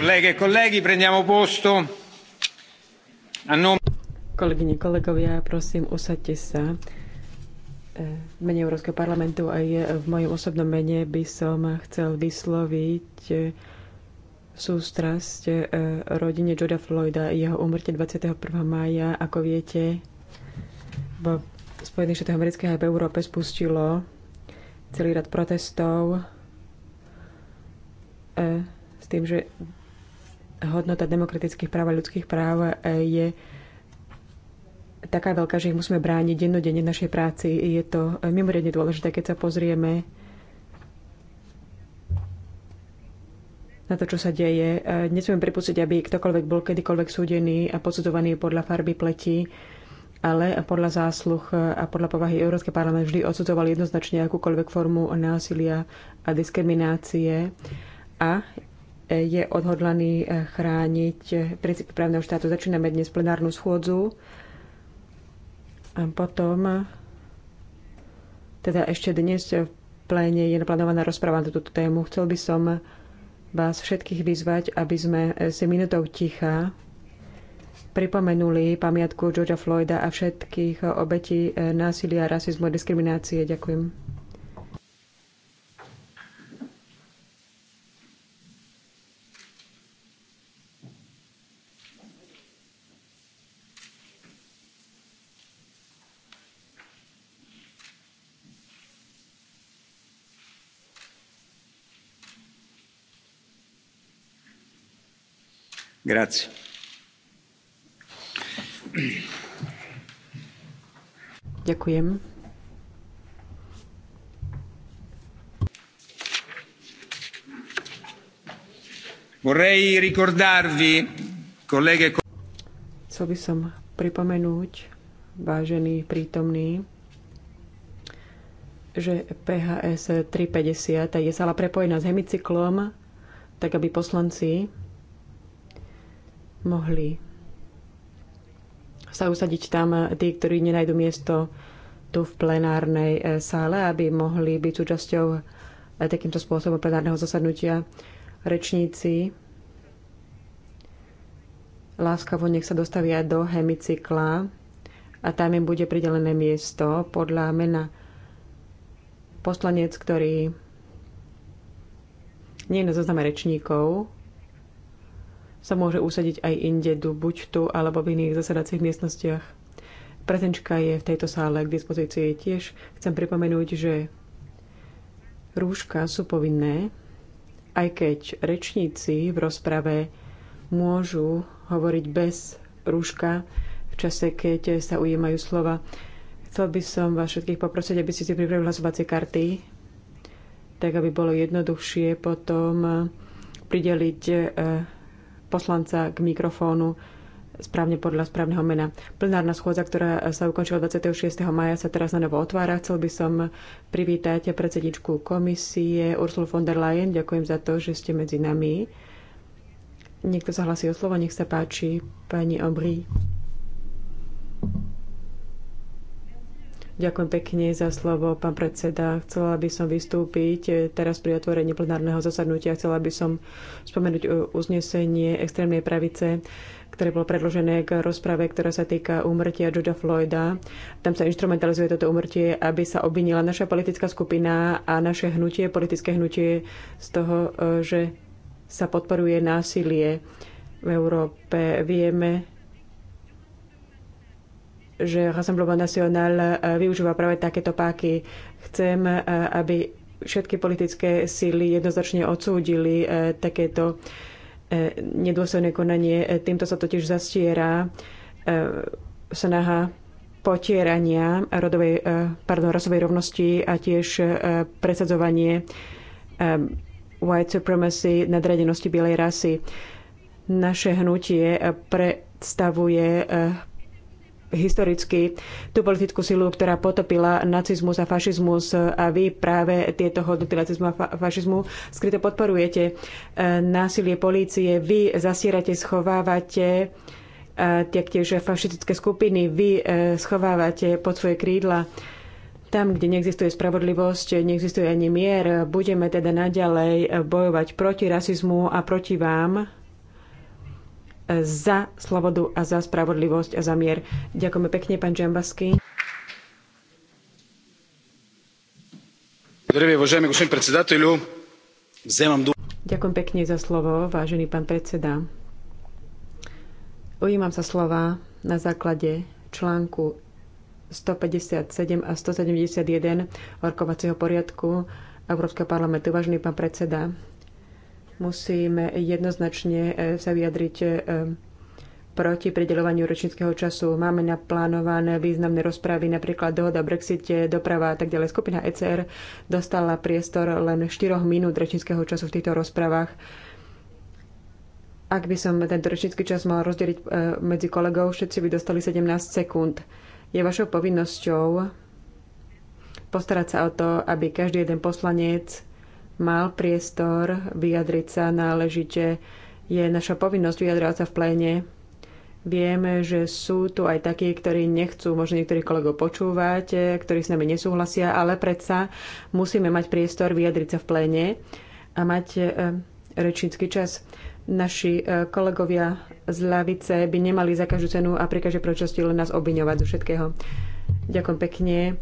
Kolege, kolegi, e prendiamo posto. Kolegyne, kolegovia, prosím, usadte sa. V e, mene Európskeho parlamentu aj v mojom osobnom mene by som chcel vysloviť e, sústrasť rodine Joda Floyda jeho úmrtie 21. mája. Ako viete, v Spojených štátoch amerických aj v Európe spustilo celý rad protestov s tým, že hodnota demokratických práv a ľudských práv e, je taká veľká, že ich musíme brániť dennodenne v našej práci. Je to e, mimoriadne dôležité, keď sa pozrieme na to, čo sa deje. E, nesmieme pripustiť, aby ktokoľvek bol kedykoľvek súdený a posudzovaný podľa farby pleti, ale podľa zásluh a podľa povahy Európsky parlament vždy odsudzoval jednoznačne akúkoľvek formu násilia a diskriminácie a je odhodlaný eh, chrániť eh, princípy právneho štátu. Začíname dnes plenárnu schôdzu a potom teda ešte dnes v pléne je naplánovaná rozpráva na túto tému. Chcel by som vás všetkých vyzvať, aby sme eh, si minutou ticha pripomenuli pamiatku Georgia Floyda a všetkých obetí násilia, rasizmu a diskriminácie. Ďakujem. Grazie. Ďakujem. Vorrei ricordarvi, colleghe e Chcel by som pripomenúť, vážení prítomní, že PHS 350 je sala prepojená s hemicyklom, tak aby poslanci mohli sa usadiť tam tí, ktorí nenajdu miesto tu v plenárnej eh, sále, aby mohli byť súčasťou eh, takýmto spôsobom plenárneho zasadnutia rečníci. Láskavo nech sa dostavia do hemicykla a tam im bude pridelené miesto podľa mena poslanec, ktorý nie je na zozname rečníkov, sa môže usadiť aj inde, buď tu alebo v iných zasadacích miestnostiach. Prezenčka je v tejto sále k dispozícii tiež. Chcem pripomenúť, že rúška sú povinné, aj keď rečníci v rozprave môžu hovoriť bez rúška v čase, keď sa ujímajú slova. Chcel by som vás všetkých poprosiť, aby ste si pripravili hlasovacie karty, tak aby bolo jednoduchšie potom prideliť eh, poslanca k mikrofónu správne podľa správneho mena. Plenárna schôdza, ktorá sa ukončila 26. maja, sa teraz na novo otvára. Chcel by som privítať predsedničku komisie Ursula von der Leyen. Ďakujem za to, že ste medzi nami. Niekto sa hlasí o slovo, nech sa páči, pani Obrí. Ďakujem pekne za slovo, pán predseda. Chcela by som vystúpiť eh, teraz pri otvorení plenárneho zasadnutia. Chcela by som spomenúť eh, uznesenie extrémnej pravice, ktoré bolo predložené k rozprave, ktorá sa týka úmrtia Juda Floyda. Tam sa instrumentalizuje toto úmrtie, aby sa obvinila naša politická skupina a naše hnutie, politické hnutie z toho, eh, že sa podporuje násilie v Európe. Vieme, že Rassemblement National e, využíva práve takéto páky. Chcem, e, aby všetky politické síly jednoznačne odsúdili e, takéto nedôsledné konanie. Týmto sa totiž zastiera snaha potierania rodovej, pardon, rasovej rovnosti a tiež presadzovanie white supremacy, nadradenosti bielej rasy. Naše hnutie predstavuje historicky tú politickú silu, ktorá potopila nacizmus a fašizmus a vy práve tieto hodnoty nacizmu a fašizmu skryto podporujete. E, násilie polície vy zasierate, schovávate e, taktiež fašistické skupiny vy e, schovávate pod svoje krídla. Tam, kde neexistuje spravodlivosť, neexistuje ani mier, budeme teda naďalej bojovať proti rasizmu a proti vám, za slobodu a za spravodlivosť a za mier. Ďakujeme pekne, pán Džambasky. Ďakujem pekne za slovo, vážený pán predseda. Ujímam sa slova na základe článku 157 a 171 orkovacieho poriadku Európskeho parlamentu. Vážený pán predseda, musím jednoznačne e, sa vyjadriť e, proti prideľovaniu ročníckého času. Máme naplánované významné rozprávy, napríklad dohoda o Brexite, doprava a tak ďalej. Skupina ECR dostala priestor len 4 minút ročníckého času v týchto rozprávach. Ak by som tento ročnícky čas mal rozdeliť e, medzi kolegov, všetci by dostali 17 sekúnd. Je vašou povinnosťou postarať sa o to, aby každý jeden poslanec mal priestor vyjadriť sa náležite. Je naša povinnosť vyjadrovať sa v pléne. Vieme, že sú tu aj takí, ktorí nechcú možno niektorých kolegov počúvať, ktorí s nami nesúhlasia, ale predsa musíme mať priestor vyjadriť sa v pléne a mať e, rečnícky čas. Naši e, kolegovia z lavice by nemali za každú cenu a pri každej pročosti len nás obviňovať zo všetkého. Ďakujem pekne.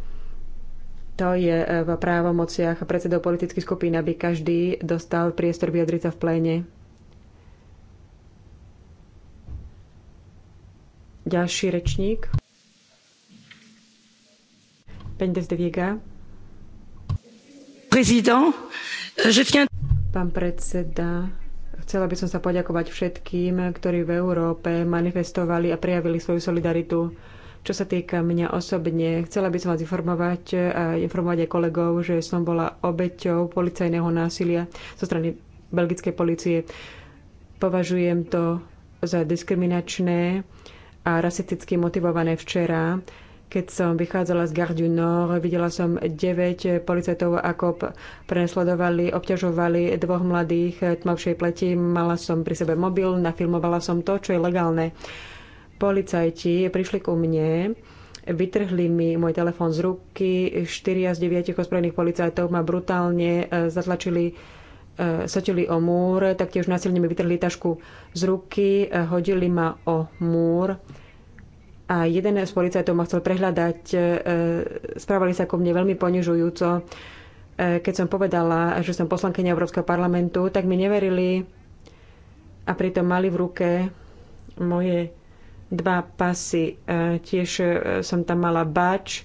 To je e, v právomociach predsedov politických skupín, aby každý dostal priestor vyjadriť sa v pléne. Ďalší rečník. Pendez de Viega. Prezident, euh, je tiens... Pán predseda, chcela by som sa poďakovať všetkým, ktorí v Európe manifestovali a prejavili svoju solidaritu čo sa týka mňa osobne, chcela by som vás informovať a eh, informovať aj kolegov, že som bola obeťou policajného násilia zo strany belgickej policie. Považujem to za diskriminačné a rasisticky motivované včera. Keď som vychádzala z gardu, Nord, videla som 9 policajtov, ako prenasledovali, obťažovali dvoch mladých eh, tmavšej pleti. Mala som pri sebe mobil, nafilmovala som to, čo je legálne Policajti prišli ku mne, vytrhli mi môj telefón z ruky, štyria z deviatich ozbrojených policajtov ma brutálne e, zatlačili e, sotili o múr, taktiež násilne mi vytrhli tašku z ruky, e, hodili ma o múr a jeden z policajtov ma chcel prehľadať. Správali sa ku mne veľmi ponižujúco. Keď som povedala, že som poslankyňa Európskeho parlamentu, tak mi neverili a pritom mali v ruke moje dva pasy. E, tiež e, som tam mala bač,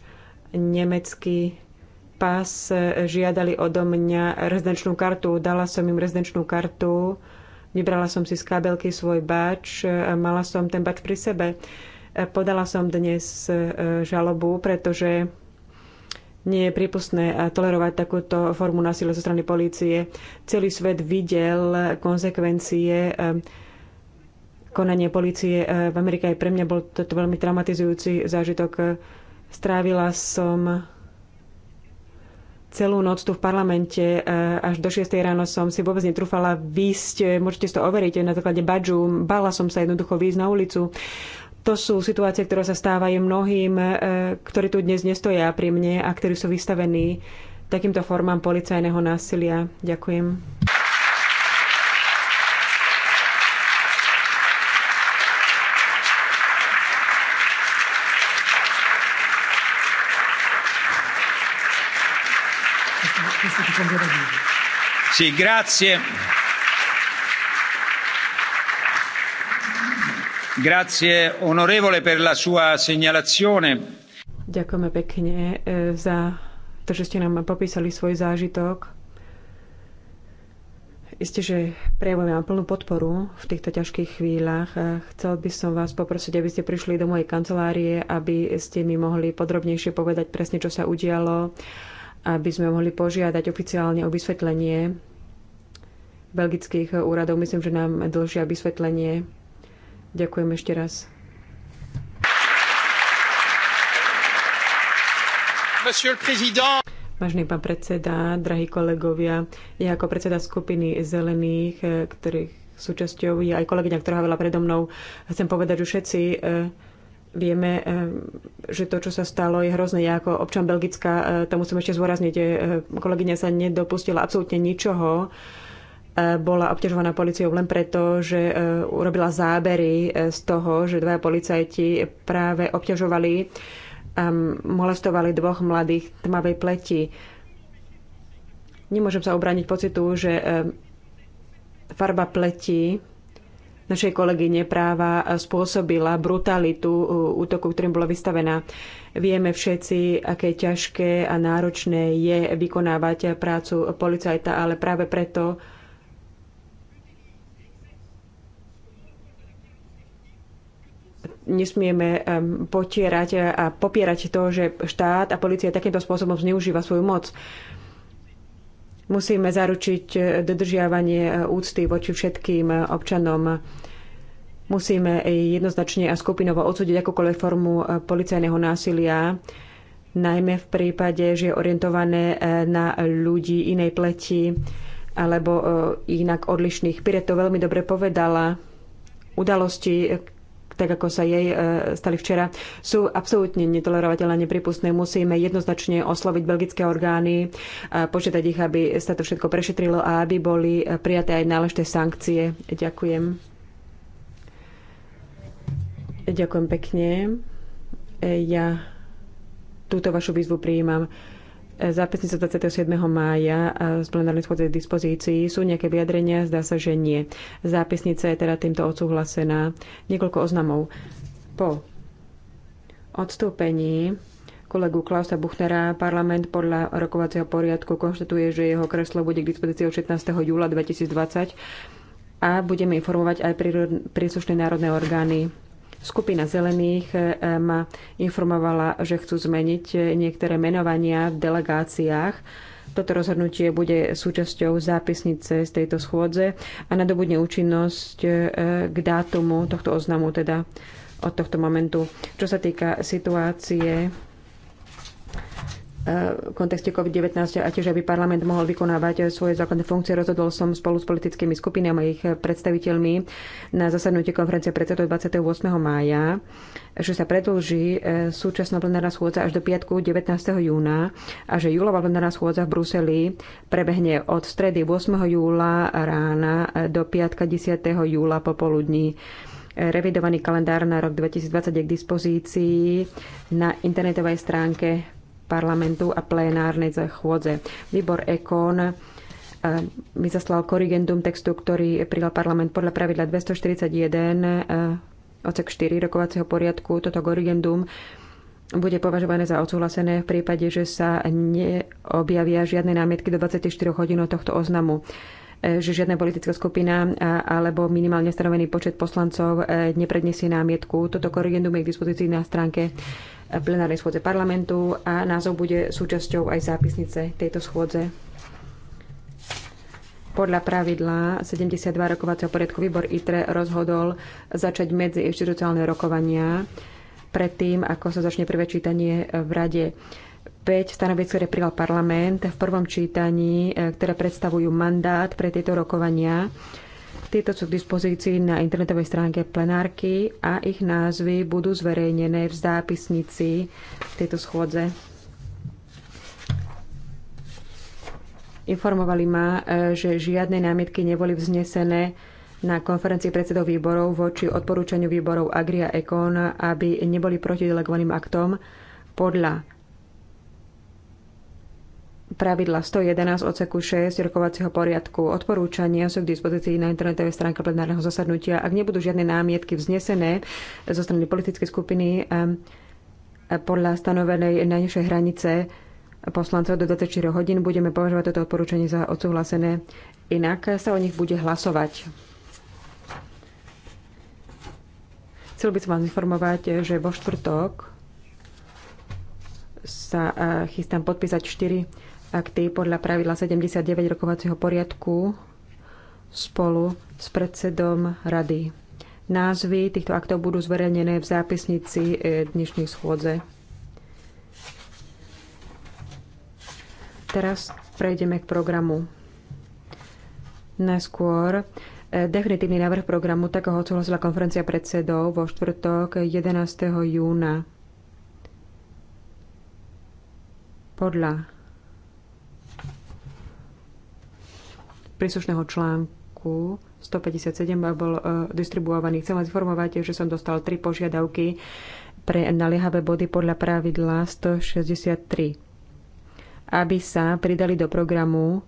nemecký pas, e, žiadali odo mňa rezidenčnú kartu. Dala som im rezidenčnú kartu, vybrala som si z kabelky svoj bač, mala som ten bač pri sebe. Podala som dnes žalobu, pretože nie je prípustné tolerovať takúto formu násilia zo strany polície. Celý svet videl konsekvencie konanie policie e, v Amerike. Aj pre mňa bol toto veľmi traumatizujúci zážitok. Strávila som celú noc tu v parlamente, e, až do 6 ráno som si vôbec netrúfala výsť, môžete si to overiť na základe badžu, bála som sa jednoducho výjsť na ulicu. To sú situácie, ktoré sa stávajú mnohým, e, ktorí tu dnes nestoja pri mne a ktorí sú vystavení takýmto formám policajného násilia. Ďakujem. Sì, grazie. Grazie onorevole per la sua segnalazione. Ďakujeme pekne e, za to, že ste nám popísali svoj zážitok. Isté, že prejavujem vám plnú podporu v týchto ťažkých chvíľach. E, chcel by som vás poprosiť, aby ste prišli do mojej kancelárie, aby ste mi mohli podrobnejšie povedať presne, čo sa udialo aby sme mohli požiadať oficiálne o vysvetlenie belgických úradov. Myslím, že nám dlžia vysvetlenie. Ďakujem ešte raz. Vážený pán predseda, drahí kolegovia, ja ako predseda skupiny zelených, eh, ktorých súčasťou je aj kolegyňa, ktorá veľa predo mnou, chcem povedať, že všetci eh, Vieme, eh, že to, čo sa stalo, je hrozné. Ja ako občan Belgická, eh, to musím ešte zvorazniť, eh, kolegyňa sa nedopustila absolútne ničoho. Bola obťažovaná policiou len preto, že urobila zábery z toho, že dvaja policajti práve obťažovali a ehm, molestovali dvoch mladých tmavej pleti. Nemôžem sa obrániť pocitu, že farba pleti našej kolegyne práva spôsobila brutalitu uh, útoku, ktorým bola vystavená. Vieme všetci, aké ťažké a náročné je vykonávať prácu policajta, ale práve preto nesmieme um, potierať a popierať to, že štát a policia takýmto spôsobom zneužíva svoju moc. Musíme zaručiť dodržiavanie úcty voči všetkým občanom. Musíme jednoznačne a skupinovo odsúdiť akúkoľvek formu policajného násilia, najmä v prípade, že je orientované na ľudí inej pleti alebo e, inak odlišných. Pire to veľmi dobre povedala. Udalosti, tak ako sa jej e, stali včera, sú absolútne netolerovateľné a nepripustné. Musíme jednoznačne osloviť belgické orgány, e, požiadať ich, aby sa to všetko prešetrilo a aby boli e, prijaté aj náležité sankcie. Ďakujem. Ďakujem pekne. Ja túto vašu výzvu prijímam. E, zápisnice 27. mája e, z plenárnej schôdze k dispozícii. Sú nejaké vyjadrenia? Zdá sa, že nie. Zápisnica je teda týmto odsúhlasená. Niekoľko oznamov. Po odstúpení kolegu Klausa Buchnera parlament podľa rokovacieho poriadku konštatuje, že jeho kreslo bude k dispozícii od 16. júla 2020 a budeme informovať aj príslušné národné orgány Skupina zelených eh, ma informovala, že chcú zmeniť eh, niektoré menovania v delegáciách. Toto rozhodnutie bude súčasťou zápisnice z tejto schôdze a nadobudne účinnosť eh, k dátumu tohto oznamu, teda od tohto momentu. Čo sa týka situácie v kontexte COVID-19 a tiež, aby parlament mohol vykonávať svoje základné funkcie. Rozhodol som spolu s politickými skupinami a ich predstaviteľmi na zasadnutie konferencie predsedov 28. mája, že sa predlží e, súčasná plenárna schôdza až do piatku 19. júna a že júlová plenárna schôdza v Bruseli prebehne od stredy 8. júla rána do piatka 10. júla popoludní. Revidovaný kalendár na rok 2020 je k dispozícii na internetovej stránke parlamentu a plénárnej chôdze. Výbor EKON eh, mi zaslal korigendum textu, ktorý prijal parlament podľa pravidla 241 eh, odsek 4 rokovacieho poriadku. Toto korigendum bude považované za odsúhlasené v prípade, že sa neobjavia žiadne námietky do 24 hodín od tohto oznamu. E, že žiadna politická skupina e, alebo minimálne stanovený počet poslancov e, neprednesie námietku. Toto korigendum je k dispozícii na stránke plenárnej schôdze parlamentu a názov bude súčasťou aj zápisnice tejto schôdze. Podľa pravidla 72 rokovacieho poriadku výbor ITRE rozhodol začať medzi inštitucionálne rokovania predtým, ako sa začne prvé čítanie v rade. 5 stanovisk, ktoré prijal parlament v prvom čítaní, e, ktoré predstavujú mandát pre tieto rokovania. Tieto sú k dispozícii na internetovej stránke plenárky a ich názvy budú zverejnené v zápisnici tejto schôdze. Informovali ma, e, že žiadne námietky neboli vznesené na konferencii predsedov výborov voči odporúčaniu výborov Agria Econ, aby neboli proti delegovaným aktom podľa pravidla 111 odseku 6 rokovacieho poriadku. Odporúčania sú k dispozícii na internetovej stránke plenárneho zasadnutia. Ak nebudú žiadne námietky vznesené zo strany politickej skupiny eh, podľa stanovenej najnižšej hranice poslancov do 24 hodín, budeme považovať toto odporúčanie za odsúhlasené. Inak sa o nich bude hlasovať. Chcel by som vás informovať, že vo štvrtok sa eh, chystám podpísať 4 akty podľa pravidla 79 rokovacieho poriadku spolu s predsedom rady. Názvy týchto aktov budú zverejnené v zápisnici e, dnešnej schôdze. Teraz prejdeme k programu. Najskôr e, definitívny návrh programu, tak ho odsúhlasila konferencia predsedov vo štvrtok 11. júna. Podľa príslušného článku 157 bol e, distribuovaný. Chcem vás informovať, že som dostal tri požiadavky pre naliehavé body podľa pravidla 163, aby sa pridali do programu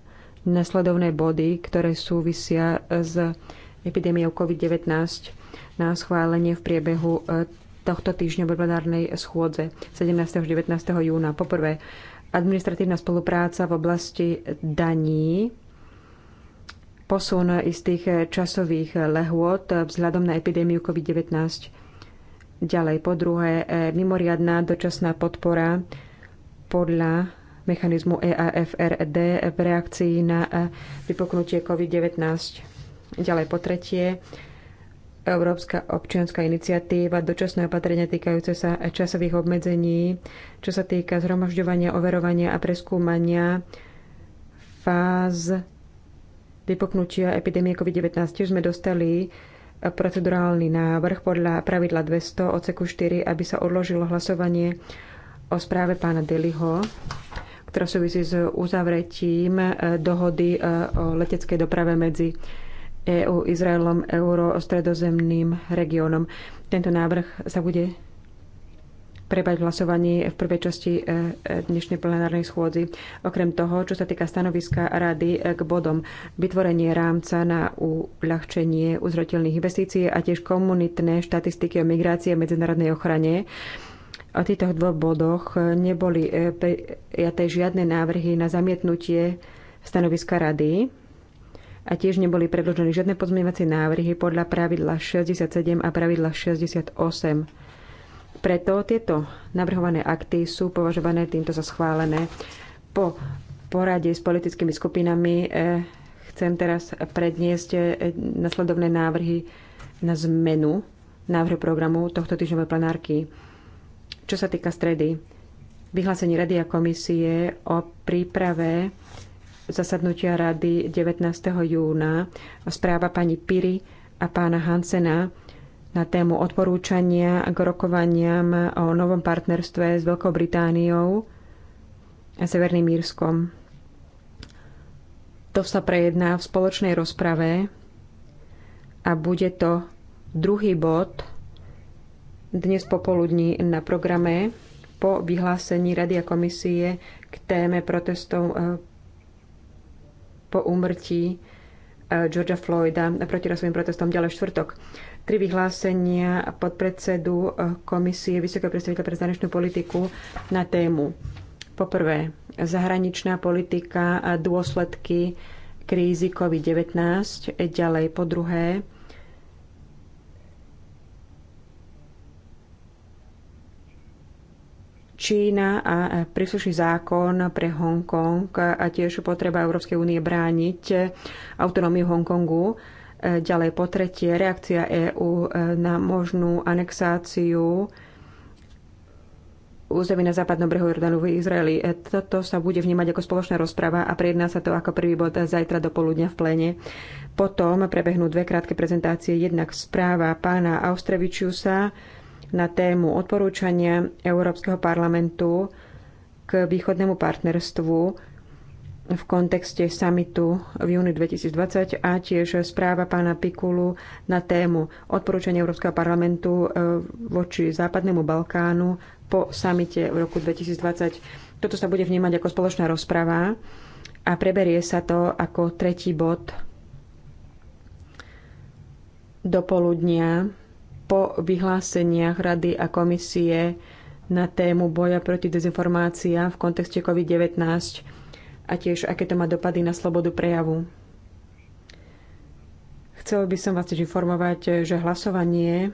nasledovné body, ktoré súvisia s epidémiou COVID-19 na schválenie v priebehu e, tohto týždňa webinárnej schôdze 17. až 19. júna. Poprvé, administratívna spolupráca v oblasti daní posun istých eh, časových eh, lehôd vzhľadom na epidémiu COVID-19. Ďalej, po druhé, eh, mimoriadná dočasná podpora podľa mechanizmu EAFRD v reakcii na vypoknutie COVID-19. Ďalej, po tretie, Európska občianská iniciatíva, dočasné opatrenia týkajúce sa časových obmedzení, čo sa týka zhromažďovania, overovania a preskúmania fáz vypoknutia epidémie COVID-19 sme dostali eh, procedurálny návrh podľa pravidla 200 odseku 4, aby sa odložilo hlasovanie o správe pána Deliho, ktorá súvisí s uzavretím eh, dohody eh, o leteckej doprave medzi EÚ, Izraelom, Euro, stredozemným regiónom. Tento návrh sa bude prebať hlasovanie hlasovaní v prvej časti e, e, dnešnej plenárnej schôdzi. Okrem toho, čo sa týka stanoviska rady e, k bodom vytvorenie rámca na uľahčenie uzrotelných investícií a tiež komunitné štatistiky o migrácii a medzinárodnej ochrane, O týchto dvoch bodoch neboli prijaté žiadne návrhy na zamietnutie stanoviska rady a tiež neboli predložené žiadne pozmeňovacie návrhy podľa pravidla 67 a pravidla 68. Preto tieto navrhované akty sú považované týmto za schválené. Po porade s politickými skupinami eh, chcem teraz predniesť eh, nasledovné návrhy na zmenu návrhu programu tohto týždňovej plenárky. Čo sa týka stredy, vyhlásenie Rady a komisie o príprave zasadnutia Rady 19. júna, správa pani Piri a pána Hansena na tému odporúčania k rokovaniam o novom partnerstve s Veľkou Britániou a Severným Írskom. To sa prejedná v spoločnej rozprave a bude to druhý bod dnes popoludní na programe po vyhlásení Rady a komisie k téme protestov eh, po úmrtí eh, Georgia Floyda proti rasovým protestom ďalej štvrtok tri vyhlásenia podpredsedu eh, Komisie Vysokého predstaviteľa pre zahraničnú politiku na tému. Poprvé, zahraničná politika a eh, dôsledky krízy COVID-19. Ďalej, po druhé, Čína a eh, príslušný zákon pre Hongkong a tiež potreba Európskej únie brániť autonómiu Hongkongu E, ďalej po tretie, reakcia EÚ e, na možnú anexáciu území na západnom brehu Jordánu v Izraeli. E, toto sa bude vnímať ako spoločná rozprava a prejedná sa to ako prvý bod zajtra do poludnia v plene. Potom prebehnú dve krátke prezentácie. Jednak správa pána Austrevičiusa na tému odporúčania Európskeho parlamentu k východnému partnerstvu v kontexte samitu v júni 2020 a tiež správa pána Pikulu na tému odporúčania Európskeho parlamentu e, voči Západnému Balkánu po samite v roku 2020. Toto sa bude vnímať ako spoločná rozprava a preberie sa to ako tretí bod do poludnia po vyhláseniach Rady a komisie na tému boja proti dezinformáciám v kontexte COVID-19 a tiež aké to má dopady na slobodu prejavu. Chcel by som vás tiež informovať, že hlasovanie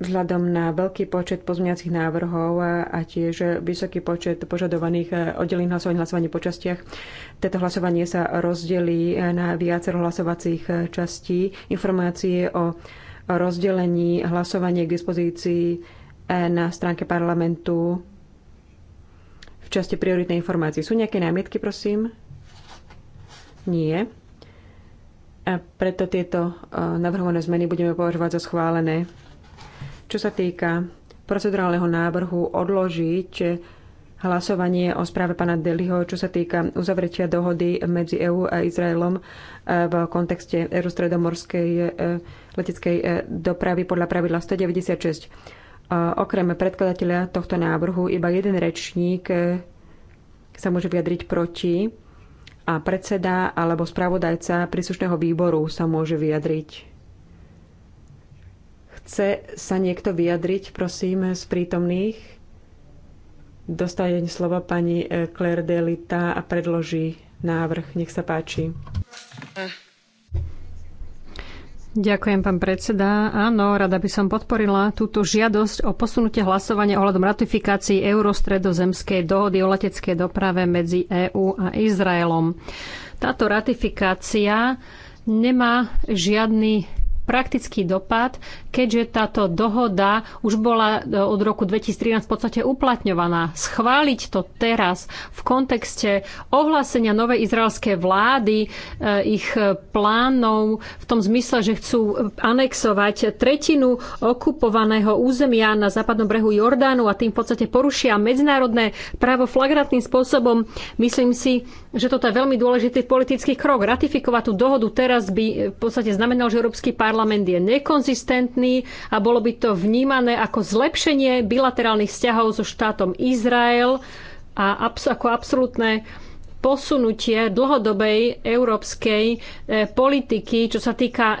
vzhľadom na veľký počet pozmeňacích návrhov a tiež vysoký počet požadovaných eh, oddelených hlasovaní, hlasovaní po častiach. Toto hlasovanie sa rozdelí eh, na viacero hlasovacích eh, častí. Informácie o rozdelení hlasovanie k dispozícii na stránke parlamentu časti prioritnej informácie. Sú nejaké námietky, prosím? Nie. A preto tieto e, navrhované zmeny budeme považovať za schválené. Čo sa týka procedurálneho návrhu odložiť hlasovanie o správe pána Deliho, čo sa týka uzavretia dohody medzi EÚ a Izraelom e, v kontexte eurostredomorskej e, leteckej dopravy podľa pravidla 196. Okrem predkladateľa tohto návrhu iba jeden rečník e, sa môže vyjadriť proti a predseda alebo spravodajca príslušného výboru sa môže vyjadriť. Chce sa niekto vyjadriť, prosím, z prítomných? Dostane slovo pani e, Claire Delita a predloží návrh. Nech sa páči. Uh. Ďakujem, pán predseda. Áno, rada by som podporila túto žiadosť o posunutie hlasovania ohľadom ratifikácií Eurostredozemskej dohody o leteckej doprave medzi EÚ a Izraelom. Táto ratifikácia nemá žiadny praktický dopad keďže táto dohoda už bola e, od roku 2013 v podstate uplatňovaná. Schváliť to teraz v kontexte ohlásenia novej izraelskej vlády, e, ich e, plánov v tom zmysle, že chcú anexovať tretinu okupovaného územia na západnom brehu Jordánu a tým v podstate porušia medzinárodné právo flagrantným spôsobom. Myslím si, že toto je veľmi dôležitý politický krok. Ratifikovať tú dohodu teraz by v podstate znamenalo, že Európsky parlament je nekonzistentný, platný a bolo by to vnímané ako zlepšenie bilaterálnych vzťahov so štátom Izrael a abs- ako absolútne posunutie dlhodobej európskej e, politiky, čo sa týka e,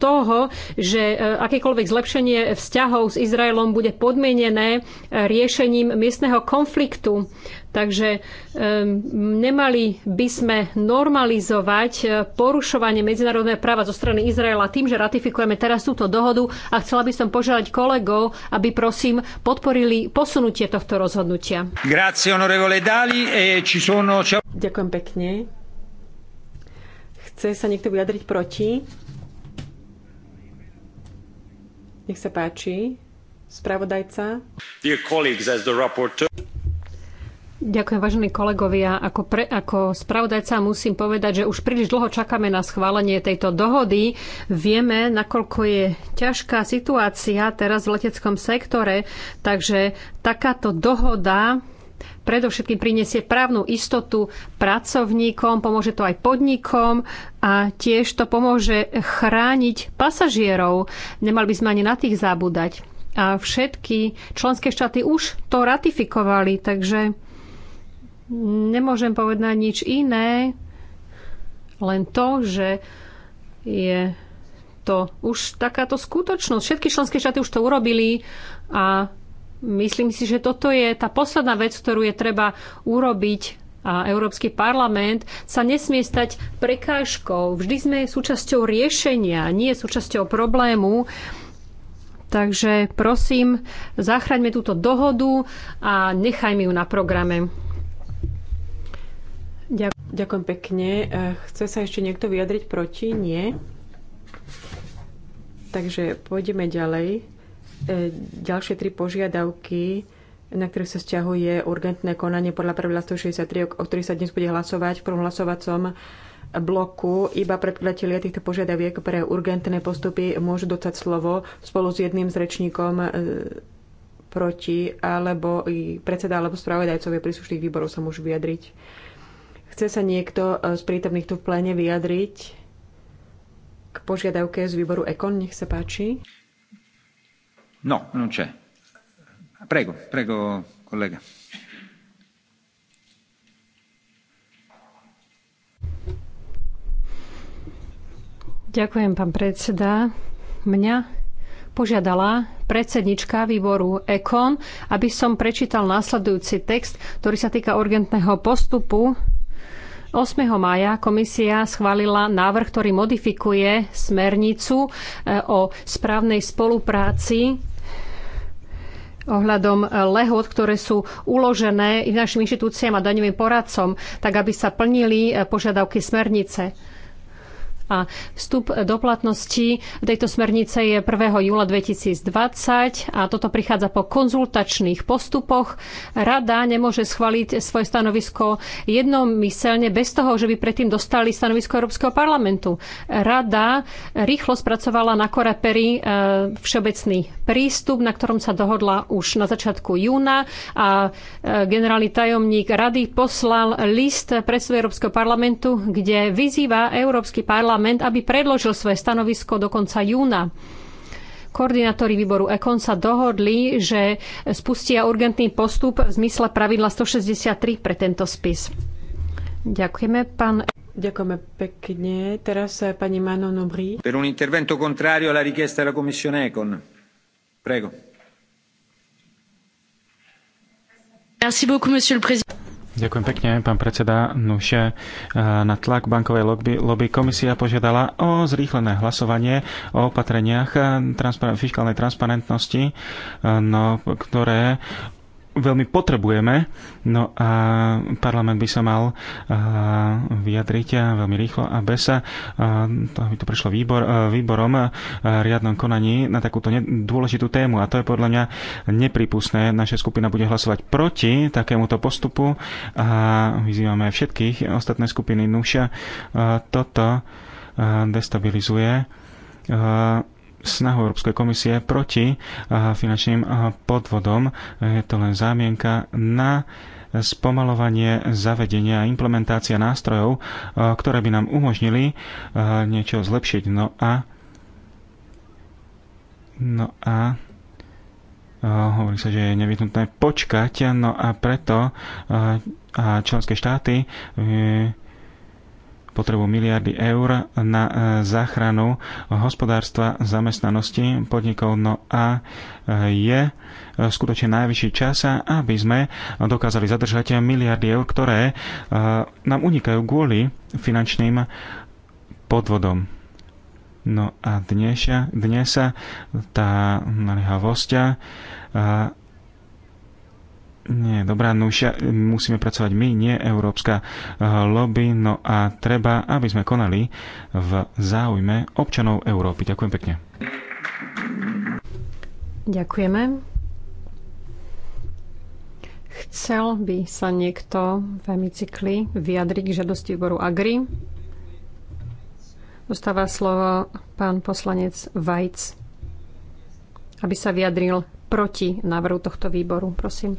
toho, že e, akékoľvek zlepšenie vzťahov s Izraelom bude podmienené riešením miestneho konfliktu. Takže um, nemali by sme normalizovať eh, porušovanie medzinárodného práva zo strany Izraela tým, že ratifikujeme teraz túto dohodu a chcela by som požiadať kolegov, aby prosím podporili posunutie tohto rozhodnutia. Grazie, onorevole Dali. E, ci sono... Ďakujem pekne. Chce sa niekto vyjadriť proti? Nech sa páči. Spravodajca. Dear colleagues, as the rapporteur... Ďakujem, vážení kolegovia. Ako, pre, ako spravodajca musím povedať, že už príliš dlho čakáme na schválenie tejto dohody. Vieme, nakoľko je ťažká situácia teraz v leteckom sektore, takže takáto dohoda predovšetkým prinesie právnu istotu pracovníkom, pomôže to aj podnikom a tiež to pomôže chrániť pasažierov. Nemali by sme ani na tých zabúdať. A všetky členské štáty už to ratifikovali, takže nemôžem povedať nič iné, len to, že je to už takáto skutočnosť. Všetky členské štáty už to urobili a myslím si, že toto je tá posledná vec, ktorú je treba urobiť a Európsky parlament sa nesmie stať prekážkou. Vždy sme súčasťou riešenia, nie súčasťou problému. Takže prosím, zachraňme túto dohodu a nechajme ju na programe. Ďakujem pekne. E, chce sa ešte niekto vyjadriť proti? Nie. Takže pôjdeme ďalej. E, ďalšie tri požiadavky, na ktoré sa stiahuje urgentné konanie podľa pravidla 163, o ktorých sa dnes bude hlasovať v prvom hlasovacom bloku. Iba predkladatelia týchto požiadaviek pre urgentné postupy môžu dostať slovo spolu s jedným z rečníkom e, proti, alebo i predseda alebo spravodajcovia príslušných výborov sa môžu vyjadriť Chce sa niekto e, z prítomných tu v pléne vyjadriť k požiadavke z výboru EKON? Nech sa páči. No, non c'è. Prego, prego, kolega. Ďakujem, pán predseda. Mňa požiadala predsednička výboru EKON, aby som prečítal následujúci text, ktorý sa týka urgentného postupu 8. maja komisia schválila návrh, ktorý modifikuje smernicu e, o správnej spolupráci ohľadom e, lehot, ktoré sú uložené našim inštitúciám a daňovým poradcom, tak aby sa plnili e, požiadavky smernice a vstup do platnosti tejto smernice je 1. júla 2020 a toto prichádza po konzultačných postupoch. Rada nemôže schváliť svoje stanovisko jednomyselne bez toho, že by predtým dostali stanovisko Európskeho parlamentu. Rada rýchlo spracovala na Koreperi e, všeobecný prístup, na ktorom sa dohodla už na začiatku júna a e, generálny tajomník rady poslal list predsedu Európskeho parlamentu, kde vyzýva Európsky parlament parlament, aby predložil svoje stanovisko do konca júna koordinátori výboru EKON sa dohodli, že spustia urgentný postup v zmysle pravidla 163 pre tento spis. Ďakujeme, pán Ďakujeme pekne. Teraz eh, pani Mano Nobri. Per un intervento contrario alla richiesta della Commissione Econ. Prego. Merci beaucoup, monsieur le président. Ďakujem pekne, pán predseda. Nuše, eh, na tlak bankovej lobby, lobby komisia požiadala o zrýchlené hlasovanie o opatreniach eh, transpar- fiskálnej transparentnosti, eh, no, ktoré veľmi potrebujeme. No a parlament by sa mal vyjadriť veľmi rýchlo a bez sa, to to prišlo výbor, výborom riadnom konaní na takúto dôležitú tému a to je podľa mňa nepripustné. Naša skupina bude hlasovať proti takémuto postupu a vyzývame aj všetkých ostatné skupiny Nuša. Toto destabilizuje snahu Európskej komisie proti finančným podvodom. Je to len zámienka na spomalovanie zavedenia a implementácia nástrojov, ktoré by nám umožnili niečo zlepšiť. No a no a hovorí sa, že je nevyhnutné počkať, no a preto a členské štáty e, potrebu miliardy eur na e, záchranu hospodárstva, zamestnanosti podnikov. No a e, je e, skutočne najvyšší čas, aby sme dokázali zadržať miliardy eur, ktoré nám unikajú kvôli finančným podvodom. No a dnes, dnes tá naliehavosť nie, dobrá, nuž, musíme pracovať my, nie európska eh, lobby, no a treba, aby sme konali v záujme občanov Európy. Ďakujem pekne. Ďakujeme. Chcel by sa niekto v hemicykli vyjadriť k žiadosti výboru Agri. Dostáva slovo pán poslanec Vajc, aby sa vyjadril proti návrhu tohto výboru. Prosím.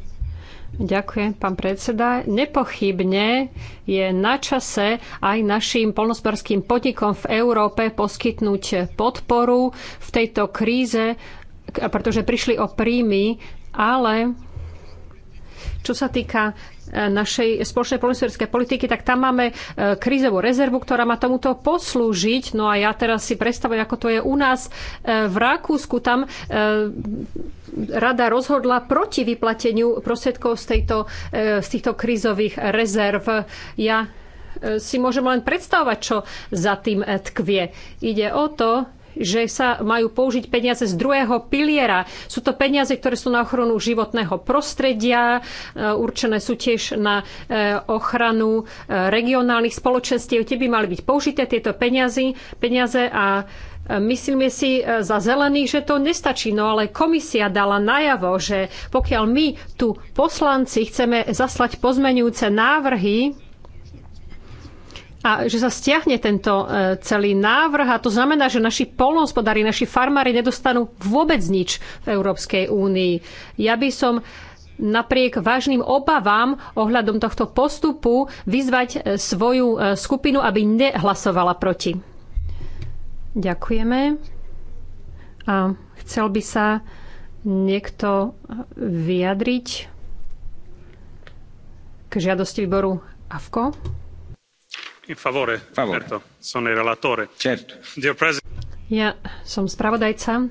Ďakujem, pán predseda. Nepochybne je na čase aj našim polnospodárským podnikom v Európe poskytnúť podporu v tejto kríze, pretože prišli o príjmy, ale čo sa týka e, našej spoločnej polnospodárskej politiky, tak tam máme e, krízovú rezervu, ktorá má tomuto poslúžiť. No a ja teraz si predstavujem, ako to je u nás e, v Rakúsku. Tam rada rozhodla proti vyplateniu prostriedkov z, tejto, z týchto krízových rezerv. Ja si môžem len predstavovať, čo za tým tkvie. Ide o to, že sa majú použiť peniaze z druhého piliera. Sú to peniaze, ktoré sú na ochranu životného prostredia, e, určené sú tiež na e, ochranu e, regionálnych spoločenstiev, tie by mali byť použité tieto peniazy, peniaze a Myslíme si za zelených, že to nestačí, no ale komisia dala najavo, že pokiaľ my tu poslanci chceme zaslať pozmenujúce návrhy, a že sa stiahne tento e, celý návrh a to znamená, že naši polnohospodári, naši farmári nedostanú vôbec nič v Európskej únii. Ja by som napriek vážnym obavám ohľadom tohto postupu vyzvať e, svoju e, skupinu, aby nehlasovala proti. Ďakujeme. A chcel by sa niekto vyjadriť k žiadosti výboru AVKO? Favore. Favore. Certo. Ja som spravodajca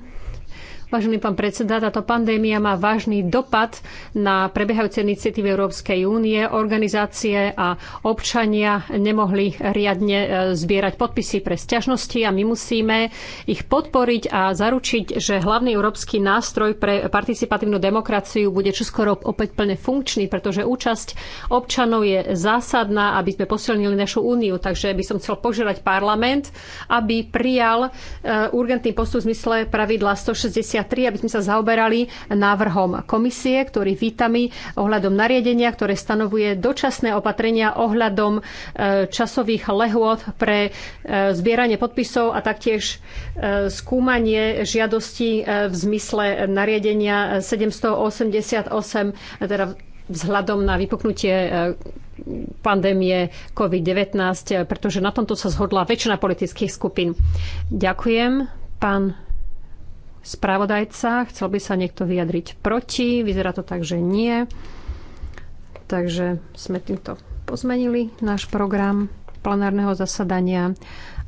Vážený pán predseda, táto pandémia má vážny dopad na prebiehajúce iniciatívy Európskej únie. Organizácie a občania nemohli riadne e, zbierať podpisy pre sťažnosti a my musíme ich podporiť a zaručiť, že hlavný európsky nástroj pre participatívnu demokraciu bude čoskoro opäť plne funkčný, pretože účasť občanov je zásadná, aby sme posilnili našu úniu. Takže by som chcel požiadať parlament, aby prijal e, urgentný postup v zmysle pravidla 160 23, aby sme sa zaoberali návrhom komisie, ktorý vítame ohľadom nariadenia, ktoré stanovuje dočasné opatrenia ohľadom e, časových lehôd pre e, zbieranie podpisov a taktiež e, skúmanie žiadosti v zmysle nariadenia 788, teda vzhľadom na vypuknutie pandémie COVID-19, pretože na tomto sa zhodla väčšina politických skupín. Ďakujem, pán spravodajca. Chcel by sa niekto vyjadriť proti. Vyzerá to tak, že nie. Takže sme týmto pozmenili náš program plenárneho zasadania.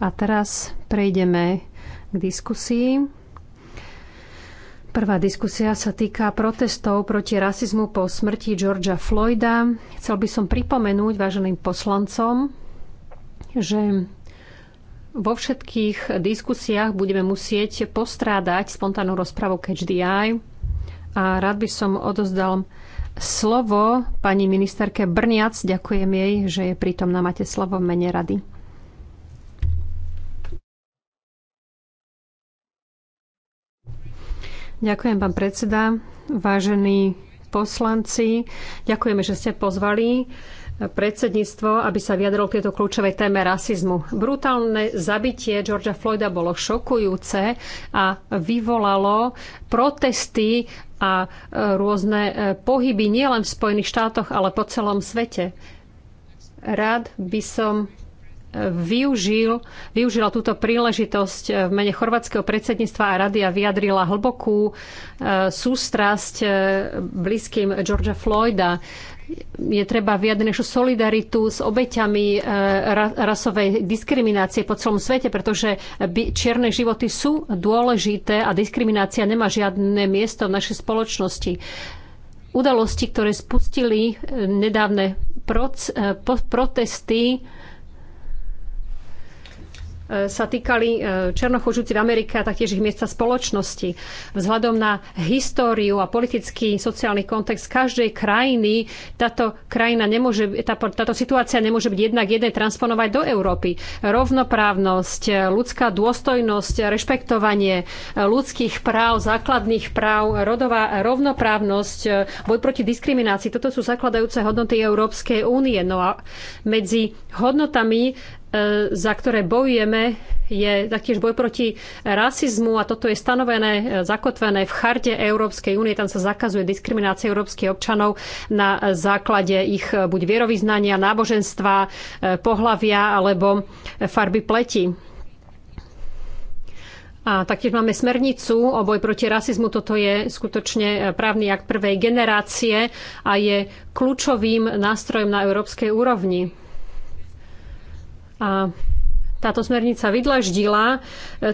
A teraz prejdeme k diskusii. Prvá diskusia sa týka protestov proti rasizmu po smrti Georgia Floyda. Chcel by som pripomenúť váženým poslancom, že vo všetkých diskusiách budeme musieť postrádať spontánnu rozpravu Catch the Eye. A rád by som odozdal slovo pani ministerke Brniac. Ďakujem jej, že je na Máte slovo mene rady. Ďakujem, pán predseda. Vážení poslanci, ďakujeme, že ste pozvali predsedníctvo, aby sa vyjadrilo k tejto kľúčovej téme rasizmu. Brutálne zabitie Georgia Floyda bolo šokujúce a vyvolalo protesty a e, rôzne e, pohyby nielen v Spojených štátoch, ale po celom svete. Rád by som e, využil, využila túto príležitosť v mene chorvátskeho predsedníctva a rady a vyjadrila hlbokú sústrasť blízkym Georgia Floyda je treba vyjadriť našu solidaritu s obeťami e, rasovej diskriminácie po celom svete, pretože čierne životy sú dôležité a diskriminácia nemá žiadne miesto v našej spoločnosti. Udalosti, ktoré spustili e, nedávne e, protesty, E, sa týkali e, černochožúci v Amerike a taktiež ich miesta spoločnosti. Vzhľadom na históriu a politický sociálny kontext každej krajiny táto krajina nemôže, tá, táto situácia nemôže byť jednak jednej transponovať do Európy. Rovnoprávnosť, e, ľudská dôstojnosť, rešpektovanie ľudských práv, základných práv, rodová rovnoprávnosť, boj proti diskriminácii. Toto sú zakladajúce hodnoty Európskej únie. No a medzi hodnotami E, za ktoré bojujeme, je taktiež boj proti rasizmu a toto je stanovené, e, zakotvené v charte Európskej únie. Tam sa zakazuje diskriminácia európskych občanov na základe ich e, buď vierovýznania, náboženstva, pohlavia alebo farby pleti. A taktiež máme smernicu o boj proti rasizmu. Toto je skutočne právny akt prvej generácie a je kľúčovým nástrojom na európskej úrovni. A táto smernica vydlaždila e,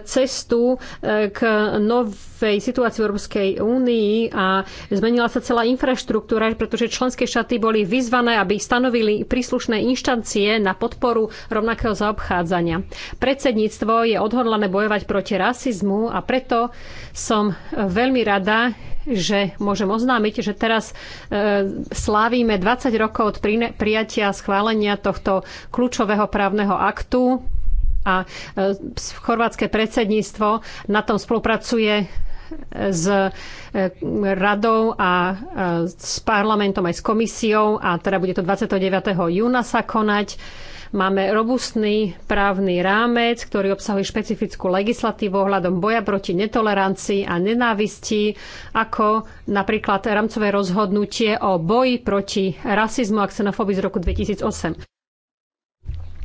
cestu e, k novej situácii v Európskej únii a zmenila sa celá infraštruktúra, pretože členské štáty boli vyzvané, aby stanovili príslušné inštancie na podporu rovnakého zaobchádzania. Predsedníctvo je odhodlané bojovať proti rasizmu a preto som veľmi rada, že môžem oznámiť, že teraz e, slávime 20 rokov od prijatia a schválenia tohto kľúčového právneho aktu a e, chorvátske predsedníctvo na tom spolupracuje e, s e, radou a s parlamentom aj s komisiou a teda bude to 29. júna sa konať. Máme robustný právny rámec, ktorý obsahuje špecifickú legislatívu ohľadom boja proti netolerancii a nenávisti, ako napríklad rámcové rozhodnutie o boji proti rasizmu a xenofóbii z roku 2008.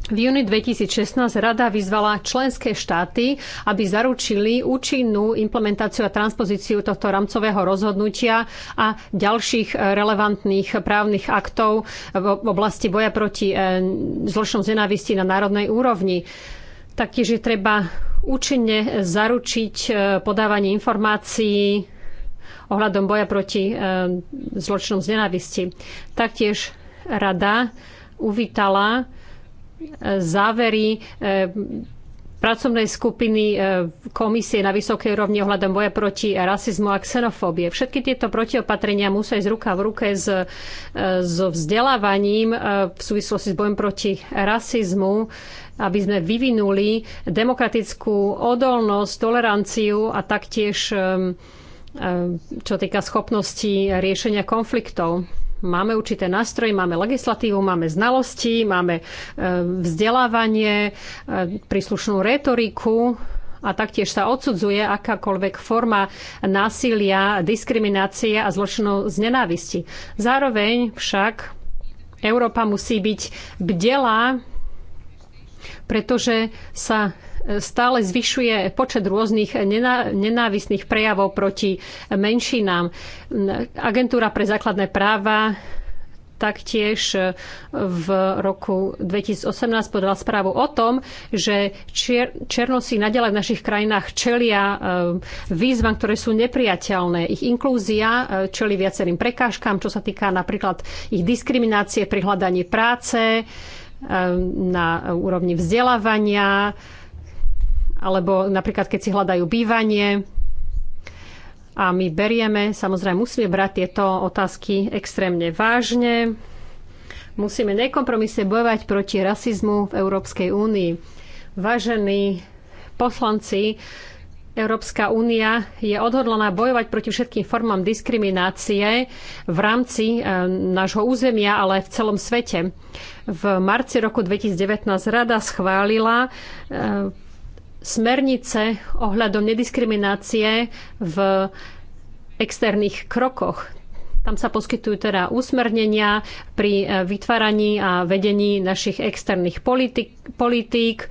V júni 2016 Rada vyzvala členské štáty, aby zaručili účinnú implementáciu a transpozíciu tohto rámcového rozhodnutia a ďalších eh, relevantných právnych aktov v oblasti boja proti eh, zločnom z nenávisti na národnej úrovni. Taktiež je treba účinne zaručiť eh, podávanie informácií ohľadom boja proti zločinom z nenávisti. Taktiež rada uvítala závery eh, pracovnej skupiny eh, komisie na vysokej úrovni ohľadom boja proti rasizmu a xenofóbie. Všetky tieto protiopatrenia musia ísť ruka v ruke s, eh, so vzdelávaním v súvislosti s bojom proti rasizmu, aby sme vyvinuli demokratickú odolnosť, toleranciu a taktiež čo týka schopnosti riešenia konfliktov. Máme určité nástroje, máme legislatívu, máme znalosti, máme e, vzdelávanie, e, príslušnú retoriku a taktiež sa odsudzuje akákoľvek forma násilia, diskriminácie a zločinu z nenávisti. Zároveň však Európa musí byť bdelá, pretože sa stále zvyšuje počet rôznych nenávisných prejavov proti menšinám. Agentúra pre základné práva taktiež v roku 2018 podala správu o tom, že čier, Černosi nadalej v našich krajinách čelia eh, výzvam, ktoré sú nepriateľné. Ich inklúzia eh, čeli viacerým prekážkam, čo sa týka napríklad ich diskriminácie pri hľadaní práce, eh, na úrovni vzdelávania, alebo napríklad keď si hľadajú bývanie. A my berieme, samozrejme musíme brať tieto otázky extrémne vážne. Musíme nekompromisne bojovať proti rasizmu v Európskej únii. Vážení poslanci, Európska únia je odhodlaná bojovať proti všetkým formám diskriminácie v rámci e, nášho územia, ale aj v celom svete. V marci roku 2019 rada schválila e, smernice ohľadom nediskriminácie v externých krokoch. Tam sa poskytujú teda úsmernenia pri e, vytváraní a vedení našich externých politik, politík,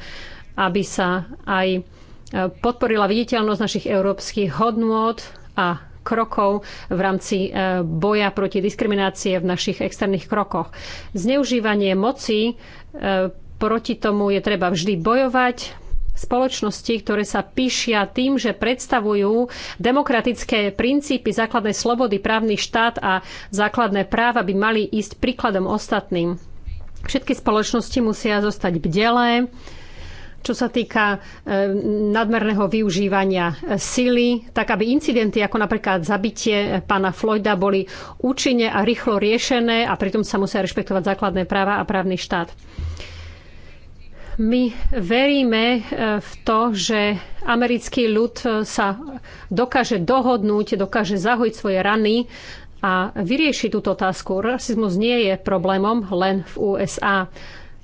aby sa aj e, podporila viditeľnosť našich európskych hodnôt a krokov v rámci e, boja proti diskriminácie v našich externých krokoch. Zneužívanie moci proti tomu je treba vždy bojovať, spoločnosti, ktoré sa píšia tým, že predstavujú demokratické princípy, základné slobody, právny štát a základné práva by mali ísť príkladom ostatným. Všetky spoločnosti musia zostať bdelé, čo sa týka e, nadmerného využívania e, sily, tak aby incidenty ako napríklad zabitie e, pána Floyda boli účinne a rýchlo riešené a pritom sa musia rešpektovať základné práva a právny štát. My veríme e, v to, že americký ľud e, sa dokáže dohodnúť, dokáže zahojiť svoje rany a vyriešiť túto otázku. Rasizmus nie je problémom len v USA.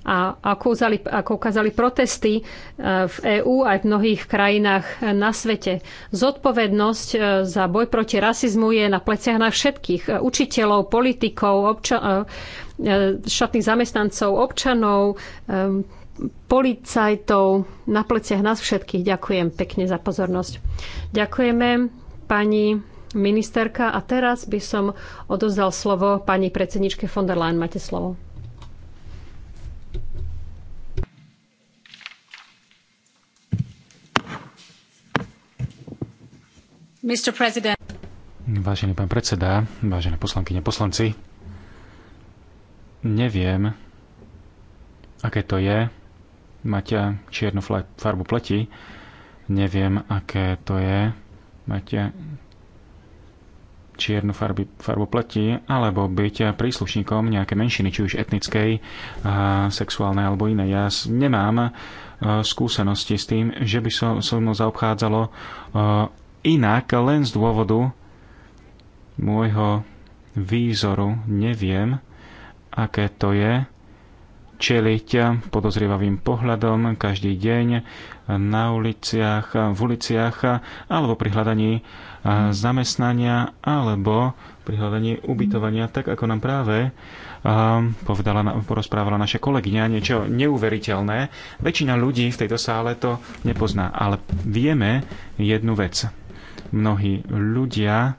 A ako, uzali, ako ukázali protesty e, v EÚ aj v mnohých krajinách na svete, zodpovednosť za boj proti rasizmu je na pleciach na všetkých. Učiteľov, politikov, obča- štátnych zamestnancov, občanov, policajtov na pleciach nás všetkých. Ďakujem pekne za pozornosť. Ďakujeme pani ministerka a teraz by som odozdal slovo pani predsedničke von der Leyen. Máte slovo. Mr. President. Vážený pán predseda, vážené poslankyne, poslanci, neviem, aké to je mať e, čiernu farbu pleti. Neviem, aké to je mať e, čiernu farby, farbu pleti alebo byť e, príslušníkom nejaké menšiny, či už etnickej, sexuálnej alebo inej. Ja nemám skúsenosti s tým, že by sa so mnou zaobchádzalo inak len z dôvodu môjho výzoru. Neviem, aké to je čeliť podozrievavým pohľadom každý deň na uliciach, v uliciach alebo pri hľadaní eh, zamestnania alebo pri hľadaní ubytovania, tak ako nám práve eh, povedala, porozprávala naša kolegyňa, niečo neuveriteľné. Väčšina ľudí v tejto sále to nepozná, ale vieme jednu vec. Mnohí ľudia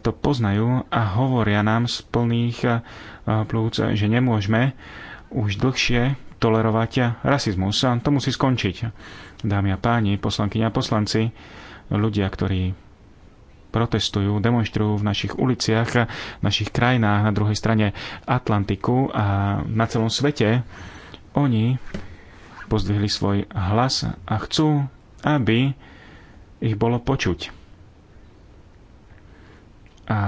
to poznajú a hovoria nám z plných e, plúc, že nemôžeme už dlhšie tolerovať rasizmus. To musí skončiť. Dámy a páni, poslanky a poslanci, ľudia, ktorí protestujú, demonstrujú v našich uliciach, v našich krajinách na druhej strane Atlantiku a na celom svete, oni pozdvihli svoj hlas a chcú, aby ich bolo počuť. A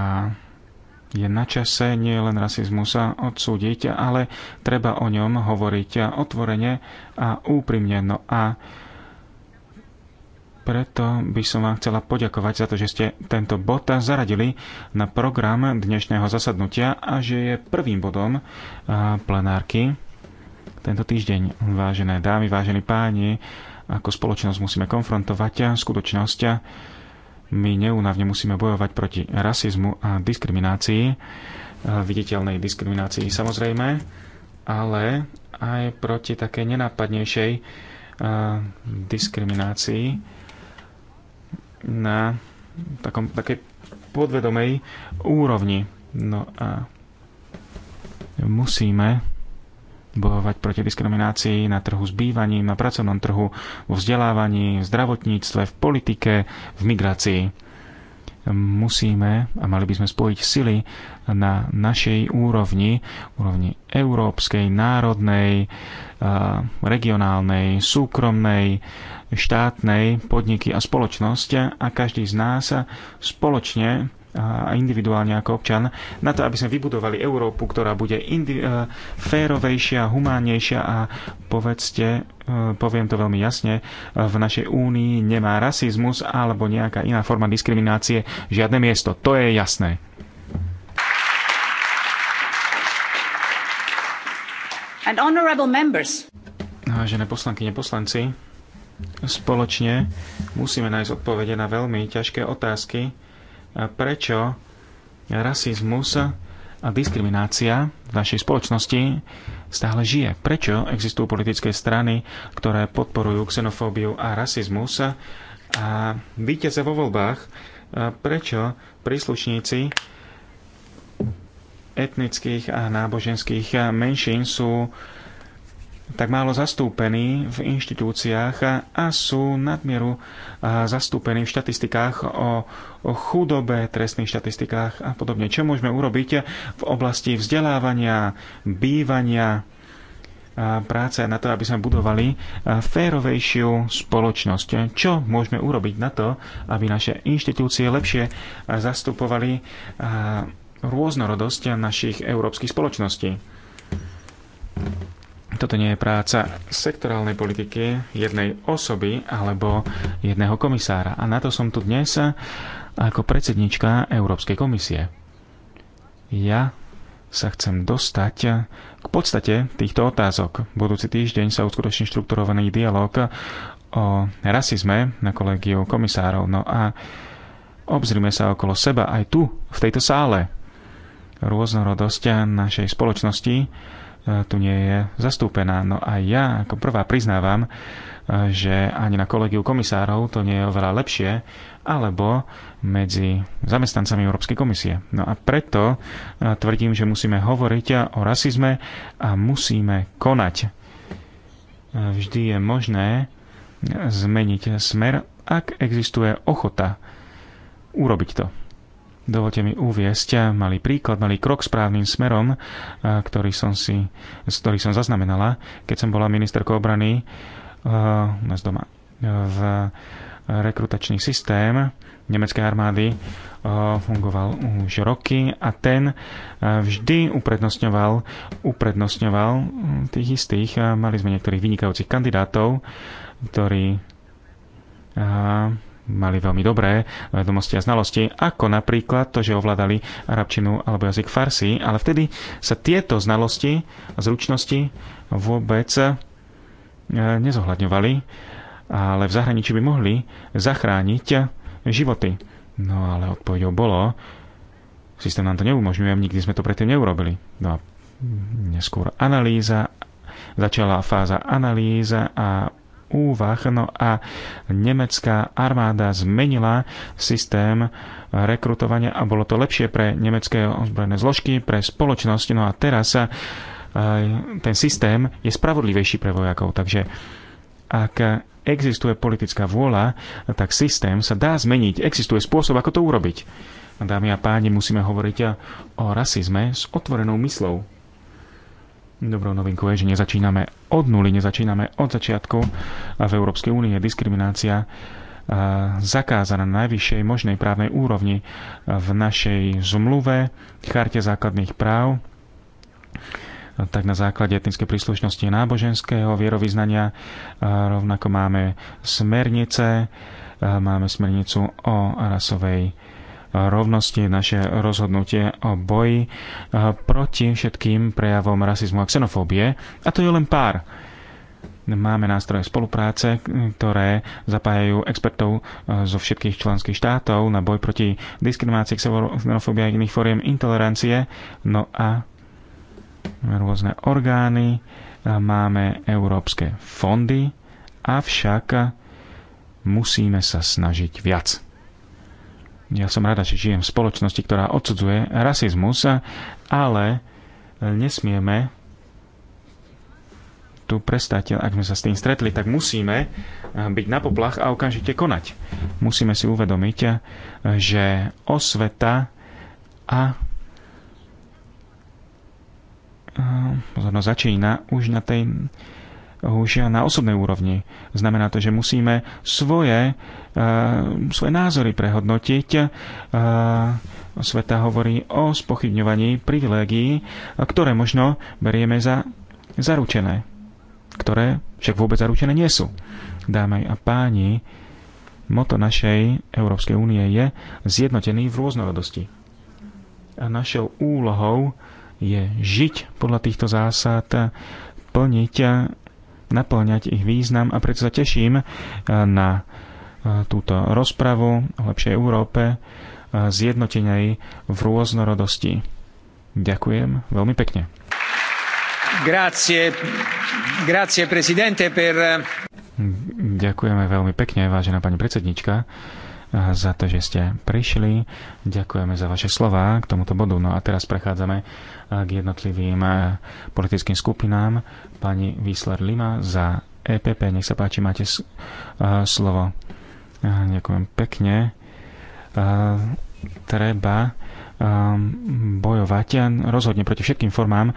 je na čase nie len rasizmus odsúdiť, ale treba o ňom hovoriť otvorene a úprimne. No a preto by som vám chcela poďakovať za to, že ste tento bod zaradili na program dnešného zasadnutia a že je prvým bodom plenárky tento týždeň. Vážené dámy, vážení páni, ako spoločnosť musíme konfrontovať skutočnosť, my neúnavne musíme bojovať proti rasizmu a diskriminácii, e, viditeľnej diskriminácii samozrejme, ale aj proti takej nenápadnejšej e, diskriminácii na takom, takej podvedomej úrovni. No a musíme bojovať proti diskriminácii na trhu s bývaním, na pracovnom trhu, vo vzdelávaní, v zdravotníctve, v politike, v migrácii. Musíme a mali by sme spojiť sily na našej úrovni, úrovni európskej, národnej, regionálnej, súkromnej, štátnej, podniky a spoločnosť a každý z nás spoločne a individuálne ako občan, na to, aby sme vybudovali Európu, ktorá bude indi- e, férovejšia, humánnejšia a povedzte, e, poviem to veľmi jasne, v našej únii nemá rasizmus alebo nejaká iná forma diskriminácie žiadne miesto. To je jasné. And honorable members. Vážené poslankyne, poslanci, spoločne musíme nájsť odpovede na veľmi ťažké otázky, prečo rasizmus a diskriminácia v našej spoločnosti stále žije. Prečo existujú politické strany, ktoré podporujú xenofóbiu a rasizmus a víťaze vo voľbách, prečo príslušníci etnických a náboženských menšín sú tak málo zastúpení v inštitúciách a sú nadmieru zastúpení v štatistikách o o chudobe, trestných štatistikách a podobne. Čo môžeme urobiť v oblasti vzdelávania, bývania, a práce na to, aby sme budovali férovejšiu spoločnosť. Čo môžeme urobiť na to, aby naše inštitúcie lepšie zastupovali rôznorodosť našich európskych spoločností? Toto nie je práca sektorálnej politiky jednej osoby alebo jedného komisára. A na to som tu dnes ako predsednička Európskej komisie. Ja sa chcem dostať k podstate týchto otázok. Budúci týždeň sa uskutoční štrukturovaný dialog o rasizme na kolegiu komisárov. No a obzrime sa okolo seba aj tu, v tejto sále. Rôznorodosť našej spoločnosti e, tu nie je zastúpená. No a ja ako prvá priznávam, e, že ani na kolegiu komisárov to nie je oveľa lepšie alebo medzi zamestnancami Európskej komisie. No a preto e, tvrdím, že musíme hovoriť o rasizme a musíme konať. E, vždy je možné zmeniť smer, ak existuje ochota urobiť to. Dovolte mi uviesť malý príklad, malý krok správnym smerom, e, ktorý som si, ktorý som zaznamenala, keď som bola ministerkou obrany uh, nás doma. V rekrutačný systém nemeckej armády eh, fungoval už roky a ten eh, vždy uprednostňoval, uprednostňoval hm, tých istých. Eh, mali sme niektorých vynikajúcich kandidátov, ktorí mali veľmi dobré vedomosti a znalosti, ako napríklad to, že ovládali arabčinu alebo jazyk farsi, ale vtedy sa tieto znalosti a zručnosti vôbec nezohľadňovali ale v zahraničí by mohli zachrániť životy. No ale odpovedou bolo, systém nám to neumožňuje, nikdy sme to predtým neurobili. No a neskôr analýza, začala fáza analýza a úvah, no a nemecká armáda zmenila systém rekrutovania a bolo to lepšie pre nemecké ozbrojené zložky, pre spoločnosť, no a teraz sa eh, ten systém je spravodlivejší pre vojakov, takže ak existuje politická vôľa, tak systém sa dá zmeniť. Existuje spôsob, ako to urobiť. Dámy a páni, musíme hovoriť o rasizme s otvorenou myslou. Dobrou novinkou je, že nezačíname od nuly, nezačíname od začiatku. V Európskej únii je diskriminácia zakázaná na najvyššej možnej právnej úrovni v našej zmluve, charte základných práv tak na základe etnickej príslušnosti náboženského vierovýznania. Rovnako máme smernice, máme smernicu o rasovej rovnosti, naše rozhodnutie o boji proti všetkým prejavom rasizmu a xenofóbie. A to je len pár. Máme nástroje spolupráce, ktoré zapájajú expertov zo všetkých členských štátov na boj proti diskriminácii, xenofóbii a iných fóriem intolerancie. No a rôzne orgány, e, máme európske fondy, avšak musíme sa snažiť viac. Ja som rada, že žijem v spoločnosti, ktorá odsudzuje rasizmus, ale nesmieme tu prestať, ak sme sa s tým stretli, tak musíme e, byť na poplach a okamžite konať. Musíme si uvedomiť, e, že osveta a pozornosť začína už na tej už na osobnej úrovni. Znamená to, že musíme svoje, eh, svoje názory prehodnotiť. Eh, sveta hovorí o spochybňovaní privilégií, ktoré možno berieme za zaručené, ktoré však vôbec zaručené nie sú. Dámy a páni, moto našej Európskej únie je zjednotený v rôznorodosti. A našou úlohou je žiť podľa týchto zásad, plniť, naplňať ich význam a preto sa teším eh, na eh, túto rozpravu o lepšej Európe, eh, zjednotenej v rôznorodosti. Ďakujem veľmi pekne. Grazie, grazie per... Ďakujeme veľmi pekne, vážená pani predsednička za to, že ste prišli. Ďakujeme za vaše slova k tomuto bodu. No a teraz prechádzame eh, k jednotlivým eh, politickým skupinám. Pani Wiesler Lima za EPP. Nech sa páči, máte eh, slovo. Ďakujem pekne. Treba Ehm, bojovať ehm, rozhodne proti všetkým formám eh,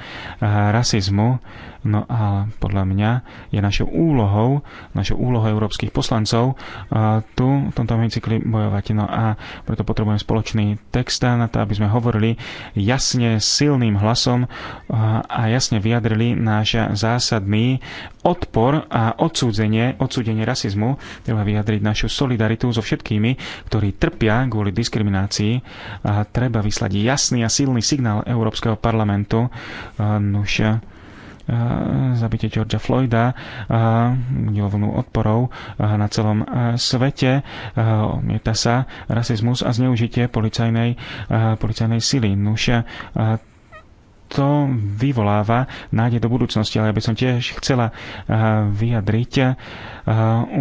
rasizmu. No a podľa mňa je našou úlohou, našou úlohou európskych poslancov eh, tu v tomto hemicykli bojovať. No a preto potrebujem spoločný text na to, aby sme hovorili jasne, silným hlasom eh, a jasne vyjadrili náš zásadný odpor a odsúdenie, odsúdenie rasizmu. Treba vyjadriť našu solidaritu so všetkými, ktorí trpia kvôli diskriminácii. A treba vyslať jasný a silný signál Európskeho parlamentu. Ehm, nuž, ehm, zabite Georgia Floyda, ehm, vlnu odporov na celom svete, mieta sa rasizmus a zneužitie policajnej, policajnej sily. Nuž, to vyvoláva nádej do budúcnosti, ale ja by som tiež chcela eh, vyjadriť eh,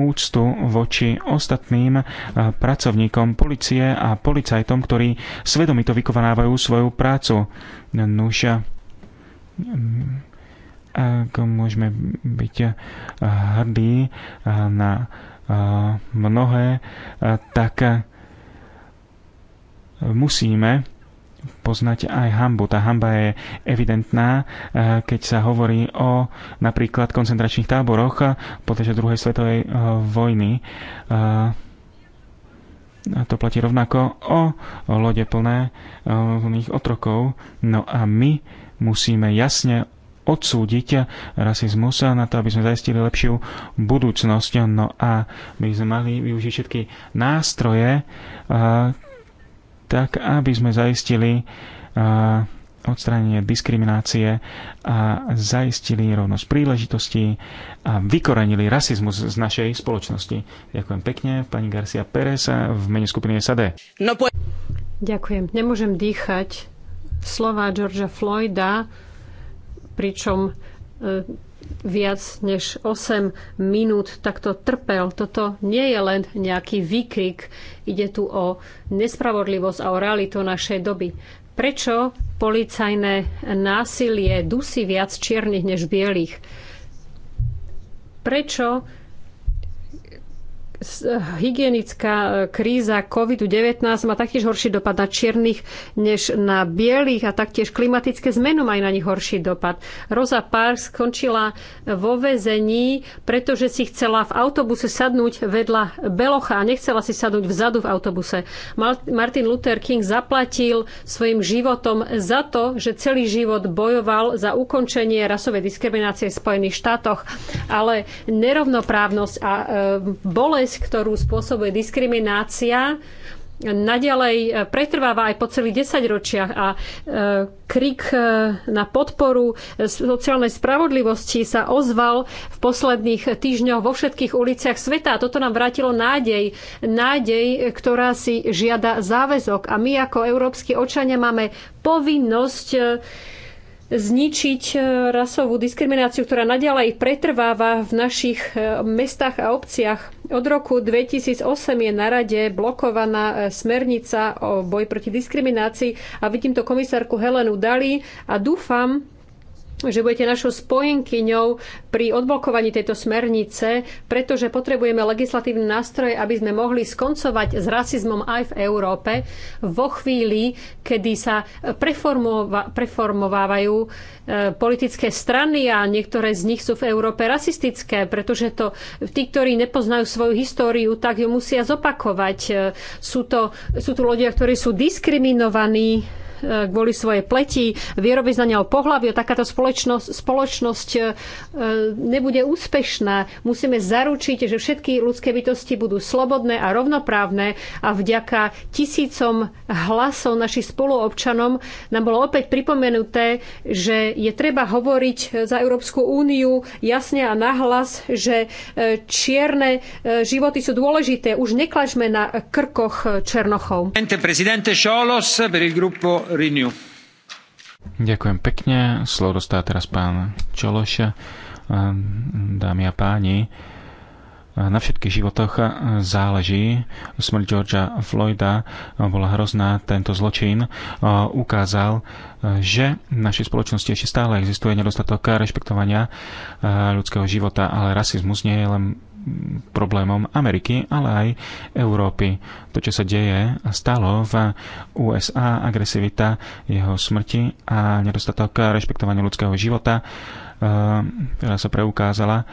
úctu voči ostatným eh, pracovníkom policie a policajtom, ktorí svedomito vykonávajú svoju prácu. Nuša, ak môžeme byť hrdí na mnohé, tak musíme poznať aj hambu. Tá hamba je evidentná, eh, keď sa hovorí o napríklad koncentračných táboroch eh, počas druhej svetovej eh, vojny. A to platí rovnako o lode plné plných otrokov. No a my musíme jasne odsúdiť rasizmus na to, aby sme zaistili lepšiu budúcnosť. No a my sme mali využiť všetky nástroje, tak aby sme zaistili odstránenie diskriminácie a zaistili rovnosť príležitostí a vykorenili rasizmus z našej spoločnosti. Ďakujem pekne, pani Garcia Pérez v mene skupiny SAD. No po... Ďakujem. Nemôžem dýchať slova Georgia Floyda, pričom e, viac než 8 minút takto trpel. Toto nie je len nejaký výkrik. Ide tu o nespravodlivosť a o realitu našej doby. Prečo policajné násilie dusí viac čiernych než bielých? Prečo Eh, hygienická eh, kríza COVID-19 má taktiež horší dopad na čiernych než na bielých a taktiež klimatické zmeny majú na nich horší dopad. Rosa Parks skončila eh, vo väzení, pretože si chcela v autobuse sadnúť vedľa Belocha a nechcela si sadnúť vzadu v autobuse. Martin Luther King zaplatil svojim životom za to, že celý život bojoval za ukončenie rasovej diskriminácie v Spojených štátoch, ale nerovnoprávnosť a bolesť nájsť, ktorú spôsobuje diskriminácia, naďalej e, pretrváva aj po celých desaťročiach a e, krik e, na podporu sociálnej spravodlivosti sa ozval v posledných týždňoch vo všetkých uliciach sveta. Toto nám vrátilo nádej, nádej, ktorá si žiada záväzok. A my ako európsky občania máme povinnosť zničiť e, rasovú diskrimináciu, ktorá naďalej pretrváva v našich e, mestách a obciach. Od roku 2008 je na rade blokovaná e, smernica o boj proti diskriminácii a vidím to komisárku Helenu Dali a dúfam, že budete našou spojenkyňou pri odblokovaní tejto smernice, pretože potrebujeme legislatívne nástroje, aby sme mohli skoncovať s rasizmom aj v Európe vo chvíli, kedy sa preformovávajú e, politické strany a niektoré z nich sú v Európe rasistické, pretože to tí, ktorí nepoznajú svoju históriu, tak ju musia zopakovať. E, sú, to, sú tu ľudia, ktorí sú diskriminovaní Eh, kvôli svojej pleti, vierovýznania o pohľaviu, takáto spoločnosť, spoločnosť eh, nebude úspešná. Musíme zaručiť, že všetky ľudské bytosti budú slobodné a rovnoprávne a vďaka tisícom hlasov našich spoluobčanom nám bolo opäť pripomenuté, že je treba hovoriť za Európsku úniu jasne a nahlas, že eh, čierne životy sú dôležité. Už neklažme na krkoch Černochov. Prezidente Šolos, per il gruppo Renew. Ďakujem pekne. Slovo dostáva teraz pán Čološa. Ehm, dámy a páni, na všetkých životoch záleží. Smrť Georgia Floyda bola hrozná. Tento zločin ehm, ukázal, že v našej spoločnosti ešte stále existuje nedostatok rešpektovania ehm, ľudského života, ale rasizmus nie je len problémom Ameriky, ale aj Európy. To, čo sa deje a stalo v USA, agresivita jeho smrti a nedostatok rešpektovania ľudského života, eh, ktorá sa preukázala, eh,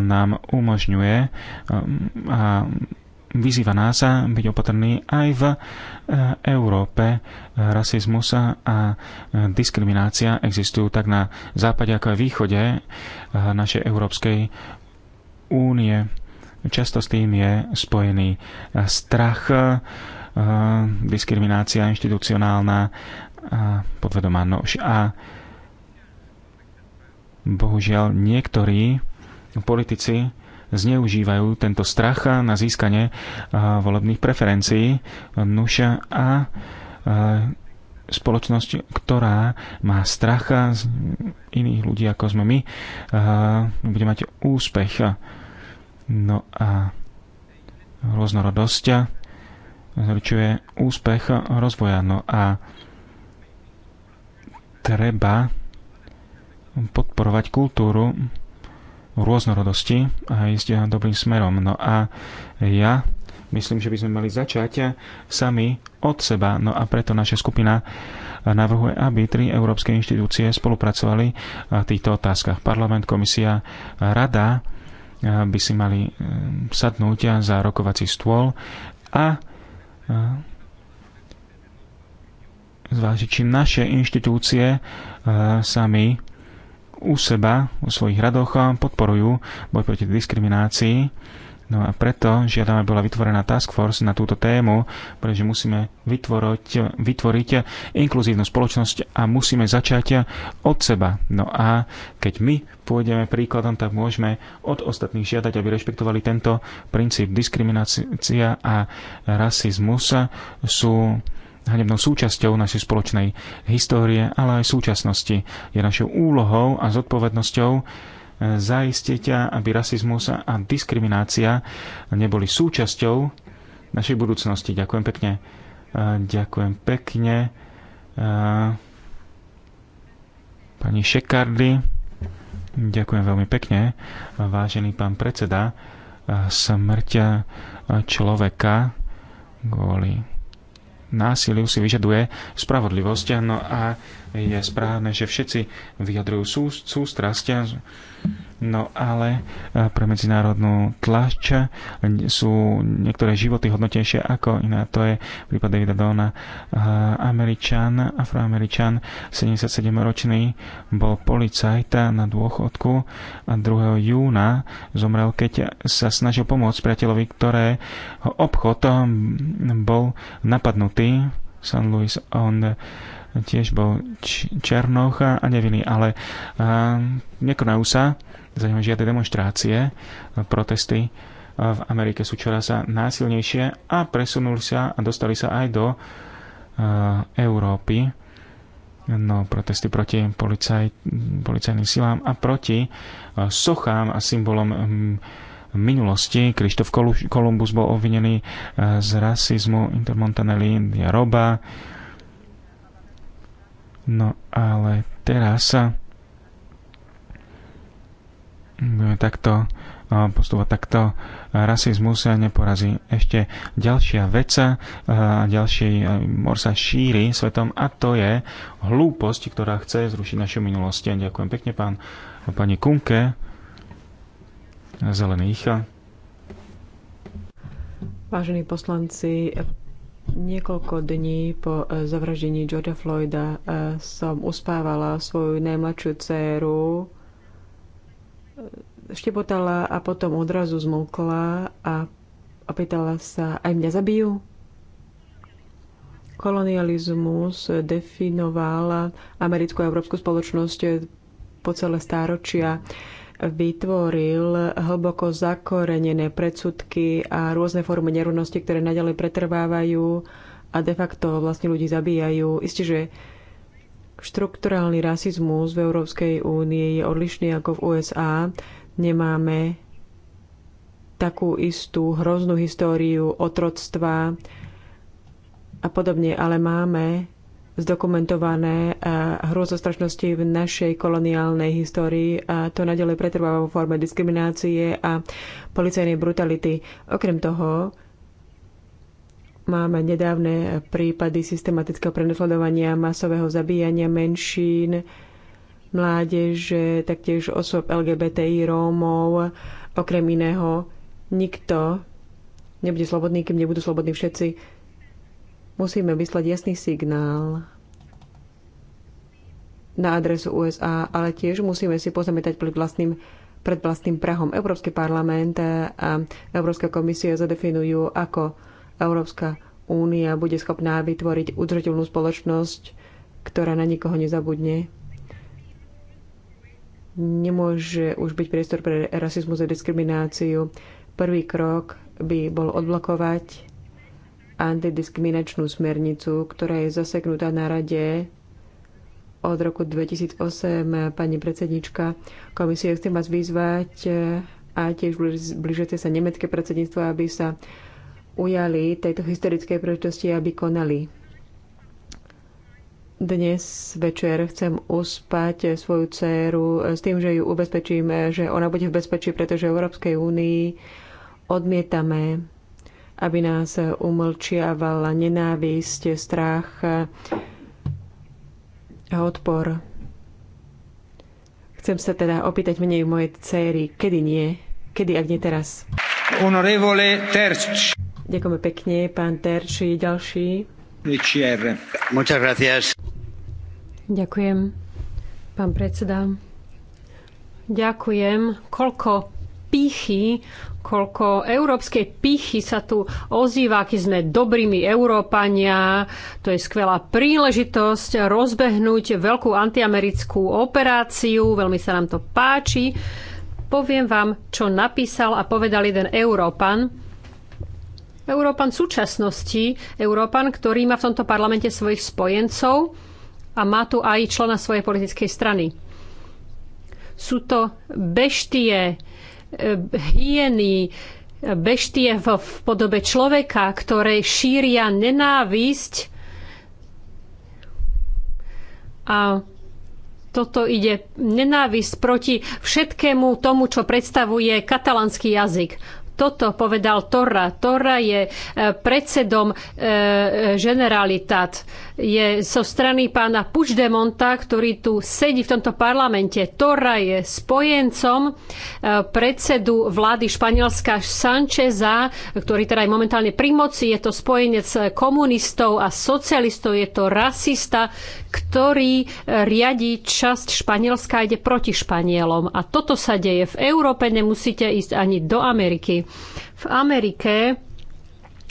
nám umožňuje eh, a vyzýva nás byť opatrný aj v Európe. Rasizmus a diskriminácia existujú tak na západe ako aj východe našej európskej únie. Často s tým je spojený strach, eh, diskriminácia inštitucionálna a eh, podvedomá nož. A bohužiaľ niektorí politici zneužívajú tento strach na získanie eh, volebných preferencií nuša a spoločnosť, ktorá má strach z iných ľudí ako sme my, bude mať úspech. No a rôznorodosť zručuje úspech rozvoja. No a treba podporovať kultúru rôznorodosti a ísť dobrým smerom. No a ja myslím, že by sme mali začať sami od seba. No a preto naša skupina navrhuje, aby tri európske inštitúcie spolupracovali v týchto otázkach. Parlament, komisia, rada by si mali eh, sadnúť za rokovací stôl a eh, zvážiť, či naše inštitúcie eh, sami u seba, u svojich radoch podporujú boj proti diskriminácii No a preto žiadame, bola vytvorená task force na túto tému, pretože musíme vytvoriť, vytvoriť inkluzívnu spoločnosť a musíme začať od seba. No a keď my pôjdeme príkladom, tak môžeme od ostatných žiadať, aby rešpektovali tento princíp. Diskriminácia a rasizmus sú hanebnou súčasťou našej spoločnej histórie, ale aj súčasnosti. Je našou úlohou a zodpovednosťou zaistiť, aby rasizmus a diskriminácia neboli súčasťou našej budúcnosti. Ďakujem pekne. Ďakujem pekne. Pani Šekardy, ďakujem veľmi pekne. Vážený pán predseda, smrť človeka kvôli násiliu si vyžaduje spravodlivosť. No a je správne, že všetci vyjadrujú sú, sústrasť, no ale e, pre medzinárodnú tlač sú niektoré životy hodnotejšie ako iná. To je prípad Davida Dona. E, Američan, afroameričan, 77-ročný, bol policajta na dôchodku a 2. júna zomrel, keď sa snažil pomôcť priateľovi, ktoré obchod e, bol napadnutý San Luis on tiež bol černocha a Nevinný, ale nekonajú sa za ňom žiadne demonstrácie, protesty v Amerike sú čoraz násilnejšie a presunuli sa a dostali sa aj do Európy. No, protesty proti policaj, policajným silám a proti sochám a symbolom minulosti. Krištof Kolumbus bol obvinený z rasizmu, Intermontanelli, Roba, No ale teraz sa eh, budeme takto eh, postupovať takto. Rasizmus sa eh, neporazí. Ešte ďalšia vec a ďalší mor sa šíri svetom a to je hlúposť, ktorá chce zrušiť našu minulosť. Ďakujem pekne pán, pani Kunke zelených. Vážení poslanci, Niekoľko dní po e, zavraždení Georgia Floyda e, som uspávala svoju najmladšiu dceru, e, štepotala a potom odrazu zmokla a, opýtala sa, aj mňa zabijú? Kolonializmus definoval americkú a európsku spoločnosť po celé stáročia vytvoril hlboko zakorenené predsudky a rôzne formy nerovnosti, ktoré naďalej pretrvávajú a de facto vlastne ľudí zabíjajú. Isté, že štrukturálny rasizmus v Európskej únii je odlišný ako v USA. Nemáme takú istú hroznú históriu otroctva a podobne, ale máme zdokumentované e, hrozostrašnosti v našej koloniálnej histórii a to nadalej pretrváva vo forme diskriminácie a policajnej brutality. Okrem toho máme nedávne prípady systematického prenasledovania, masového zabíjania menšín, mládeže, taktiež osob LGBTI, Rómov, okrem iného. Nikto nebude slobodný, kým nebudú slobodní všetci Musíme vyslať jasný signál na adresu USA, ale tiež musíme si pozamietať pred vlastným, pred vlastným prahom. Európsky parlament a Európska komisia zadefinujú, ako Európska únia bude schopná vytvoriť udržateľnú spoločnosť, ktorá na nikoho nezabudne nemôže už byť priestor pre rasizmus a diskrimináciu. Prvý krok by bol odblokovať antidiskriminačnú smernicu, ktorá je zaseknutá na rade od roku 2008. Pani predsednička komisie, chcem vás vyzvať e, a tiež blížite sa nemecké predsedníctvo, aby sa ujali tejto historickej príležitosti, aby konali. Dnes večer chcem uspať svoju dceru s tým, že ju ubezpečím, že ona bude v bezpečí, pretože v Európskej únii odmietame aby nás umlčiavala nenávisť, strach a odpor. Chcem sa teda opýtať menej mojej céry, kedy nie, kedy ak nie teraz. Honorevole Terč. Ďakujeme pekne, pán Terč, ďalší. VCR. Muchas gracias. Ďakujem, pán predseda. Ďakujem. Koľko pýchy, koľko európskej pýchy sa tu ozýva, aký sme dobrými Európania. To je skvelá príležitosť rozbehnúť veľkú antiamerickú operáciu. Veľmi sa nám to páči. Poviem vám, čo napísal a povedal jeden Európan. Európan súčasnosti, Európan, ktorý má v tomto parlamente svojich spojencov a má tu aj člena svojej politickej strany. Sú to beštie, hyeny, beštie v, v podobe človeka, ktoré šíria nenávisť. A toto ide nenávisť proti všetkému tomu, čo predstavuje katalánsky jazyk. Toto povedal Torra. Torra je e, predsedom e, e, Generalitat. Je zo strany pána Puigdemonta, ktorý tu sedí v tomto parlamente. Torra je spojencom predsedu vlády Španielska Sancheza, ktorý teda je momentálne pri moci. Je to spojenec komunistov a socialistov. Je to rasista, ktorý e, riadi časť Španielska a ide proti Španielom. A toto sa deje v Európe, nemusíte ísť ani do Ameriky. V Amerike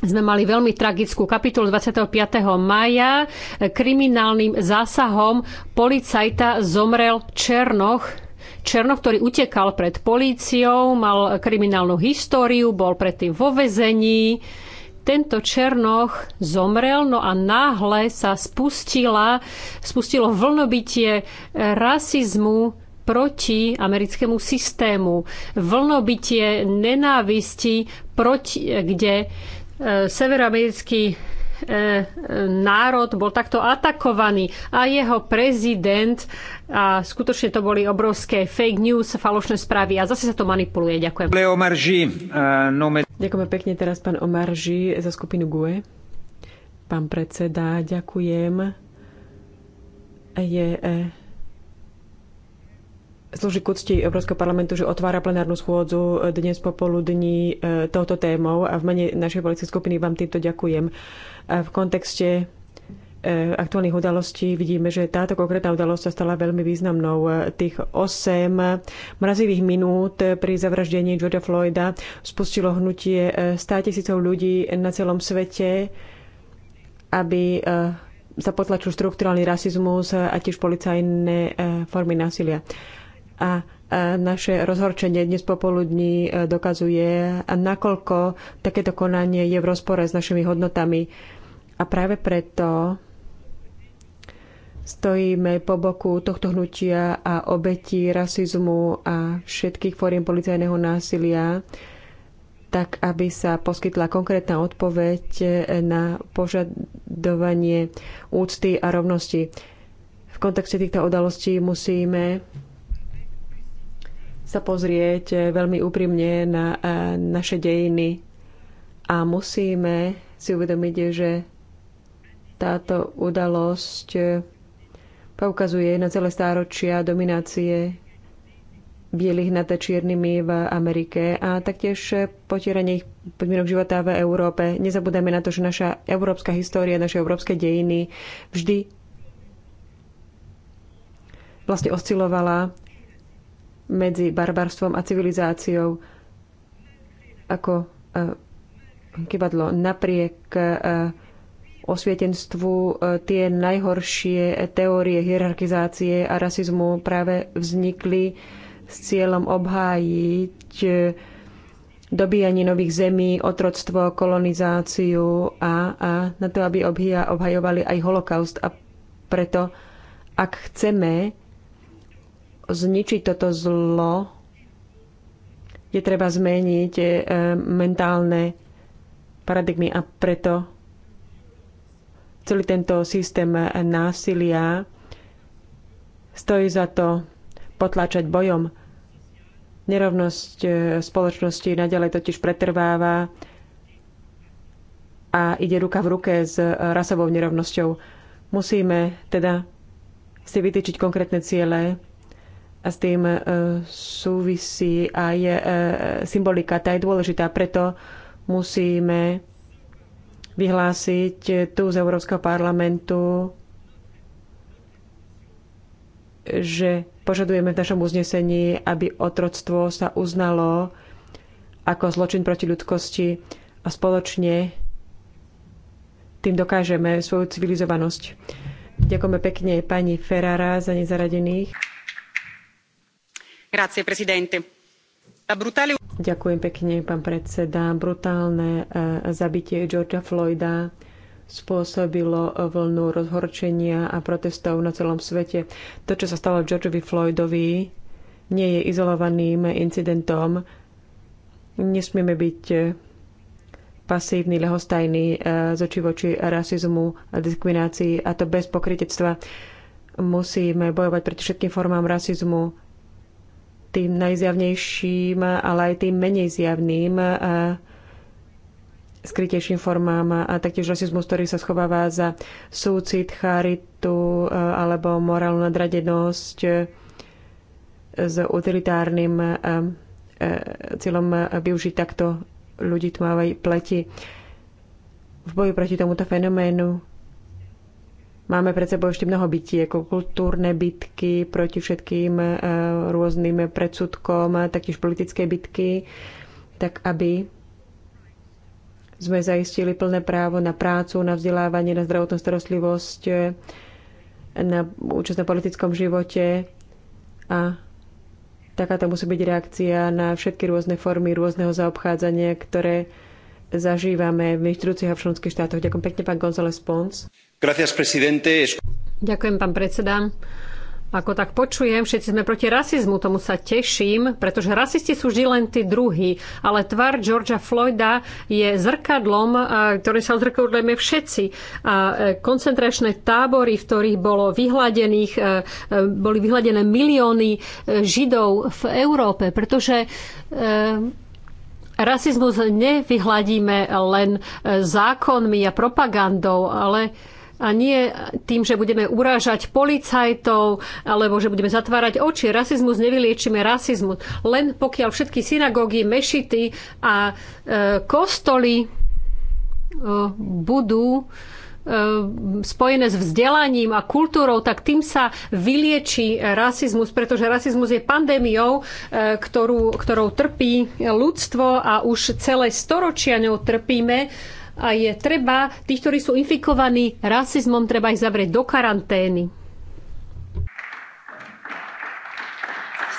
sme mali veľmi tragickú kapitolu 25. maja. Kriminálnym zásahom policajta zomrel Černoch. Černoch, ktorý utekal pred políciou, mal kriminálnu históriu, bol predtým vo vezení tento Černoch zomrel, no a náhle sa spustila, spustilo vlnobitie rasizmu proti americkému systému. Vlnobitie nenávisti, proti, kde e, severoamerický e, e, národ bol takto atakovaný a jeho prezident a skutočne to boli obrovské fake news, falošné správy a zase sa to manipuluje. Ďakujem. uh, Ďakujeme pekne teraz pán Omarži za skupinu GUE. Pán predseda, ďakujem. Je eh, slúži k úcti Európskeho parlamentu, že otvára plenárnu schôdzu eh, dnes popoludní eh, touto témou a v mene našej politickej skupiny vám týmto ďakujem. V kontexte E, aktuálnych udalostí vidíme, že táto konkrétna udalosť sa stala veľmi významnou. E, tých 8 mrazivých minút pri zavraždení Georgia Floyda spustilo hnutie 100 e, tisícov ľudí na celom svete, aby sa potlačil štruktúrálny rasizmus a tiež policajné formy násilia. A naše rozhorčenie dnes popoludní dokazuje, nakoľko takéto konanie je v rozpore s našimi hodnotami. A práve preto Stojíme po boku tohto hnutia a obetí rasizmu a všetkých fóriem policajného násilia, tak aby sa poskytla konkrétna odpoveď na požadovanie úcty a rovnosti. V kontexte týchto udalostí musíme sa pozrieť veľmi úprimne na eh, naše dejiny a musíme si uvedomiť, že táto udalosť poukazuje na celé stáročia dominácie bielých nad čiernymi v Amerike a taktiež potieranie ich podmienok života v Európe. nezabudeme na to, že naša európska história, naše európske dejiny vždy vlastne oscilovala medzi barbarstvom a civilizáciou ako eh, kybadlo napriek eh, osvietenstvu e, tie najhoršie teórie hierarchizácie a rasizmu práve vznikli s cieľom obhájiť e, dobíjanie nových zemí, otroctvo, kolonizáciu a, a na to, aby obhia, obhajovali aj holokaust. A preto, ak chceme zničiť toto zlo, je treba zmeniť e, mentálne paradigmy a preto celý tento systém násilia stojí za to potláčať bojom. Nerovnosť e, spoločnosti naďalej totiž pretrváva a ide ruka v ruke s rasovou nerovnosťou. Musíme teda si vytýčiť konkrétne ciele a s tým e, súvisí aj e, symbolika. Tá je dôležitá, preto musíme vyhlásiť tu z Európskeho parlamentu, že požadujeme v našom uznesení, aby otroctvo sa uznalo ako zločin proti ľudskosti a spoločne tým dokážeme svoju civilizovanosť. Ďakujeme pekne pani Ferrara za nezaradených. Grazie, presidente. La brutale... Ďakujem pekne, pán predseda. Brutálne e, zabitie Georgia Floyda spôsobilo vlnu rozhorčenia a protestov na celom svete. To, čo sa stalo Georgeovi Floydovi, nie je izolovaným incidentom. Nesmieme byť e, pasívni, lehostajní e, z očí voči rasizmu a diskriminácii a to bez pokrytectva. Musíme bojovať proti všetkým formám rasizmu, tým najzjavnejším, ale aj tým menej zjavným eh, skrytejším formám eh, a taktiež rasizmus, ktorý sa schováva za súcit, charitu eh, alebo morálnu nadradenosť s utilitárnym cieľom využiť takto ľudí tmavej pleti. V boji proti tomuto fenoménu Máme pred sebou ešte mnoho bytí, ako kultúrne bitky proti všetkým eh, rôznym predsudkom, taktiež politické bitky, tak aby sme zaistili plné právo na prácu, na vzdelávanie, na zdravotnú starostlivosť, na účasť na politickom živote a takáto musí byť reakcia na všetky rôzne formy rôzneho zaobchádzania, ktoré zažívame v inštitúciách a v členských štátoch. Ďakujem pekne, pán González Pons. Ďakujem, pán predseda. Ako tak počujem, všetci sme proti rasizmu, tomu sa teším, pretože rasisti sú vždy len tí druhí, ale tvar Georgia Floyda je zrkadlom, ktoré sa odzrkadlujeme všetci. A e, koncentračné tábory, v ktorých bolo vyhladených, e, e, boli vyhladené milióny Židov v Európe, pretože rasizmus nevyhladíme len zákonmi a propagandou, ale a nie tým, že budeme urážať policajtov alebo že budeme zatvárať oči. Rasizmus nevyliečíme rasizmus. Len pokiaľ všetky synagógy, mešity a e, kostoly e, budú e, spojené s vzdelaním a kultúrou, tak tým sa vylieči rasizmus, pretože rasizmus je pandémiou, e, ktorú, ktorou trpí ľudstvo a už celé storočia ňou trpíme a je treba tých, ktorí sú infikovaní rasizmom, treba ich zavrieť do karantény.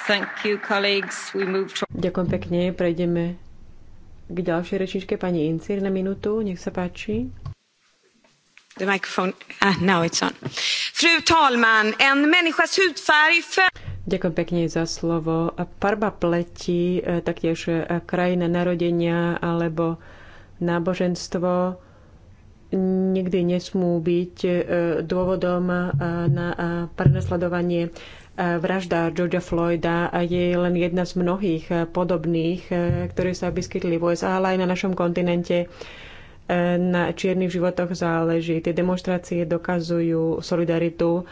Thank you, colleagues. We move to... Ďakujem pekne. Prejdeme k ďalšej rečničke pani Incir na minútu. Nech sa páči. The microphone. Ah, now it's on. Fru talman, en människas hudfärg Ďakujem pekne za slovo. Farba pleti, eh, taktiež eh, krajina narodenia alebo náboženstvo nikdy nesmú byť e, dôvodom e, na e, prenasledovanie. Vražda Georgia Floyda je len jedna z mnohých podobných, ktoré sa vyskytli v USA, ale aj na našom kontinente na čiernych životoch záleží. Tie demonstrácie dokazujú solidaritu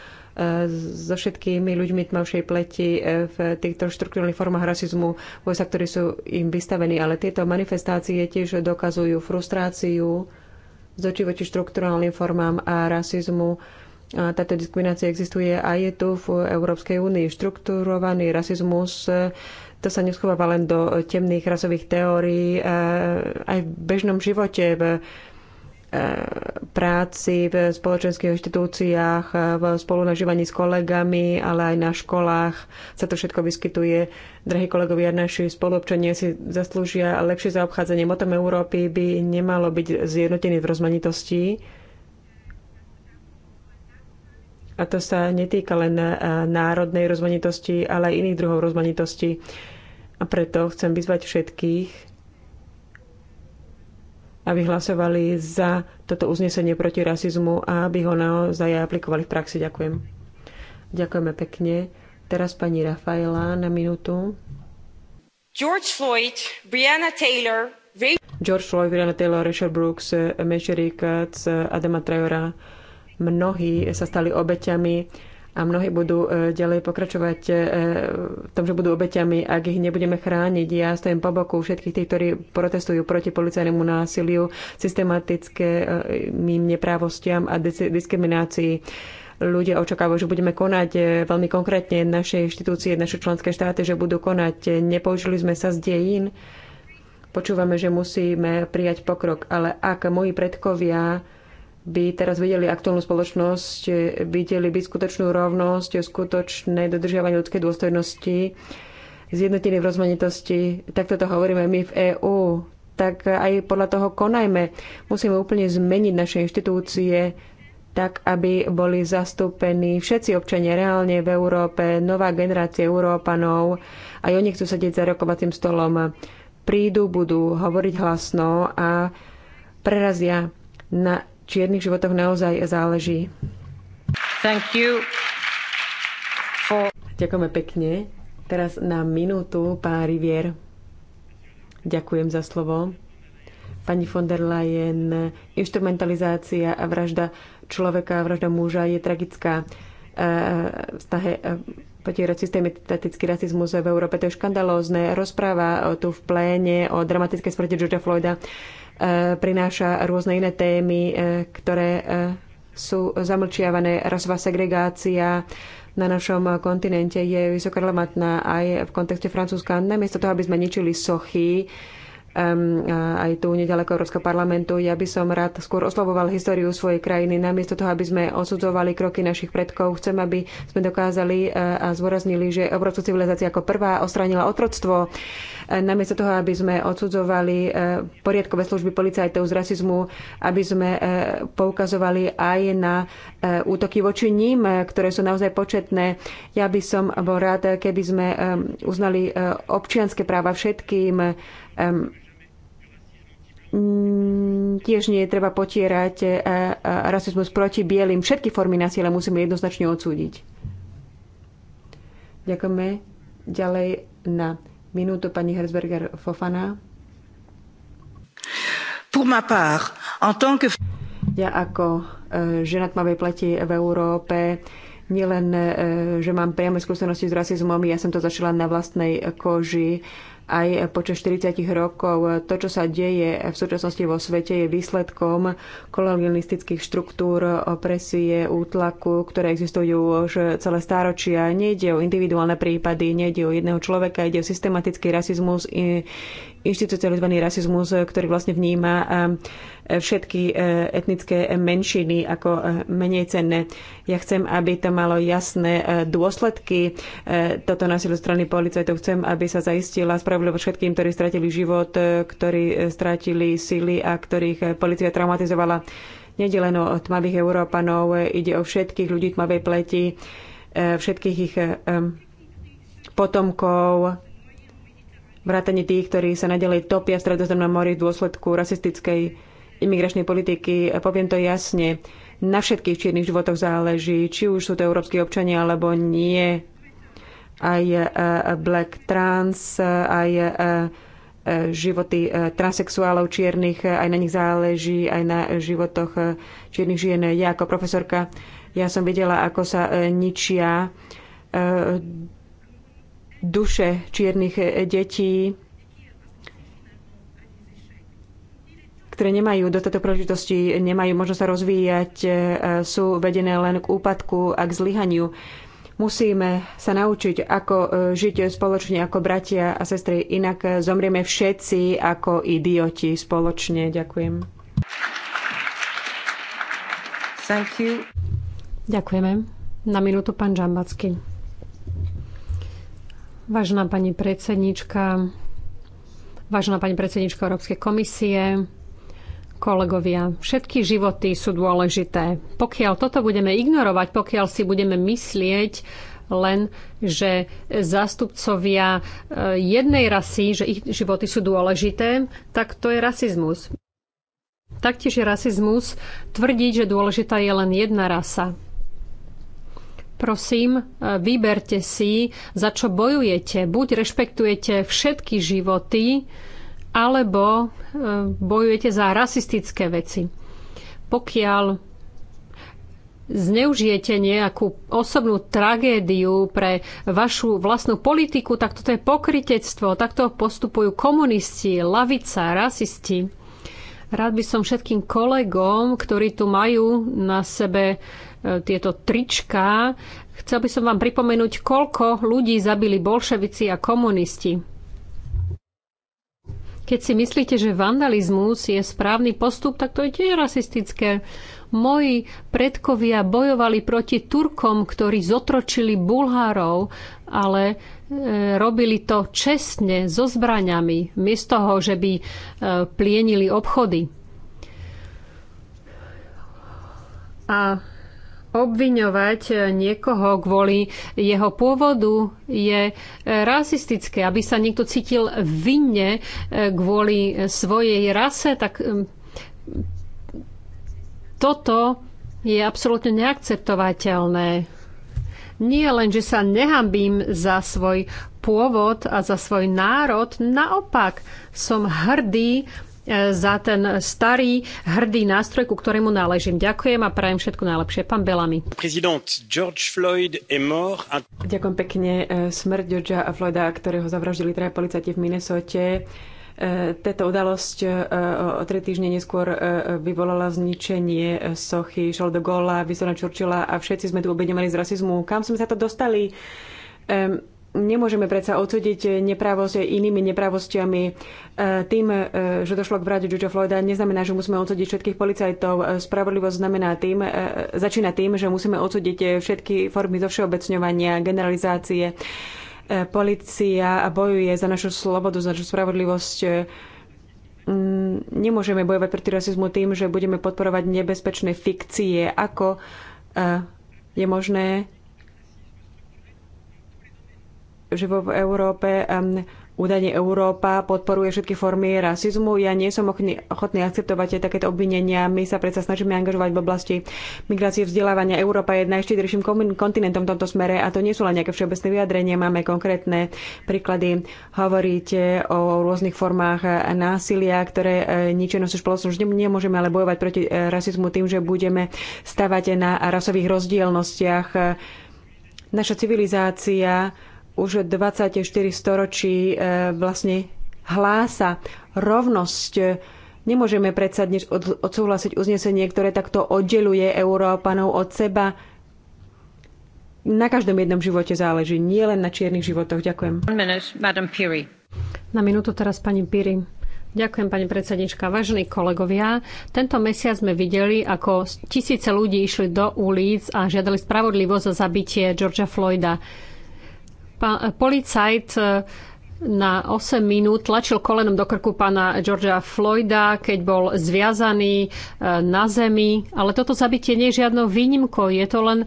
so všetkými ľuďmi tmavšej pleti e, v týchto štruktúrnych formách rasizmu, vojsa, ktorí sú im vystavení. Ale tieto manifestácie tiež dokazujú frustráciu z očí voči formám a rasizmu. A táto diskriminácia existuje a je tu v Európskej únii. Štruktúrovaný rasizmus e, to sa neschováva len do temných rasových teórií. E, aj v bežnom živote v práci v spoločenských inštitúciách, v spolunažívaní s kolegami, ale aj na školách sa to všetko vyskytuje. Drahí kolegovia, naši spolupčania si zaslúžia lepšie zaobchádzanie. Motom Európy by nemalo byť zjednotený v rozmanitosti. A to sa netýka len eh, národnej rozmanitosti, ale aj iných druhov rozmanitosti. A preto chcem vyzvať všetkých, aby hlasovali za toto uznesenie proti rasizmu a aby ho naozaj aplikovali v praxi. Ďakujem. Ďakujeme pekne. Teraz pani Rafaela na minútu. George Floyd, Brianna Taylor, Ray... George Floyd, Brianna Taylor, Rachel Brooks, Mesheri Katz, Adama Trajora. Mnohí sa stali obeťami a mnohí budú e, ďalej pokračovať e, v tom, že budú obeťami, ak ich nebudeme chrániť. Ja stojím po boku všetkých tých, ktorí protestujú proti policajnému násiliu, systematickým neprávostiam a diskriminácii. Ľudia očakávajú, že budeme konať e, veľmi konkrétne naše inštitúcie, naše členské štáty, že budú konať. Nepoužili sme sa z dejín. Počúvame, že musíme prijať pokrok, ale ak moji predkovia by teraz videli aktuálnu spoločnosť, videli by skutočnú rovnosť, skutočné dodržiavanie ľudskej dôstojnosti, zjednotenie v rozmanitosti. Takto to hovoríme my v EÚ. Tak aj podľa toho konajme. Musíme úplne zmeniť naše inštitúcie tak, aby boli zastúpení všetci občania reálne v Európe, nová generácia Európanov. Aj oni chcú sedieť za rokovacím stolom. Prídu, budú hovoriť hlasno a prerazia na čiernych životoch naozaj záleží. Thank you for... Ďakujeme pekne. Teraz na minútu pán Rivier. Ďakujem za slovo. Pani von der Leyen, instrumentalizácia a vražda človeka, a vražda muža je tragická. E, v snahe potierať systematický rasizmus v Európe. To je škandalózne. Rozpráva tu v pléne o dramatickej smrti Georgia Floyda E, prináša rôzne iné témy, e, ktoré e, sú zamlčiavané. Rasová segregácia na našom kontinente je vysokorelevantná aj v kontexte Francúzska. Namiesto toho, aby sme ničili sochy, aj tu nedaleko Európskeho parlamentu. Ja by som rád skôr oslovoval históriu svojej krajiny. Namiesto toho, aby sme osudzovali kroky našich predkov, chcem, aby sme dokázali e, a zvoraznili, že európska civilizácia ako prvá ostranila otroctvo. E, namiesto toho, aby sme odsudzovali e, poriadkové služby policajtov z rasizmu, aby sme poukazovali aj na útoky voči ním, ktoré sú naozaj početné. Ja by som bol rád, keby sme uznali občianské práva všetkým Mm, tiež nie je treba potierať e, e, rasizmus proti bielým. Všetky formy násilia musíme jednoznačne odsúdiť. Ďakujeme. Ďalej na minútu pani Herzberger Fofana. Pour ma part, en tant que... Ja ako e, žena tmavej pleti v Európe nielen, že mám priame skúsenosti s rasizmom, ja som to začala na vlastnej koži aj počas 40 rokov. To, čo sa deje v súčasnosti vo svete, je výsledkom kolonialistických štruktúr, opresie, útlaku, ktoré existujú už celé stáročia. Nejde o individuálne prípady, nejde o jedného človeka, ide o systematický rasizmus, institucionalizovaný rasizmus, e, ktorý vlastne vníma e, e, všetky etnické menšiny ako menej cenné. Ja chcem, aby to malo jasné dôsledky toto násilie strany policajtov. Chcem, aby sa zaistila spravodlivosť všetkým, ktorí stratili život, ktorí stratili síly a ktorých policia traumatizovala. Nede len o tmavých Európanov, ide o všetkých ľudí tmavej pleti, všetkých ich potomkov, vrátane tých, ktorí sa nadalej topia v stredozemnom mori v dôsledku rasistickej imigračnej politiky. Poviem to jasne, na všetkých čiernych životoch záleží, či už sú to európsky občania alebo nie. Aj e, black trans, aj e, životy e, transexuálov čiernych, aj na nich záleží, aj na životoch čiernych žien. Ja ako profesorka, ja som videla, ako sa ničia duše čiernych e, detí, ktoré nemajú dostatok príležitosti, nemajú možnosť sa rozvíjať, e, sú vedené len k úpadku a k zlyhaniu. Musíme sa naučiť, ako e, žiť spoločne ako bratia a sestry, inak zomrieme všetci ako idioti spoločne. Ďakujem. Thank you. Ďakujeme. Na minútu pán Žambacký. Vážená pani predsednička, vážená pani predsednička Európskej komisie, kolegovia, všetky životy sú dôležité. Pokiaľ toto budeme ignorovať, pokiaľ si budeme myslieť len, že zástupcovia e, jednej rasy, že ich životy sú dôležité, tak to je rasizmus. Taktiež je rasizmus tvrdiť, že dôležitá je len jedna rasa. Prosím, e, vyberte si, za čo bojujete. Buď rešpektujete všetky životy, alebo e, bojujete za rasistické veci. Pokiaľ zneužijete nejakú osobnú tragédiu pre vašu vlastnú politiku, tak toto je pokritectvo. Takto postupujú komunisti, lavica, rasisti. Rád by som všetkým kolegom, ktorí tu majú na sebe tieto trička. Chcel by som vám pripomenúť, koľko ľudí zabili bolševici a komunisti. Keď si myslíte, že vandalizmus je správny postup, tak to je tiež rasistické. Moji predkovia bojovali proti Turkom, ktorí zotročili Bulhárov, ale e, robili to čestne so zbraňami, miesto toho, že by e, plienili obchody. A obviňovať e, niekoho kvôli jeho pôvodu je e, rasistické. Aby sa niekto cítil vinne e, kvôli svojej rase, tak toto je absolútne neakceptovateľné. Nie len, že sa nehambím za svoj pôvod a za svoj národ, naopak som hrdý E, za ten starý, hrdý nástroj, ku ktorému náležím. Ďakujem a prajem všetko najlepšie. Pán Belami. A... Ďakujem pekne. E, smrť Georgea a Floyda, ktorého zavraždili traja policajti v Minnesote, e, táto udalosť o tri týždne neskôr vyvolala zničenie sochy Charles de Gaulle, Winston Churchilla a všetci sme tu obedňovali z rasizmu. Kam sme sa to dostali? nemôžeme predsa odsúdiť neprávosť inými neprávosťami. E, tým, e, že došlo k vrade Georgia Floyda, neznamená, že musíme odsúdiť všetkých policajtov. E, spravodlivosť znamená tým, začína tým, že musíme odsúdiť všetky formy zovšeobecňovania, generalizácie. Polícia bojuje za našu slobodu, za našu spravodlivosť. Nemôžeme bojovať proti rasizmu tým, že budeme podporovať nebezpečné fikcie, ako je možné že vo Európe údajne Európa podporuje všetky formy rasizmu. Ja nie som ochotný akceptovať takéto obvinenia. My sa predsa snažíme angažovať v oblasti migrácie vzdelávania. Európa je najštiedrejším kontinentom v tomto smere a to nie sú len nejaké všeobecné vyjadrenia. Máme konkrétne príklady. Hovoríte o rôznych formách eh, násilia, ktoré eh, ničia našu spoločnosť. Nemôžeme ale bojovať proti eh, rasizmu tým, že budeme stavať na rasových rozdielnostiach. Naša civilizácia už 24 storočí e, vlastne hlása rovnosť. Nemôžeme predsa dnes odsúhlasiť uznesenie, ktoré takto oddeluje Európanov od seba. Na každom jednom živote záleží, nie len na čiernych životoch. Ďakujem. Na minútu teraz pani Piri. Ďakujem, pani predsednička. Vážení kolegovia, tento mesiac sme videli, ako tisíce ľudí išli do ulic a žiadali spravodlivosť za zabitie Georgia Floyda. Eh, policajt eh, na 8 minút tlačil kolenom do krku pána Georgia Floyda, keď bol zviazaný eh, na zemi. Ale toto zabitie nie je žiadnou výnimkou. Je to len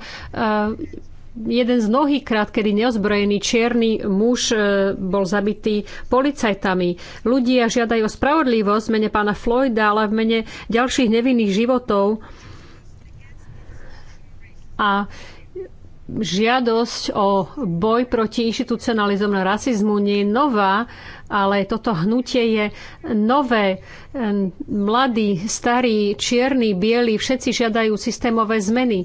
jeden z mnohých krát, kedy neozbrojený čierny muž bol zabitý policajtami. Ľudia žiadajú spravodlivosť v mene pána Floyda, ale v mene ďalších nevinných životov. A žiadosť o boj proti inštitucionalizmu rasizmu nie je nová, ale toto hnutie je nové. Mladí, starí, čierni, bieli, všetci žiadajú systémové zmeny.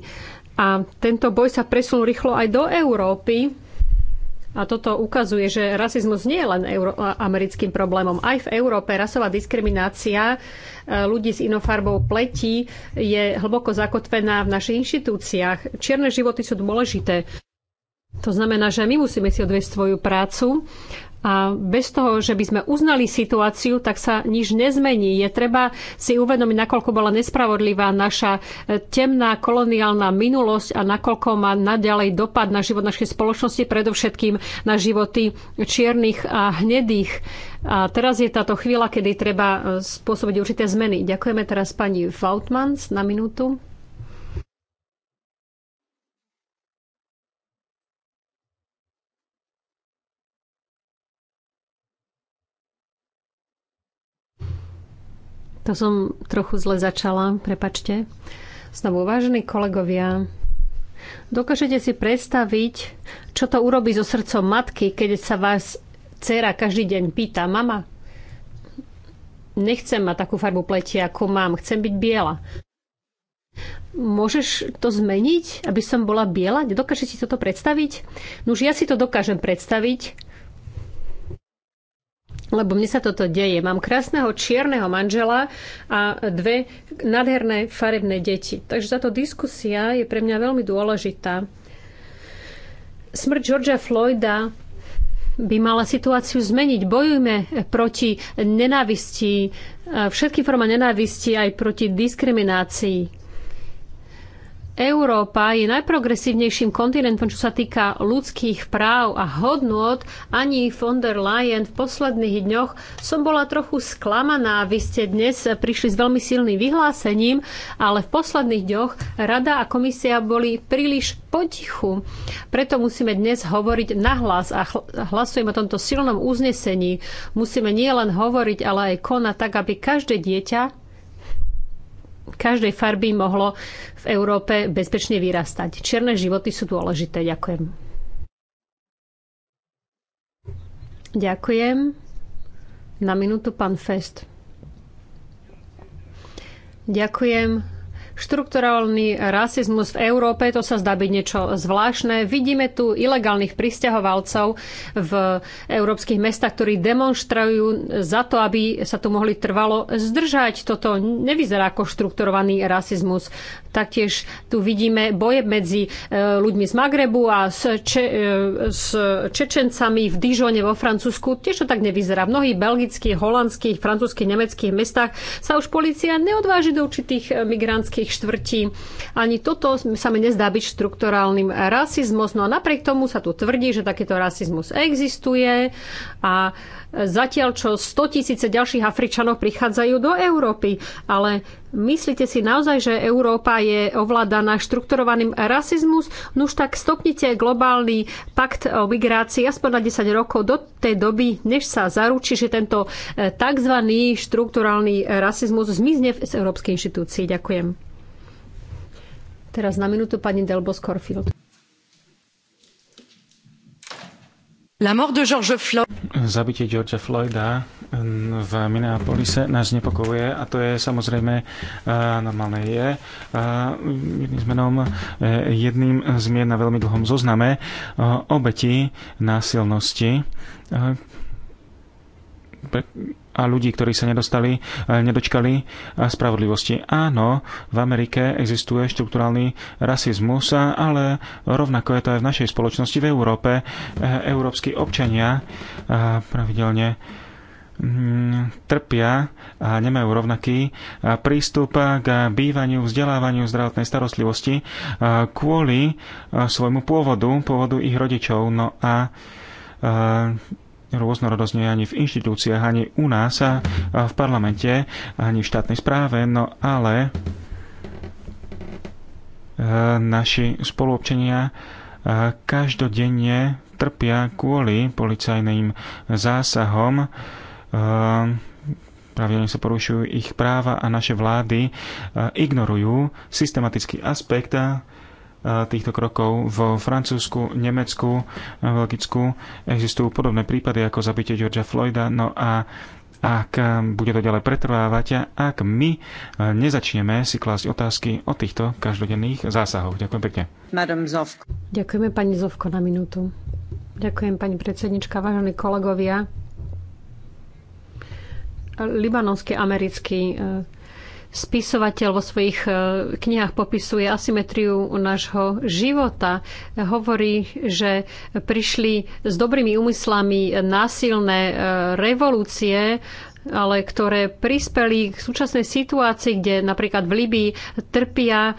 A tento boj sa presunul rýchlo aj do Európy. A toto ukazuje, že rasizmus nie je len euro- americkým problémom. Aj v Európe rasová diskriminácia e, ľudí s inou farbou pleti je hlboko zakotvená v našich inštitúciách. Čierne životy sú dôležité. To znamená, že my musíme si odvieť svoju prácu a bez toho, že by sme uznali situáciu, tak sa nič nezmení. Je treba si uvedomiť, nakoľko bola nespravodlivá naša e, temná koloniálna minulosť a nakoľko má naďalej dopad na život našej spoločnosti, predovšetkým na životy čiernych a hnedých. A teraz je táto chvíľa, kedy treba e, spôsobiť určité zmeny. Ďakujeme teraz pani Fautmans na minútu. To som trochu zle začala, prepačte. Znovu, vážení kolegovia, dokážete si predstaviť, čo to urobí so srdcom matky, keď sa vás dcera každý deň pýta, mama, nechcem mať takú farbu pleti, ako mám, chcem byť biela. Môžeš to zmeniť, aby som bola biela? Dokážete si toto predstaviť? No už ja si to dokážem predstaviť, lebo mne sa toto deje. Mám krásneho čierneho manžela a dve nádherné farebné deti. Takže táto diskusia je pre mňa veľmi dôležitá. Smrť Georgia Floyda by mala situáciu zmeniť. Bojujme proti nenávisti, e, všetkým formám nenávisti aj proti diskriminácii. Európa je najprogresívnejším kontinentom, čo sa týka ľudských práv a hodnôt. Ani von der Leyen v posledných dňoch som bola trochu sklamaná. Vy ste dnes prišli s veľmi silným vyhlásením, ale v posledných dňoch Rada a komisia boli príliš potichu. Preto musíme dnes hovoriť nahlas a hlasujeme o tomto silnom uznesení. Musíme nielen hovoriť, ale aj konať tak, aby každé dieťa každej farby mohlo v Európe bezpečne vyrastať. Čierne životy sú dôležité. Ďakujem. Ďakujem. Na minútu pán Fest. Ďakujem. Štrukturálny rasizmus v Európe, to sa zdá byť niečo zvláštne. Vidíme tu ilegálnych pristahovalcov v európskych mestách, ktorí demonstrujú za to, aby sa tu mohli trvalo zdržať. Toto nevyzerá ako štrukturovaný rasizmus. Taktiež tu vidíme boje medzi e, ľuďmi z Magrebu a s, Če- e, s Čečencami v Dižone vo Francúzsku. Tiež to tak nevyzerá. V mnohých belgických, holandských, francúzských, nemeckých mestách sa už policia neodváži do určitých migrantských tých štvrtí. Ani toto sa mi nezdá byť štrukturálnym rasizmus. No a napriek tomu sa tu tvrdí, že takýto rasizmus existuje a zatiaľ čo 100 tisíce ďalších Afričanov prichádzajú do Európy. Ale myslíte si naozaj, že Európa je ovládaná štrukturovaným rasizmus? No už tak stopnite globálny pakt o migrácii aspoň na 10 rokov do tej doby, než sa zaručí, že tento eh, tzv. štrukturálny rasizmus zmizne z Európskej inštitúcii. Ďakujem. Teraz na minútu pani Delbo Scorfield. Zabitie Georgea Floyda v Minneapolise nás nepokovuje a to je samozrejme eh, normálne je. Eh, jedným zmenom, eh, jedným z mien na veľmi dlhom zozname obeti násilnosti a ľudí, ktorí sa nedostali, e, nedočkali e, spravodlivosti. Áno, v Amerike existuje štrukturálny rasizmus, ale rovnako je to aj v našej spoločnosti v Európe. E, európsky občania pravidelne mm, trpia a nemajú rovnaký prístup k bývaniu, vzdelávaniu, zdravotnej starostlivosti kvôli svojmu pôvodu, pôvodu ich rodičov. No a rôznorodosť nie ani v inštitúciách, ani u nás a v parlamente, ani v štátnej správe, no ale e, naši spoluobčania e, každodenne trpia kvôli policajným zásahom e, pravidelne sa porušujú ich práva a naše vlády ignorujú systematický aspekt týchto krokov. V Francúzsku, Nemecku, Belgicku existujú podobné prípady ako zabitie Georgia Floyda. No a ak bude to ďalej pretrvávať, ak my nezačneme si klásť otázky o týchto každodenných zásahoch. Ďakujem pekne. Ďakujeme pani Zovko na minútu. Ďakujem pani predsednička, vážení kolegovia. Libanonský americký e, spisovateľ vo svojich e, knihách popisuje asymetriu nášho života. Hovorí, že prišli s dobrými úmyslami násilné e, revolúcie, ale ktoré prispeli k súčasnej situácii, kde napríklad v Libii trpia e,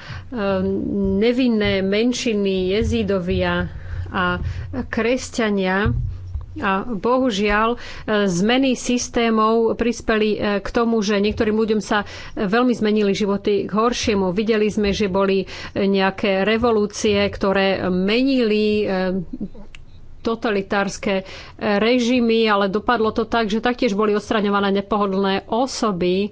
nevinné menšiny jezídovia a kresťania a bohužiaľ, e, zmeny systémov prispeli e, k tomu, že niektorým ľuďom sa e, veľmi zmenili životy k horšiemu. Videli sme, že boli nejaké revolúcie, ktoré menili totalitárske režimy, ale dopadlo to tak, že taktiež boli odstraňované nepohodlné osoby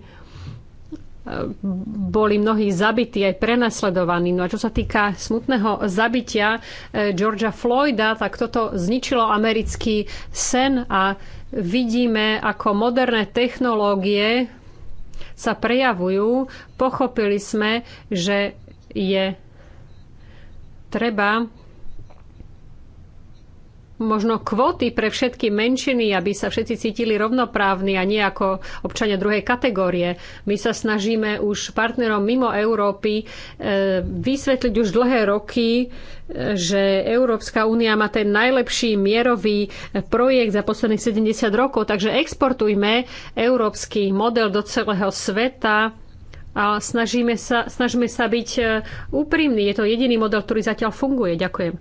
boli mnohí zabití, aj prenasledovaní. No a čo sa týka smutného zabitia eh, Georgia Floyda, tak toto zničilo americký sen a vidíme, ako moderné technológie sa prejavujú. Pochopili sme, že je treba možno kvóty pre všetky menšiny, aby sa všetci cítili rovnoprávni a nie ako občania druhej kategórie. My sa snažíme už partnerom mimo Európy e, vysvetliť už dlhé roky, e, že Európska únia má ten najlepší mierový projekt za posledných 70 rokov, takže exportujme európsky model do celého sveta a snažíme sa, snažíme sa byť e, úprimní. Je to jediný model, ktorý zatiaľ funguje. Ďakujem.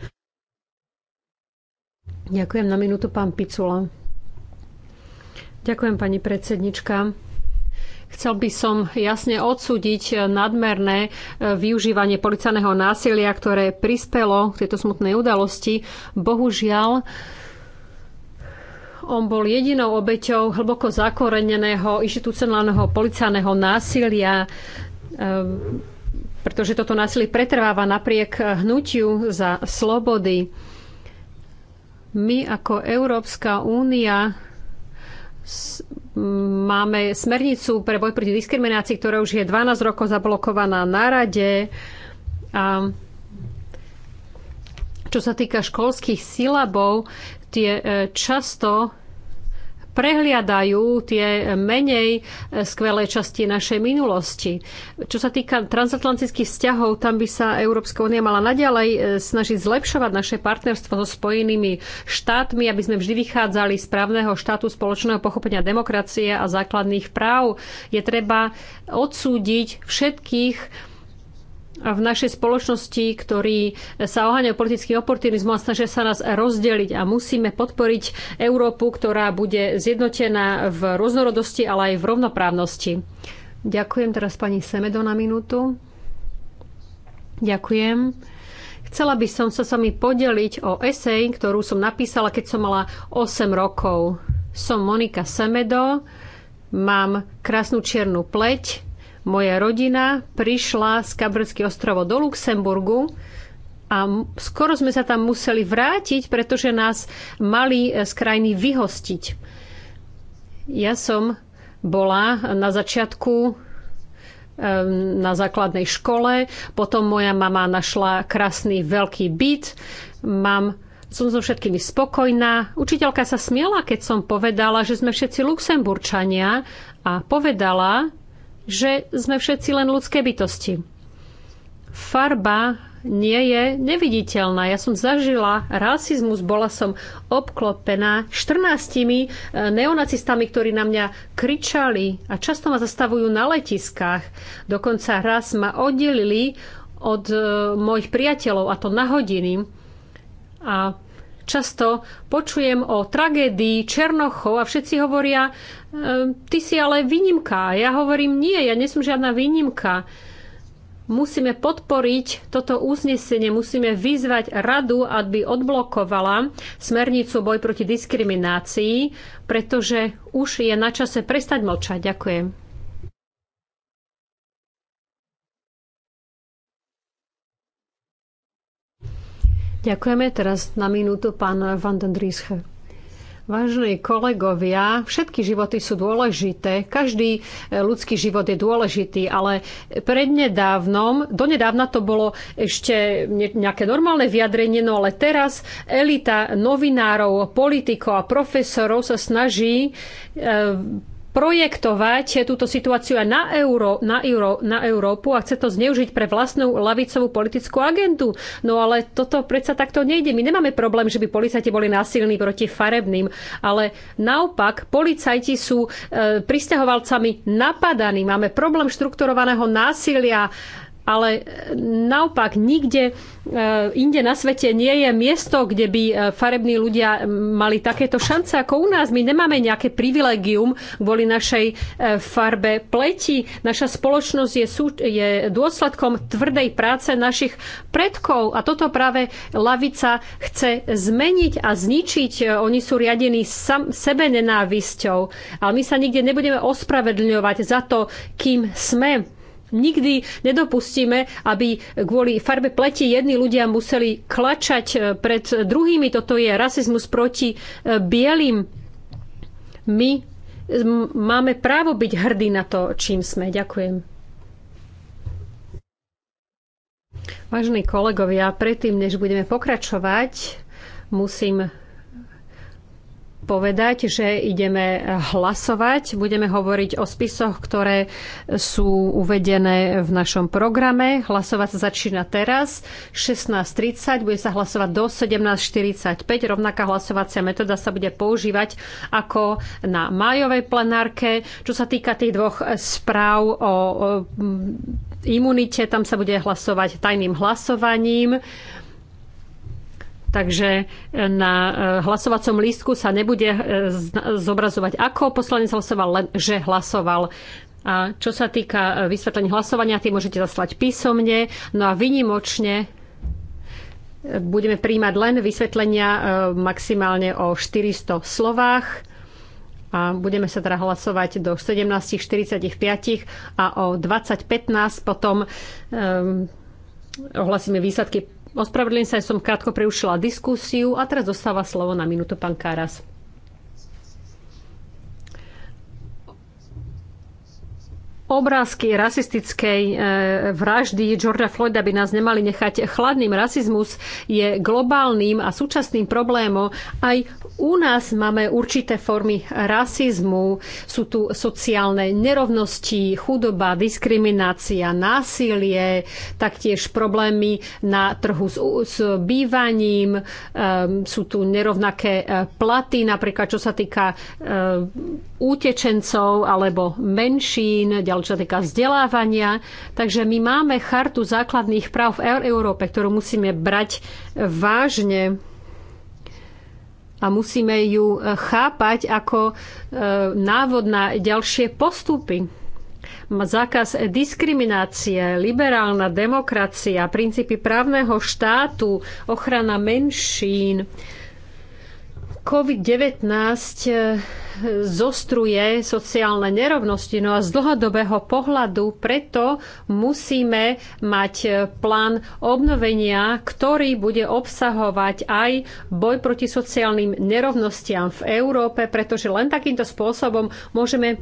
Ďakujem na minútu pán Picula. Ďakujem pani predsednička. Chcel by som jasne odsúdiť nadmerné e, využívanie policajného násilia, ktoré prispelo k tejto smutnej udalosti. Bohužiaľ, on bol jedinou obeťou hlboko zakoreneného inštitucionálneho policajného násilia, e, pretože toto násilie pretrváva napriek hnutiu za slobody. My ako Európska únia máme smernicu pre boj proti diskriminácii, ktorá už je 12 rokov zablokovaná na rade. A čo sa týka školských silabov, tie e, často prehliadajú tie menej e, skvelé časti našej minulosti. Čo sa týka transatlantických vzťahov, tam by sa Európska únia mala naďalej e, snažiť zlepšovať naše partnerstvo so Spojenými štátmi, aby sme vždy vychádzali z právneho štátu spoločného pochopenia demokracie a základných práv. Je treba odsúdiť všetkých v našej spoločnosti, ktorí sa oháňajú politickým oportunizmom a snažia sa nás rozdeliť a musíme podporiť Európu, ktorá bude zjednotená v rôznorodosti, ale aj v rovnoprávnosti. Ďakujem teraz pani Semedo na minútu. Ďakujem. Chcela by som sa s vami podeliť o esej, ktorú som napísala, keď som mala 8 rokov. Som Monika Semedo, mám krásnu čiernu pleť, moja rodina prišla z Kabrckých ostrovov do Luxemburgu a skoro sme sa tam museli vrátiť, pretože nás mali e, z krajiny vyhostiť. Ja som bola na začiatku na základnej škole, potom moja mama našla krásny veľký byt, mám som so všetkými spokojná. Učiteľka sa smiala, keď som povedala, že sme všetci Luxemburčania a povedala, že sme všetci len ľudské bytosti. Farba nie je neviditeľná. Ja som zažila rasizmus, bola som obklopená 14 eh, neonacistami, ktorí na mňa kričali a často ma zastavujú na letiskách. Dokonca raz ma oddelili od eh, mojich priateľov a to na hodiny. A Často počujem o tragédii Černochov a všetci hovoria, e, ty si ale výnimka. Ja hovorím, nie, ja nie som žiadna výnimka. Musíme podporiť toto uznesenie, musíme vyzvať radu, aby odblokovala smernicu boj proti diskriminácii, pretože už je na čase prestať mlčať. Ďakujem. Ďakujeme teraz na minútu pán Van den Driesche. Vážení kolegovia, všetky životy sú dôležité, každý e, ľudský život je dôležitý, ale prednedávnom, donedávna to bolo ešte nejaké normálne vyjadrenie, no ale teraz elita novinárov, politikov a profesorov sa snaží e, projektovať túto situáciu aj na, Euro, na, Euro, na Európu a chce to zneužiť pre vlastnú lavicovú politickú agendu. No ale toto predsa takto nejde. My nemáme problém, že by policajti boli násilní proti farebným, ale naopak policajti sú e, pristahovalcami napadaní. Máme problém štrukturovaného násilia ale e, naopak nikde e, inde na svete nie je miesto, kde by e, farební ľudia mali takéto šance ako u nás. My nemáme nejaké privilegium kvôli našej farbe pleti. Naša spoločnosť je, sú, je dôsledkom tvrdej práce našich predkov a toto práve lavica chce zmeniť a zničiť. Oni sú riadení sam, sebe nenávisťou, ale my sa nikde nebudeme ospravedlňovať za to, kým sme Nikdy nedopustíme, aby kvôli farbe pleti jedni ľudia museli klačať eh, pred druhými. Toto je rasizmus proti eh, bielým. My eh, máme právo byť hrdí na to, čím sme. Ďakujem. Vážení kolegovia, predtým, než budeme pokračovať, musím povedať, že ideme hlasovať. Budeme hovoriť o spisoch, ktoré sú uvedené v našom programe. Hlasovať sa začína teraz 16.30, bude sa hlasovať do 17.45. Rovnaká hlasovacia metóda sa bude používať ako na májovej plenárke. Čo sa týka tých dvoch správ o imunite, tam sa bude hlasovať tajným hlasovaním. Takže e, na e, hlasovacom lístku sa nebude e, zobrazovať, ako poslanec hlasoval, len že hlasoval. A čo sa týka vysvetlení hlasovania, tie môžete zaslať písomne. No a vynimočne budeme príjmať len vysvetlenia maximálne o 400 slovách a budeme sa teda hlasovať do 17.45 a o 20.15 potom um, ohlasíme výsledky Ospravedlím sa, som krátko preušila diskusiu a teraz dostáva slovo na minútu pán Karas. obrázky rasistickej e, vraždy Georgia Floyda by nás nemali nechať chladným. Rasizmus je globálnym a súčasným problémom. Aj u nás máme určité formy rasizmu. Sú tu sociálne nerovnosti, chudoba, diskriminácia, násilie, taktiež problémy na trhu s, s bývaním. E, sú tu nerovnaké e, platy, napríklad čo sa týka útečencov alebo menšín, ďalej čo týka vzdelávania. Takže my máme chartu základných práv v Európe, ktorú musíme brať vážne a musíme ju chápať ako e, návod na ďalšie postupy. Zákaz diskriminácie, liberálna demokracia, princípy právneho štátu, ochrana menšín, COVID-19 eh, zostruje sociálne nerovnosti, no a z dlhodobého pohľadu preto musíme mať eh, plán obnovenia, ktorý bude obsahovať aj boj proti sociálnym nerovnostiam v Európe, pretože len takýmto spôsobom môžeme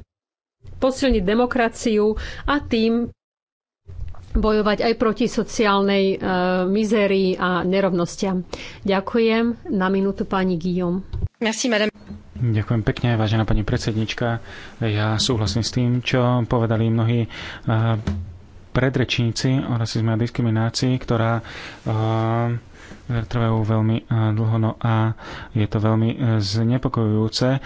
posilniť demokraciu a tým bojovať aj proti sociálnej e, mizerii a nerovnostiam. Ďakujem. Na minútu pani Guillaume. Merci, madame. Ďakujem pekne, vážená pani predsednička. Ja súhlasím s tým, čo povedali mnohí e, predrečníci o rasizme a diskriminácii, ktorá e, trvajú veľmi e, dlho no a je to veľmi e, znepokojujúce. E,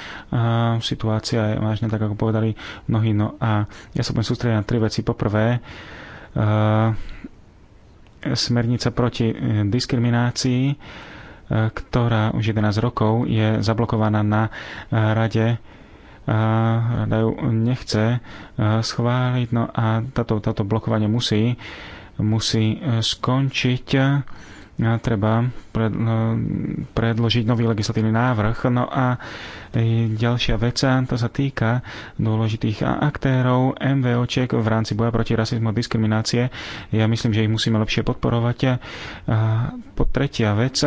situácia je vážne, tak ako povedali mnohí. No a ja sa budem sústrediť na tri veci. Poprvé, Eh, smernica proti eh, diskriminácii, eh, ktorá už 11 rokov je zablokovaná na rade rada ju nechce schváliť, no a táto, táto blokovanie musí, musí skončiť treba no, predložiť nový legislatívny návrh. No a e, ďalšia vec, to sa týka dôležitých aktérov MVOček v rámci boja proti rasizmu a diskriminácie. Ja myslím, že ich musíme lepšie podporovať. A po tretia vec,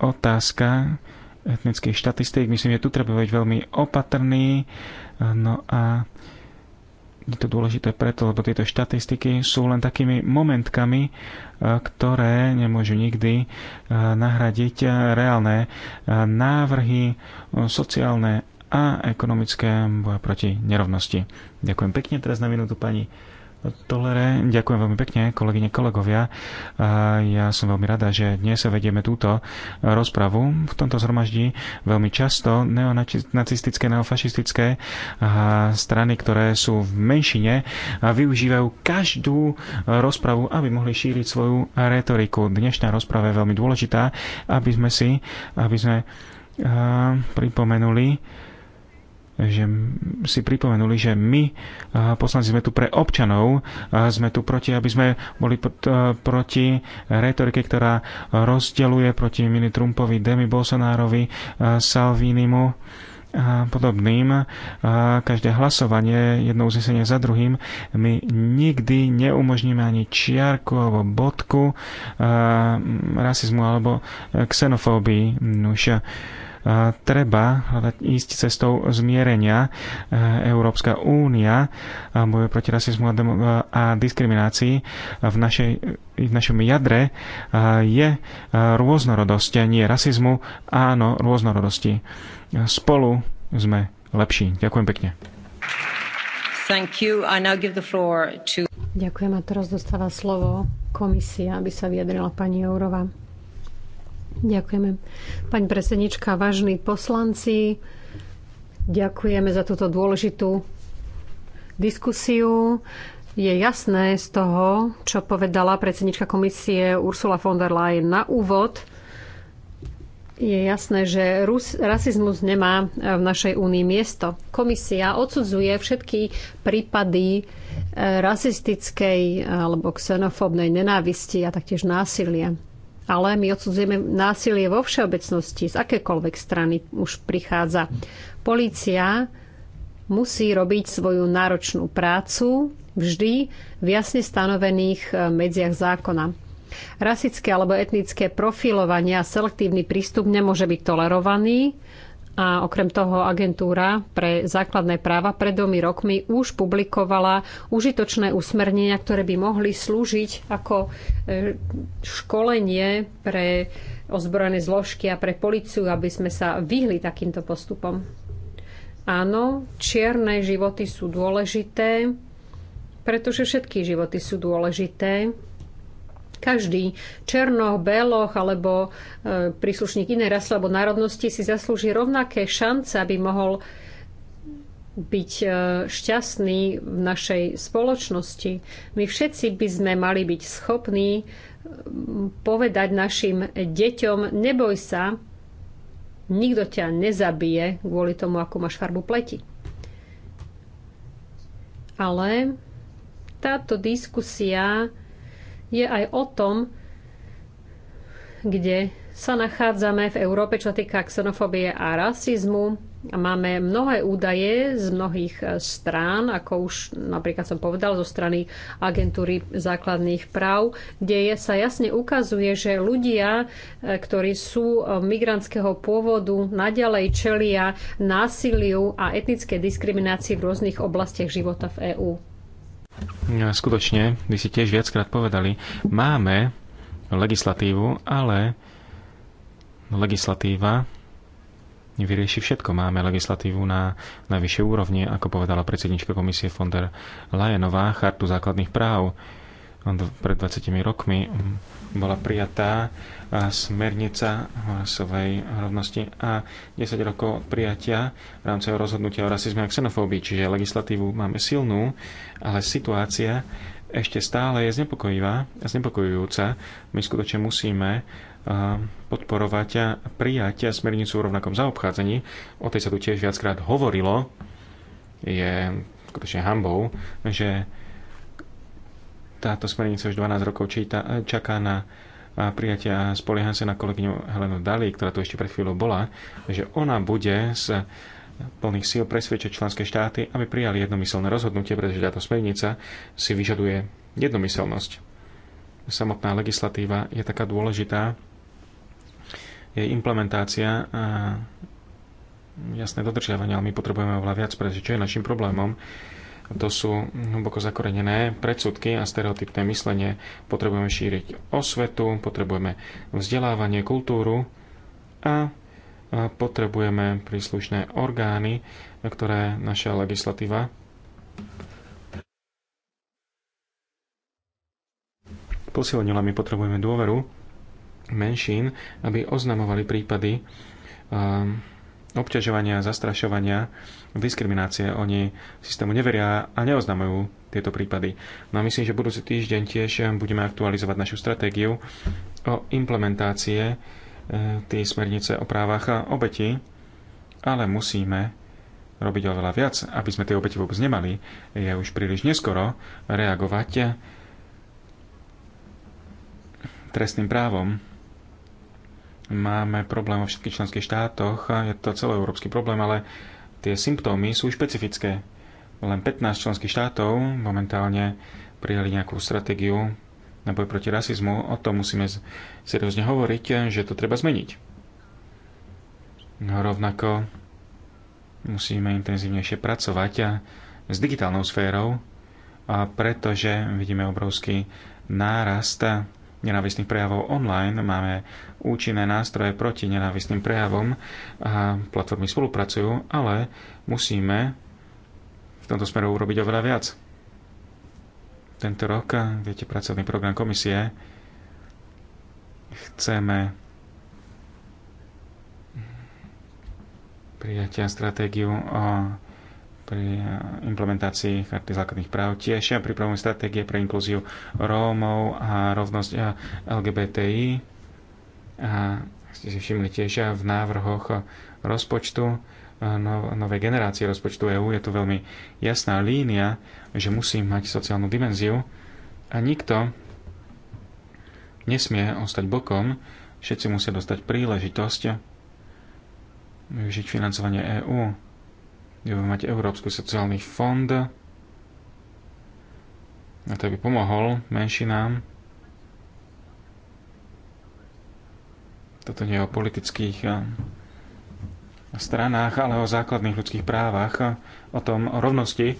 otázka etnických štatistík. Myslím, že tu treba byť veľmi opatrný. No a je to dôležité preto, lebo tieto štatistiky sú len takými momentkami, e, ktoré nemôžu nikdy e, nahradiť e, reálne návrhy sociálne a ekonomické boja proti nerovnosti. Ďakujem pekne teraz na minútu pani Tolere, ďakujem veľmi pekne, kolegyne, kolegovia. Ja som veľmi rada, že dnes vedieme túto rozpravu. V tomto zhromaždí veľmi často neonacistické, neofašistické strany, ktoré sú v menšine, a využívajú každú rozpravu, aby mohli šíriť svoju retoriku. Dnešná rozprava je veľmi dôležitá, aby sme si, aby sme pripomenuli, že si pripomenuli, že my, eh, poslanci, sme tu pre občanov, eh, sme tu proti, aby sme boli eh, proti retorike, ktorá rozdeluje proti Mini Trumpovi, Demi Bolsonárovi, Salvinimu a podobným. Každé hlasovanie, jedno uznesenie za druhým, my nikdy neumožníme ani čiarku alebo bodku rasizmu alebo xenofóbii. no treba ísť cestou zmierenia. E, Európska únia e, boje proti rasizmu e, a diskriminácii v, našej, v našom jadre je rôznorodosť, nie rasizmu, áno, rôznorodosti. Spolu sme lepší. Ďakujem pekne. Thank you. I now give the floor to... Ďakujem a teraz dostáva slovo komisia, aby sa vyjadrila pani Eurova. Ďakujeme. Pani predsednička, vážni poslanci, ďakujeme za túto dôležitú diskusiu. Je jasné z toho, čo povedala predsednička komisie Ursula von der Leyen na úvod, je jasné, že Rus, rasizmus nemá v našej únii miesto. Komisia odsudzuje všetky prípady eh, rasistickej alebo xenofóbnej nenávisti a taktiež násilia ale my odsudzujeme násilie vo všeobecnosti, z akékoľvek strany už prichádza. Polícia musí robiť svoju náročnú prácu vždy v jasne stanovených eh, medziach zákona. Rasické alebo etnické profilovanie a selektívny prístup nemôže byť tolerovaný a okrem toho agentúra pre základné práva pred domy rokmi už publikovala užitočné usmernenia, ktoré by mohli slúžiť ako e, školenie pre ozbrojené zložky a pre policiu, aby sme sa vyhli takýmto postupom. Áno, čierne životy sú dôležité, pretože všetky životy sú dôležité každý černoch, beloch alebo e, príslušník inej rasy alebo národnosti si zaslúži rovnaké šance, aby mohol byť e, šťastný v našej spoločnosti. My všetci by sme mali byť schopní povedať našim deťom, neboj sa, nikto ťa nezabije kvôli tomu, ako máš farbu pleti. Ale táto diskusia je aj o tom, kde sa nachádzame v Európe, čo týka xenofóbie a rasizmu. Máme mnohé údaje z mnohých e, strán, ako už napríklad som povedal, zo strany agentúry základných práv, kde je, sa jasne ukazuje, že ľudia, e, ktorí sú e, migrantského pôvodu, naďalej čelia násiliu a etnické diskriminácii v rôznych oblastiach života v EÚ. No, skutočne, vy si tiež viackrát povedali, máme legislatívu, ale legislatíva nevyrieši všetko. Máme legislatívu na najvyššej úrovni, ako povedala predsednička komisie von der Leyenová, chartu základných práv pred 20 rokmi bola prijatá smernica rasovej rovnosti a 10 rokov od prijatia rámcového rozhodnutia o rasizme a xenofóbii, čiže legislatívu máme silnú, ale situácia ešte stále je znepokojivá, a znepokojujúca. My skutočne musíme podporovať a prijať smernicu o rovnakom zaobchádzaní. O tej sa tu tiež viackrát hovorilo. Je skutočne hambou, že táto smernica už 12 rokov číta, e, čaká na e, prijatia. Spolieham sa na kolegyňu Helenu Dali, ktorá tu ešte pred chvíľou bola, že ona bude z plných síl presvedčiť členské štáty, aby prijali jednomyselné rozhodnutie, pretože táto smernica si vyžaduje jednomyselnosť. Samotná legislatíva je taká dôležitá, jej implementácia a jasné dodržiavanie, ale my potrebujeme oveľa viac, pretože čo je našim problémom, to sú hlboko zakorenené predsudky a stereotypné myslenie. Potrebujeme šíriť osvetu, potrebujeme vzdelávanie, kultúru a potrebujeme príslušné orgány, ktoré naša legislatíva posilnila. My potrebujeme dôveru menšín, aby oznamovali prípady obťažovania, zastrašovania diskriminácie. Oni systému neveria a neoznamujú tieto prípady. No a myslím, že budúci týždeň tiež budeme aktualizovať našu stratégiu o implementácie e, tej smernice o právach a obeti, ale musíme robiť oveľa viac, aby sme tie obete vôbec nemali. Je už príliš neskoro reagovať trestným právom. Máme problém vo všetkých členských štátoch, je to celoeurópsky problém, ale tie symptómy sú špecifické. Len 15 členských štátov momentálne prijali nejakú stratégiu na boj proti rasizmu. O tom musíme seriózne hovoriť, že to treba zmeniť. No, rovnako musíme intenzívnejšie pracovať a s digitálnou sférou, a pretože vidíme obrovský nárast nenávistných prejavov online, máme účinné nástroje proti nenávistným prejavom a platformy spolupracujú, ale musíme v tomto smeru urobiť oveľa viac. Tento rok, viete, pracovný program komisie, chceme prijatia stratégiu o pri eh, implementácii charty základných práv tiež a eh, pripravujeme stratégie pre inklúziu Rómov a rovnosť eh, LGBTI. A ste si všimli tiež v návrhoch rozpočtu no, novej generácie rozpočtu EÚ je tu veľmi jasná línia, že musí mať sociálnu dimenziu a nikto nesmie ostať bokom, všetci musia dostať príležitosť využiť financovanie EÚ budeme mať Európsky sociálny fond, a to by pomohol menšinám. Toto nie je o politických eh, stranách, ale o základných ľudských právach, o tom o rovnosti.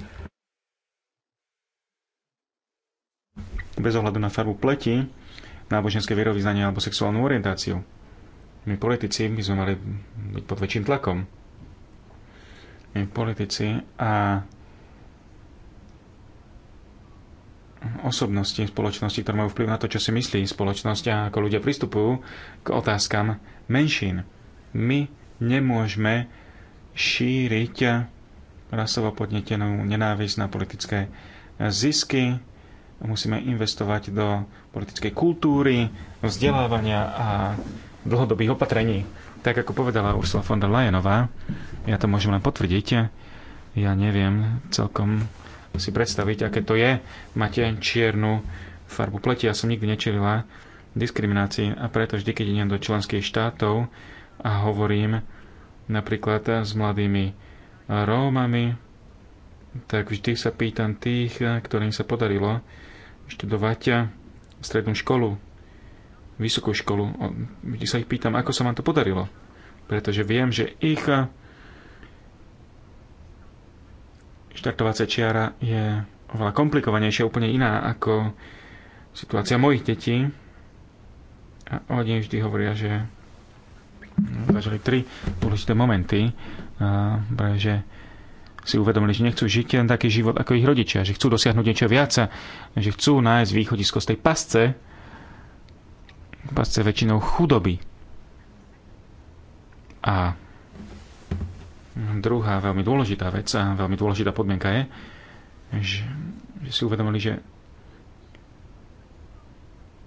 Bez ohľadu na farbu pleti, náboženské vierovýznanie alebo sexuálnu orientáciu. My politici by sme mali byť pod väčším tlakom politici a osobnosti spoločnosti, ktoré majú vplyv na to, čo si myslí spoločnosť a ako ľudia pristupujú k otázkam menšín. My nemôžeme šíriť rasovo podnetenú nenávisť na politické zisky, musíme investovať do politickej kultúry, vzdelávania a dlhodobých opatrení tak ako povedala Ursula von der Leyenová, ja to môžem len potvrdiť, ja neviem celkom si predstaviť, aké to je. Máte čiernu farbu pleti, ja som nikdy nečelila diskriminácii a preto vždy, keď idem do členských štátov a hovorím napríklad s mladými Rómami, tak vždy sa pýtam tých, ktorým sa podarilo študovať strednú školu vysokú školu, Vždy sa ich pýtam, ako sa vám to podarilo. Pretože viem, že ich eh, štartovacia čiara je oveľa komplikovanejšia, úplne iná ako situácia mojich detí. A oni vždy hovoria, že no, zažili tri dôležité momenty, eh, že si uvedomili, že nechcú žiť len taký život ako ich rodičia, že chcú dosiahnuť niečo viac, že chcú nájsť východisko z tej pasce, pasce väčšinou chudoby. A druhá veľmi dôležitá vec a veľmi dôležitá podmienka je, že, že si uvedomili, že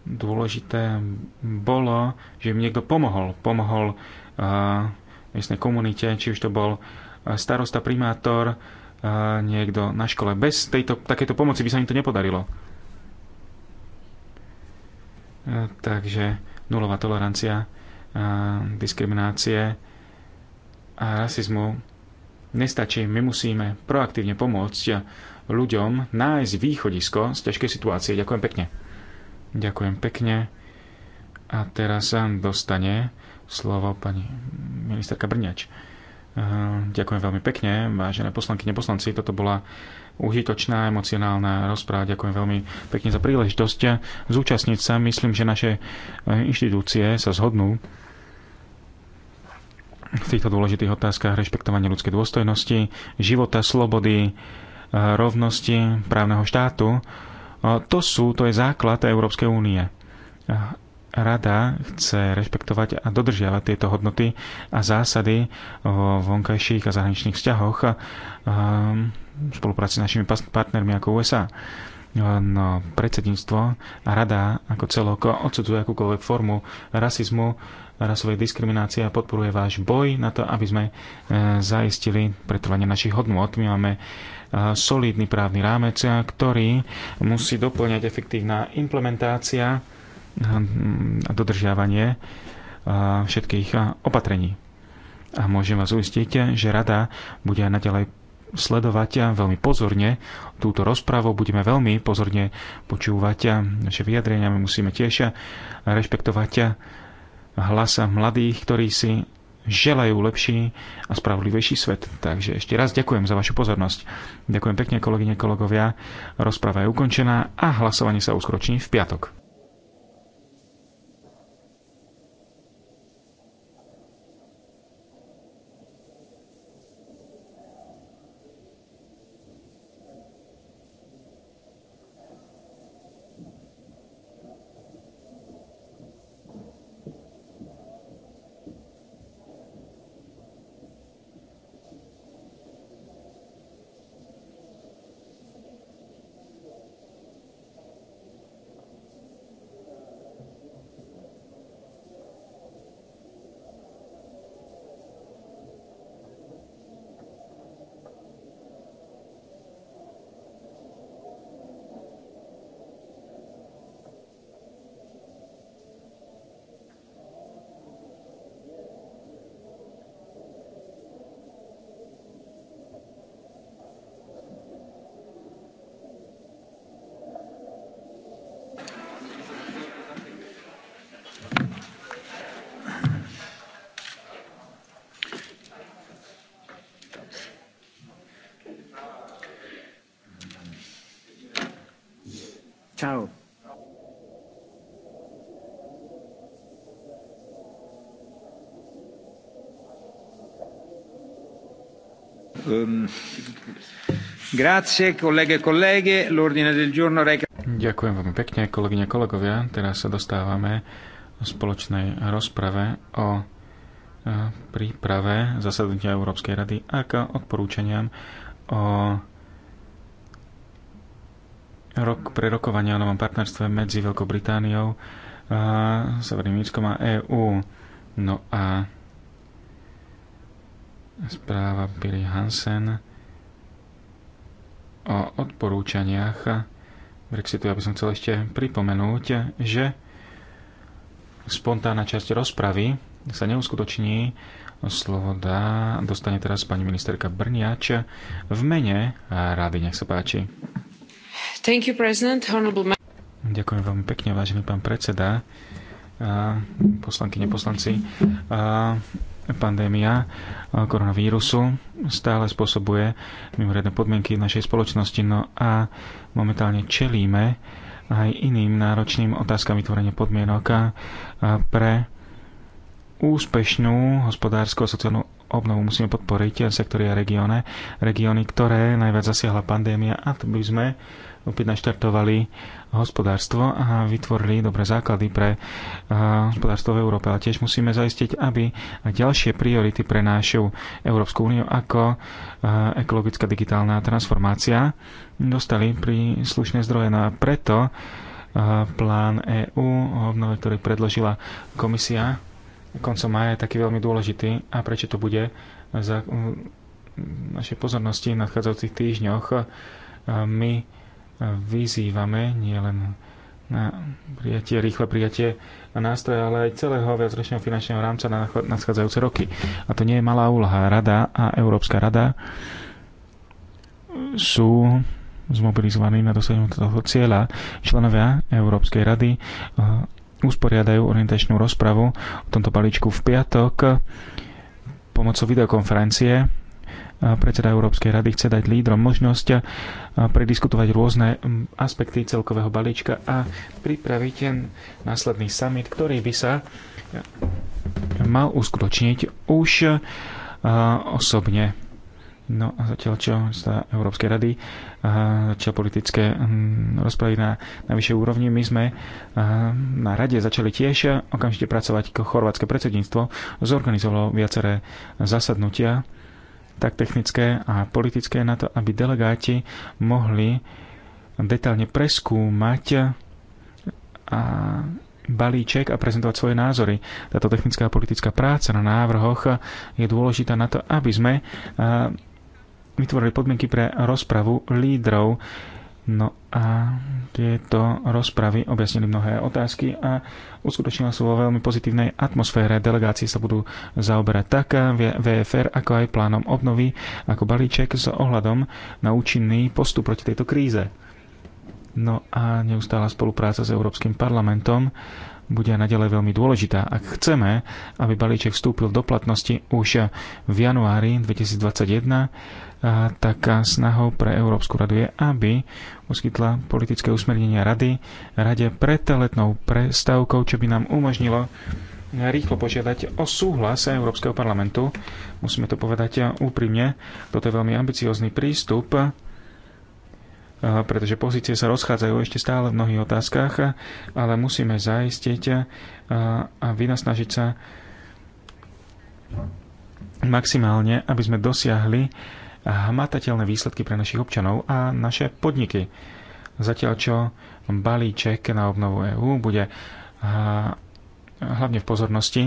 dôležité bolo, že im niekto pomohol. Pomohol uh, miestnej komunite, či už to bol eh, starosta, primátor, uh, niekto na škole. Bez tejto, takéto pomoci by sa im to nepodarilo. Takže nulová tolerancia diskriminácie a rasizmu nestačí. My musíme proaktívne pomôcť ľuďom nájsť východisko z ťažkej situácie. Ďakujem pekne. Ďakujem pekne. A teraz sa dostane slovo pani ministerka Brňač. Ďakujem veľmi pekne, vážené poslanky, neposlanci. Toto bola užitočná emocionálna rozpráva. Ďakujem veľmi pekne za príležitosť zúčastniť sa. Myslím, že naše eh, inštitúcie sa zhodnú v týchto dôležitých otázkach rešpektovania ľudskej dôstojnosti, života, slobody, eh, rovnosti, právneho štátu. Eh, to sú, to je základ Európskej únie rada chce rešpektovať a dodržiavať tieto hodnoty a zásady vo vonkajších a zahraničných vzťahoch a um, v spolupráci s našimi partnermi ako USA. No, no, predsedníctvo a rada ako celok odsudzuje akúkoľvek formu rasizmu, rasovej diskriminácie a podporuje váš boj na to, aby sme e, zaistili pretrvanie našich hodnot. My máme e, solidný právny rámec, ktorý musí doplňať efektívna implementácia dodržiavanie všetkých opatrení. A môžem vás uistiť, že rada bude aj naďalej sledovať veľmi pozorne túto rozprávu, budeme veľmi pozorne počúvať naše vyjadrenia, my musíme tiež rešpektovať hlasa mladých, ktorí si želajú lepší a spravodlivejší svet. Takže ešte raz ďakujem za vašu pozornosť. Ďakujem pekne kolegyne, kolegovia. Rozpráva je ukončená a hlasovanie sa uskroční v piatok. E Ďakujem veľmi pekne, kolegyne, kolegovia. Teraz sa dostávame v spoločnej rozprave o e, príprave zasadnutia Európskej rady a k odporúčaniam o rok prerokovania o novom partnerstve medzi Veľkou Britániou, a e, Severným Írskom a EÚ. No a správa Billy Hansen o odporúčaniach Brexitu, ja by som chcel ešte pripomenúť, že spontánna časť rozpravy sa neuskutoční. Slovo dá, dostane teraz pani ministerka Brniač v mene rady. Nech sa páči. Thank you, President. Honorable... Ďakujem veľmi pekne, vážený pán predseda, poslanky, neposlanci pandémia e, koronavírusu stále spôsobuje mimoriadne podmienky v našej spoločnosti. No a momentálne čelíme aj iným náročným otázkam vytvorenia podmienok e, pre úspešnú hospodársko a sociálnu obnovu musíme podporiť sektory a regióne, regióny, ktoré najviac zasiahla pandémia a to by sme opäť naštartovali hospodárstvo a vytvorili dobré základy pre eh, hospodárstvo v Európe. Ale tiež musíme zaistiť, aby ďalšie priority pre našu Európsku úniu ako eh, ekologická digitálna transformácia dostali príslušné zdroje. No a preto eh, plán EÚ, obnove, ktorý predložila komisia, koncom maja je taký veľmi dôležitý a prečo to bude za mm, našej pozornosti v nadchádzajúcich týždňoch. E, my vyzývame nielen na prijatie, rýchle prijatie nástroja, ale aj celého viacročného finančného rámca na nadchádzajúce roky. A to nie je malá úloha. Rada a Európska rada sú zmobilizovaní na dosiahnutie tohto cieľa. Členovia Európskej rady e, usporiadajú orientačnú rozpravu o tomto balíčku v piatok pomocou videokonferencie. Predseda Európskej rady chce dať lídrom možnosť prediskutovať rôzne aspekty celkového balíčka a pripraviť ten následný summit, ktorý by sa mal uskutočniť už osobne No a zatiaľ čo z Európskej rady, zatiaľ politické rozpravy na, na vyššej úrovni, my sme na rade začali tiež okamžite pracovať, chorvátske predsedníctvo zorganizovalo viaceré zasadnutia, tak technické a politické, na to, aby delegáti mohli detálne preskúmať a balíček a prezentovať svoje názory. Táto technická a politická práca na návrhoch je dôležitá na to, aby sme vytvorili podmienky pre rozpravu lídrov. No a tieto rozpravy objasnili mnohé otázky a uskutočnila sa vo veľmi pozitívnej atmosfére. Delegácie sa budú zaoberať tak VFR, ako aj plánom obnovy, ako balíček s ohľadom na účinný postup proti tejto kríze. No a neustála spolupráca s Európskym parlamentom bude aj naďalej veľmi dôležitá. Ak chceme, aby balíček vstúpil do platnosti už v januári 2021, tak snahou pre Európsku radu je, aby uskytla politické usmernenia rady rade pred letnou prestávkou, čo by nám umožnilo rýchlo požiadať o súhlas Európskeho parlamentu. Musíme to povedať úprimne. Toto je veľmi ambiciózny prístup, pretože pozície sa rozchádzajú ešte stále v mnohých otázkach, ale musíme zaistiť a vynasnažiť sa maximálne, aby sme dosiahli hmatateľné výsledky pre našich občanov a naše podniky. Zatiaľ čo balíček na obnovu EÚ bude hlavne v pozornosti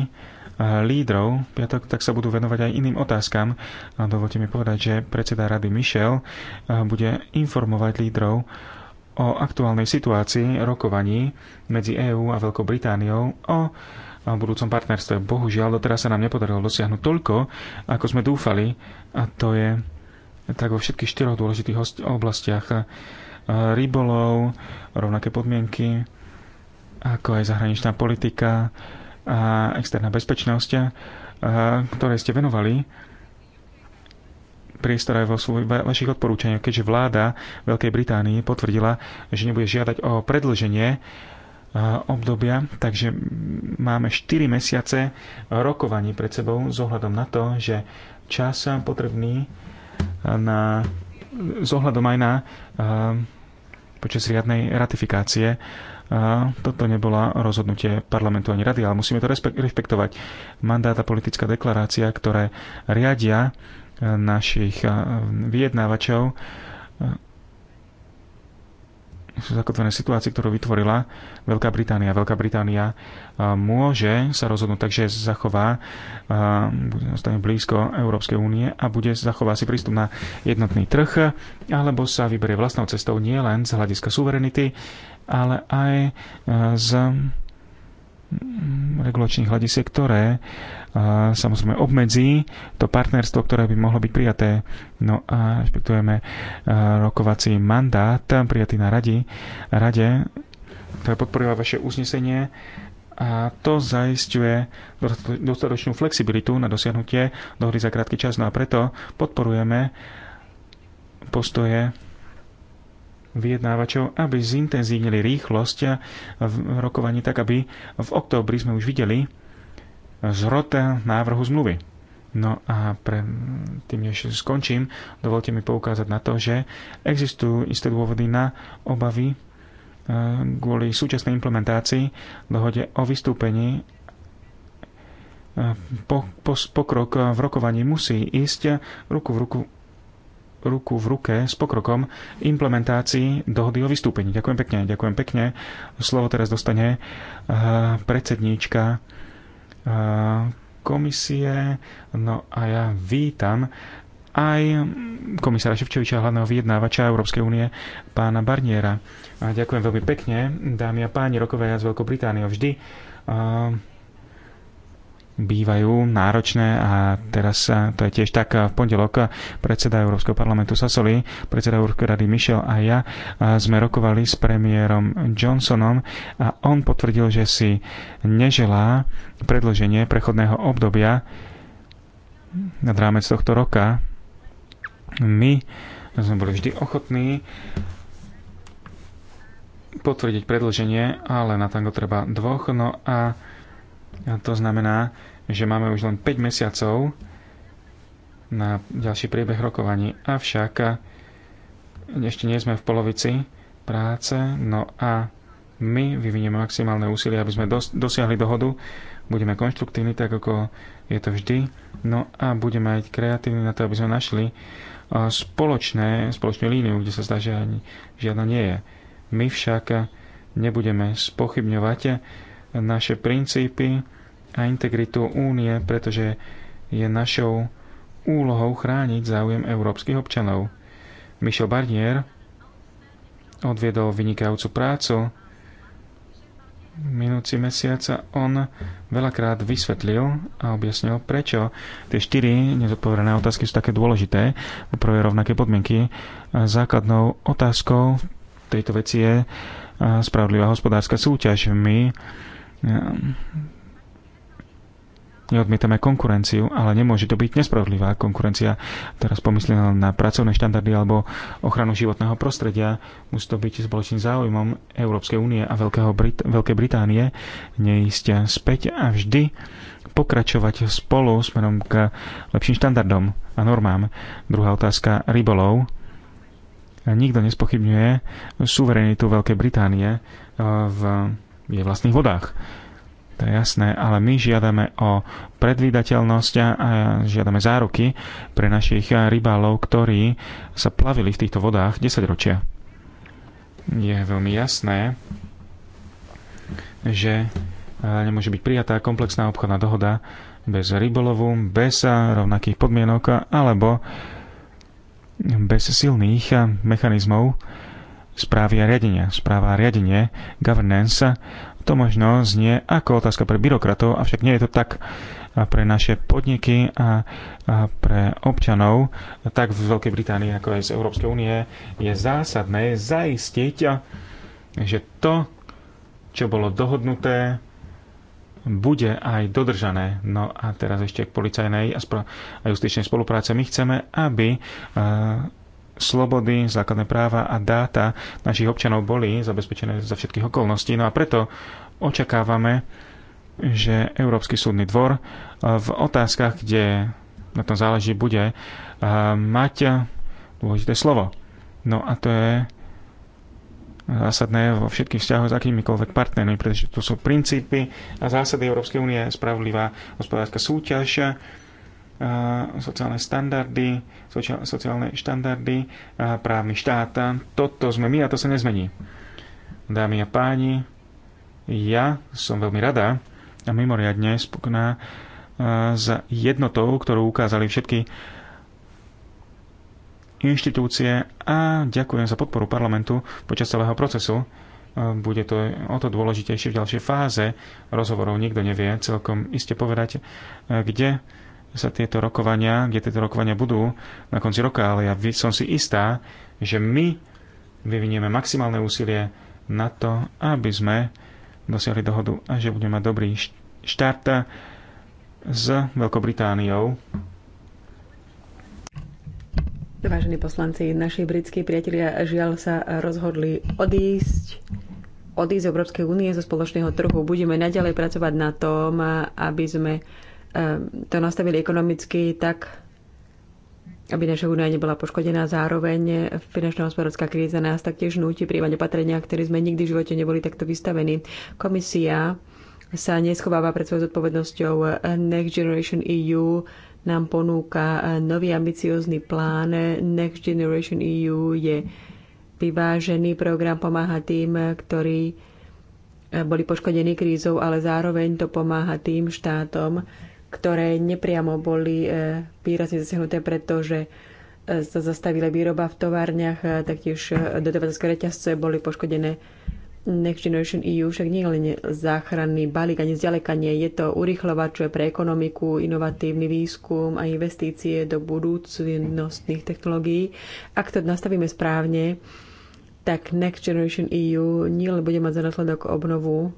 lídrov piatok, tak sa budú venovať aj iným otázkam. A dovolte mi povedať, že predseda rady Michel bude informovať lídrov o aktuálnej situácii rokovaní medzi EÚ a Veľkou Britániou o budúcom partnerstve. Bohužiaľ, doteraz sa nám nepodarilo dosiahnuť toľko, ako sme dúfali, a to je tak vo všetkých štyroch dôležitých oblastiach. E, rybolov, rovnaké podmienky, ako aj zahraničná politika a externá bezpečnosť, e, ktoré ste venovali priestor aj vo vašich odporúčaniach, keďže vláda Veľkej Británii potvrdila, že nebude žiadať o predlženie e, obdobia, takže máme 4 mesiace rokovaní pred sebou s ohľadom na to, že čas potrebný na, s ohľadom aj na eh, počas riadnej ratifikácie. Uh, toto nebola rozhodnutie parlamentu ani rady, ale musíme to rešpektovať. Mandát a politická deklarácia, ktoré riadia eh, našich vyjednávačov, sú zakotvené situácie, ktorú vytvorila Veľká Británia. Veľká Británia e, môže sa rozhodnúť tak, že zachová, e, zostane blízko Európskej únie a bude zachová si prístup na jednotný trh, alebo sa vyberie vlastnou cestou nie len z hľadiska suverenity, ale aj e, z regulačných hľadisiek, ktoré a, samozrejme obmedzí to partnerstvo, ktoré by mohlo byť prijaté. No a rešpektujeme rokovací mandát prijatý na radi, rade, ktoré podporila vaše uznesenie a to zaisťuje dostatočnú flexibilitu na dosiahnutie dohody za krátky čas. No a preto podporujeme postoje vyjednávačov, aby zintenzívnili rýchlosť v rokovaní tak, aby v októbri sme už videli zrod návrhu zmluvy. No a pre tým, než skončím, dovolte mi poukázať na to, že existujú isté dôvody na obavy e, kvôli súčasnej implementácii dohode o vystúpení e, po, po, pokrok v rokovaní musí ísť ruku v ruku ruku v ruke s pokrokom implementácii dohody o vystúpení. Ďakujem pekne, ďakujem pekne. Slovo teraz dostane eh, predsedníčka eh, komisie. No a ja vítam aj komisára Ševčoviča, hlavného vyjednávača Európskej únie, pána Barniera. A ďakujem veľmi pekne, dámy a páni, rokovia z Veľkou Britániou vždy eh, bývajú náročné a teraz eh, to je tiež tak eh, v pondelok eh, predseda Európskeho parlamentu Sasoli, predseda Európskej rady Michel a ja sme rokovali s premiérom Johnsonom a on potvrdil, že si neželá predloženie prechodného obdobia nad rámec tohto roka. My sme boli vždy ochotní potvrdiť predloženie, ale na tango treba dvoch, no a a to znamená, že máme už len 5 mesiacov na ďalší priebeh rokovaní. Avšak ešte nie sme v polovici práce, no a my vyvinieme maximálne úsilie, aby sme dos- dosiahli dohodu. Budeme konštruktívni, tak ako je to vždy. No a budeme aj kreatívni na to, aby sme našli spoločné, spoločnú líniu, kde sa zdá, že ani žiadna nie je. My však nebudeme spochybňovať naše princípy, a integritu únie, pretože je našou úlohou chrániť záujem európskych občanov. Michel Barnier odviedol vynikajúcu prácu. Minúci mesiac on veľakrát vysvetlil a objasnil, prečo tie štyri nezodpovedané otázky sú také dôležité. Poprvé rovnaké podmienky. Základnou otázkou tejto veci je spravodlivá hospodárska súťaž. My neodmietame konkurenciu, ale nemôže to byť nespravodlivá konkurencia. Teraz pomyslím na pracovné štandardy alebo ochranu životného prostredia. Musí to byť spoločným záujmom Európskej únie a Veľkého Brit- Veľkej Británie neísť späť a vždy pokračovať spolu smerom k lepším štandardom a normám. Druhá otázka rybolov. Nikto nespochybňuje suverenitu Veľkej Británie eh, v jej vlastných vodách. To je jasné, ale my žiadame o predvídateľnosť a žiadame záruky pre našich rybálov, ktorí sa plavili v týchto vodách 10 ročia. Je veľmi jasné, že e, nemôže byť prijatá komplexná obchodná dohoda bez rybolovu, bez rovnakých podmienok alebo bez silných mechanizmov správy a riadenia. Správa a riadenie, governance to možno znie ako otázka pre byrokratov, avšak nie je to tak pre naše podniky a pre občanov, tak v Veľkej Británii, ako aj z Európskej únie, je zásadné zaistiť, že to, čo bolo dohodnuté, bude aj dodržané. No a teraz ešte k policajnej a, a justičnej spolupráce. My chceme, aby slobody, základné práva a dáta našich občanov boli zabezpečené za všetkých okolností. No a preto očakávame, že Európsky súdny dvor eh, v otázkach, kde na tom záleží, bude eh, mať dôležité slovo. No a to je zásadné vo všetkých vzťahoch s akýmikoľvek partnermi, pretože to sú princípy a zásady Európskej únie, spravlivá hospodárska súťaž, sociálne štandardy, sociálne štandardy, právny štát. Toto sme my a to sa nezmení. Dámy a páni, ja som veľmi rada a mimoriadne spokojná s jednotou, ktorú ukázali všetky inštitúcie a ďakujem za podporu parlamentu počas celého procesu. Bude to o to dôležitejšie v ďalšej fáze rozhovorov. Nikto nevie celkom iste povedať, kde sa tieto rokovania, kde tieto rokovania budú na konci roka, ale ja som si istá, že my vyvinieme maximálne úsilie na to, aby sme dosiahli dohodu a že budeme mať dobrý štart s Veľkou Britániou. Vážení poslanci, naši britskí priatelia žiaľ sa rozhodli odísť odísť z Európskej únie zo spoločného trhu. Budeme naďalej pracovať na tom, aby sme to nastavili ekonomicky tak, aby naša únia nebola poškodená. Zároveň finančná hospodárska kríza nás taktiež núti príjmať opatrenia, ktoré sme nikdy v živote neboli takto vystavení. Komisia sa neschováva pred svojou zodpovednosťou. Next Generation EU nám ponúka nový ambiciózny plán. Next Generation EU je vyvážený program, pomáha tým, ktorí boli poškodení krízou, ale zároveň to pomáha tým štátom, ktoré nepriamo boli e, výrazne zasiahnuté, pretože e, sa zastavila výroba v továrniach, taktiež e, dodavateľské reťazce boli poškodené. Next Generation EU však nie je len záchranný balík, ani zďaleka nie. Je to urychlovač pre ekonomiku, inovatívny výskum a investície do budúcnostných technológií. Ak to nastavíme správne, tak Next Generation EU nielen bude mať za následok obnovu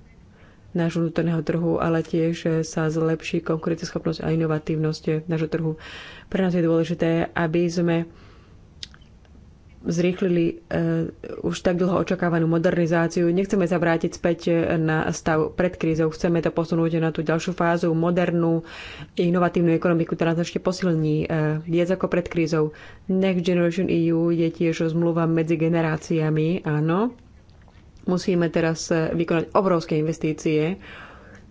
nášho vnútorného trhu, ale tiež e, sa zlepší konkurenceschopnosť a inovatívnosť e, nášho trhu. Pre nás je dôležité, aby sme zrýchlili e, už tak dlho očakávanú modernizáciu. Nechceme sa vrátiť späť na stav pred krízou, chceme to posunúť na tú ďalšiu fázu, modernú, inovatívnu ekonomiku, ktorá nás ešte posilní viac ako pred krízou. Next Generation EU je tiež zmluva medzi generáciami, áno, Musíme teraz eh, vykonať obrovské investície,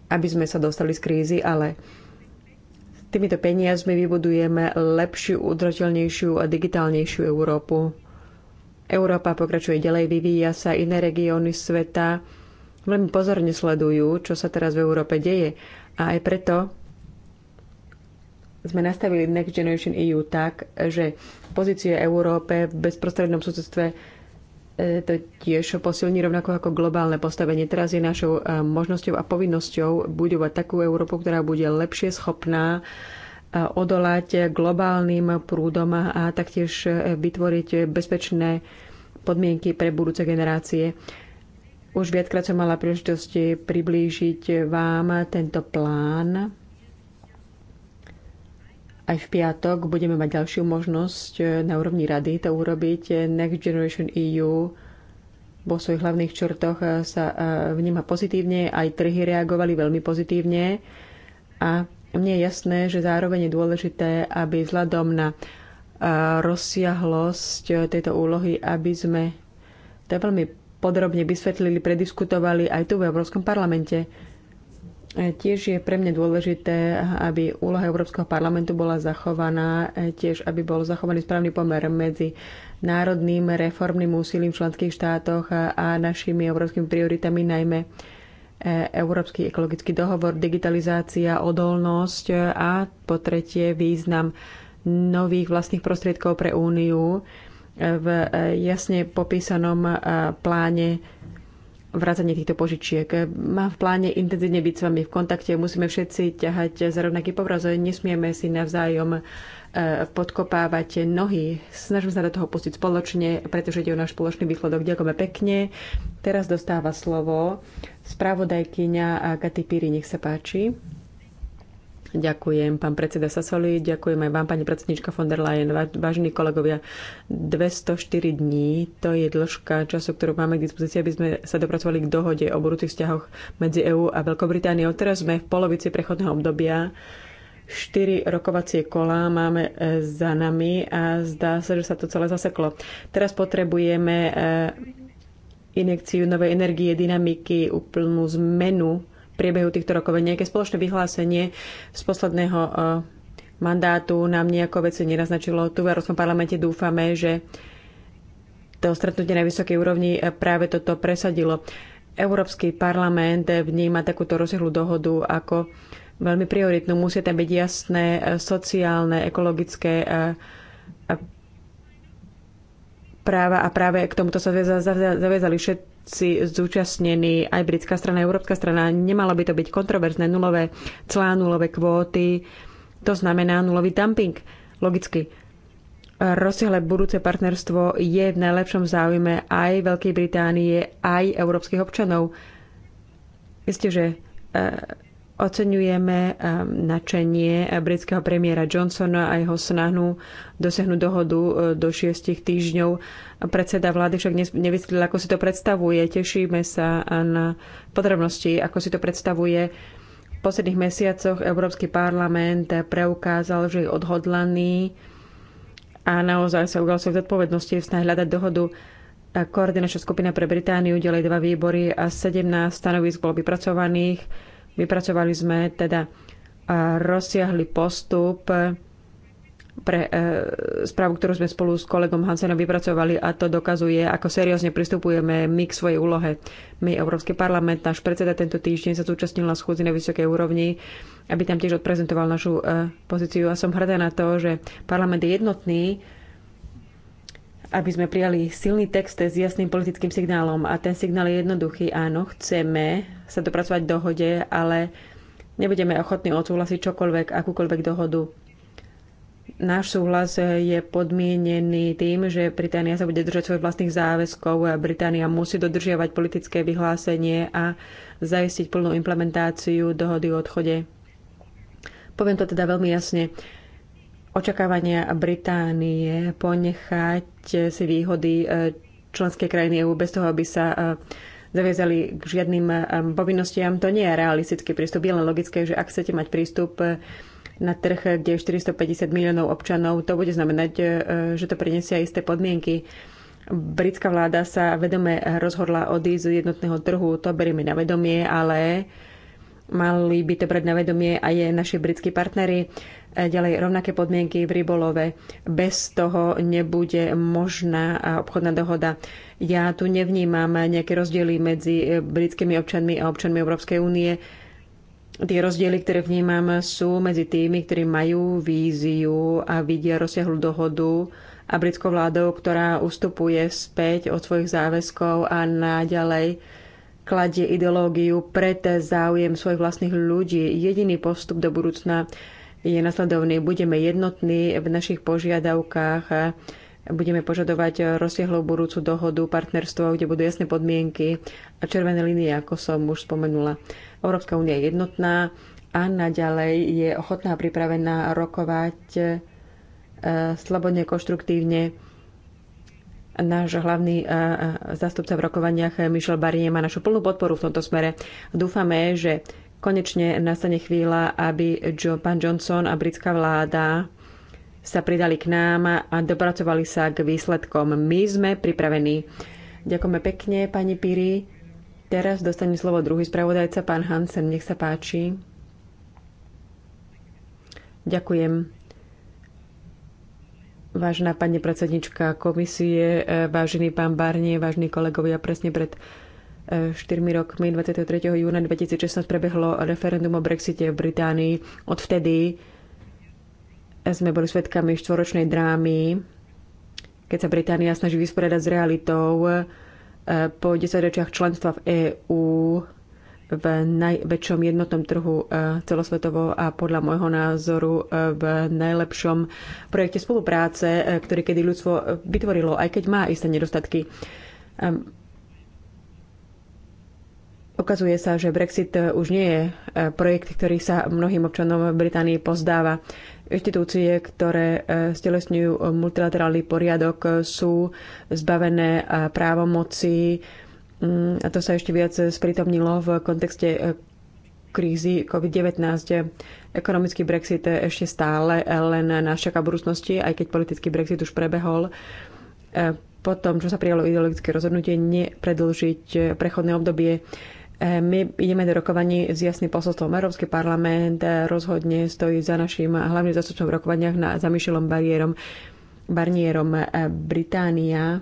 aby sme sa dostali z krízy, ale týmito peniazmi vybudujeme lepšiu, udržateľnejšiu a digitálnejšiu Európu. Európa pokračuje ďalej, vyvíja sa, iné regióny sveta veľmi pozorne sledujú, čo sa teraz v Európe deje. A aj preto sme nastavili Next Generation EU tak, že pozície Európe v bezprostrednom susedstve E, to tiež posilní rovnako ako globálne postavenie. Teraz je našou e, možnosťou a povinnosťou budovať takú Európu, ktorá bude lepšie schopná e, odolať globálnym prúdom a taktiež vytvoriť bezpečné podmienky pre budúce generácie. Už viackrát som mala príležitosť priblížiť vám tento plán aj v piatok budeme mať ďalšiu možnosť eh, na úrovni rady to urobiť. Eh, Next Generation EU vo svojich hlavných črtoch eh, sa vníma pozitívne, aj trhy reagovali veľmi pozitívne a mne je jasné, že zároveň je dôležité, aby vzhľadom na rozsiahlosť tejto úlohy, aby sme to veľmi podrobne vysvetlili, prediskutovali aj tu v Európskom parlamente. E, tiež je pre mňa dôležité, aby úloha Európskeho parlamentu bola zachovaná, e, tiež aby bol zachovaný správny pomer medzi národným reformným úsilím v členských štátoch a našimi európskymi prioritami, najmä e, Európsky ekologický dohovor, digitalizácia, odolnosť a po tretie význam nových vlastných prostriedkov pre Úniu v jasne popísanom pláne vrátanie týchto požičiek. Mám v pláne intenzívne byť s vami v kontakte, musíme všetci ťahať za rovnaký povraz, nesmieme si navzájom e, podkopávať nohy. Snažíme sa do toho pustiť spoločne, pretože ide o náš spoločný výsledok. Ďakujeme pekne. Teraz dostáva slovo spravodajkyňa Katy Píry, nech sa páči. Ďakujem, pán predseda Sasoli, ďakujem aj vám, pani predsednička von der Leyen, vážení kolegovia. 204 dní, to je dĺžka času, ktorú máme k dispozícii, aby sme sa dopracovali k dohode o budúcich vzťahoch medzi EÚ a Veľkou Britániou. Teraz sme v polovici prechodného obdobia. 4 rokovacie kola máme e, za nami a zdá sa, že sa to celé zaseklo. Teraz potrebujeme e, injekciu novej energie, dynamiky, úplnú zmenu priebehu týchto rokov. Nejaké spoločné vyhlásenie z posledného e, mandátu nám nejako veci nenaznačilo. Tu v Európskom parlamente dúfame, že to stretnutie na vysokej úrovni e, práve toto presadilo. Európsky parlament vníma takúto rozsiahlu dohodu ako veľmi prioritnú. Musia tam byť jasné e, sociálne, ekologické práva a práve k tomuto sa zaviazali všetci všetci zúčastnení, aj britská strana, európska strana, nemalo by to byť kontroverzné nulové clá, nulové kvóty, to znamená nulový dumping. Logicky. Rozsiahle budúce partnerstvo je v najlepšom záujme aj Veľkej Británie, aj európskych občanov. Isté, že eh, Oceňujeme um, načenie britského premiéra Johnsona a jeho snahu dosiahnuť dohodu uh, do šiestich týždňov. Predseda vlády však nevysvetlil, ako si to predstavuje. Tešíme sa uh, na podrobnosti, ako si to predstavuje. V posledných mesiacoch Európsky parlament preukázal, že je odhodlaný a naozaj sa ujal v zodpovednosti v snahe hľadať dohodu. Koordinačná skupina pre Britániu, ďalej dva výbory a 17 stanovisk bolo vypracovaných Vypracovali sme teda e, rozsiahly postup pre e, správu, ktorú sme spolu s kolegom Hansenom vypracovali a to dokazuje, ako seriózne pristupujeme my k svojej úlohe. My, Európsky parlament, náš predseda tento týždeň sa zúčastnil na schôdzi na vysokej úrovni, aby tam tiež odprezentoval našu e, pozíciu a som hrdá na to, že parlament je jednotný aby sme prijali silný text s jasným politickým signálom. A ten signál je jednoduchý. Áno, chceme sa dopracovať v dohode, ale nebudeme ochotní odsúhlasiť čokoľvek, akúkoľvek dohodu. Náš súhlas je podmienený tým, že Británia sa bude držať svojich vlastných záväzkov. Británia musí dodržiavať politické vyhlásenie a zajistiť plnú implementáciu dohody o odchode. Poviem to teda veľmi jasne očakávania Británie ponechať si výhody e, členské krajiny EÚ bez toho, aby sa e, zaviazali k žiadnym e, povinnostiam. To nie je realistický prístup. Je len logické, že ak chcete mať prístup na trh, kde je 450 miliónov občanov, to bude znamenať, že to prinesie aj isté podmienky. Britská vláda sa vedome rozhodla odísť z jednotného trhu, to berieme na vedomie, ale mali by to brať na vedomie aj naši britskí partnery. E, ďalej rovnaké podmienky v rybolove. Bez toho nebude možná e, obchodná dohoda. Ja tu nevnímam nejaké rozdiely medzi e, britskými občanmi a občanmi Európskej únie. Tie rozdiely, ktoré vnímam, sú medzi tými, ktorí majú víziu a vidia rozsiahlu dohodu a britskou vládou, ktorá ustupuje späť od svojich záväzkov a naďalej kladie ideológiu pred záujem svojich vlastných ľudí. Jediný postup do budúcna je nasledovný. Budeme jednotní v našich požiadavkách budeme požadovať rozsiahlú budúcu dohodu partnerstvo, kde budú jasné podmienky a červené línie, ako som už spomenula. Európska únia je jednotná a naďalej je ochotná a pripravená rokovať e, slobodne, konštruktívne. Náš hlavný e, e, zastupca v rokovaniach Michel Barnier má našu plnú podporu v tomto smere. Dúfame, že Konečne nastane chvíľa, aby Joe, pán Johnson a britská vláda sa pridali k nám a dopracovali sa k výsledkom. My sme pripravení. Ďakujeme pekne, pani Piri. Teraz dostane slovo druhý spravodajca, pán Hansen. Nech sa páči. Ďakujem. Vážená pani predsednička komisie, eh, vážený pán Barnie, vážení kolegovia, presne pred 4 rokmi 23. júna 2016 prebehlo referendum o Brexite v Británii. Odvtedy sme boli svedkami štvoročnej drámy, keď sa Británia snaží vysporiadať s realitou e, po desaťročiach členstva v EÚ v najväčšom jednotnom trhu e, celosvetovo a podľa môjho názoru e, v najlepšom projekte spolupráce, ktorý kedy ľudstvo vytvorilo, aj keď má isté nedostatky. Ukazuje sa, že Brexit eh, už nie je eh, projekt, ktorý sa mnohým občanom Británii pozdáva. Inštitúcie, ktoré eh, stelesňujú multilaterálny poriadok, sú zbavené právomoci mm, a to sa ešte viac spritomnilo v kontexte krízy COVID-19. Ekonomický Brexit ešte stále len nás čaká budúcnosti, aj keď politický Brexit už prebehol. Po tom, čo sa prijalo ideologické rozhodnutie nepredlžiť prechodné obdobie, my ideme do rokovaní s jasným posolstvom. Európsky parlament rozhodne stojí za našim hlavným zastupcom v rokovaniach na, za Michelom Barnierom. Barnierom Británia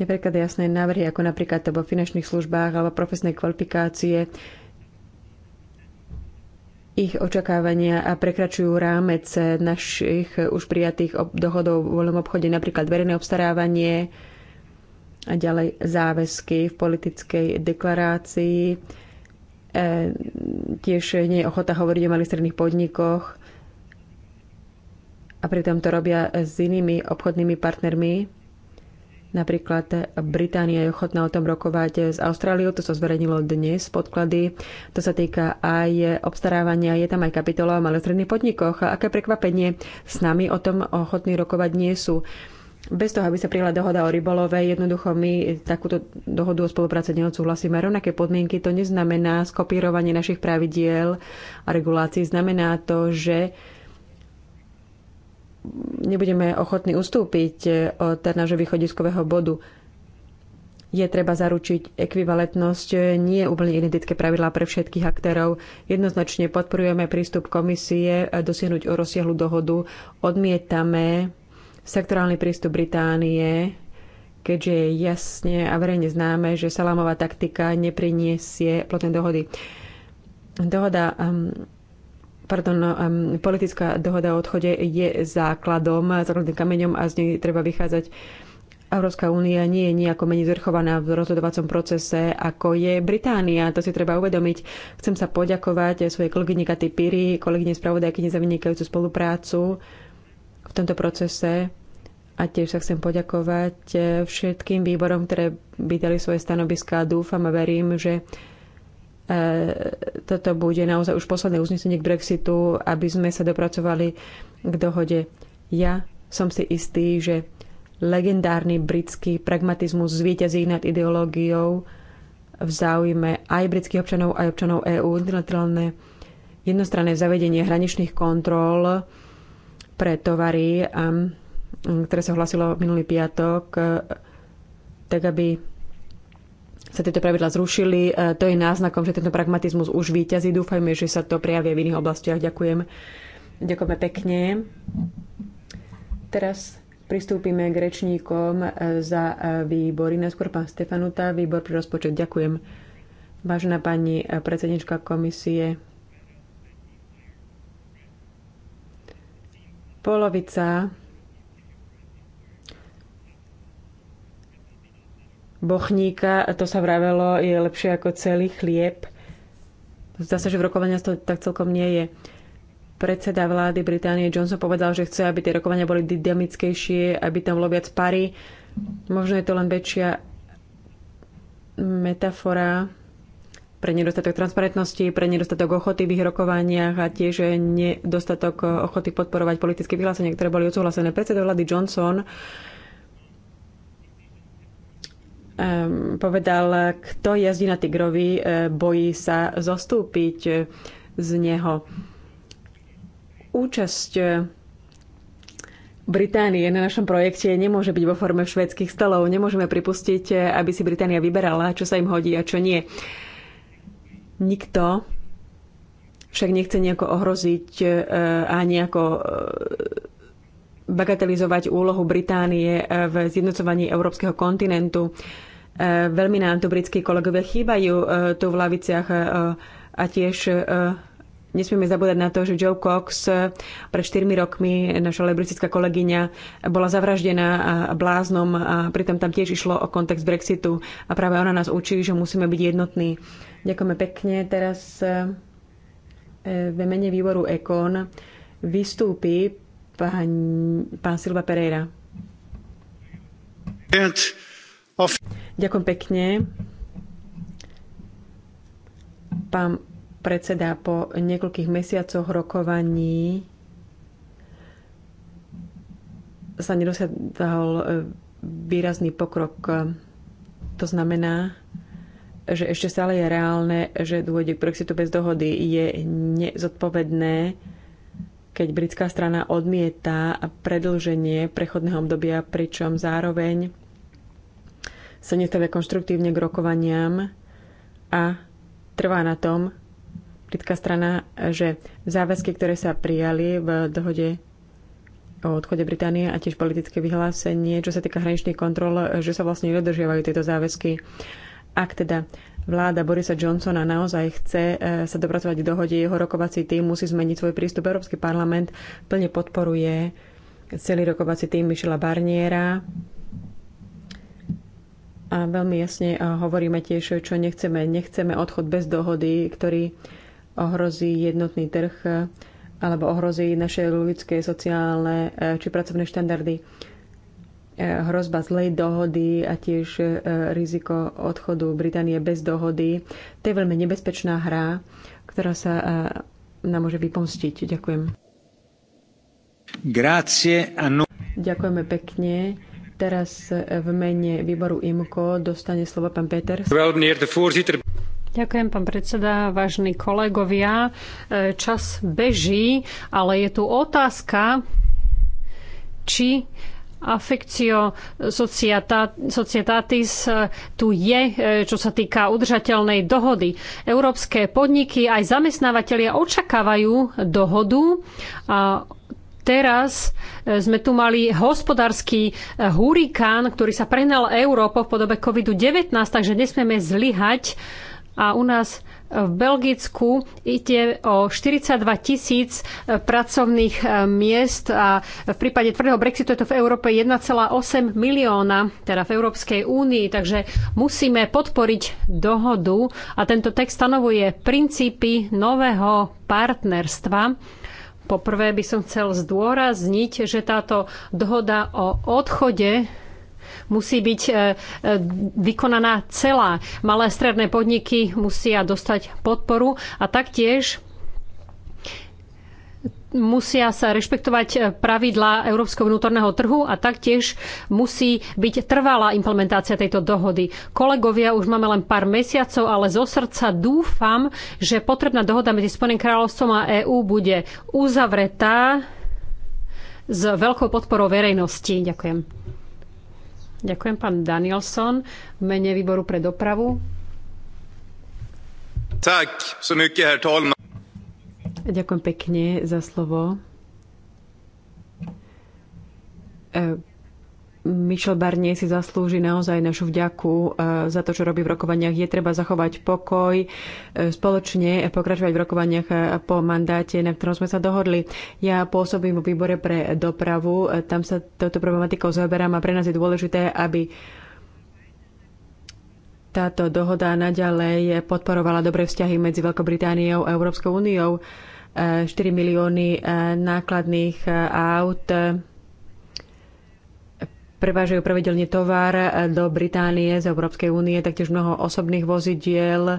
Napríklad jasné návrhy, ako napríklad to vo finančných službách alebo profesnej kvalifikácie. Ich očakávania a prekračujú rámec našich už prijatých dohodov v voľnom obchode, napríklad verejné obstarávanie, a ďalej záväzky v politickej deklarácii. E, tiež nie je ochota hovoriť o malých podnikoch a pritom to robia s inými obchodnými partnermi. Napríklad Británia je ochotná o tom rokovať s Austráliou, to sa zverejnilo dnes, podklady. To sa týka aj obstarávania, je tam aj kapitola o malostredných podnikoch. Aké prekvapenie, s nami o tom ochotní rokovať nie sú bez toho, aby sa prijala dohoda o rybolove, jednoducho my takúto dohodu o spolupráce neodsúhlasíme. Rovnaké podmienky to neznamená skopírovanie našich pravidiel a regulácií. Znamená to, že nebudeme ochotní ustúpiť e, od nášho východiskového bodu. Je treba zaručiť ekvivalentnosť, e, nie úplne identické pravidlá pre všetkých aktérov. Jednoznačne podporujeme prístup komisie e, dosiahnuť o rozsiahlu dohodu. Odmietame sektorálny prístup Británie, keďže je jasne a verejne známe, že salámová taktika nepriniesie plotné dohody. Dohoda, um, pardon, no, um, politická dohoda o odchode je základom, základným kameňom a z nej treba vychádzať. Európska únia nie je nejako menej zvrchovaná v rozhodovacom procese, ako je Británia. To si treba uvedomiť. Chcem sa poďakovať svojej kolegyni Katy Piri, kolegyne spravodajky za vynikajúcu spoluprácu v tomto procese a tiež sa chcem poďakovať eh, všetkým výborom, ktoré vydali svoje stanoviská. Dúfam a verím, že eh, toto bude naozaj už posledné uznesenie k Brexitu, aby sme sa dopracovali k dohode. Ja som si istý, že legendárny britský pragmatizmus zvíťazí nad ideológiou v záujme aj britských občanov, aj občanov EÚ. Jednostranné zavedenie hraničných kontrol pre tovary, mm, ktoré sa hlasilo minulý piatok, e, tak aby sa tieto pravidla zrušili. E, to je náznakom, že tento pragmatizmus už víťazí. Dúfajme, že sa to prijavie v iných oblastiach. Ďakujem. Ďakujeme pekne. Teraz pristúpime k rečníkom e, za výbory. Najskôr pán Stefanuta, výbor pri rozpočet. Ďakujem. Vážená pani predsednička komisie, Polovica bochníka, to sa vravelo, je lepšie ako celý chlieb. Zdá sa, že v rokovania to tak celkom nie je. Predseda vlády Británie Johnson povedal, že chce, aby tie rokovania boli dynamickejšie, aby tam bolo viac pary. Možno je to len väčšia metafora pre nedostatok transparentnosti, pre nedostatok ochoty v ich rokovaniach a tiež nedostatok ochoty podporovať politické vyhlásenia, ktoré boli odsúhlasené. Predseda vlády Johnson ehm, povedal, kto jazdí na Tigrovi, e, bojí sa zostúpiť z neho. Účasť Británie na našom projekte nemôže byť vo forme švedských stolov. Nemôžeme pripustiť, aby si Británia vyberala, čo sa im hodí a čo nie. Nikto však nechce nejako ohroziť e, a nejako e, bagatelizovať úlohu Británie e, v zjednocovaní európskeho kontinentu. Veľmi nám tu britskí kolegovia chýbajú tu v laviciach a tiež Nesmieme zabúdať na to, že Joe Cox eh, pred 4 rokmi, naša lebristická kolegyňa, bola zavraždená bláznom a pritom tam tiež išlo o kontext Brexitu a práve ona nás učí, že musíme byť jednotní. Ďakujeme pekne. Teraz eh, eh, ve mene výboru EKON vystúpi pán, pán Silva Pereira. Ďakujem pekne. Pán predseda po niekoľkých mesiacoch rokovaní sa nedosiahol e, výrazný pokrok. To znamená, že ešte stále je reálne, že dôjde k Brexitu bez dohody. Je nezodpovedné, keď britská strana odmieta predlženie prechodného obdobia, pričom zároveň sa nestavia konštruktívne k rokovaniam a trvá na tom, britská strana, že záväzky, ktoré sa prijali v dohode o odchode Británie a tiež politické vyhlásenie, čo sa týka hraničných kontrol, že sa vlastne nedodržiavajú tieto záväzky. Ak teda vláda Borisa Johnsona naozaj chce e, sa dopracovať k dohode, jeho rokovací tým musí zmeniť svoj prístup. Európsky parlament plne podporuje celý rokovací tým Michela Barniera a veľmi jasne e, hovoríme tiež, čo nechceme. Nechceme odchod bez dohody, ktorý ohrozí jednotný trh eh, alebo ohrozí naše ľudské, sociálne eh, či pracovné štandardy. Eh, hrozba zlej dohody a tiež riziko odchodu Británie bez dohody. To je veľmi nebezpečná hra, ktorá sa nám môže vypomstiť. Ďakujem. Grazie. Anu... No- Ďakujeme pekne. Teraz v mene výboru IMCO dostane slovo pán Peter. Ďakujem, pán predseda, vážni kolegovia. E, čas beží, ale je tu otázka, či Affectio societatis e, tu je, e, čo sa týka udržateľnej dohody. Európske podniky aj zamestnávateľia očakávajú dohodu a teraz sme tu mali hospodársky hurikán, ktorý sa prehnal Európou v podobe COVID-19, takže nesmieme zlyhať a u nás v Belgicku ide o 42 tisíc e, pracovných e, miest a v prípade tvrdého Brexitu je to v Európe 1,8 milióna, teda v Európskej únii, takže musíme podporiť dohodu a tento text stanovuje princípy nového partnerstva. Poprvé by som chcel zdôrazniť, že táto dohoda o odchode musí byť e, e, vykonaná celá. Malé stredné podniky musia dostať podporu a taktiež musia sa rešpektovať pravidlá európskeho vnútorného trhu a taktiež musí byť trvalá implementácia tejto dohody. Kolegovia, už máme len pár mesiacov, ale zo srdca dúfam, že potrebná dohoda medzi Spojeným kráľovstvom a EÚ bude uzavretá s veľkou podporou verejnosti. Ďakujem. Ďakujem, pán Danielson. V mene výboru pre dopravu. Tak, so mycket, herr talman. Ďakujem pekne za slovo. E, Michel Barnier si zaslúži naozaj našu vďaku e, za to, čo robí v rokovaniach. Je treba zachovať pokoj, e, spoločne pokračovať v rokovaniach e, po mandáte, na ktorom sme sa dohodli. Ja pôsobím v výbore pre dopravu, tam sa touto problematikou zaoberám a pre nás je dôležité, aby táto dohoda naďalej podporovala dobré vzťahy medzi Veľkou Britániou a Európskou úniou. 4 milióny nákladných aut prevážajú pravidelne tovar e, do Británie z Európskej únie, taktiež mnoho osobných vozidiel e,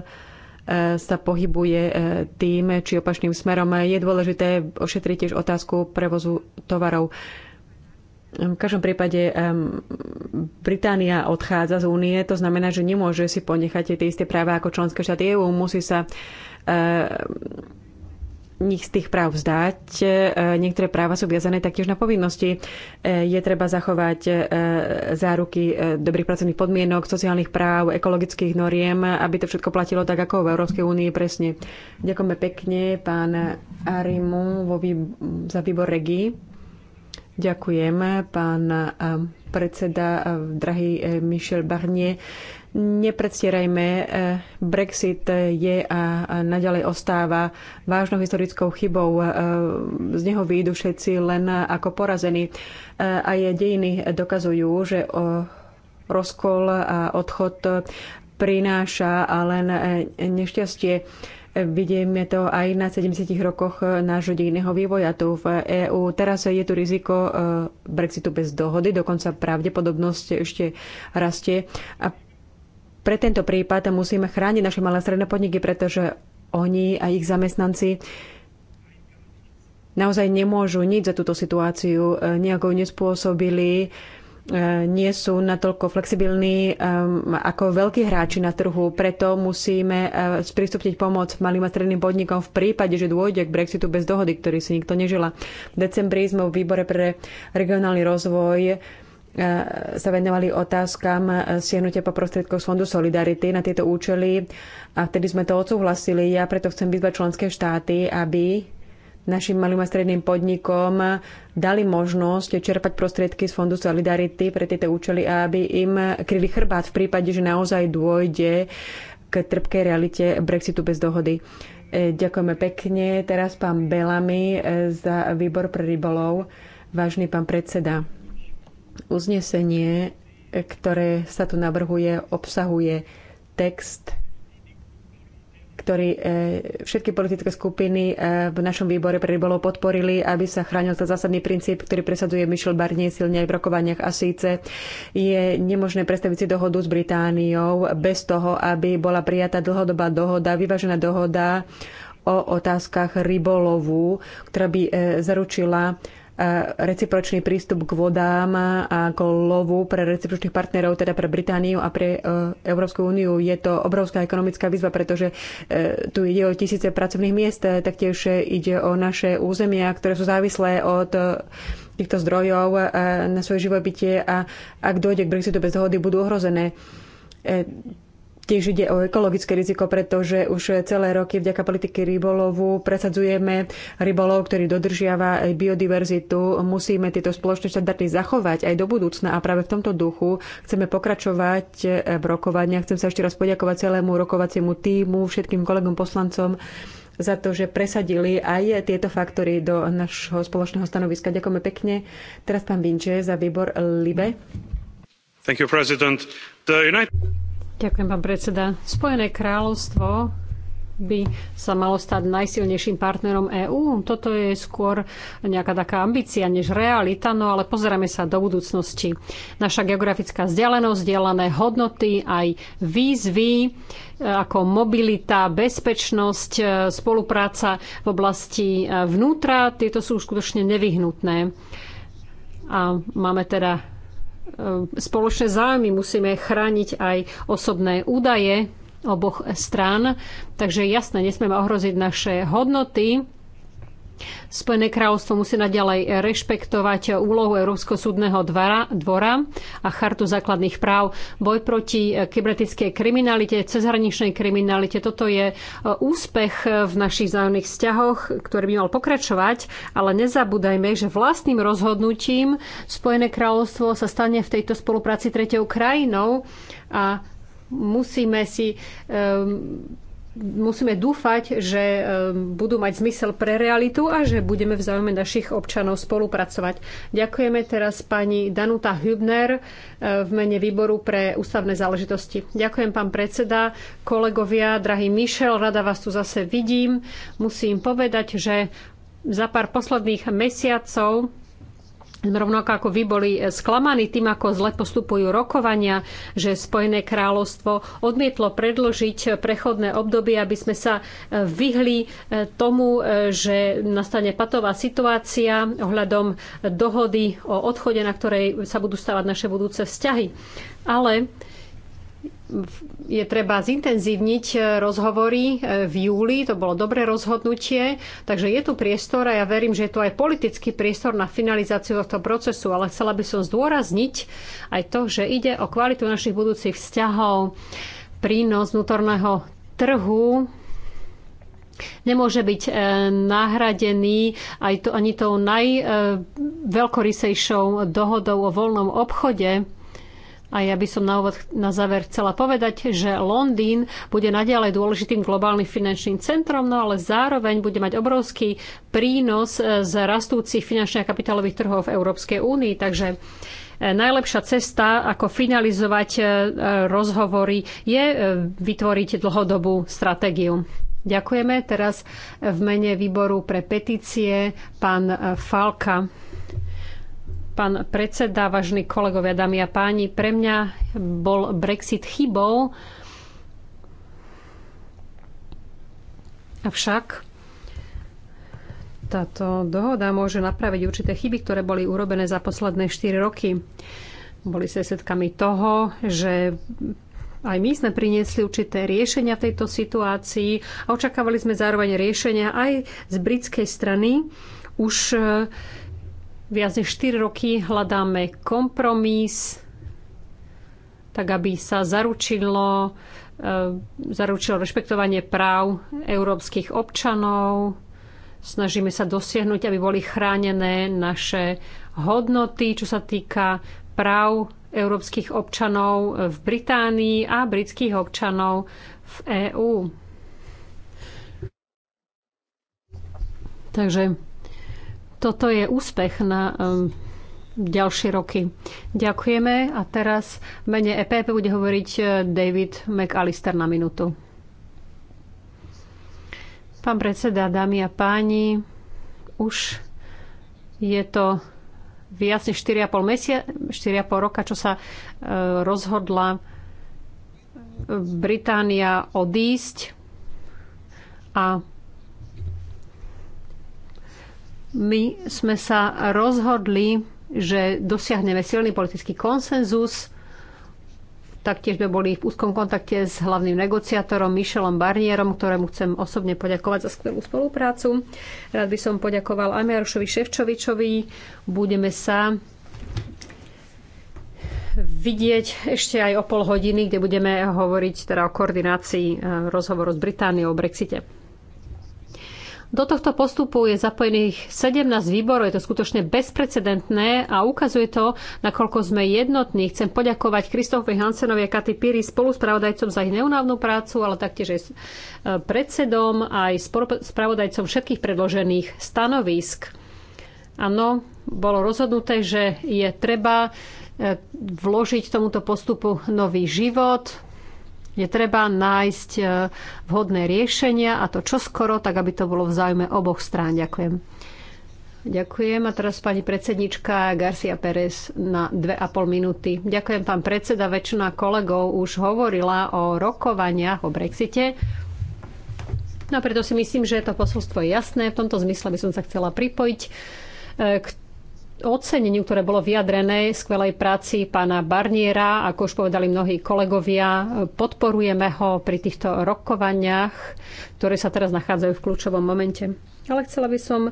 sa pohybuje e, tým či opačným smerom. Je dôležité ošetriť tiež otázku prevozu tovarov. V každom prípade Británia odchádza z únie, to znamená, že nemôže si ponechať tie isté práva ako členské štáty EÚ, musí sa nich z tých práv vzdať. E, niektoré práva sú viazané taktiež na povinnosti. E, je treba zachovať e, záruky dobrých pracovných podmienok, sociálnych práv, ekologických noriem, aby to všetko platilo tak, ako v Európskej únii presne. Ďakujeme pekne, pán Arimu vo vý... za výbor regí. Ďakujem, pán predseda, drahý Michel Barnier. Nepredstierajme, eh, Brexit je a naďalej ostáva vážnou historickou chybou. Eh, z neho výjdu všetci len ako porazení. Eh, a Aj dejiny dokazujú, že rozkol a odchod prináša len nešťastie. Vidíme to aj na 70 rokoch nášho dejného vývoja tu v EÚ. Teraz je tu riziko Brexitu bez dohody, dokonca pravdepodobnosť ešte rastie. A pre tento prípad musíme chrániť naše malé stredné podniky, pretože oni a ich zamestnanci naozaj nemôžu nič za túto situáciu, e, nejako nespôsobili, e, nie sú natoľko flexibilní e, ako veľkí hráči na trhu, preto musíme sprístupniť pomoc malým a stredným podnikom v prípade, že dôjde k Brexitu bez dohody, ktorý si nikto nežila. V decembri sme v výbore pre regionálny rozvoj sa venovali otázkam siahnutia po prostriedkoch z Fondu Solidarity na tieto účely a vtedy sme to odsúhlasili. Ja preto chcem vyzvať členské štáty, aby našim malým a stredným podnikom dali možnosť čerpať prostriedky z Fondu Solidarity pre tieto účely a aby im kryli chrbát v prípade, že naozaj dôjde k trpkej realite Brexitu bez dohody. E, ďakujeme pekne. Teraz pán Belami e, za výbor pre rybolov. Vážny pán predseda. Uznesenie, ktoré sa tu navrhuje, obsahuje text, ktorý e, všetky politické skupiny e, v našom výbore pre rybolov podporili, aby sa chránil ten zásadný princíp, ktorý presadzuje Michel Barnier silne aj v rokovaniach a síce je nemožné predstaviť si dohodu s Britániou bez toho, aby bola prijatá dlhodobá dohoda, vyvážená dohoda o otázkach rybolovu, ktorá by e, zaručila recipročný prístup k vodám a k lovu pre recipročných partnerov, teda pre Britániu a pre e, Európsku úniu. Je to obrovská ekonomická výzva, pretože e, tu ide o tisíce pracovných miest, e, taktiež ide o naše územia, ktoré sú závislé od týchto zdrojov na svoje živobytie a ak dojde k Brexitu bez dohody, budú ohrozené Tiež ide o ekologické riziko, pretože už celé roky vďaka politiky rybolovu presadzujeme rybolov, ktorý dodržiava aj biodiverzitu. Musíme tieto spoločné štandardy zachovať aj do budúcna a práve v tomto duchu chceme pokračovať v rokovaniach. Chcem sa ešte raz poďakovať celému rokovaciemu týmu, všetkým kolegom poslancom za to, že presadili aj tieto faktory do našho spoločného stanoviska. Ďakujeme pekne. Teraz pán Vinče za výbor LIBE. Thank you, President. The United... Ďakujem, pán predseda. Spojené kráľovstvo by sa malo stať najsilnejším partnerom EÚ. Toto je skôr nejaká taká ambícia než realita, no ale pozrieme sa do budúcnosti. Naša geografická vzdialenosť, dielané hodnoty, aj výzvy e, ako mobilita, bezpečnosť, e, spolupráca v oblasti e, vnútra, tieto sú skutočne nevyhnutné. A máme teda Ehm, spoločné zájmy, musíme chrániť aj osobné údaje oboch strán. Takže jasne, nesmieme ohroziť naše hodnoty, Spojené kráľovstvo musí naďalej rešpektovať úlohu Európskeho súdneho dvora, dvora a chartu základných práv. Boj proti eh, kybernetickej kriminalite, cezhraničnej kriminalite, toto je eh, úspech eh, v našich vzájomných vzťahoch, ktorý by mal pokračovať, ale nezabúdajme, že vlastným rozhodnutím Spojené kráľovstvo sa stane v tejto spolupráci tretiou krajinou a musíme si um, musíme dúfať, že e, budú mať zmysel pre realitu a že budeme v záujme našich občanov spolupracovať. Ďakujeme teraz pani Danuta Hübner e, v mene výboru pre ústavné záležitosti. Ďakujem, pán predseda, kolegovia, drahý Mišel, rada vás tu zase vidím. Musím povedať, že za pár posledných mesiacov rovnako ako vy boli eh, sklamaní tým, ako zle postupujú rokovania, že Spojené kráľovstvo odmietlo predložiť prechodné obdobie, aby sme sa eh, vyhli eh, tomu, že nastane patová situácia ohľadom dohody o odchode, na ktorej sa budú stavať naše budúce vzťahy. Ale je treba zintenzívniť e, rozhovory e, v júli. To bolo dobré rozhodnutie. Takže je tu priestor a ja verím, že je tu aj politický priestor na finalizáciu tohto procesu. Ale chcela by som zdôrazniť aj to, že ide o kvalitu našich budúcich vzťahov, prínos vnútorného trhu nemôže byť e, nahradený aj to, ani tou najveľkorysejšou dohodou o voľnom obchode. A ja by som na, úvod, na záver chcela povedať, že Londýn bude naďalej dôležitým globálnym finančným centrom, no ale zároveň bude mať obrovský prínos e, z rastúcich finančných a kapitálových trhov v Európskej únii. Takže e, najlepšia cesta, ako finalizovať e, rozhovory, je vytvoriť dlhodobú stratégiu. Ďakujeme. Teraz v mene výboru pre petície pán Falka. Pán predseda, vážni kolegovia, dámy a páni, pre mňa bol Brexit chybou. Avšak táto dohoda môže napraviť určité chyby, ktoré boli urobené za posledné 4 roky. Boli ste svedkami toho, že aj my sme priniesli určité riešenia v tejto situácii a očakávali sme zároveň riešenia aj z britskej strany. Už Viac než 4 roky hľadáme kompromis, tak aby sa zaručilo, eh, zaručilo rešpektovanie práv európskych občanov. Snažíme sa dosiahnuť, aby boli chránené naše hodnoty, čo sa týka práv európskych občanov v Británii a britských občanov v EÚ. Takže toto je úspech na ďalšie roky. Ďakujeme a teraz v mene EPP bude hovoriť e, David McAllister na minútu. Pán predseda, dámy a páni, už je to viac než 4,5, mesia, 4,5 roka, čo sa e, rozhodla Británia odísť a my sme sa rozhodli, že dosiahneme silný politický konsenzus. Taktiež sme boli v úzkom kontakte s hlavným negociátorom Michelom Barnierom, ktorému chcem osobne poďakovať za skvelú spoluprácu. Rád by som poďakoval Amiarušovi Ševčovičovi. Budeme sa vidieť ešte aj o pol hodiny, kde budeme hovoriť teda o koordinácii eh, rozhovoru s Britániou o Brexite. Do tohto postupu je zapojených 17 výborov, je to skutočne bezprecedentné a ukazuje to, nakoľko sme jednotní. Chcem poďakovať Kristofovi Hansenovi a Katy Píri spoluspravodajcom za ich neunávnu prácu, ale taktiež aj e, predsedom, aj spravodajcom všetkých predložených stanovisk. Áno, bolo rozhodnuté, že je treba e, vložiť tomuto postupu nový život, je treba nájsť e, vhodné riešenia a to čoskoro, tak aby to bolo v záujme oboch strán. Ďakujem. Ďakujem. A teraz pani predsednička Garcia Pérez na dve a pol minúty. Ďakujem, pán predseda. Väčšina kolegov už hovorila o rokovaniach o Brexite. No a preto si myslím, že to posolstvo je jasné. V tomto zmysle by som sa chcela pripojiť e, k oceneniu, ktoré bolo vyjadrené skvelej práci pána Barniera. Ako už povedali mnohí kolegovia, podporujeme ho pri týchto rokovaniach ktoré sa teraz nachádzajú v kľúčovom momente. Ale chcela by som e,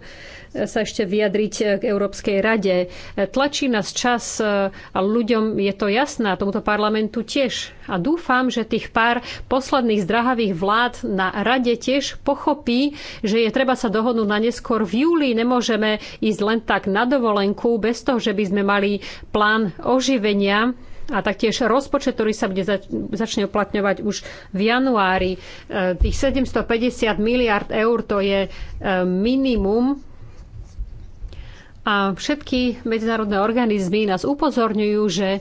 sa ešte vyjadriť e, k Európskej rade. E, tlačí nás čas a ľuďom je to jasné, a tomuto parlamentu tiež. A dúfam, že tých pár posledných zdrahavých vlád na rade tiež pochopí, že je treba sa dohodnúť na neskôr v júli. Nemôžeme ísť len tak na dovolenku bez toho, že by sme mali plán oživenia a taktiež rozpočet, ktorý sa bude zač- začne uplatňovať už v januári. E, tých 750 miliard eur to je e, minimum a všetky medzinárodné organizmy nás upozorňujú, že e,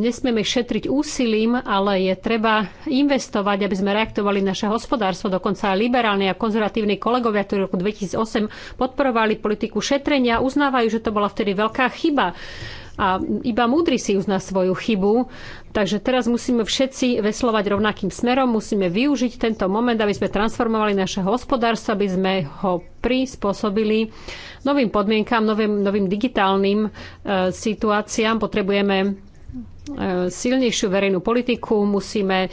nesmieme šetriť úsilím, ale je treba investovať, aby sme reaktovali naše hospodárstvo. Dokonca aj liberálni a konzervatívni kolegovia, ktorí v roku 2008 podporovali politiku šetrenia, uznávajú, že to bola vtedy veľká chyba a iba múdry si uzná svoju chybu. Takže teraz musíme všetci veslovať rovnakým smerom, musíme využiť tento moment, aby sme transformovali naše hospodárstvo, aby sme ho prispôsobili novým podmienkám, novým, novým digitálnym e, situáciám. Potrebujeme E, silnejšiu verejnú politiku, musíme e,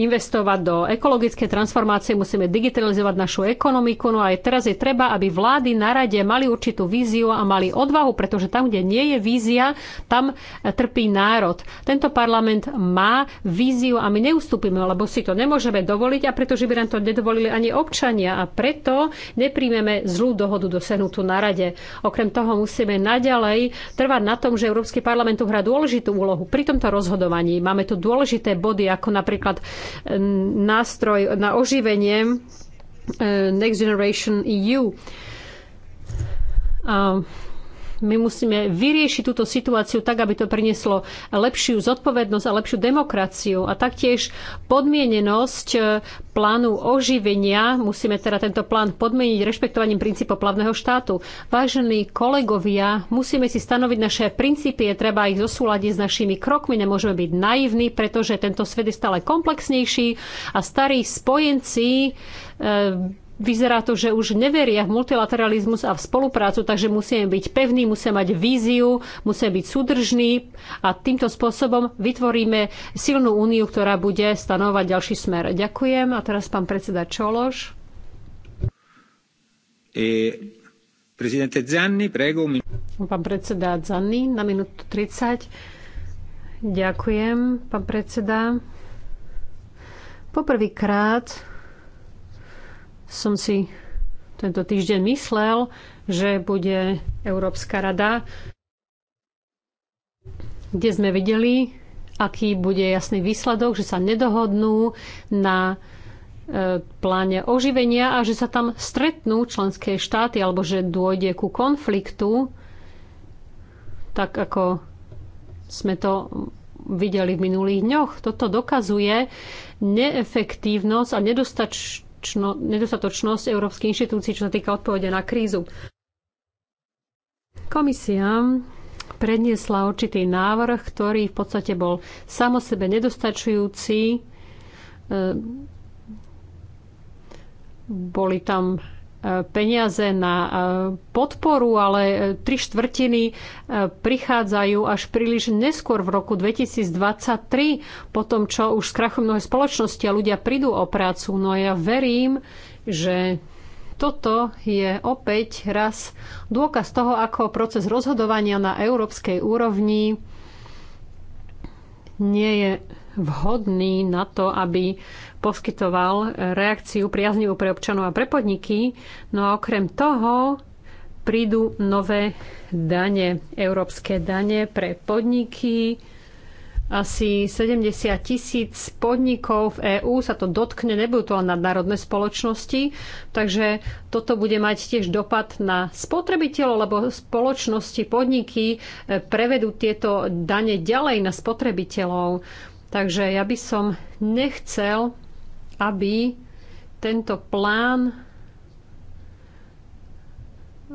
investovať do ekologické transformácie, musíme digitalizovať našu ekonomiku. No aj teraz je treba, aby vlády na rade mali určitú víziu a mali odvahu, pretože tam, kde nie je vízia, tam e, trpí národ. Tento parlament má víziu a my neustúpime, lebo si to nemôžeme dovoliť a pretože by nám to nedovolili ani občania a preto nepríjmeme zlú dohodu dosiahnutú na rade. Okrem toho musíme naďalej trvať na tom, že Európsky parlament hrá dôležitú úlohu úlohu pri tomto rozhodovaní. Máme tu dôležité body, ako napríklad e, nástroj na oživenie e, Next Generation EU. My musíme vyriešiť túto situáciu tak, aby to prinieslo lepšiu zodpovednosť a lepšiu demokraciu. A taktiež podmienenosť eh, plánu oživenia. Musíme teda tento plán podmieniť rešpektovaním princípov plavného štátu. Vážení kolegovia, musíme si stanoviť naše princípy, je treba ich zosúľadiť s našimi krokmi. Nemôžeme byť naivní, pretože tento svet je stále komplexnejší a starí spojenci e, vyzerá to, že už neveria v multilateralizmus a v spoluprácu, takže musíme byť pevní, musíme mať víziu, musíme byť súdržní a týmto spôsobom vytvoríme silnú úniu, ktorá bude stanovať ďalší smer. Ďakujem. A teraz pán predseda Čološ. E, prezidente Zanni, prego. Pán predseda Zanni na minútu 30. Ďakujem, pán predseda. Poprvýkrát som si tento týždeň myslel, že bude Európska rada, kde sme videli, aký bude jasný výsledok, že sa nedohodnú na e, pláne oživenia a že sa tam stretnú členské štáty alebo že dôjde ku konfliktu, tak ako sme to videli v minulých dňoch. Toto dokazuje neefektívnosť a nedostačnosť nedostatočnosť európskych inštitúcií, čo sa týka odpovede na krízu. Komisia predniesla určitý návrh, ktorý v podstate bol samo sebe nedostačujúci. E, boli tam peniaze na e, podporu, ale e, tri štvrtiny e, prichádzajú až príliš neskôr v roku 2023, po tom, čo už skrachujú mnohé spoločnosti a ľudia prídu o prácu. No a ja verím, že toto je opäť raz dôkaz toho, ako proces rozhodovania na európskej úrovni nie je vhodný na to, aby poskytoval reakciu priaznivú pre občanov a pre podniky. No a okrem toho prídu nové dane, európske dane pre podniky. Asi 70 tisíc podnikov v EÚ sa to dotkne, nebudú to len nadnárodné spoločnosti, takže toto bude mať tiež dopad na spotrebiteľov, lebo spoločnosti, podniky eh, prevedú tieto dane ďalej na spotrebiteľov. Takže ja by som nechcel, aby tento plán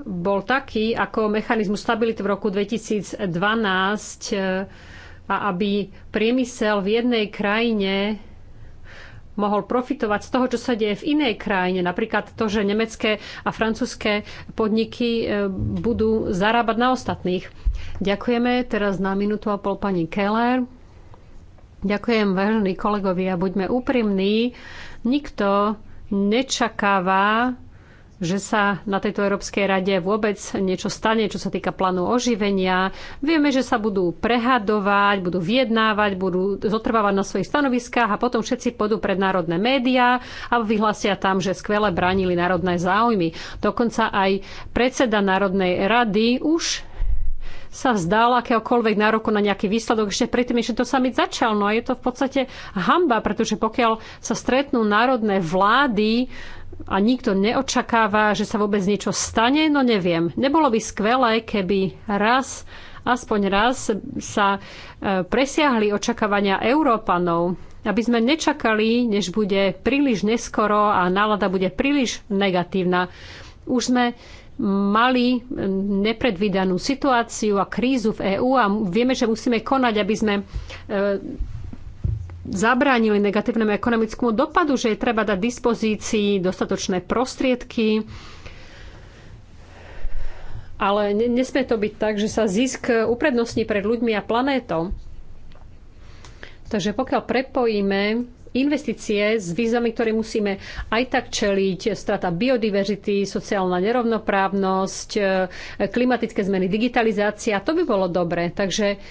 bol taký, ako mechanizmus stability v roku 2012 e, a aby priemysel v jednej krajine mohol profitovať z toho, čo sa deje v inej krajine. Napríklad to, že nemecké a francúzské podniky e, budú zarábať na ostatných. Ďakujeme. Teraz na minútu a pol pani Keller. Ďakujem, vážení a buďme úprimní. Nikto nečakáva, že sa na tejto Európskej rade vôbec niečo stane, čo sa týka plánu oživenia. Vieme, že sa budú prehadovať, budú vyjednávať, budú zotrvávať na svojich stanoviskách a potom všetci pôjdu pred národné médiá a vyhlasia tam, že skvele bránili národné záujmy. Dokonca aj predseda Národnej rady už sa vzdal akéhokoľvek nároku na nejaký výsledok že predtým, ešte to summit začal. No a je to v podstate hamba, pretože pokiaľ sa stretnú národné vlády a nikto neočakáva, že sa vôbec niečo stane, no neviem. Nebolo by skvelé, keby raz aspoň raz sa e, presiahli očakávania Európanov, aby sme nečakali, než bude príliš neskoro a nálada bude príliš negatívna. Už sme mali nepredvídanú situáciu a krízu v EÚ a vieme, že musíme konať, aby sme e, zabránili negatívnemu ekonomickému dopadu, že je treba dať dispozícii dostatočné prostriedky, ale nesmie to byť tak, že sa zisk uprednostní pred ľuďmi a planétou. Takže pokiaľ prepojíme investície s výzvami, ktoré musíme aj tak čeliť. Strata biodiverzity, sociálna nerovnoprávnosť, e, klimatické zmeny, digitalizácia. To by bolo dobre. Takže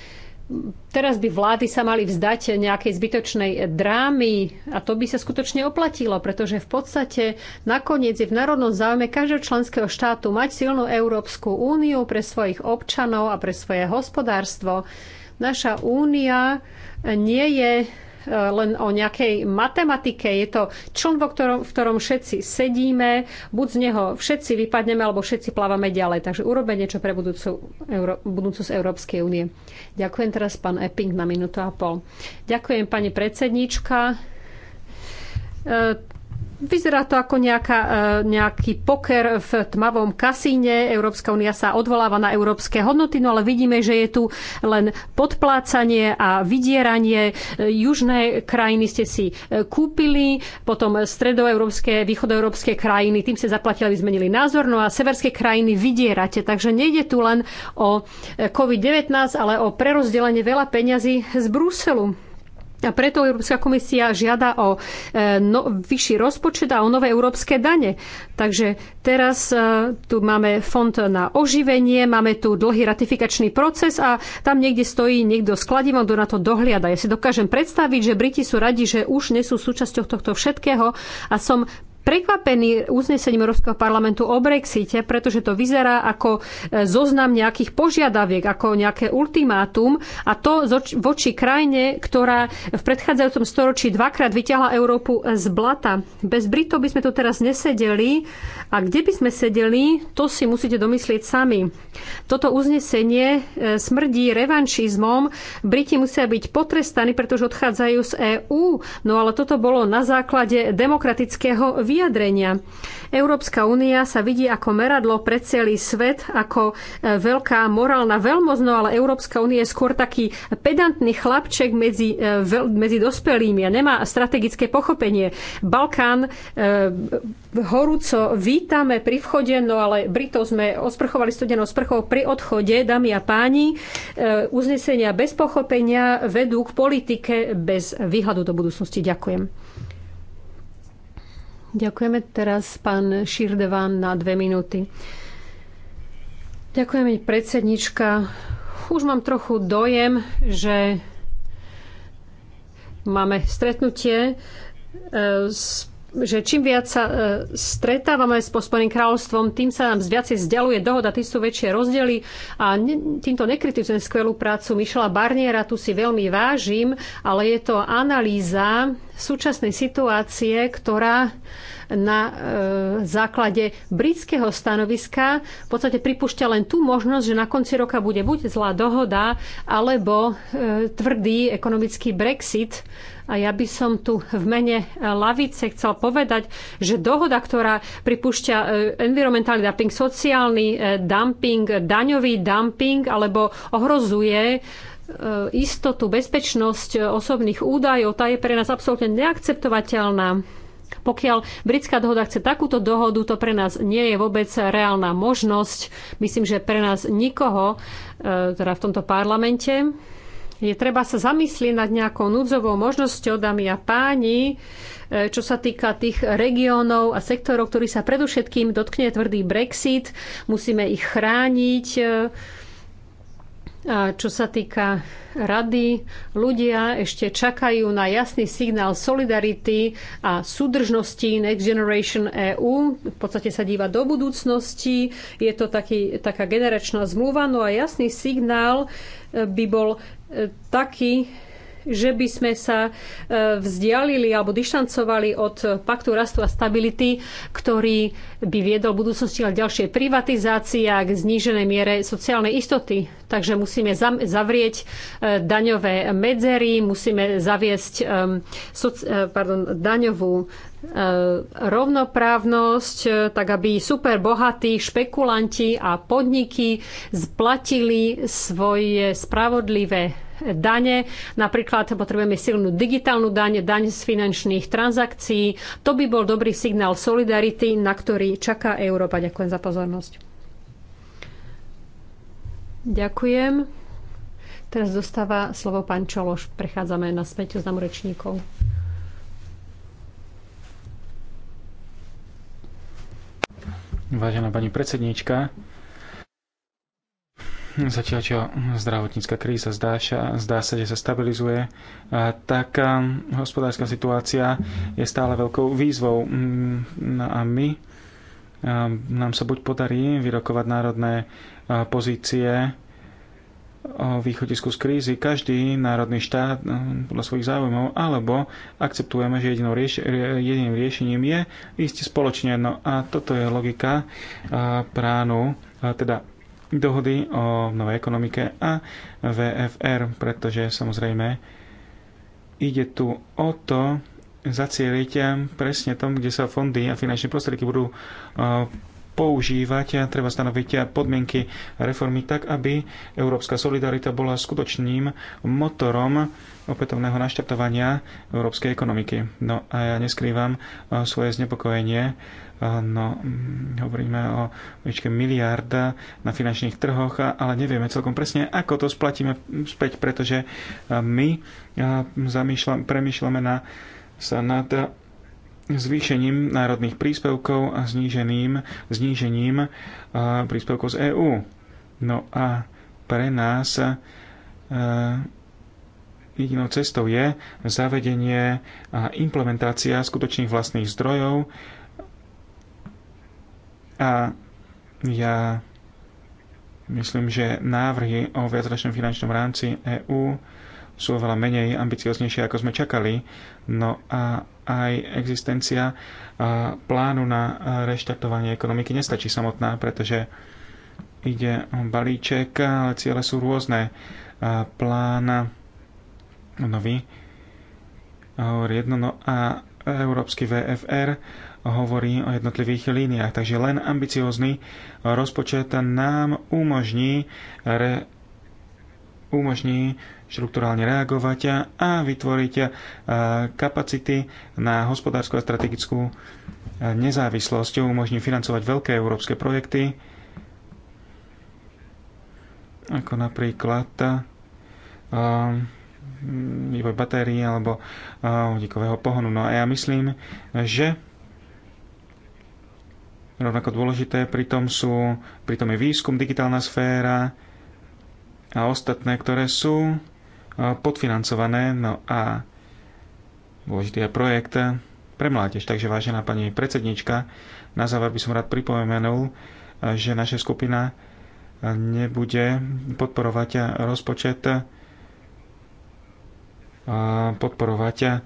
teraz by vlády sa mali vzdať nejakej zbytočnej drámy a to by sa skutočne oplatilo, pretože v podstate nakoniec je v národnom záujme každého členského štátu mať silnú Európsku úniu pre svojich občanov a pre svoje hospodárstvo. Naša únia nie je Eh, len o nejakej matematike. Je to čln, v ktorom, v ktorom všetci sedíme, buď z neho všetci vypadneme, alebo všetci plávame ďalej. Takže urobme niečo pre budúcu, Euró- z Európskej únie. Ďakujem teraz pán Epping na minútu a pol. Ďakujem pani predsednička. Eh, Vyzerá to ako nejaká, e, nejaký poker v tmavom kasíne. Európska únia sa odvoláva na európske hodnoty, no ale vidíme, že je tu len podplácanie a vydieranie. E, južné krajiny ste si e, kúpili, potom stredoeurópske, východoeurópske krajiny, tým ste zaplatili, zmenili názor, no a severské krajiny vydierate. Takže nejde tu len o COVID-19, ale o prerozdelenie veľa peňazí z Bruselu. A preto Európska komisia žiada o e, no, vyšší rozpočet a o nové európske dane. Takže teraz e, tu máme fond na oživenie, máme tu dlhý ratifikačný proces a tam niekde stojí niekto s kladivom, kto na to dohliada. Ja si dokážem predstaviť, že Briti sú radi, že už nie sú súčasťou tohto všetkého a som prekvapený uznesením Európskeho parlamentu o Brexite, pretože to vyzerá ako e, zoznam nejakých požiadaviek, ako nejaké ultimátum a to voči krajine, ktorá v predchádzajúcom storočí dvakrát vyťahla Európu e, z blata. Bez Britov by sme tu teraz nesedeli a kde by sme sedeli, to si musíte domyslieť sami. Toto uznesenie e, smrdí revanšizmom. Briti musia byť potrestaní, pretože odchádzajú z EÚ. No ale toto bolo na základe demokratického vyjadrenia. Európska únia sa vidí ako meradlo pre celý svet, ako e, veľká morálna veľmozno, ale Európska únia je skôr taký pedantný chlapček medzi, e, medzi dospelými a nemá strategické pochopenie. Balkán e, horúco vítame pri vchode, no ale Britov sme osprchovali studenou sprchou pri odchode, dámy a páni. Uznesenia bez pochopenia vedú k politike bez výhľadu do budúcnosti. Ďakujem. Ďakujeme teraz pán Širdevan na dve minúty. Ďakujeme, predsednička. Už mám trochu dojem, že máme stretnutie eh, s že čím viac sa e, stretávame s pospolným kráľovstvom, tým sa nám viacej vzdialuje dohoda, tým sú väčšie rozdiely a ne, týmto nekritizujem skvelú prácu Mišela Barniera, tu si veľmi vážim, ale je to analýza súčasnej situácie, ktorá na e, základe britského stanoviska v podstate pripúšťa len tú možnosť, že na konci roka bude buď zlá dohoda, alebo e, tvrdý ekonomický Brexit. A ja by som tu v mene lavice chcel povedať, že dohoda, ktorá pripúšťa e, environmentálny dumping, sociálny e, dumping, daňový dumping alebo ohrozuje e, istotu, bezpečnosť osobných údajov, tá je pre nás absolútne neakceptovateľná. Pokiaľ britská dohoda chce takúto dohodu, to pre nás nie je vôbec reálna možnosť. Myslím, že pre nás nikoho, e, teda v tomto parlamente, je treba sa zamyslieť nad nejakou núdzovou možnosťou, dámy a páni, e, čo sa týka tých regiónov a sektorov, ktorí sa predovšetkým dotkne tvrdý Brexit. Musíme ich chrániť e, a čo sa týka rady, ľudia ešte čakajú na jasný signál solidarity a súdržnosti Next Generation EU. V podstate sa díva do budúcnosti. Je to taký, taká generačná zmluva. No a jasný signál eh, by bol eh, taký, že by sme sa e, vzdialili alebo dištancovali od paktu rastu a stability, ktorý by viedol v budúcnosti aj ďalšie privatizácie a k zníženej miere sociálnej istoty. Takže musíme zavrieť e, daňové medzery, musíme zaviesť e, pardon, daňovú rovnoprávnosť, tak aby superbohatí špekulanti a podniky splatili svoje spravodlivé dane. Napríklad potrebujeme silnú digitálnu daň, daň z finančných transakcií. To by bol dobrý signál solidarity, na ktorý čaká Európa. Ďakujem za pozornosť. Ďakujem. Teraz dostáva slovo pán Čološ. Prechádzame na späť s rečníkov. Vážená pani predsednička, zatiaľ čo zdravotnícka kríza zdá, sa, zdá sa, že sa stabilizuje, tak hospodárska situácia je stále veľkou výzvou. Mm, no a my nám sa buď podarí vyrokovať národné pozície o východisku z krízy každý národný štát podľa svojich záujmov, alebo akceptujeme, že jedinou rieš- jediným riešením je ísť spoločne. No a toto je logika pránu, teda dohody o novej ekonomike a VFR, pretože samozrejme ide tu o to zacieliť presne tom, kde sa fondy a finančné prostriedky budú e, používať a treba stanoviť podmienky reformy tak, aby európska solidarita bola skutočným motorom opätovného naštartovania európskej ekonomiky. No a ja neskrývam e, svoje znepokojenie No, hovoríme o výške miliarda na finančných trhoch, ale nevieme celkom presne, ako to splatíme späť, pretože eh, my eh, premýšľame na, sa nad zvýšením národných príspevkov a znížením, znížením eh, príspevkov z EÚ. No a pre nás jedinou cestou je zavedenie a implementácia skutočných vlastných zdrojov, a ja myslím, že návrhy o viacročnom finančnom rámci EÚ sú oveľa menej ambicioznejšie, ako sme čakali. No a aj existencia plánu na reštartovanie ekonomiky nestačí samotná, pretože ide o balíček, ale ciele sú rôzne. Plán nový hovorí jedno, no a európsky VFR hovorí o jednotlivých líniách. Takže len ambiciózny rozpočet nám umožní, re, umožní štruktúrálne reagovať a vytvoriť e, kapacity na hospodárskú a strategickú e, nezávislosť, umožní financovať veľké európske projekty, ako napríklad e, vývoj batérií alebo vodíkového pohonu. No a ja myslím, že Rovnako dôležité pritom sú, pritom je výskum, digitálna sféra a ostatné, ktoré sú e, podfinancované. No a dôležitý je projekt pre mládež. Takže vážená pani predsednička, na záver by som rád pripomenul, e, že naša skupina e, nebude podporovať rozpočet podporovať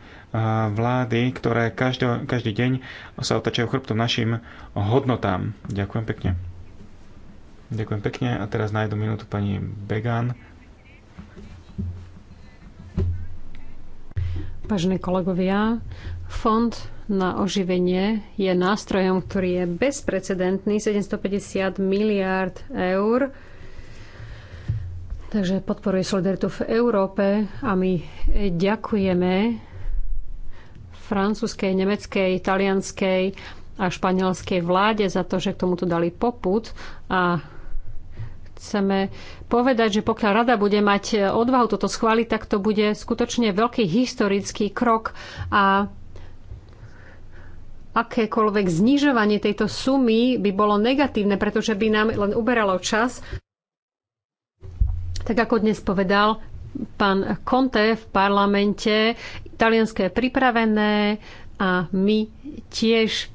vlády, ktoré každý, každý deň sa otačajú chrbtom našim hodnotám. Ďakujem pekne. Ďakujem pekne a teraz na jednu minútu pani Began. Vážení kolegovia, Fond na oživenie je nástrojom, ktorý je bezprecedentný, 750 miliárd eur Takže podporuje solidaritu v Európe a my ďakujeme francúzskej, nemeckej, italianskej a španielskej vláde za to, že k tomuto dali poput a chceme povedať, že pokiaľ rada bude mať odvahu toto schváliť, tak to bude skutočne veľký historický krok a akékoľvek znižovanie tejto sumy by bolo negatívne, pretože by nám len uberalo čas tak ako dnes povedal pán Conte v parlamente, italianské je pripravené a my tiež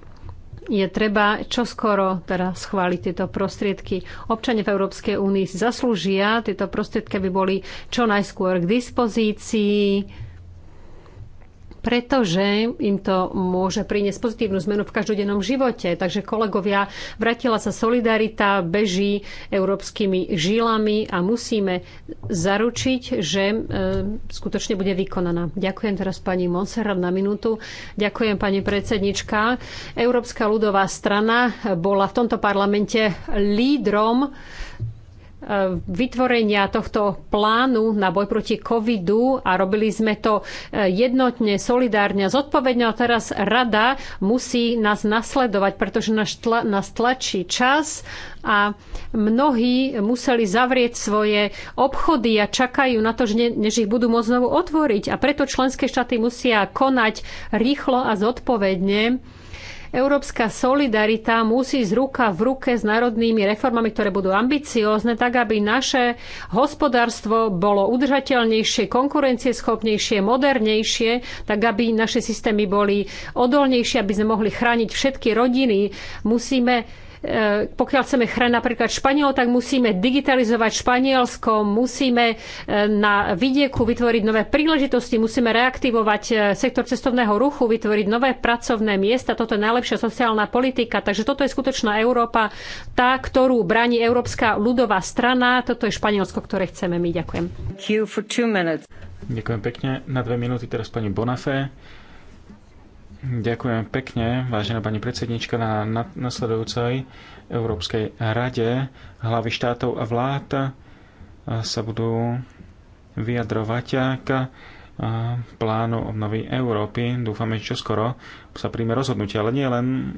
je treba čoskoro teda schváliť tieto prostriedky. Občania v Európskej únii si zaslúžia tieto prostriedky, aby boli čo najskôr k dispozícii pretože im to môže priniesť pozitívnu zmenu v každodennom živote. Takže kolegovia, vrátila sa solidarita, beží európskymi žilami a musíme zaručiť, že e, skutočne bude vykonaná. Ďakujem teraz pani Monserrat na minútu. Ďakujem pani predsednička. Európska ľudová strana bola v tomto parlamente lídrom E, vytvorenia tohto plánu na boj proti covidu a robili sme to e, jednotne, solidárne a zodpovedne. A teraz rada musí nás nasledovať, pretože nás, tla, nás tlačí čas a mnohí museli zavrieť svoje obchody a čakajú na to, že ne, než ich budú môcť znovu otvoriť. A preto členské štáty musia konať rýchlo a zodpovedne Európska solidarita musí z ruka v ruke s národnými reformami, ktoré budú ambiciózne, tak aby naše hospodárstvo bolo udržateľnejšie, konkurencieschopnejšie, modernejšie, tak aby naše systémy boli odolnejšie, aby sme mohli chrániť všetky rodiny. Musíme E, pokiaľ chceme chrániť napríklad Španiel, tak musíme digitalizovať Španielsko, musíme e, na vidieku vytvoriť nové príležitosti, musíme reaktivovať e, sektor cestovného ruchu, vytvoriť nové pracovné miesta. Toto je najlepšia sociálna politika. Takže toto je skutočná Európa, tá, ktorú bráni Európska ľudová strana. Toto je Španielsko, ktoré chceme my. Ďakujem. Ďakujem pekne. Na dve minúty teraz pani Bonafé. Ďakujem pekne, vážená pani predsednička, na nasledujúcej Európskej rade. Hlavy štátov a vlád sa budú vyjadrovať k plánu obnovy Európy. Dúfame, že čoskoro sa príjme rozhodnutie, ale nie len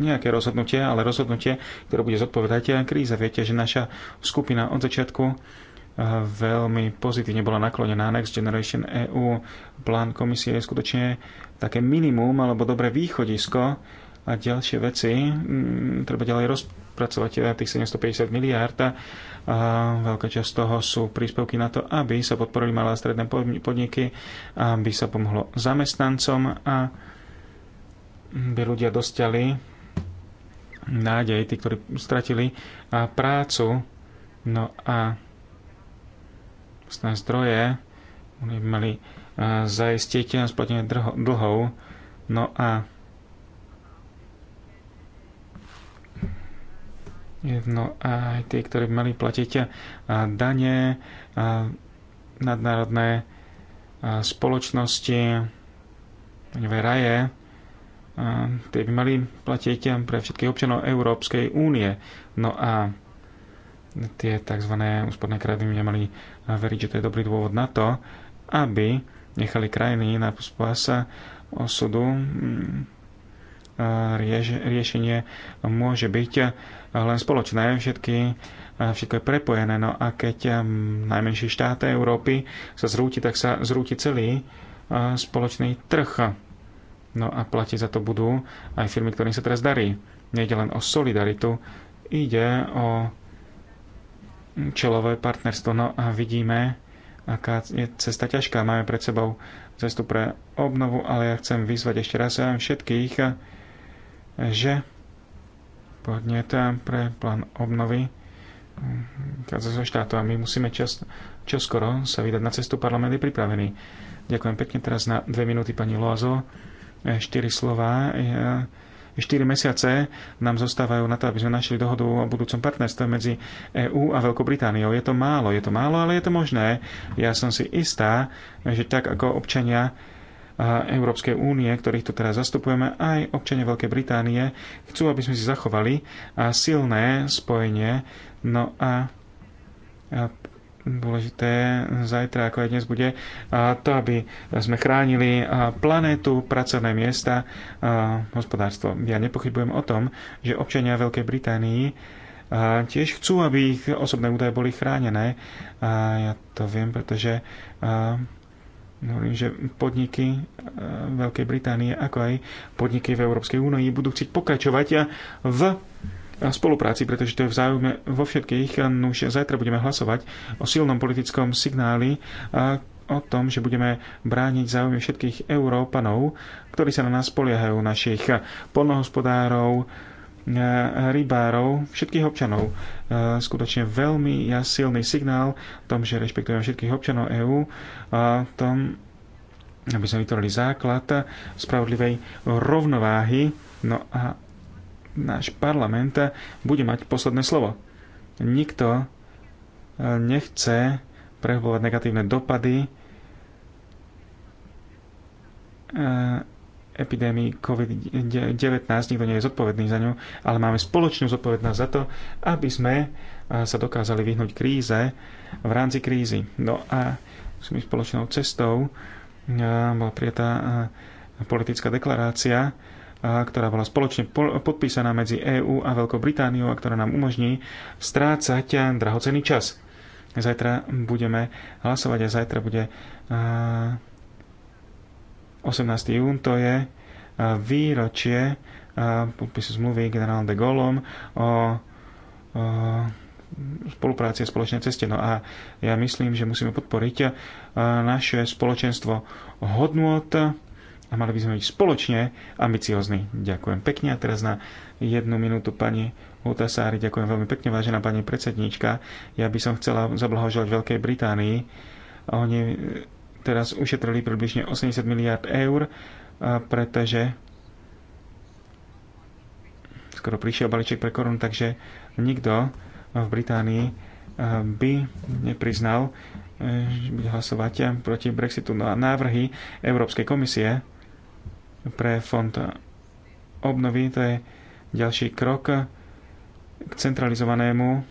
nejaké rozhodnutie, ale rozhodnutie, ktoré bude zodpovedať kríza. Viete, že naša skupina od začiatku veľmi pozitívne bola naklonená Next Generation EU. Plán komisie je skutočne také minimum alebo dobré východisko a ďalšie veci. Mm, treba ďalej rozpracovať eh, tých 750 miliárd. A veľká časť toho sú príspevky na to, aby sa podporili malé a stredné podniky, aby sa pomohlo zamestnancom a by ľudia dostali nádej, tí, ktorí stratili prácu. No a vlastné zdroje, by mali uh, zaistiť splatenie dlhov. No a jedno aj tí, ktorí by mali platiť uh, dane, uh, nadnárodné uh, spoločnosti, daňové raje, uh, tie by mali platiť pre všetkých občanov Európskej únie. No a uh, tie tzv. úspodné krajiny nemali eh, veriť, že to je dobrý dôvod na to, aby nechali krajiny na spása osudu mm, eh, rieš, riešenie môže byť eh, len spoločné. Všetky, všetko je prepojené. No a keď najmenší štát Európy sa zrúti, tak sa zrúti celý spoločný trh. No a platiť za to budú aj firmy, ktorým sa teraz darí. Nejde len o solidaritu, ide o čelové partnerstvo. No a vidíme, aká je cesta ťažká. Máme pred sebou cestu pre obnovu, ale ja chcem vyzvať ešte raz všetkých, že tam pre plán obnovy vychádza štátu a my musíme čas, čoskoro sa vydať na cestu parlament je pripravený. Ďakujem pekne teraz na dve minúty pani Loazo. Štyri slova. Ja 4 mesiace nám zostávajú na to, aby sme našli dohodu o budúcom partnerstve medzi EÚ a Veľkou Britániou. Je to málo, je to málo, ale je to možné. Ja som si istá, že tak ako občania Európskej únie, ktorých tu teraz zastupujeme, aj občania Veľkej Británie chcú, aby sme si zachovali silné spojenie. No a dôležité zajtra, ako aj dnes bude, to, aby sme chránili planétu, pracovné miesta, hospodárstvo. Ja nepochybujem o tom, že občania Veľkej Británii tiež chcú, aby ich osobné údaje boli chránené. A ja to viem, pretože hovorím, že podniky Veľkej Británie, ako aj podniky v Európskej únii budú chcieť pokračovať v spolupráci, pretože to je v záujme vo všetkých. No už zajtra budeme hlasovať o silnom politickom signáli o tom, že budeme brániť záujmy všetkých Európanov, ktorí sa na nás poliehajú, našich polnohospodárov, eh, rybárov, všetkých občanov. Eh, skutočne veľmi ja silný signál o tom, že rešpektujeme všetkých občanov EÚ, tom, aby sme vytvorili základ spravodlivej rovnováhy. No a náš parlament bude mať posledné slovo. Nikto e, nechce prehovovať negatívne dopady e, epidémii COVID-19, nikto nie je zodpovedný za ňu, ale máme spoločnú zodpovednosť za to, aby sme e, sa dokázali vyhnúť kríze v rámci krízy. No a my spoločnou cestou bola prijatá politická deklarácia ktorá bola spoločne podpísaná medzi EÚ a Veľkou Britániou a ktorá nám umožní strácať drahocený čas. Zajtra budeme hlasovať a zajtra bude 18. jún, to je výročie podpisu zmluvy generál de Gaulom o, o spolupráci a spoločnej ceste. No a ja myslím, že musíme podporiť naše spoločenstvo hodnot, a mali by sme byť spoločne ambiciozni. Ďakujem pekne a teraz na jednu minútu pani Utasári. Ďakujem veľmi pekne, vážená pani predsedníčka. Ja by som chcela zablahožovať Veľkej Británii. Oni e, teraz ušetrili približne 80 miliard eur, e, pretože skoro prišiel balíček pre Korun, takže nikto v Británii e, by nepriznal, že hlasovať proti Brexitu. No a návrhy Európskej komisie pre fond obnovy. To je ďalší krok k centralizovanému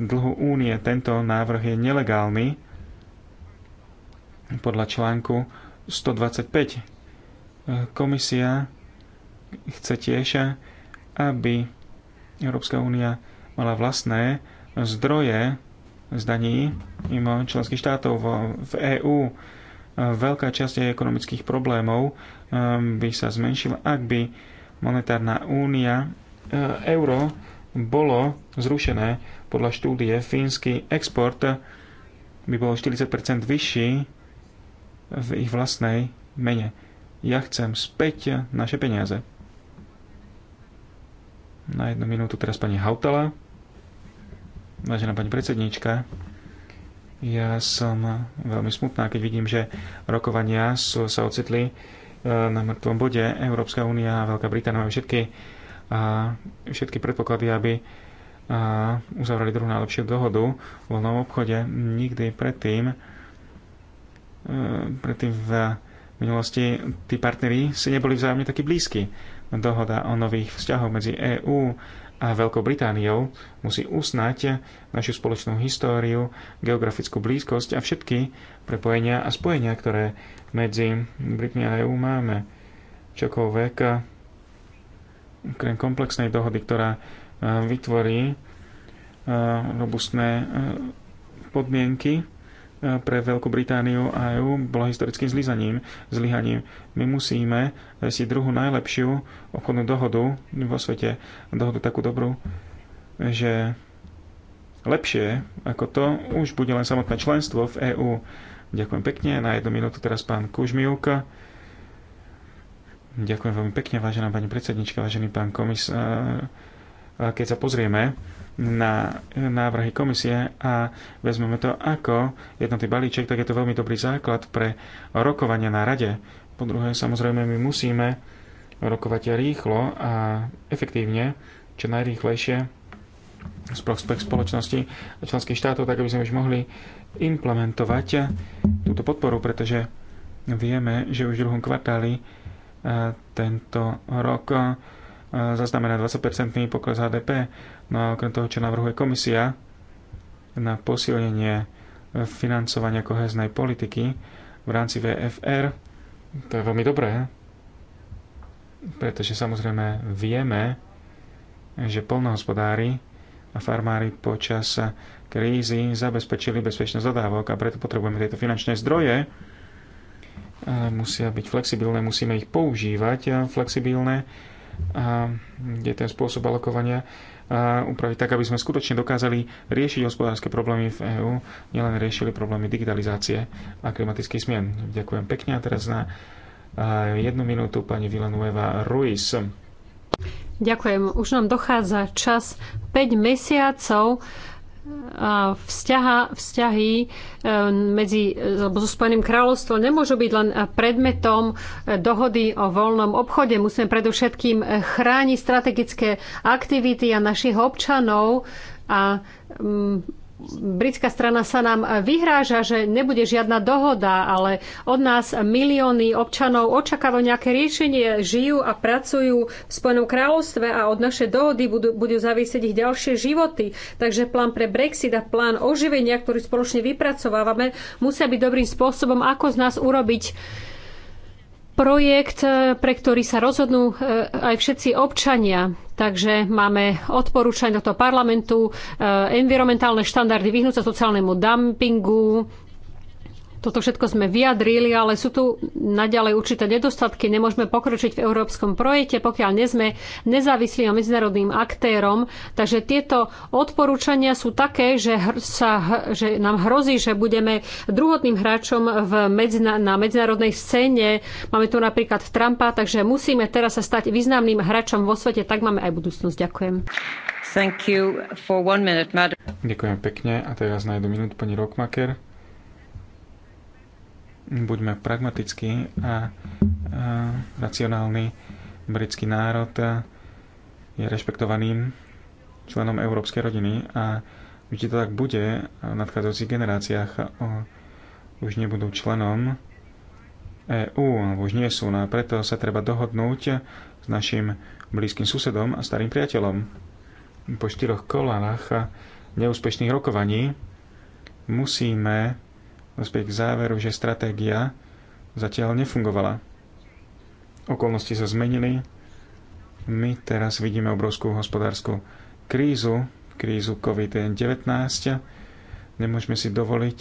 dlhu únie. Tento návrh je nelegálny podľa článku 125 komisia chce tiež, aby Európska únia mala vlastné zdroje zdaní mimo členských štátov v EÚ veľká časť aj ekonomických problémov ehm, by sa zmenšila, ak by monetárna únia eh, euro bolo zrušené. Podľa štúdie fínsky export eh, by bol 40 vyšší v ich vlastnej mene. Ja chcem späť naše peniaze. Na jednu minútu teraz pani Hautala. Vážená pani predsedníčka, ja som veľmi smutná, keď vidím, že rokovania sú, sa ocitli e, na mŕtvom bode. Európska únia a Veľká Británia majú všetky, a, všetky predpoklady, aby a, uzavreli druhú najlepšiu dohodu v voľnom obchode. Nikdy predtým, e, predtým v minulosti tí partneri si neboli vzájomne takí blízki. Dohoda o nových vzťahoch medzi EÚ a Veľkou Britániou musí usnať našu spoločnú históriu, geografickú blízkosť a všetky prepojenia a spojenia, ktoré medzi Britmi a EU máme. Čokoľvek, okrem komplexnej dohody, ktorá e, vytvorí e, robustné e, podmienky, pre Veľkú Britániu a EU bolo historickým zlyhaním. zlyhaním. My musíme si druhú najlepšiu obchodnú dohodu vo svete, dohodu takú dobrú, že lepšie ako to už bude len samotné členstvo v EÚ. Ďakujem pekne. Na jednu minútu teraz pán Kužmiuk. Ďakujem veľmi pekne, vážená pani predsednička, vážený pán komisár. Keď sa pozrieme na návrhy komisie a vezmeme to ako jednotný balíček, tak je to veľmi dobrý základ pre rokovania na rade. Po druhé, samozrejme, my musíme rokovať rýchlo a efektívne, čo najrýchlejšie z prospech spoločnosti a členských štátov, tak aby sme už mohli implementovať túto podporu, pretože vieme, že už v druhom kvartáli e, tento rok e, zaznamená 20-percentný pokles HDP No a okrem toho, čo navrhuje komisia na posilnenie e, financovania koheznej politiky v rámci VFR, to je veľmi dobré, pretože samozrejme vieme, že polnohospodári a farmári počas krízy zabezpečili bezpečnosť zadávok a preto potrebujeme tieto finančné zdroje. Musia byť flexibilné, musíme ich používať e, flexibilné. A je ten spôsob alokovania upraviť tak, aby sme skutočne dokázali riešiť hospodárske problémy v EÚ, nielen riešili problémy digitalizácie a klimatických zmien. Ďakujem pekne a teraz na jednu minútu pani Villanueva Ruiz. Ďakujem. Už nám dochádza čas 5 mesiacov vzťaha, vzťahy e, medzi, alebo so Spojeným kráľovstvom nemôžu byť len predmetom e, dohody o voľnom obchode. Musíme predovšetkým chrániť strategické aktivity a našich občanov a mm, britská strana sa nám vyhráža, že nebude žiadna dohoda, ale od nás milióny občanov očakávajú nejaké riešenie, žijú a pracujú v Spojenom kráľovstve a od našej dohody budú, budú závisieť ich ďalšie životy. Takže plán pre Brexit a plán oživenia, ktorý spoločne vypracovávame, musia byť dobrým spôsobom, ako z nás urobiť projekt, e, pre ktorý sa rozhodnú e, aj všetci občania. Takže máme odporúčanie do toho parlamentu, e, environmentálne štandardy, vyhnúť sa sociálnemu dumpingu, toto všetko sme vyjadrili, ale sú tu naďalej určité nedostatky. Nemôžeme pokročiť v európskom projekte, pokiaľ nie sme nezávislým a medzinárodným aktérom. Takže tieto odporúčania sú také, že, sa, že nám hrozí, že budeme druhotným hráčom v medzina, na medzinárodnej scéne. Máme tu napríklad Trumpa, takže musíme teraz sa stať významným hráčom vo svete. Tak máme aj budúcnosť. Ďakujem. Thank you for one minute, madam. Ďakujem pekne. A teraz na jednu minútu pani Rockmaker buďme pragmatickí a, a racionálni. Britský národ je rešpektovaným členom európskej rodiny a vždy to tak bude v nadchádzajúcich generáciách. O, už nebudú členom EÚ, alebo už nie sú, no a preto sa treba dohodnúť s našim blízkym susedom a starým priateľom. Po štyroch kolách neúspešných rokovaní musíme dospieť k záveru, že stratégia zatiaľ nefungovala. Okolnosti sa zmenili. My teraz vidíme obrovskú hospodárskú krízu, krízu COVID-19. Nemôžeme si dovoliť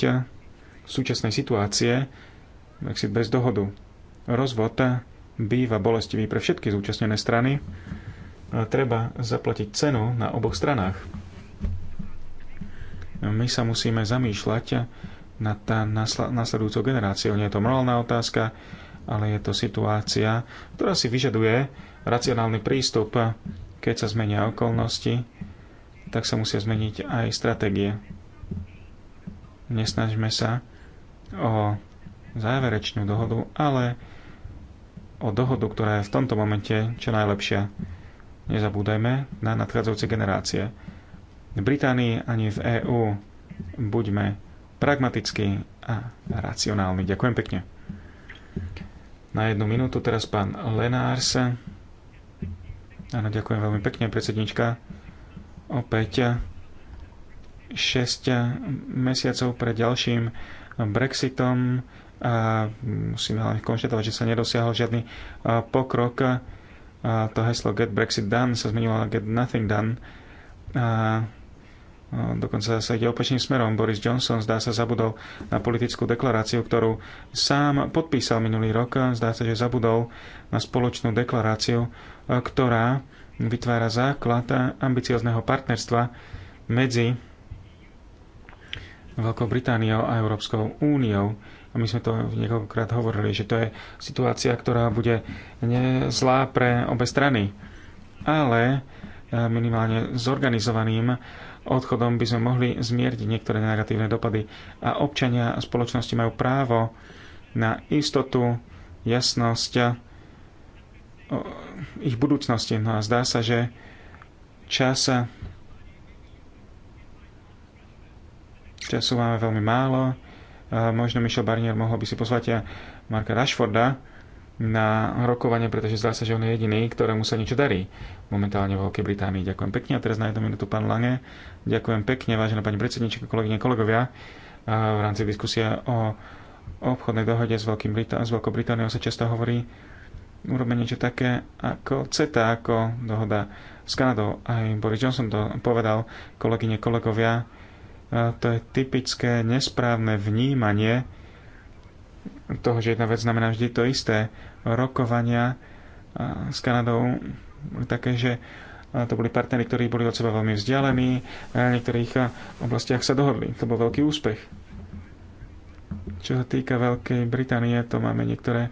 v súčasnej situácie si bez dohodu. Rozvod býva bolestivý pre všetky zúčastnené strany. Treba zaplatiť cenu na oboch stranách. My sa musíme zamýšľať na tá nasledujúcu generáciu. Nie je to morálna otázka, ale je to situácia, ktorá si vyžaduje racionálny prístup. Keď sa zmenia okolnosti, tak sa musia zmeniť aj stratégie. Nesnažme sa o záverečnú dohodu, ale o dohodu, ktorá je v tomto momente čo najlepšia. Nezabúdajme na nadchádzajúce generácie. V Británii ani v EÚ buďme pragmatický a racionálny. Ďakujem pekne. Na jednu minútu teraz pán Lenárs. Áno, ďakujem veľmi pekne, predsednička. Opäť 6 mesiacov pred ďalším Brexitom a musíme hlavne konštatovať, že sa nedosiahol žiadny pokrok. A to heslo Get Brexit Done sa zmenilo na Get Nothing Done. A dokonca sa ide opačným smerom. Boris Johnson zdá sa zabudol na politickú deklaráciu, ktorú sám podpísal minulý rok. Zdá sa, že zabudol na spoločnú deklaráciu, ktorá vytvára základ ambiciozného partnerstva medzi Veľkou Britániou a Európskou úniou. A my sme to niekoľkokrát hovorili, že to je situácia, ktorá bude nezlá pre obe strany. Ale minimálne zorganizovaným odchodom by sme mohli zmierniť niektoré negatívne dopady. A občania a spoločnosti majú právo na istotu, jasnosť ich budúcnosti. No a zdá sa, že čas času máme veľmi málo. Možno Michel Barnier mohol by si pozvať Marka Rashforda, na rokovanie, pretože zdá sa, že on je jediný, ktorému sa niečo darí momentálne vo Veľkej Británii. Ďakujem pekne. A teraz na jednu minútu pán Lange. Ďakujem pekne, vážená pani predsednička, kolegyne, kolegovia. v rámci diskusie o obchodnej dohode s, Veľkým Brita- s Veľkou Britániou sa často hovorí, urobme niečo také ako CETA, ako dohoda s Kanadou. Aj Boris Johnson to povedal, kolegyne, kolegovia, to je typické nesprávne vnímanie toho, že jedna vec znamená vždy to isté. Rokovania s Kanadou také, že to boli partnery, ktorí boli od seba veľmi vzdialení, na niektorých oblastiach sa dohodli. To bol veľký úspech. Čo sa týka Veľkej Británie, to máme niektoré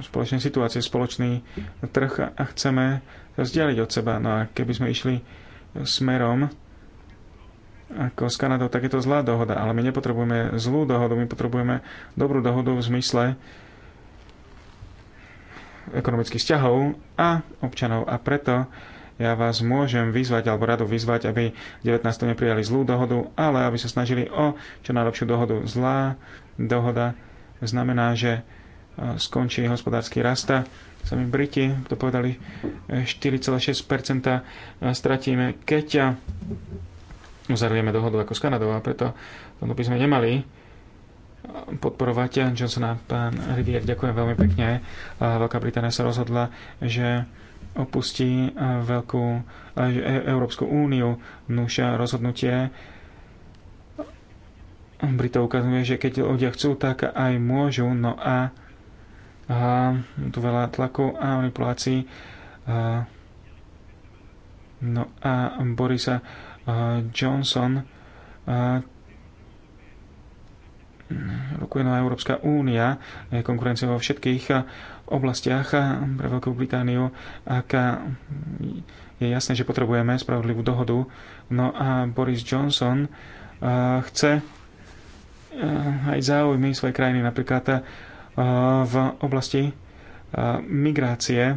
spoločné situácie, spoločný trh a chceme sa vzdialiť od seba. No a keby sme išli smerom, ako s Kanadou, tak je to zlá dohoda. Ale my nepotrebujeme zlú dohodu, my potrebujeme dobrú dohodu v zmysle ekonomických vzťahov a občanov. A preto ja vás môžem vyzvať, alebo radu vyzvať, aby 19. neprijali zlú dohodu, ale aby sa snažili o čo najlepšiu dohodu. Zlá dohoda znamená, že e, skončí hospodársky rasta. Sami Briti to povedali, 4,6% e, e, stratíme, Keťa uzarujeme dohodu ako s Kanadou a preto tomu by sme nemali podporovať Johnsona. Pán Rivier, ďakujem veľmi pekne. Veľká Británia sa rozhodla, že opustí veľkú e, Európsku úniu. núša rozhodnutie Britov ukazuje, že keď ľudia chcú, tak aj môžu. No a, a tu veľa tlaku a manipulácií. no a Borisa sa Johnson rokuje na Európska únia, je konkurencia vo všetkých oblastiach pre Veľkú Britániu, ak je jasné, že potrebujeme spravodlivú dohodu. No a Boris Johnson chce aj záujmy svojej krajiny, napríklad v oblasti migrácie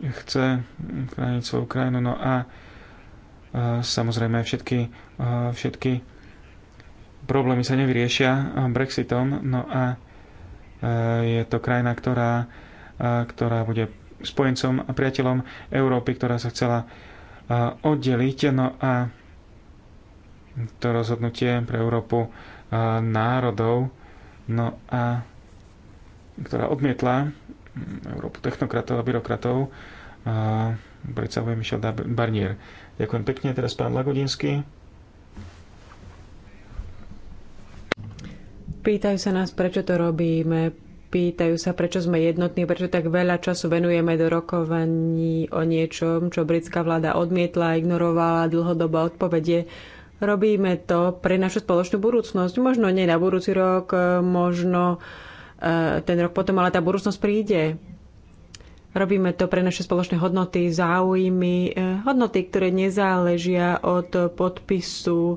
chce chrániť svoju krajinu. No a samozrejme všetky, všetky problémy sa nevyriešia Brexitom. No a e, je to krajina, ktorá, e, ktorá bude spojencom a priateľom Európy, ktorá sa chcela e, oddeliť. No a to rozhodnutie pre Európu národov, no a ktorá odmietla Európu technokratov a byrokratov predstavuje Michel Barnier. Ďakujem pekne, teraz pán lagodinský. Pýtajú sa nás, prečo to robíme, pýtajú sa, prečo sme jednotní, prečo tak veľa času venujeme do rokovaní o niečom, čo britská vláda odmietla, ignorovala dlhodobá odpovede. Robíme to pre našu spoločnú budúcnosť. Možno nie na budúci rok, možno uh, E, ten rok potom, ale tá budúcnosť príde. Robíme to pre naše spoločné hodnoty, záujmy, e, hodnoty, ktoré nezáležia od podpisu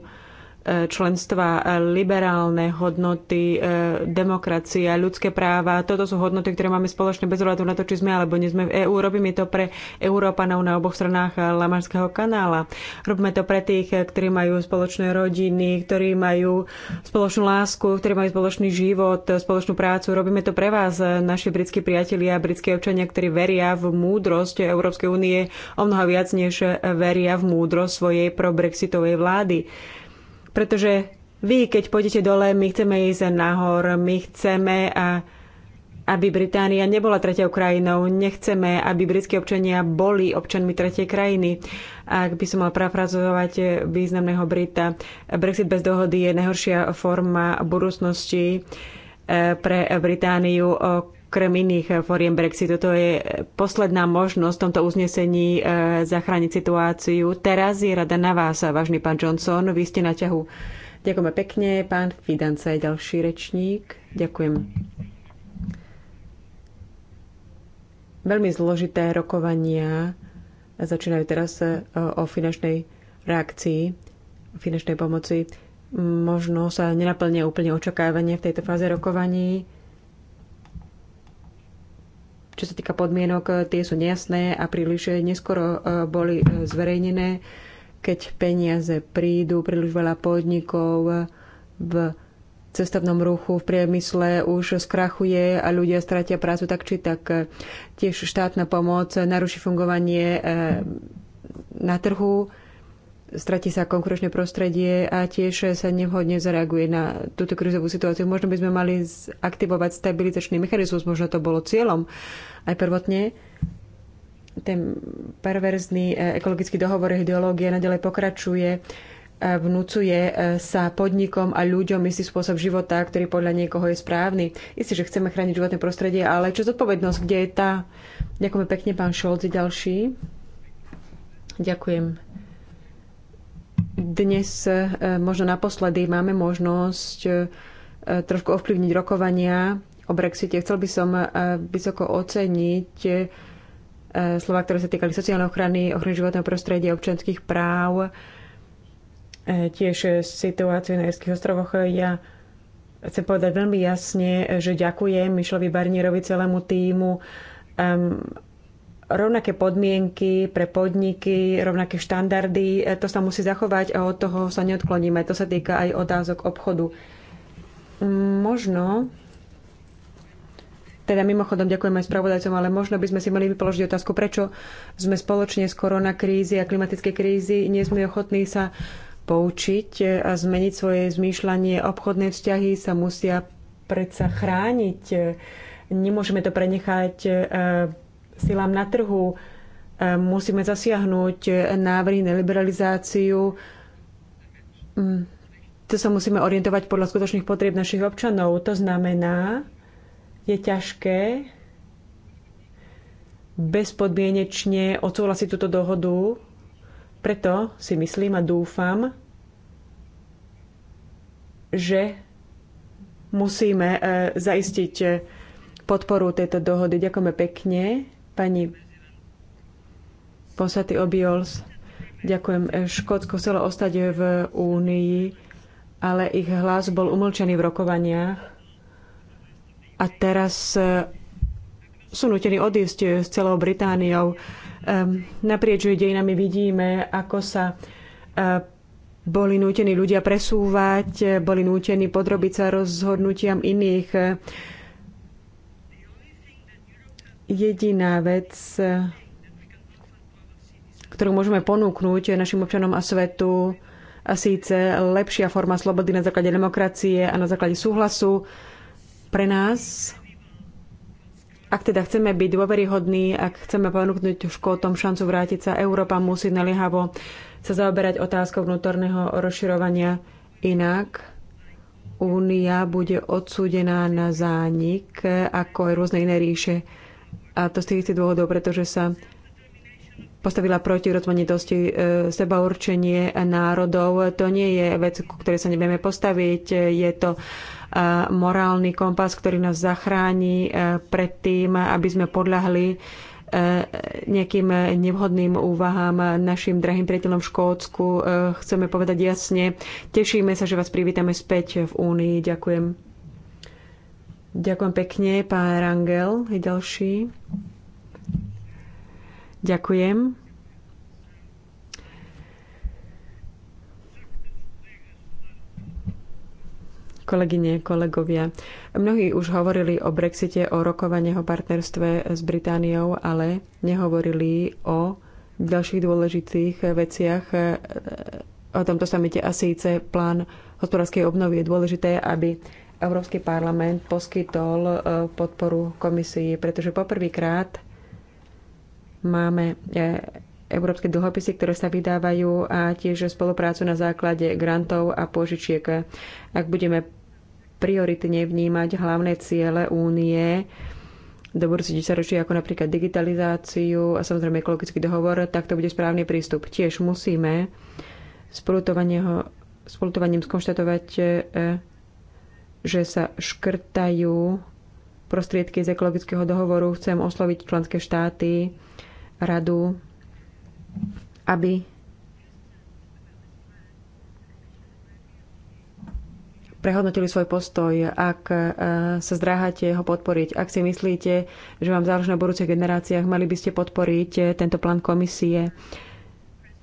členstva, liberálne hodnoty, e, demokracia, ľudské práva. Toto sú hodnoty, ktoré máme spoločné bez ohľadu na to, či sme alebo nie sme v EÚ. Robíme to pre Európanov na oboch stranách Lamarského kanála. Robíme to pre tých, ktorí majú spoločné rodiny, ktorí majú spoločnú lásku, ktorí majú spoločný život, spoločnú prácu. Robíme to pre vás, naši britskí priatelia, britskí občania, ktorí veria v múdrosť Európskej únie o mnoho viac, než veria v múdrosť svojej probrexitovej vlády. Pretože vy, keď pôjdete dole, my chceme ísť nahor, my chceme, a, aby Británia nebola tretiou krajinou, nechceme, aby britskí občania boli občanmi tretej krajiny. Ak by som mal parafrazovať významného Brita, Brexit bez dohody je najhoršia forma budúcnosti eh, pre Britániu, okrem iných eh, foriem Brexitu. To je posledná možnosť v tomto uznesení eh, zachrániť situáciu. Teraz je rada na vás, vážny pán Johnson. Vy ste na ťahu. Ďakujeme pekne. Pán Fidanca je ďalší rečník. Ďakujem. Veľmi zložité rokovania začínajú teraz eh, o finančnej reakcii, o finančnej pomoci. Možno sa nenaplnia úplne očakávanie v tejto fáze rokovaní čo sa týka podmienok, e, tie sú nejasné a príliš e, neskoro e, boli zverejnené. Keď peniaze prídu, príliš veľa podnikov v cestovnom ruchu, v priemysle už skrachuje a ľudia stratia prácu tak či tak. Tiež štátna pomoc naruší fungovanie na trhu stratí sa konkurenčné prostredie a tiež sa nevhodne zareaguje na túto krizovú situáciu. Možno by sme mali aktivovať stabilizačný mechanizmus, možno to bolo cieľom aj prvotne. Ten perverzný e, ekologický dohovor, ideológia nadalej pokračuje, vnúcuje e, sa podnikom a ľuďom istý spôsob života, ktorý podľa niekoho je správny. Isté, že chceme chrániť životné prostredie, ale čo zodpovednosť, kde je tá? Ďakujeme pekne, pán Šolci, ďalší. Ďakujem dnes e, možno naposledy máme možnosť e, trošku ovplyvniť rokovania o Brexite. Chcel by som e, vysoko oceniť slova, ktoré sa týkali sociálnej ochrany, ochrany životného prostredia, občanských práv, tiež situáciu na Jerských ostrovoch. Ja chcem povedať veľmi jasne, že ďakujem Mišlovi Barnierovi, celému týmu, rovnaké podmienky pre podniky, rovnaké štandardy, e, to sa musí zachovať a od toho sa neodkloníme. To sa týka aj otázok obchodu. Mm, možno, teda mimochodom ďakujem aj spravodajcom, ale možno by sme si mali vypoložiť otázku, prečo sme spoločne z koronakrízy a klimatickej krízy nie sme ochotní sa poučiť a zmeniť svoje zmýšľanie. Obchodné vzťahy sa musia predsa chrániť. Nemôžeme to prenechať e, silám na trhu. Musíme zasiahnuť návrhy na liberalizáciu. To sa musíme orientovať podľa skutočných potrieb našich občanov. To znamená, je ťažké bezpodmienečne odsúhlasiť túto dohodu. Preto si myslím a dúfam, že musíme e, zaistiť e, podporu tejto dohody. Ďakujeme pekne. Pani Posaty Obiols, ďakujem. Škótsko chcelo ostať v Únii, ale ich hlas bol umlčený v rokovaniach a teraz e, sú nutení odísť s celou Britániou. E, naprieč dejinami vidíme, ako sa e, boli nútení ľudia presúvať, boli nútení podrobiť sa rozhodnutiam iných jediná vec, ktorú môžeme ponúknuť našim občanom a svetu, a síce lepšia forma slobody na základe demokracie a na základe súhlasu pre nás. Ak teda chceme byť dôveryhodní, ak chceme ponúknuť škótom šancu vrátiť sa, Európa musí naliehavo sa zaoberať otázkou vnútorného rozširovania. Inak Únia bude odsúdená na zánik, ako aj rôzne iné ríše a to z tých istých dôvodov, pretože sa postavila proti rozmanitosti, e, sebaurčenie národov. To nie je vec, ku ktorej sa nevieme postaviť. Je to e, morálny kompas, ktorý nás zachráni e, pred tým, aby sme podľahli nejakým nevhodným úvahám našim drahým priateľom v Škótsku. Chceme povedať jasne, tešíme sa, že vás privítame späť v Únii. Ďakujem. Ďakujem pekne, pán Rangel je ďalší. Ďakujem. Kolegyne, kolegovia, mnohí už hovorili o Brexite, o rokovaniach o partnerstve s Britániou, ale nehovorili o ďalších dôležitých veciach e, o tomto samite a síce plán hospodárskej obnovy. Je dôležité, aby Európsky parlament poskytol e, podporu komisii, pretože poprvýkrát máme e, európske dlhopisy, ktoré sa vydávajú a tiež spoluprácu na základe grantov a požičiek. Ak budeme prioritne vnímať hlavné ciele únie do budúcich 10 ročí, ako napríklad digitalizáciu a samozrejme ekologický dohovor, tak to bude správny prístup. Tiež musíme spolutovaním skonštatovať, e, že sa škrtajú prostriedky z ekologického dohovoru. Chcem osloviť členské štáty, radu, aby prehodnotili svoj postoj, ak e, sa zdráhate ho podporiť. Ak si myslíte, že vám záleží na budúcich generáciách, mali by ste podporiť e, tento plán komisie.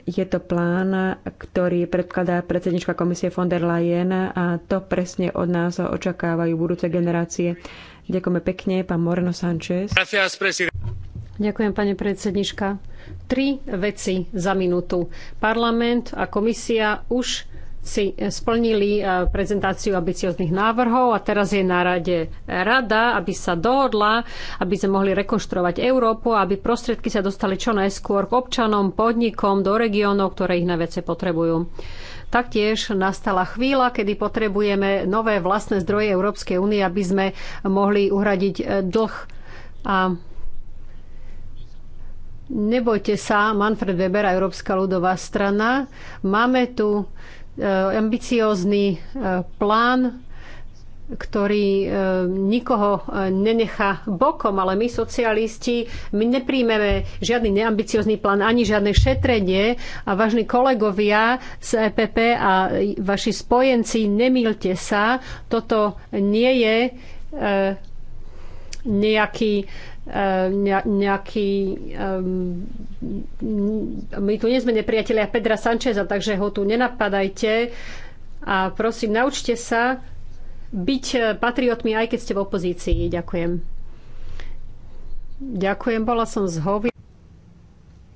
Je to plán, ktorý predkladá predsednička komisie von der Leyen a to presne od nás očakávajú budúce generácie. Ďakujeme pekne, pán Moreno Sanchez. Ďakujem, pani predsednička. Tri veci za minútu. Parlament a komisia už si eh, splnili eh, prezentáciu ambicioznych návrhov a teraz je na rade rada, aby sa dohodla, aby sme mohli rekonštruovať Európu, aby prostriedky sa dostali čo najskôr k občanom, podnikom, do regiónov, ktoré ich najviac potrebujú. Taktiež nastala chvíľa, kedy potrebujeme nové vlastné zdroje Európskej únie, aby sme mohli uhradiť eh, dlh. A nebojte sa, Manfred Weber a Európska ľudová strana. Máme tu E, ambiciózny e, plán, ktorý e, nikoho nenechá bokom, ale my socialisti, my nepríjmeme žiadny neambiciózny plán, ani žiadne šetrenie a vážni kolegovia z EPP a vaši spojenci, nemýlte sa, toto nie je nejaký E, nejaký... My tu nie sme nepriatelia Pedra Sančeza, takže ho tu nenapadajte a prosím, naučte sa byť e, patriotmi, aj keď ste v opozícii. Ďakujem. Ďakujem, bola som zhovi.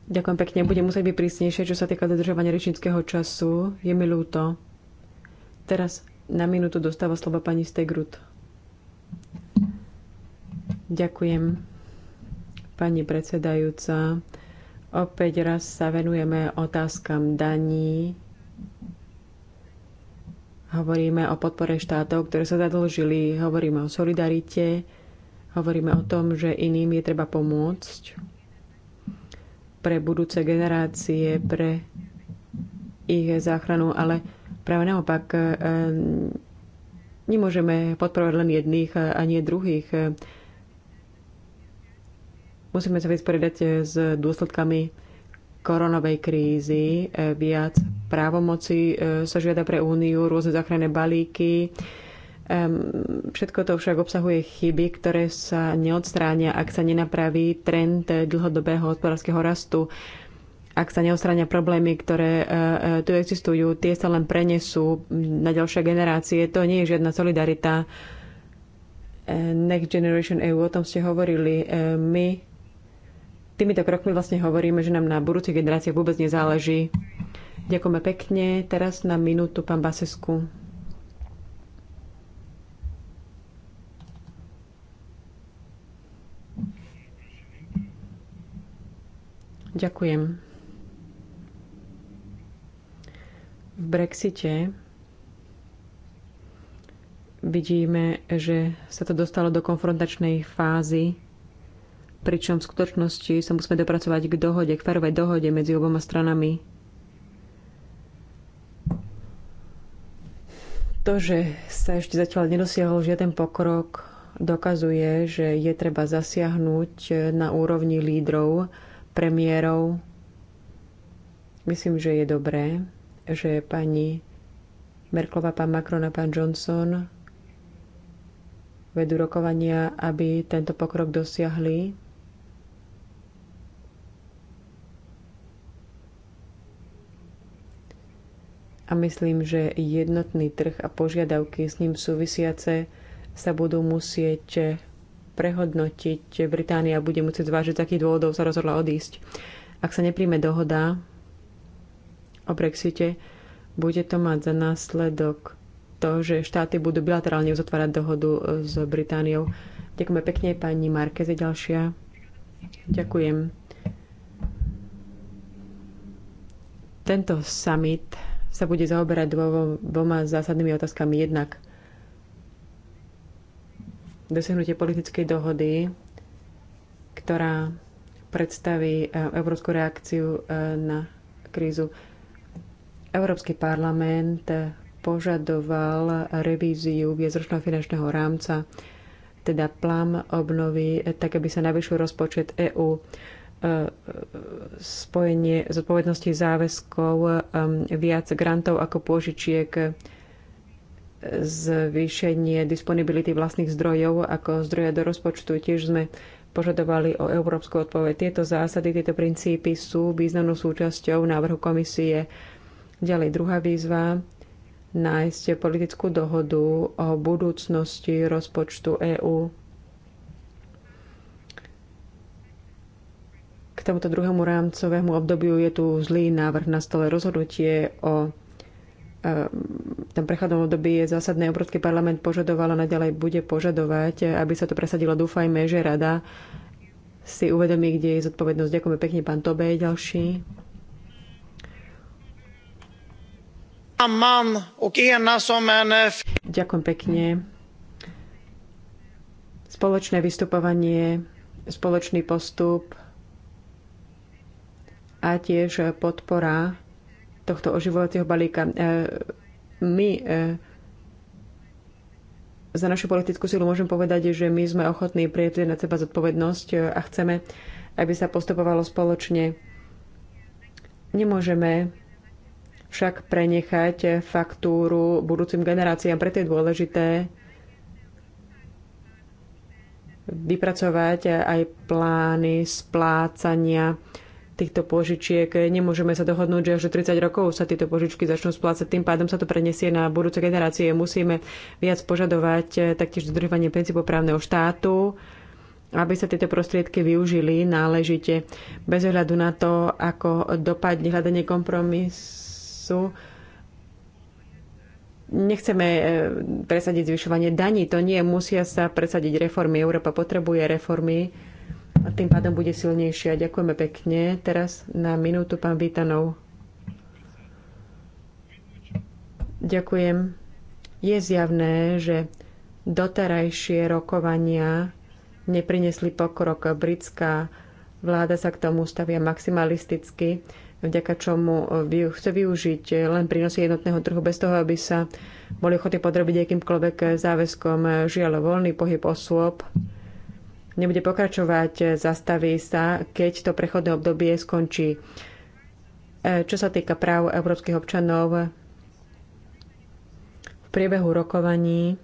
Ďakujem pekne. Budem musieť byť prísnejšie, čo sa týka dodržovania rečníckého času. Je mi ľúto. Teraz na minútu dostáva slova pani Stegrut. Ďakujem. Pani predsedajúca, opäť raz sa venujeme otázkam daní. Hovoríme o podpore štátov, ktoré sa zadlžili, hovoríme o solidarite, hovoríme o tom, že iným je treba pomôcť pre budúce generácie, pre ich záchranu, ale práve naopak eh, nemôžeme podporovať len jedných eh, a nie druhých. Musíme sa vysporiadať eh, s dôsledkami koronovej krízy. Eh, viac právomoci eh, sa žiada pre úniu, rôzne záchranné balíky. Ehm, všetko to však obsahuje chyby, ktoré sa neodstránia, ak sa nenapraví trend dlhodobého hospodárskeho rastu ak sa neostrania problémy, ktoré tu existujú, tie sa len prenesú na ďalšie generácie. To nie je žiadna solidarita. Next Generation EU, o tom ste hovorili. My Týmito krokmi vlastne hovoríme, že nám na budúcich generáciách vôbec nezáleží. Ďakujeme pekne. Teraz na minútu pán Basesku. Ďakujem. V Brexite vidíme, že sa to dostalo do konfrontačnej fázy pričom v skutočnosti sa musíme dopracovať k dohode, k ferovej dohode medzi oboma stranami. To, že sa ešte zatiaľ nedosiahol žiaden pokrok, dokazuje, že je treba zasiahnuť na úrovni lídrov, premiérov. Myslím, že je dobré, že pani Merklova, pán Macron a pán Johnson vedú rokovania, aby tento pokrok dosiahli a myslím, že jednotný trh a požiadavky s ním súvisiace sa budú musieť prehodnotiť. Británia bude musieť zvážiť, z akých dôvodov sa rozhodla odísť. Ak sa nepríjme dohoda o Brexite, bude to mať za následok to, že štáty budú bilaterálne uzatvárať dohodu s Britániou. Ďakujeme pekne, pani Markez za ďalšia. Ďakujem. Tento summit sa bude zaoberať dvoma zásadnými otázkami. Jednak dosiahnutie politickej dohody, ktorá predstaví e, európsku reakciu e, na krízu. Európsky parlament požadoval revíziu viacročného finančného rámca, teda plán obnovy, e, tak aby sa navýšil rozpočet EÚ. E, e, spojenie zodpovednosti záväzkov, e, viac grantov ako pôžičiek, zvýšenie disponibility vlastných zdrojov ako zdroja do rozpočtu. Tiež sme požadovali o európsku odpoveď. Tieto zásady, tieto princípy sú významnou súčasťou návrhu komisie. Ďalej druhá výzva nájsť politickú dohodu o budúcnosti rozpočtu EÚ K tomuto druhému rámcovému obdobiu je tu zlý návrh na stole rozhodnutie o eh, tam prechodnom období je zásadné. Európsky parlament požadoval a naďalej bude požadovať, aby sa to presadilo. Dúfajme, že rada si uvedomí, kde je zodpovednosť. Ďakujeme pekne, pán Tobe, ďalší. Ďakujem pekne. Spoločné vystupovanie, spoločný postup a tiež podpora tohto oživovacieho balíka. E, my e, za našu politickú silu môžem povedať, že my sme ochotní prijať na seba zodpovednosť e, a chceme, aby sa postupovalo spoločne. Nemôžeme však prenechať faktúru budúcim generáciám. Preto je dôležité vypracovať aj plány splácania týchto požičiek. Nemôžeme sa dohodnúť, že až 30 rokov sa tieto požičky začnú splácať. Tým pádom sa to preniesie na budúce generácie. Musíme viac požadovať eh, taktiež dodržovanie princípov právneho štátu, aby sa tieto prostriedky využili náležite. Bez ohľadu na to, ako dopadne hľadanie kompromisu, nechceme eh, presadiť zvyšovanie daní. To nie, musia sa presadiť reformy. Európa potrebuje reformy a tým pádom bude silnejšia. Ďakujeme pekne. Teraz na minútu pán Vítanov. Ďakujem. Je zjavné, že doterajšie rokovania neprinesli pokrok. Britská vláda sa k tomu stavia maximalisticky, vďaka čomu e, chce využiť len prínosy jednotného trhu bez toho, aby sa boli ochotní podrobiť akýmkoľvek záväzkom žiaľ voľný pohyb osôb nebude pokračovať, e, zastaví sa, keď to prechodné obdobie skončí. E, čo sa týka práv európskych občanov, v priebehu rokovaní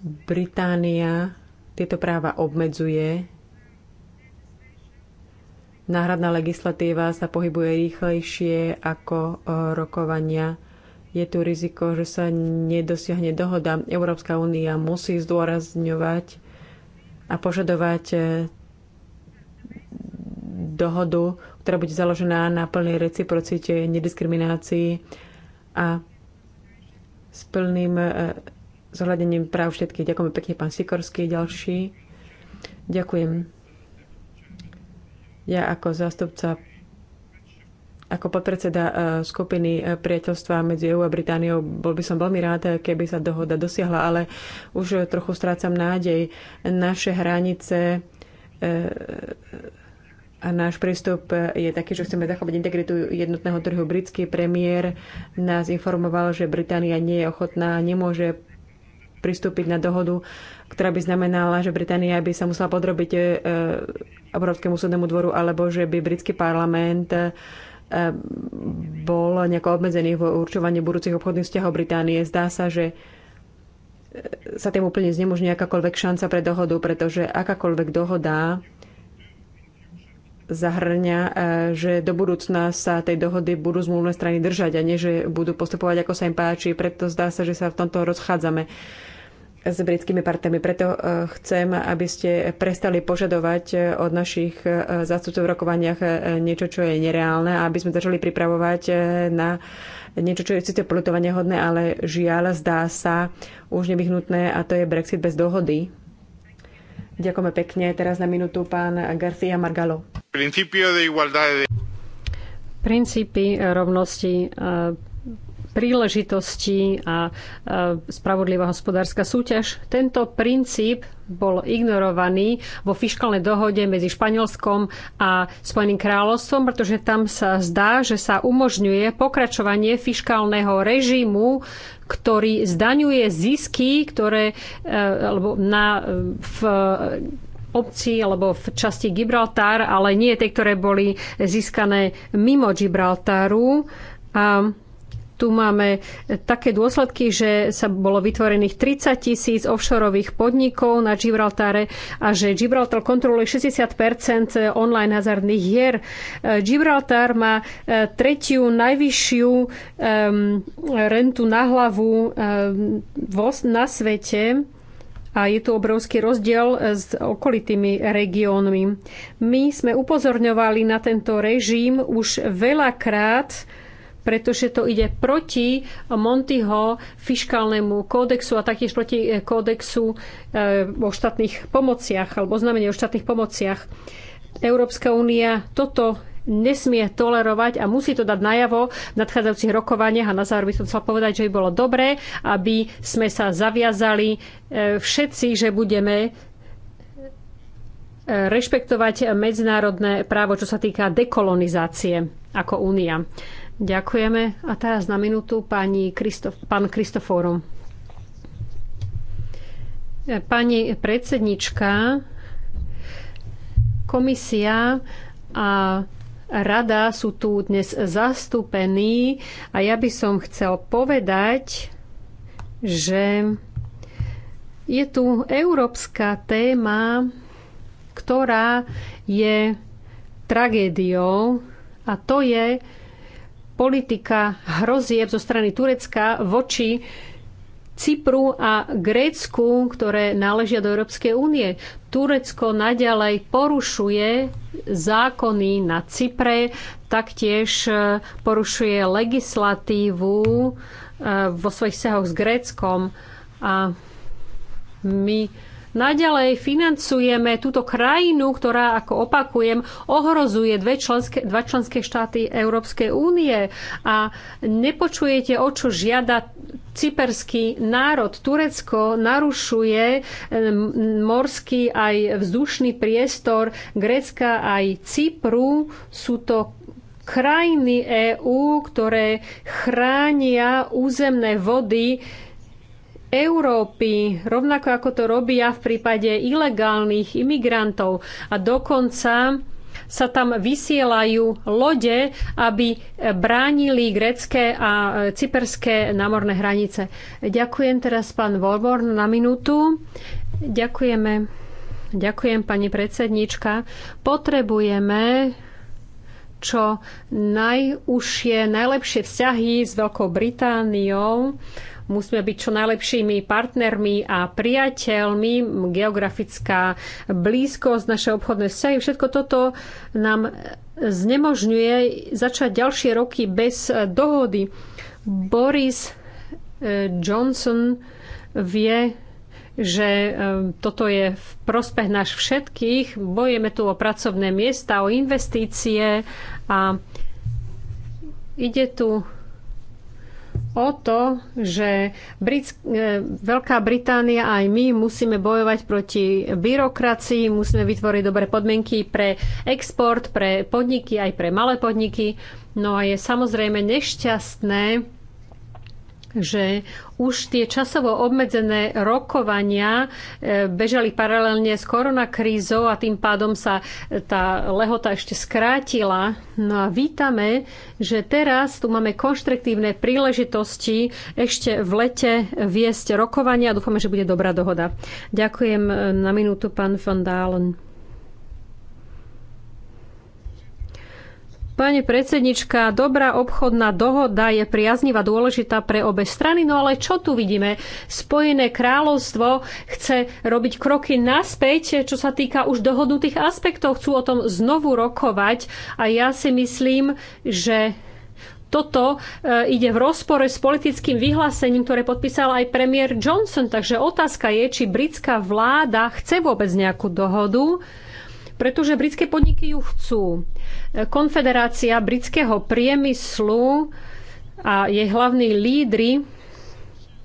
Británia tieto práva obmedzuje. Náhradná legislatíva sa pohybuje rýchlejšie ako e, rokovania je tu riziko, že sa nedosiahne dohoda. Európska únia musí zdôrazňovať a požadovať e, dohodu, ktorá bude založená na plnej reciprocite, nediskriminácii a s plným e, zohľadením práv všetkých. Ďakujem pekne, pán Sikorský, ďalší. Ďakujem. Ja ako zástupca ako podpredseda e, skupiny e, priateľstva medzi EU a Britániou bol by som veľmi rád, e, keby sa dohoda dosiahla, ale už trochu strácam nádej. Naše hranice a náš prístup je taký, že chceme zachovať integritu jednotného trhu. Britský premiér nás informoval, že Británia nie je ochotná, nemôže pristúpiť na dohodu, ktorá by znamenala, že Británia by sa musela podrobiť Európskemu súdnemu dvoru alebo že by britský parlament Ehm, bol nejako obmedzený v určovaní budúcich obchodných vzťahov Británie. Zdá sa, že e, sa tým úplne znemožní akákoľvek šanca pre dohodu, pretože akákoľvek dohoda zahrňa, e, že do budúcna sa tej dohody budú zmluvné strany držať a nie, že budú postupovať, ako sa im páči. Preto zdá sa, že sa v tomto rozchádzame s britskými partnermi. Preto e, chcem, aby ste prestali požadovať e, od našich e, zástupcov v rokovaniach niečo, čo je nereálne a aby sme začali pripravovať na niečo, čo je síce politovanie hodné, ale žiaľ zdá sa už nevyhnutné a to je Brexit bez dohody. Ďakujeme pekne. Teraz na minútu pán García Margalo. Princípy rovnosti príležitosti a spravodlivá hospodárska súťaž. Tento princíp bol ignorovaný vo fiskálnej dohode medzi Španielskom a Spojeným kráľovstvom, pretože tam sa zdá, že sa umožňuje pokračovanie fiskálneho režimu, ktorý zdaňuje zisky, ktoré e, alebo na, v obci alebo v časti Gibraltar, ale nie tie, ktoré boli získané mimo Gibraltaru. A tu máme také dôsledky, že sa bolo vytvorených 30 tisíc offshoreových podnikov na Gibraltare a že Gibraltar kontroluje 60 online hazardných hier. Gibraltar má eh, tretiu najvyššiu ehm, rentu na hlavu ehm, na svete a je tu obrovský rozdiel eh, s okolitými regiónmi. My sme upozorňovali na tento režim už veľakrát pretože to ide proti Montyho fiškálnemu kódexu a taktiež proti eh, kódexu eh, o štátnych pomociach alebo znamenie o štátnych pomociach. Európska únia toto nesmie tolerovať a musí to dať najavo v nadchádzajúcich rokovaniach a na záver by som chcel povedať, že by bolo dobré, aby sme sa zaviazali eh, všetci, že budeme rešpektovať medzinárodné právo, čo sa týka dekolonizácie ako únia. Ďakujeme. A teraz na minútu pani Christof, pán Kristoforum. Pani predsednička, komisia a rada sú tu dnes zastúpení a ja by som chcel povedať, že je tu európska téma, ktorá je tragédiou a to je politika hrozieb zo strany Turecka voči Cypru a Grécku, ktoré náležia do Európskej únie. Turecko naďalej porušuje zákony na Cypre, taktiež e, porušuje legislatívu e, vo svojich vzťahoch s Gréckom a my naďalej financujeme túto krajinu, ktorá, ako opakujem, ohrozuje dve členské, dva členské štáty Európskej únie a nepočujete, o čo žiada cyperský národ. Turecko narušuje morský aj vzdušný priestor Grécka aj Cypru. Sú to krajiny EÚ, ktoré chránia územné vody Európy, rovnako ako to robia v prípade ilegálnych imigrantov. A dokonca sa tam vysielajú lode, aby bránili grecké a cyperské námorné hranice. Ďakujem teraz pán Volborn na minútu. Ďakujeme. Ďakujem pani predsednička. Potrebujeme čo najúžšie, najlepšie vzťahy s Veľkou Britániou Musíme byť čo najlepšími partnermi a priateľmi. Geografická blízkosť, naše obchodné vzťahy, všetko toto nám znemožňuje začať ďalšie roky bez dohody. Boris e, Johnson vie, že e, toto je v prospech náš všetkých. Bojeme tu o pracovné miesta, o investície a ide tu o to, že Brit- e, Veľká Británia aj my musíme bojovať proti byrokracii, musíme vytvoriť dobré podmienky pre export, pre podniky, aj pre malé podniky. No a je samozrejme nešťastné, že už tie časovo obmedzené rokovania e, bežali paralelne s koronakrízou a tým pádom sa e, tá lehota ešte skrátila. No a vítame, že teraz tu máme konštruktívne príležitosti ešte v lete viesť rokovania a dúfame, že bude dobrá dohoda. Ďakujem e, na minútu, pán von Dahlen. Pani predsednička, dobrá obchodná dohoda je priaznivá dôležitá pre obe strany, no ale čo tu vidíme? Spojené kráľovstvo chce robiť kroky naspäť, čo sa týka už dohodnutých aspektov. Chcú o tom znovu rokovať a ja si myslím, že toto e, ide v rozpore s politickým vyhlásením, ktoré podpísal aj premiér Johnson. Takže otázka je, či britská vláda chce vôbec nejakú dohodu pretože britské podniky ju chcú. Konfederácia britského priemyslu a jej hlavní lídry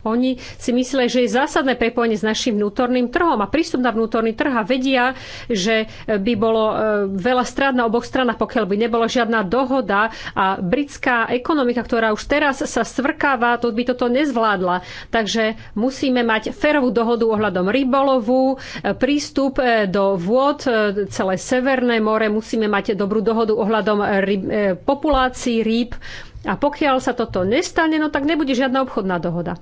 oni si myslia, že je zásadné prepojenie s našim vnútorným trhom a prístup na vnútorný trh a vedia, že by bolo e, veľa strát na oboch stranách, pokiaľ by nebola žiadna dohoda a britská ekonomika, ktorá už teraz sa svrkáva, to by toto nezvládla. Takže musíme mať férovú dohodu ohľadom rybolovu, e, prístup e, do vôd, celé Severné more, musíme mať dobrú dohodu ohľadom ryb, populácií rýb. A pokiaľ sa toto nestane, no tak nebude žiadna obchodná dohoda.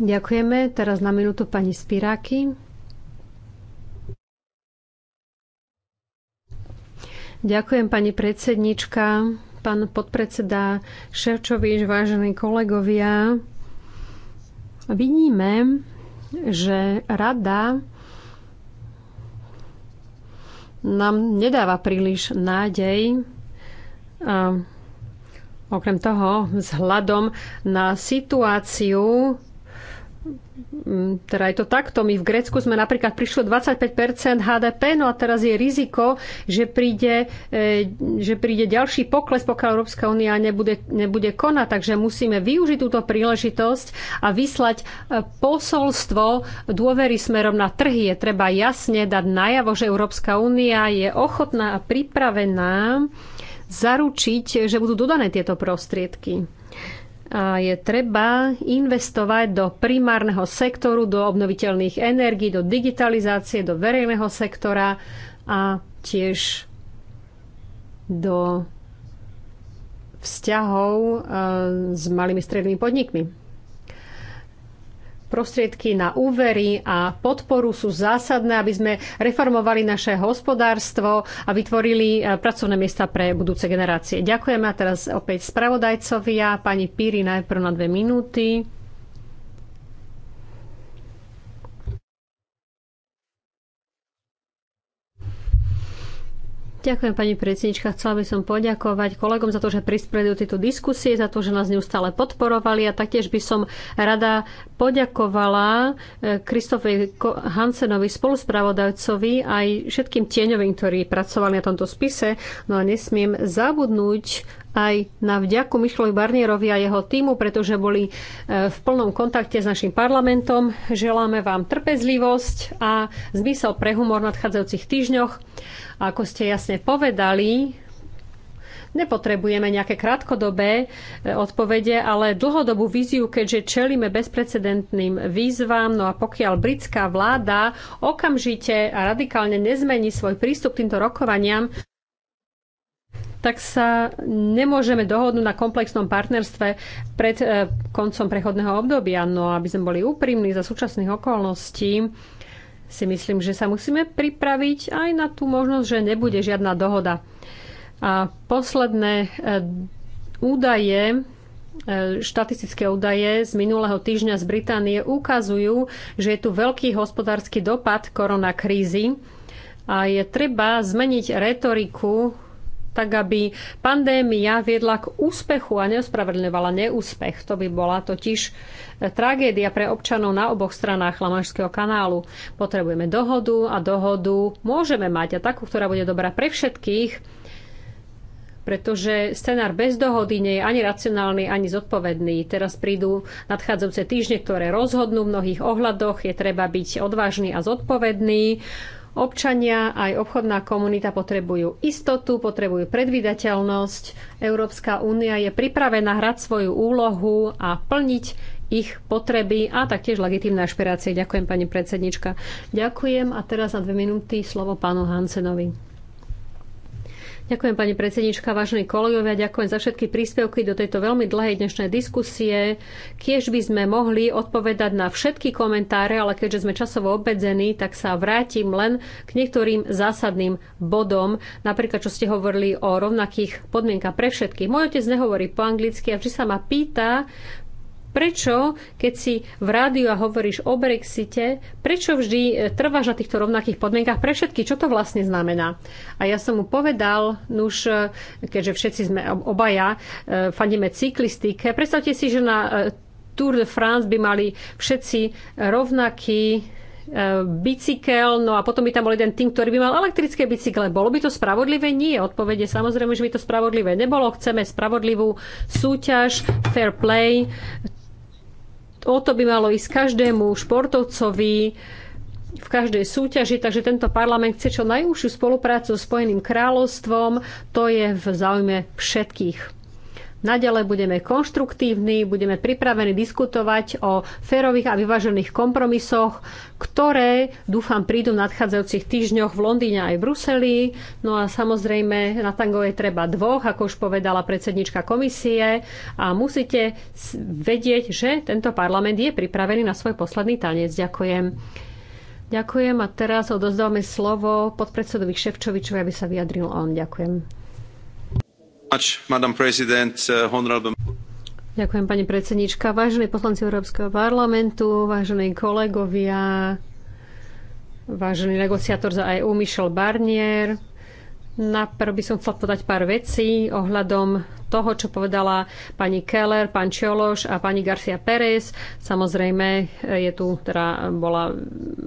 Ďakujeme. Teraz na minútu pani Spiráky. Ďakujem pani predsednička, pán podpredseda Ševčovič, vážení kolegovia. Vidíme, že rada nám nedáva príliš nádej. A okrem toho, vzhľadom na situáciu Mm, teda je to takto. My v Grécku sme napríklad prišlo 25% HDP, no a teraz je riziko, že príde, e, že príde ďalší pokles, pokiaľ Európska únia nebude, nebude konať. Takže musíme využiť túto príležitosť a vyslať e, posolstvo dôvery smerom na trhy. Je treba jasne dať najavo, že Európska únia je ochotná a pripravená zaručiť, že budú dodané tieto prostriedky a je treba investovať do primárneho sektoru, do obnoviteľných energií, do digitalizácie, do verejného sektora a tiež do vzťahov eh, s malými strednými podnikmi prostriedky na úvery a podporu sú zásadné, aby sme reformovali naše hospodárstvo a vytvorili e, pracovné miesta pre budúce generácie. Ďakujeme a teraz opäť spravodajcovia. Pani Píri najprv na dve minúty. Ďakujem, pani predsednička. Chcela by som poďakovať kolegom za to, že prispeli do tejto diskusie, za to, že nás neustále podporovali a taktiež by som rada poďakovala Kristofej eh, Hansenovi, spoluspravodajcovi, aj všetkým tieňovým, ktorí pracovali na tomto spise. No a nesmiem zabudnúť aj na vďaku Michlovi Barnierovi a jeho týmu, pretože boli e, v plnom kontakte s našim parlamentom. Želáme vám trpezlivosť a zmysel pre humor v nadchádzajúcich týždňoch. A ako ste jasne povedali, nepotrebujeme nejaké krátkodobé e, odpovede, ale dlhodobú víziu, keďže čelíme bezprecedentným výzvam. No a pokiaľ britská vláda okamžite a radikálne nezmení svoj prístup k týmto rokovaniam, tak sa nemôžeme dohodnúť na komplexnom partnerstve pred e, koncom prechodného obdobia. No aby sme boli úprimní za súčasných okolností, si myslím, že sa musíme pripraviť aj na tú možnosť, že nebude žiadna dohoda. A posledné e, údaje, e, štatistické údaje z minulého týždňa z Británie ukazujú, že je tu veľký hospodársky dopad koronakrízy a je treba zmeniť retoriku tak aby pandémia viedla k úspechu a neospravedlňovala neúspech. To by bola totiž e, tragédia pre občanov na oboch stranách Lamanšského kanálu. Potrebujeme dohodu a dohodu môžeme mať a takú, ktorá bude dobrá pre všetkých, pretože scenár bez dohody nie je ani racionálny, ani zodpovedný. Teraz prídu nadchádzajúce týždne, ktoré rozhodnú v mnohých ohľadoch. Je treba byť odvážny a zodpovedný. Občania aj obchodná komunita potrebujú istotu, potrebujú predvydateľnosť. Európska únia je pripravená hrať svoju úlohu a plniť ich potreby a taktiež legitímne ašpirácie. Ďakujem, pani predsednička. Ďakujem a teraz na dve minúty slovo pánu Hansenovi. Ďakujem pani predsednička, vážení kolegovia, ďakujem za všetky príspevky do tejto veľmi dlhej dnešnej diskusie. Kiež by sme mohli odpovedať na všetky komentáre, ale keďže sme časovo obmedzení, tak sa vrátim len k niektorým zásadným bodom, napríklad čo ste hovorili o rovnakých podmienkach pre všetkých. Môj otec nehovorí po anglicky a vždy sa ma pýta, Prečo, keď si v rádiu a hovoríš o Brexite, prečo vždy e, trváš na týchto rovnakých podmienkach pre všetky? Čo to vlastne znamená? A ja som mu povedal, nuž, e, keďže všetci sme obaja, e, fandíme cyklistike, predstavte si, že na Tour de France by mali všetci rovnaký bicykel, no a potom by tam bol jeden tým, ktorý by mal elektrické bicykle. Bolo by to spravodlivé? Nie. Odpovede samozrejme, že by to spravodlivé nebolo. Chceme spravodlivú súťaž, fair play o to by malo ísť každému športovcovi, v každej súťaži, takže tento parlament chce čo najúžšiu spoluprácu s Spojeným kráľovstvom. To je v záujme všetkých. Naďalej budeme konštruktívni, budeme pripravení diskutovať o férových a vyvážených kompromisoch, ktoré, dúfam, prídu v nadchádzajúcich týždňoch v Londýne aj v Bruseli. No a samozrejme, na tango je treba dvoch, ako už povedala predsednička komisie. A musíte vedieť, že tento parlament je pripravený na svoj posledný tanec. Ďakujem. Ďakujem a teraz odozdávame slovo podpredsedovi Ševčovičovi, aby sa vyjadril on. Ďakujem. Uh, Ďakujem, pani predsednička. Vážení poslanci Európskeho parlamentu, vážení kolegovia, vážený negociátor za EU Michel Barnier, Najprv by som chcel podať pár vecí ohľadom toho, čo povedala pani Keller, pán Čološ a pani Garcia Pérez. Samozrejme, je tu, teda bola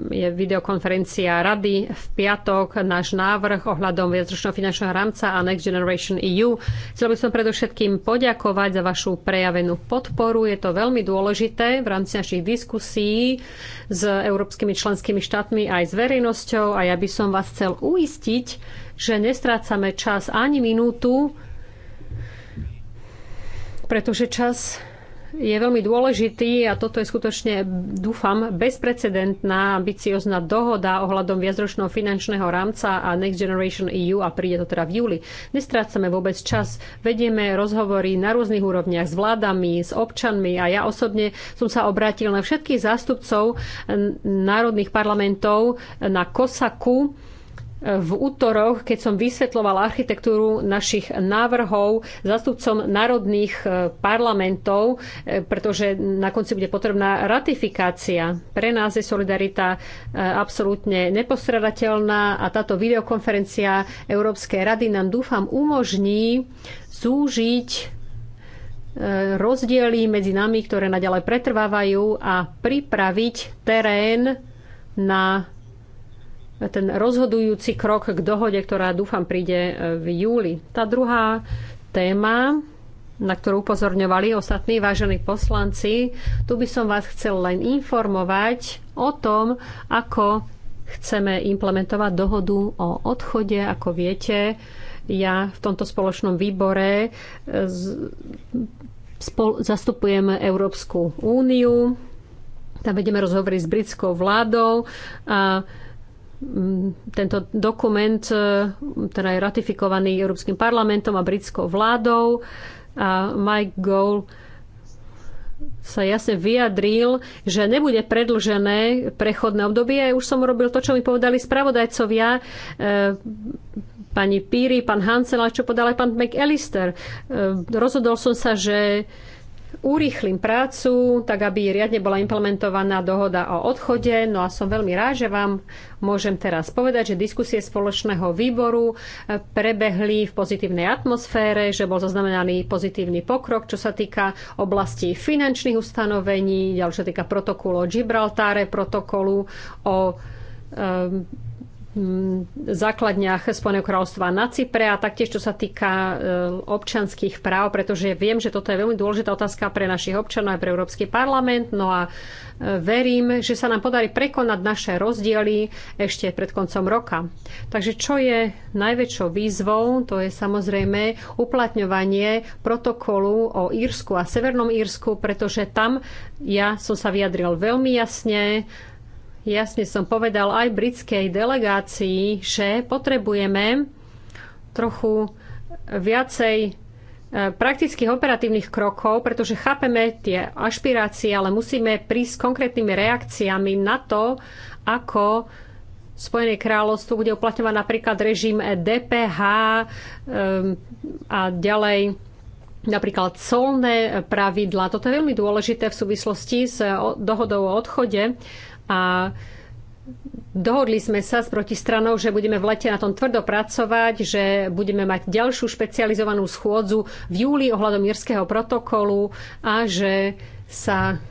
je videokonferencia rady v piatok, náš návrh ohľadom viacročného finančného rámca a Next Generation EU. Chcel by som predovšetkým poďakovať za vašu prejavenú podporu. Je to veľmi dôležité v rámci našich diskusí s európskymi členskými štátmi aj s verejnosťou a ja by som vás chcel uistiť, že nestrácame čas ani minútu, pretože čas je veľmi dôležitý a toto je skutočne, dúfam, bezprecedentná ambiciozná dohoda ohľadom viacročného finančného rámca a Next Generation EU a príde to teda v júli. Nestrácame vôbec čas, vedieme rozhovory na rôznych úrovniach s vládami, s občanmi a ja osobne som sa obrátil na všetkých zástupcov národných parlamentov na Kosaku, v útorok, keď som vysvetloval architektúru našich návrhov zastupcom národných e, parlamentov, e, pretože na konci bude potrebná ratifikácia. Pre nás je solidarita e, absolútne nepostradateľná a táto videokonferencia Európskej rady nám dúfam umožní zúžiť rozdiely medzi nami, ktoré naďalej pretrvávajú a pripraviť terén na ten rozhodujúci krok k dohode, ktorá dúfam príde e, v júli. Tá druhá téma, na ktorú upozorňovali ostatní vážení poslanci, tu by som vás chcel len informovať o tom, ako chceme implementovať dohodu o odchode. Ako viete, ja v tomto spoločnom výbore e, zastupujem Európsku úniu, tam vedeme rozhovory s britskou vládou a tento dokument ktorý e, teda je ratifikovaný Európskym parlamentom a britskou vládou a Mike Goal sa jasne vyjadril, že nebude predlžené prechodné obdobie. Ja Už som urobil to, čo mi povedali spravodajcovia, e, pani Píry, pán Hansel, a čo podal aj pán McAllister. E, rozhodol som sa, že urýchlim prácu, tak aby riadne bola implementovaná dohoda o odchode. No a som veľmi rád, že vám môžem teraz povedať, že diskusie spoločného výboru eh, prebehli v pozitívnej atmosfére, že bol zaznamenaný pozitívny pokrok, čo sa týka oblasti finančných ustanovení, ďalšie týka protokolu o Gibraltáre, protokolu o um, Mm, základniach Spojeného kráľovstva na Cypre a taktiež čo sa týka e, občanských práv, pretože viem, že toto je veľmi dôležitá otázka pre našich občanov aj pre Európsky parlament. No a e, verím, že sa nám podarí prekonať naše rozdiely ešte pred koncom roka. Takže čo je najväčšou výzvou, to je samozrejme uplatňovanie protokolu o Írsku a Severnom Írsku, pretože tam ja som sa vyjadril veľmi jasne, Jasne som povedal aj britskej delegácii, že potrebujeme trochu viacej e, praktických operatívnych krokov, pretože chápeme tie ašpirácie, ale musíme prísť s konkrétnymi reakciami na to, ako Spojené kráľovstvo bude uplatňovať napríklad režim DPH ehm, a ďalej napríklad colné pravidla. Toto je veľmi dôležité v súvislosti s dohodou o odchode a Dohodli sme sa s protistranou, že budeme v lete na tom tvrdo pracovať, že budeme mať ďalšiu špecializovanú schôdzu v júli ohľadom Jerského protokolu a že sa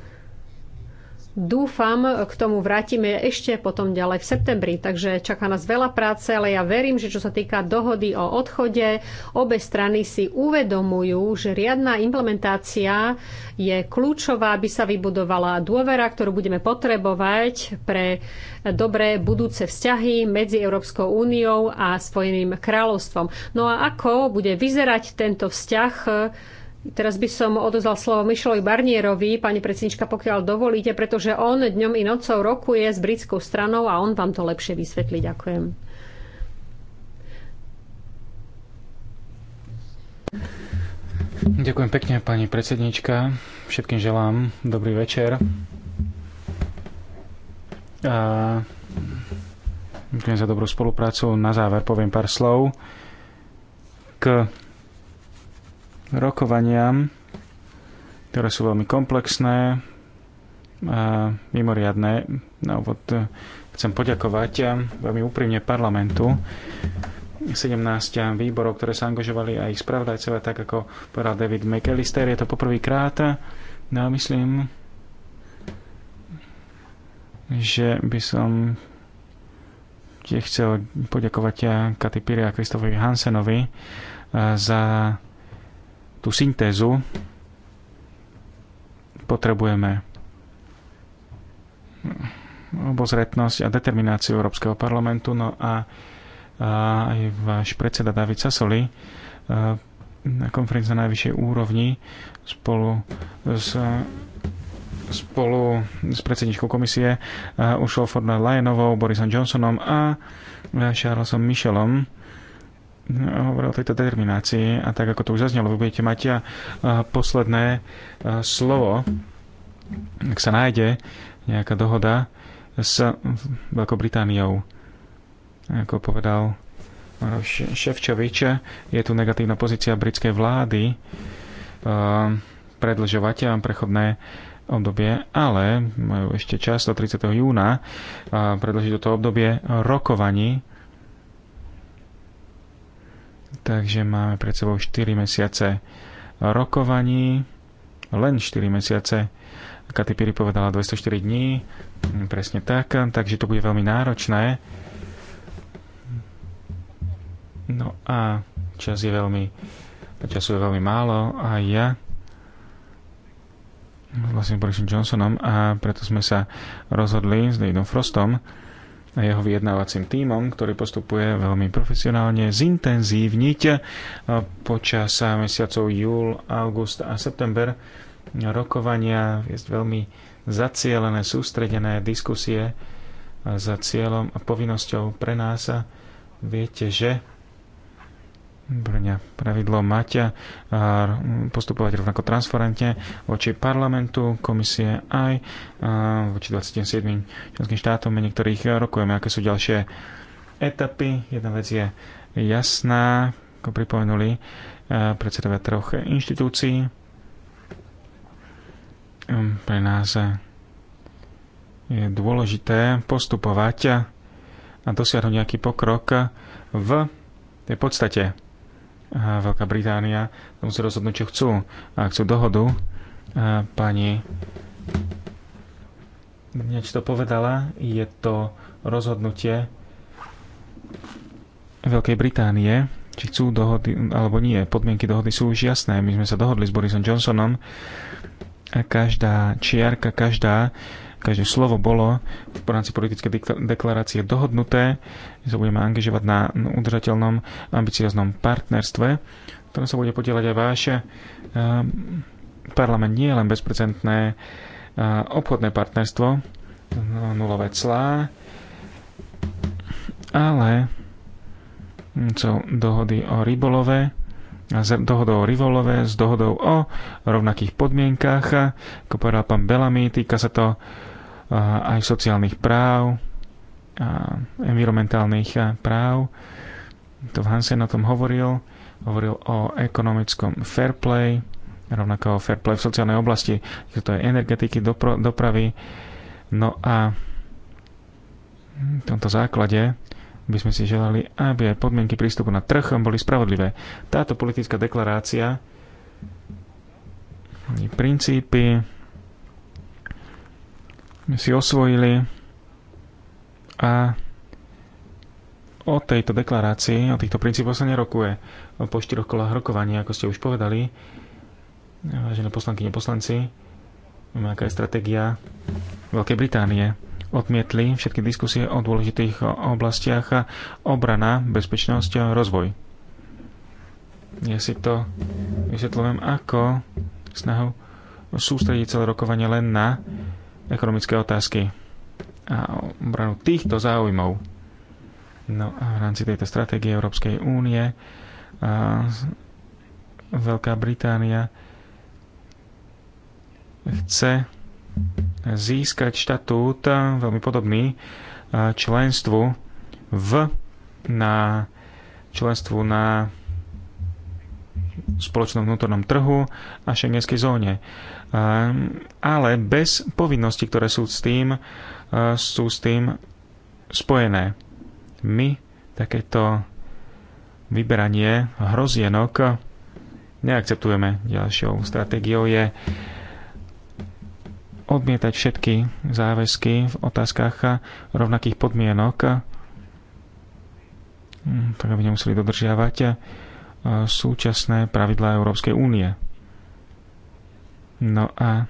dúfam, k tomu vrátime ešte potom ďalej v septembri. Takže čaká nás veľa práce, ale ja verím, že čo sa týka dohody o odchode, obe strany si uvedomujú, že riadna implementácia je kľúčová, aby sa vybudovala dôvera, ktorú budeme potrebovať pre dobré budúce vzťahy medzi Európskou úniou a Spojeným kráľovstvom. No a ako bude vyzerať tento vzťah Teraz by som odozval slovo Mišelovi Barnierovi, pani predsednička, pokiaľ dovolíte, pretože on dňom i nocou rokuje s britskou stranou a on vám to lepšie vysvetlí. Ďakujem. Ďakujem pekne, pani predsednička. Všetkým želám dobrý večer. A ďakujem za dobrú spoluprácu. Na záver poviem pár slov k rokovaniam, ktoré sú veľmi komplexné a mimoriadné. Na úvod e, chcem poďakovať e, veľmi úprimne parlamentu 17 e, výborov, ktoré sa angažovali aj ich spravodajcovia, tak ako povedal David McAllister. Je to poprvýkrát. No a myslím, že by som tiež chcel poďakovať Katy Piri a Kristofovi Hansenovi za tú syntézu potrebujeme obozretnosť a determináciu Európskeho parlamentu. No a, aj váš predseda David Sasoli e, na konferenci na najvyššej úrovni spolu s spolu s predsedničkou komisie e, Ušou Ford Lajenovou, Borisom Johnsonom a e, Charlesom Michelom hovoril o tejto determinácii a tak ako to už zaznelo, vy budete mať ja posledné slovo, ak sa nájde nejaká dohoda s Veľkou Britániou. Ako povedal Ševčovič, je tu negatívna pozícia britskej vlády predlžovať prechodné obdobie, ale majú ešte čas do 30. júna predlžiť toto obdobie rokovaní Takže máme pred sebou 4 mesiace rokovaní, len 4 mesiace. Katy Piri povedala 204 dní, mm, presne tak, takže to bude veľmi náročné. No a čas je veľmi, času je veľmi málo a ja vlastne Borisom Johnsonom a preto sme sa rozhodli s Davidom Frostom, a jeho vyjednávacím tímom, ktorý postupuje veľmi profesionálne, zintenzívniť e, počas mesiacov júl, august a september rokovania, Je veľmi zacielené, sústredené diskusie za cieľom a povinnosťou pre nás. Viete, že brňa pravidlo Maťa a postupovať rovnako transparentne voči parlamentu, komisie aj voči 27 členským štátom. niektorých rokujeme, aké sú ďalšie etapy. Jedna vec je jasná, ako pripomenuli e, predsedovia troch inštitúcií. Hm, pre nás je dôležité postupovať a dosiahnuť nejaký pokrok v tej podstate Veľká Británia musí rozhodnúť, čo chcú. A chcú dohodu, a pani niečo to povedala, je to rozhodnutie Veľkej Británie, či chcú dohody alebo nie. Podmienky dohody sú už jasné. My sme sa dohodli s Borisom Johnsonom a každá čiarka, každá Každé slovo bolo v rámci politické deklarácie dohodnuté, že sa budeme angažovať na udržateľnom ambicioznom partnerstve, v ktorom sa bude podielať aj váš eh, parlament nie je len bezprecentné eh, obchodné partnerstvo, nulové clá, ale sú dohody o rybolove, s dohodou o Rivolove, s dohodou o rovnakých podmienkách. Ako povedal pán Bellamy, týka sa to aj sociálnych práv, a environmentálnych práv. To Hansen o tom hovoril. Hovoril o ekonomickom fair play, rovnako o fair play v sociálnej oblasti, to je energetiky, dopro, dopravy. No a v tomto základe by sme si želali, aby aj podmienky prístupu na trh boli spravodlivé. Táto politická deklarácia princípy sme si osvojili a o tejto deklarácii, o týchto princípoch sa nerokuje po štyroch kolách rokovania, ako ste už povedali, vážené poslanky neposlanci, aká je stratégia Veľkej Británie. Odmietli všetky diskusie o dôležitých oblastiach a obrana, bezpečnosť a rozvoj. Ja si to vysvetľujem ako snahu sústrediť celé rokovanie len na ekonomické otázky a obranu týchto záujmov. No a v rámci tejto stratégie Európskej únie a Veľká Británia chce získať štatút veľmi podobný členstvu v na členstvu na spoločnom vnútornom trhu a šengenskej zóne. Ehm, ale bez povinností, ktoré sú s tým, eh, sú s tým spojené. My takéto vyberanie hrozienok neakceptujeme. Ďalšou stratégiou je odmietať všetky záväzky v otázkach rovnakých podmienok, mm, tak aby nemuseli dodržiavať eh, súčasné pravidlá Európskej únie. No a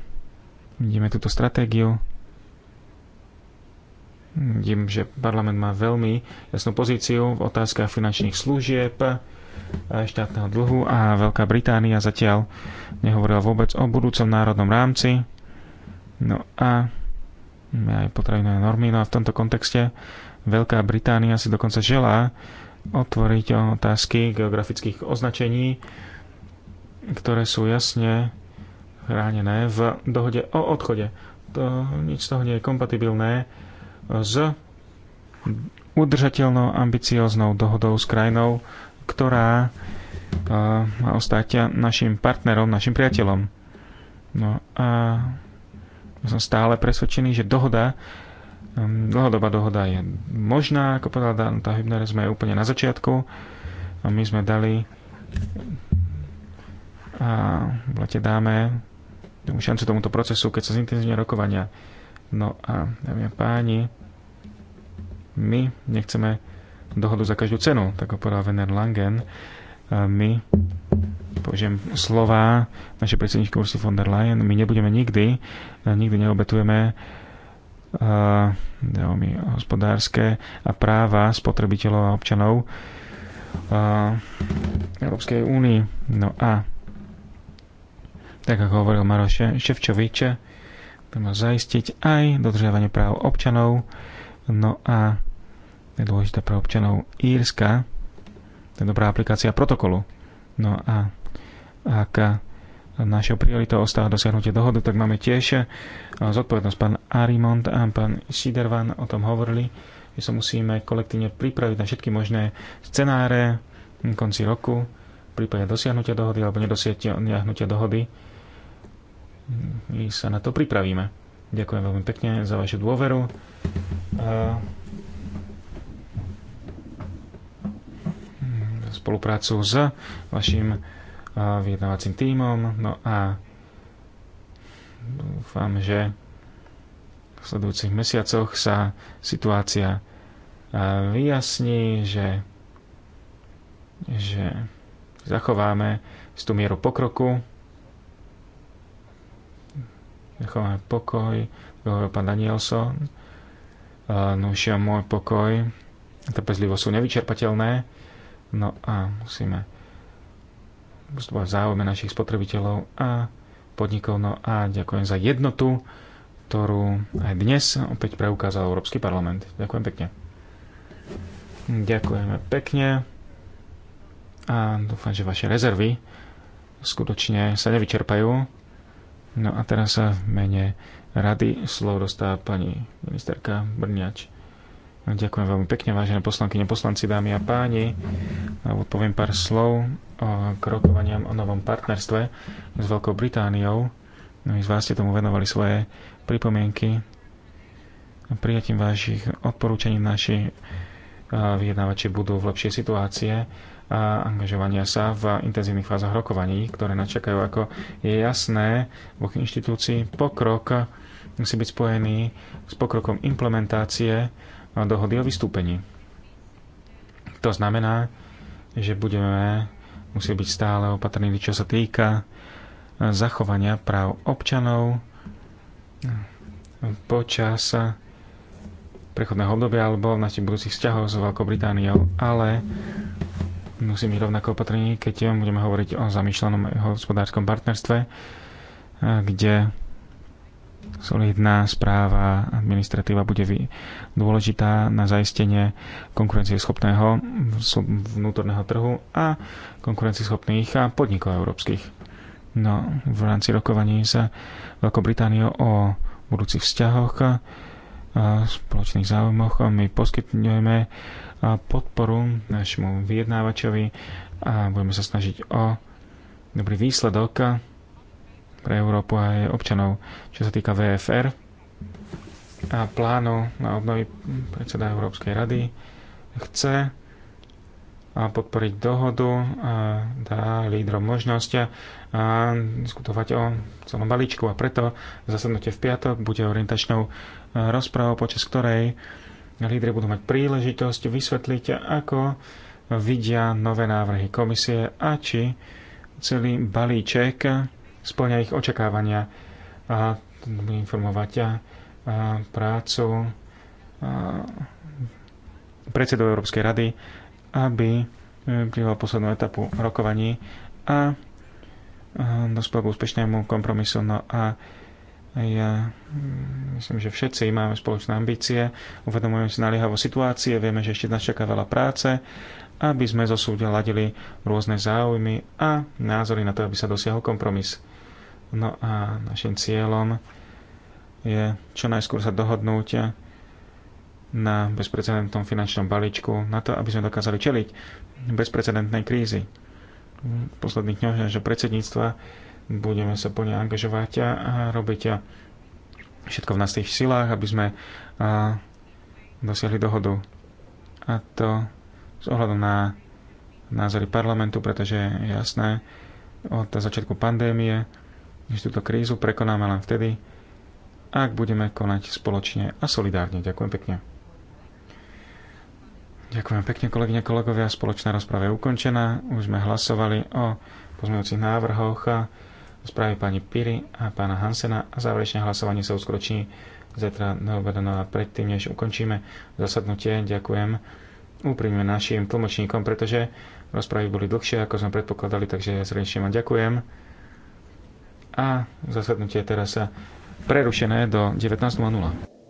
vidíme túto stratégiu. Vidím, že parlament má veľmi jasnú pozíciu v otázkach finančných služieb, eh, štátneho dlhu a Veľká Británia zatiaľ nehovorila vôbec o budúcom národnom rámci. No a aj potrebné normy. No a v tomto kontexte Veľká Británia si dokonca želá otvoriť otázky geografických označení, ktoré sú jasne chránené v dohode o odchode. To, nič z toho nie je kompatibilné s udržateľnou ambicióznou dohodou s krajinou, ktorá e, má ostať našim partnerom, našim priateľom. No a som stále presvedčený, že dohoda, dlhodobá dohoda je možná, ako povedal Dan Hübner, sme úplne na začiatku a my sme dali a v lete dáme šancu tomuto procesu, keď sa zintenzívne rokovania. No a, dámy a páni, my nechceme dohodu za každú cenu, tak ho povedal Vener Langen. A my, použijem slova našej predsedničky Ursula von der Leyen, my nebudeme nikdy, nikdy neobetujeme veľmi hospodárske a práva spotrebiteľov a občanov Európskej únii. No a tak ako hovoril Maroš Ševčovič, budeme zaistiť aj dodržiavanie práv občanov, no a je dôležité pre občanov Írska, to je dobrá aplikácia protokolu. No a ak našou prioritou ostáva dosiahnutie dohody, tak máme tiež zodpovednosť. Pán Arimond a pán Sidervan o tom hovorili, že sa musíme kolektívne pripraviť na všetky možné scenáre v konci roku, v prípade dosiahnutia dohody alebo nedosiahnutia dohody my sa na to pripravíme. Ďakujem veľmi pekne za vašu dôveru. spoluprácu s vašim vyjednávacím tímom. No a dúfam, že v sledujúcich mesiacoch sa situácia vyjasní, že, že zachováme istú mieru pokroku Nechováme pokoj, hovoril pán Danielson. je no, môj pokoj, trpezlivo sú nevyčerpateľné. No a musíme postupovať v záujme našich spotrebiteľov a podnikov. No a ďakujem za jednotu, ktorú aj dnes opäť preukázal Európsky parlament. Ďakujem pekne. Ďakujeme pekne a dúfam, že vaše rezervy skutočne sa nevyčerpajú. No a teraz sa v mene rady slov dostáva pani ministerka Brňač. Ďakujem veľmi pekne, vážené poslanky, poslanci, dámy a páni. Odpoviem pár slov o krokovaniam o novom partnerstve s Veľkou Britániou. No, z vás ste tomu venovali svoje pripomienky. Prijatím vašich odporúčaní naši vyjednávači budú v lepšej situácie a angažovania sa v intenzívnych fázach rokovaní, ktoré načakajú ako je jasné, v inštitúcii pokrok musí byť spojený s pokrokom implementácie dohody o vystúpení. To znamená, že budeme musieť byť stále opatrní, čo sa týka zachovania práv občanov počas prechodného obdobia alebo v našich budúcich vzťahov s Veľkou Britániou, ale musí byť rovnako opatrný, keď budeme hovoriť o zamýšľanom hospodárskom partnerstve, kde solidná správa administratíva bude dôležitá na zaistenie konkurencieschopného vnútorného trhu a konkurencieschopných podnikov európskych. No, v rámci rokovaní sa Veľkou Britániou o budúcich vzťahoch a spoločných záujmoch my poskytňujeme podporu našemu vyjednávačovi a budeme sa snažiť o dobrý výsledok pre Európu a aj občanov, čo sa týka VFR a plánu na obnovy predseda Európskej rady chce podporiť dohodu a dá lídrom možnosť a diskutovať o celom balíčku a preto zasadnutie v piatok bude orientačnou e, rozprávou, počas ktorej Lídry budú mať príležitosť vysvetliť, ako vidia nové návrhy komisie a či celý balíček splňa ich očakávania. A informovať a, prácu a, Európskej rady, aby e, prihľadal poslednú etapu rokovaní a dospel k úspešnému kompromisu. No a ja mm, myslím, že všetci máme spoločné ambície, uvedomujeme si naliehavo situácie, vieme, že ešte nás čaká veľa práce, aby sme zo súdia ladili rôzne záujmy a názory na to, aby sa dosiahol kompromis. No a našim cieľom je čo najskôr sa dohodnúť na bezprecedentnom finančnom balíčku, na to, aby sme dokázali čeliť bezprecedentnej krízy. V posledných dňoch, že predsedníctva budeme sa plne angažovať a robiť všetko v našich silách, aby sme dosiahli dohodu. A to s ohľadom na názory parlamentu, pretože je jasné, od začiatku pandémie, že túto krízu prekonáme len vtedy, ak budeme konať spoločne a solidárne. Ďakujem pekne. Ďakujem pekne, kolegyne, kolegovia. Spoločná rozprava je ukončená. Už sme hlasovali o pozmeňujúcich návrhoch správy pani Piri a pána Hansena a záverečné hlasovanie sa uskročí zajtra na no a predtým, než ukončíme zasadnutie, ďakujem úprimne našim tlmočníkom, pretože rozpravy boli dlhšie, ako sme predpokladali, takže ja srdečne vám ďakujem. A zasadnutie teraz sa prerušené do 19.00.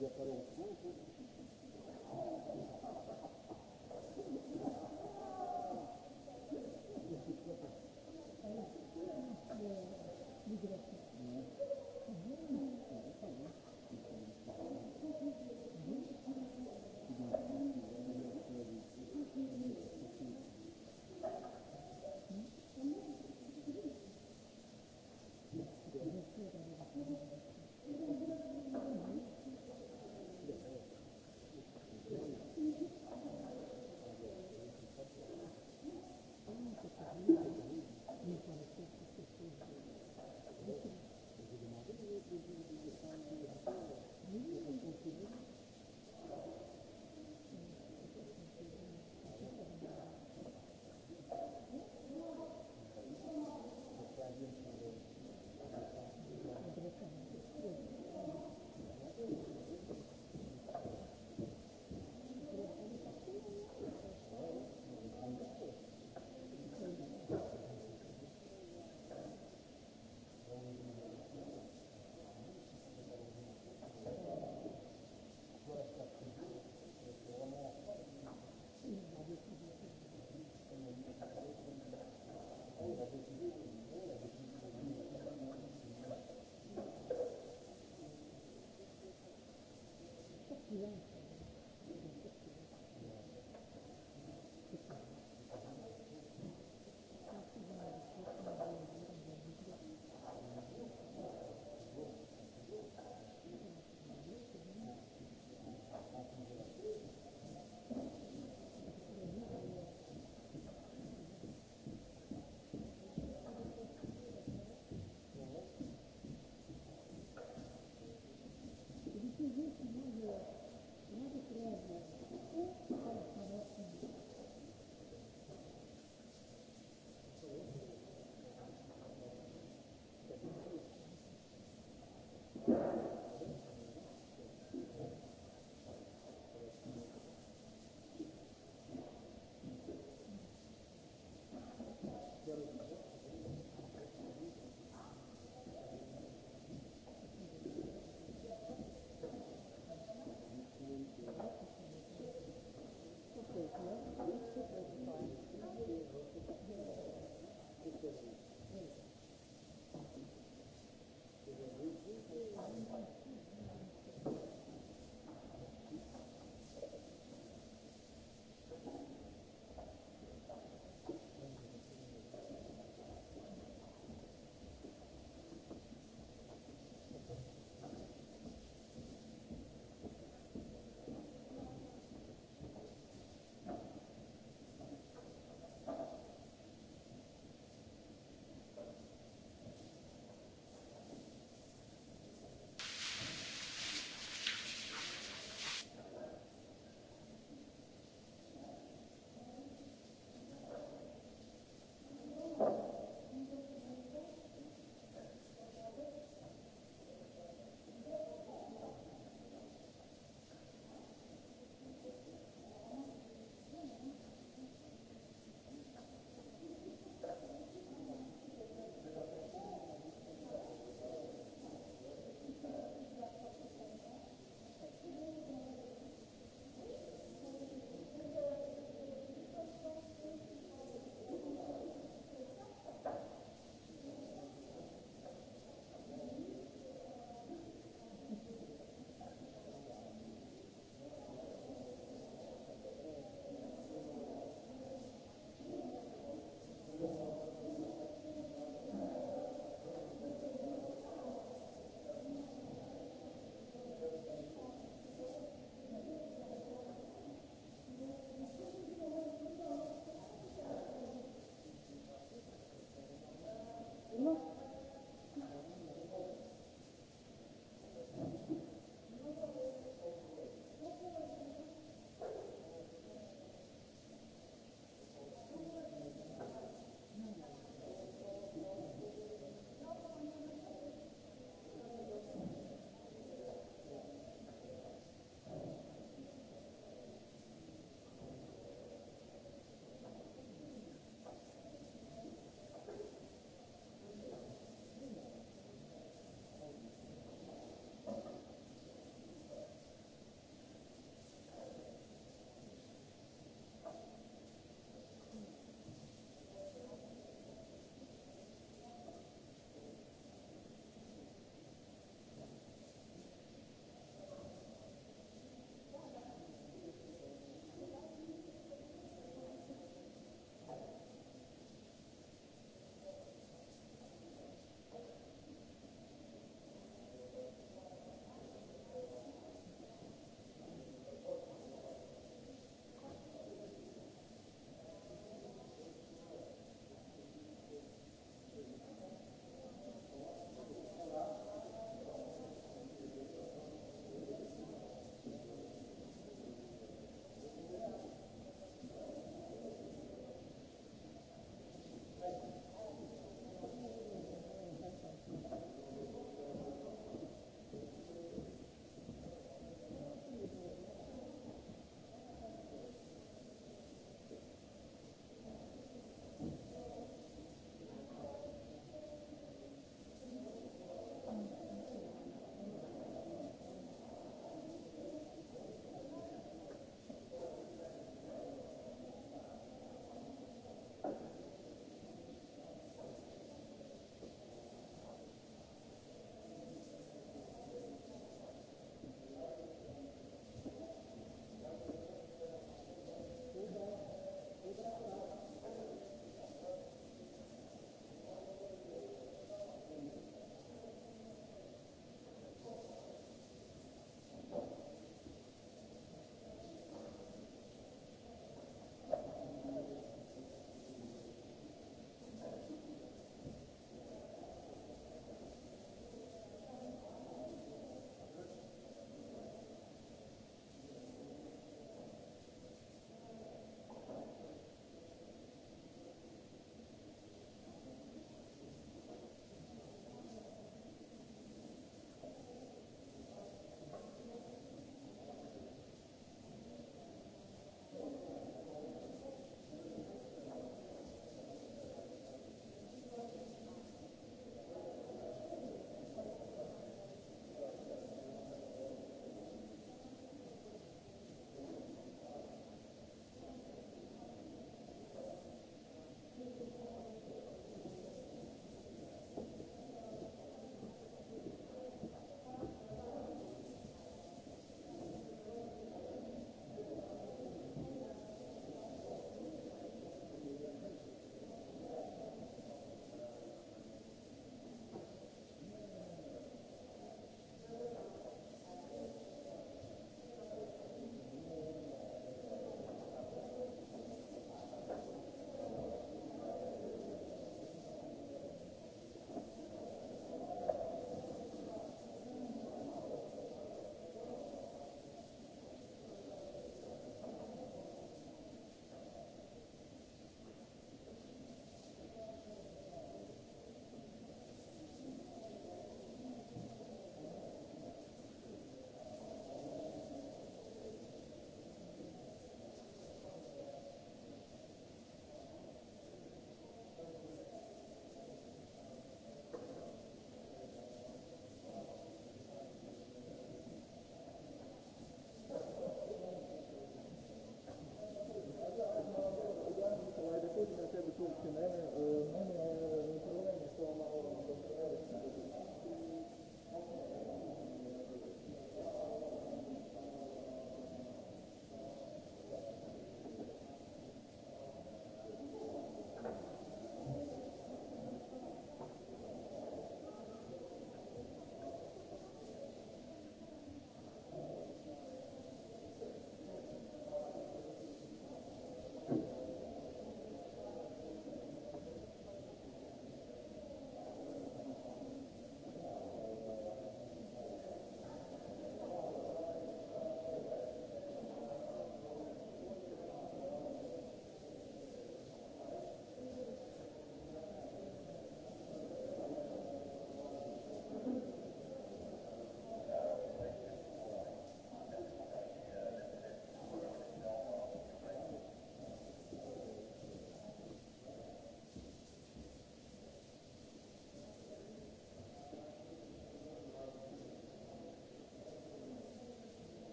gyakorolhatnánk,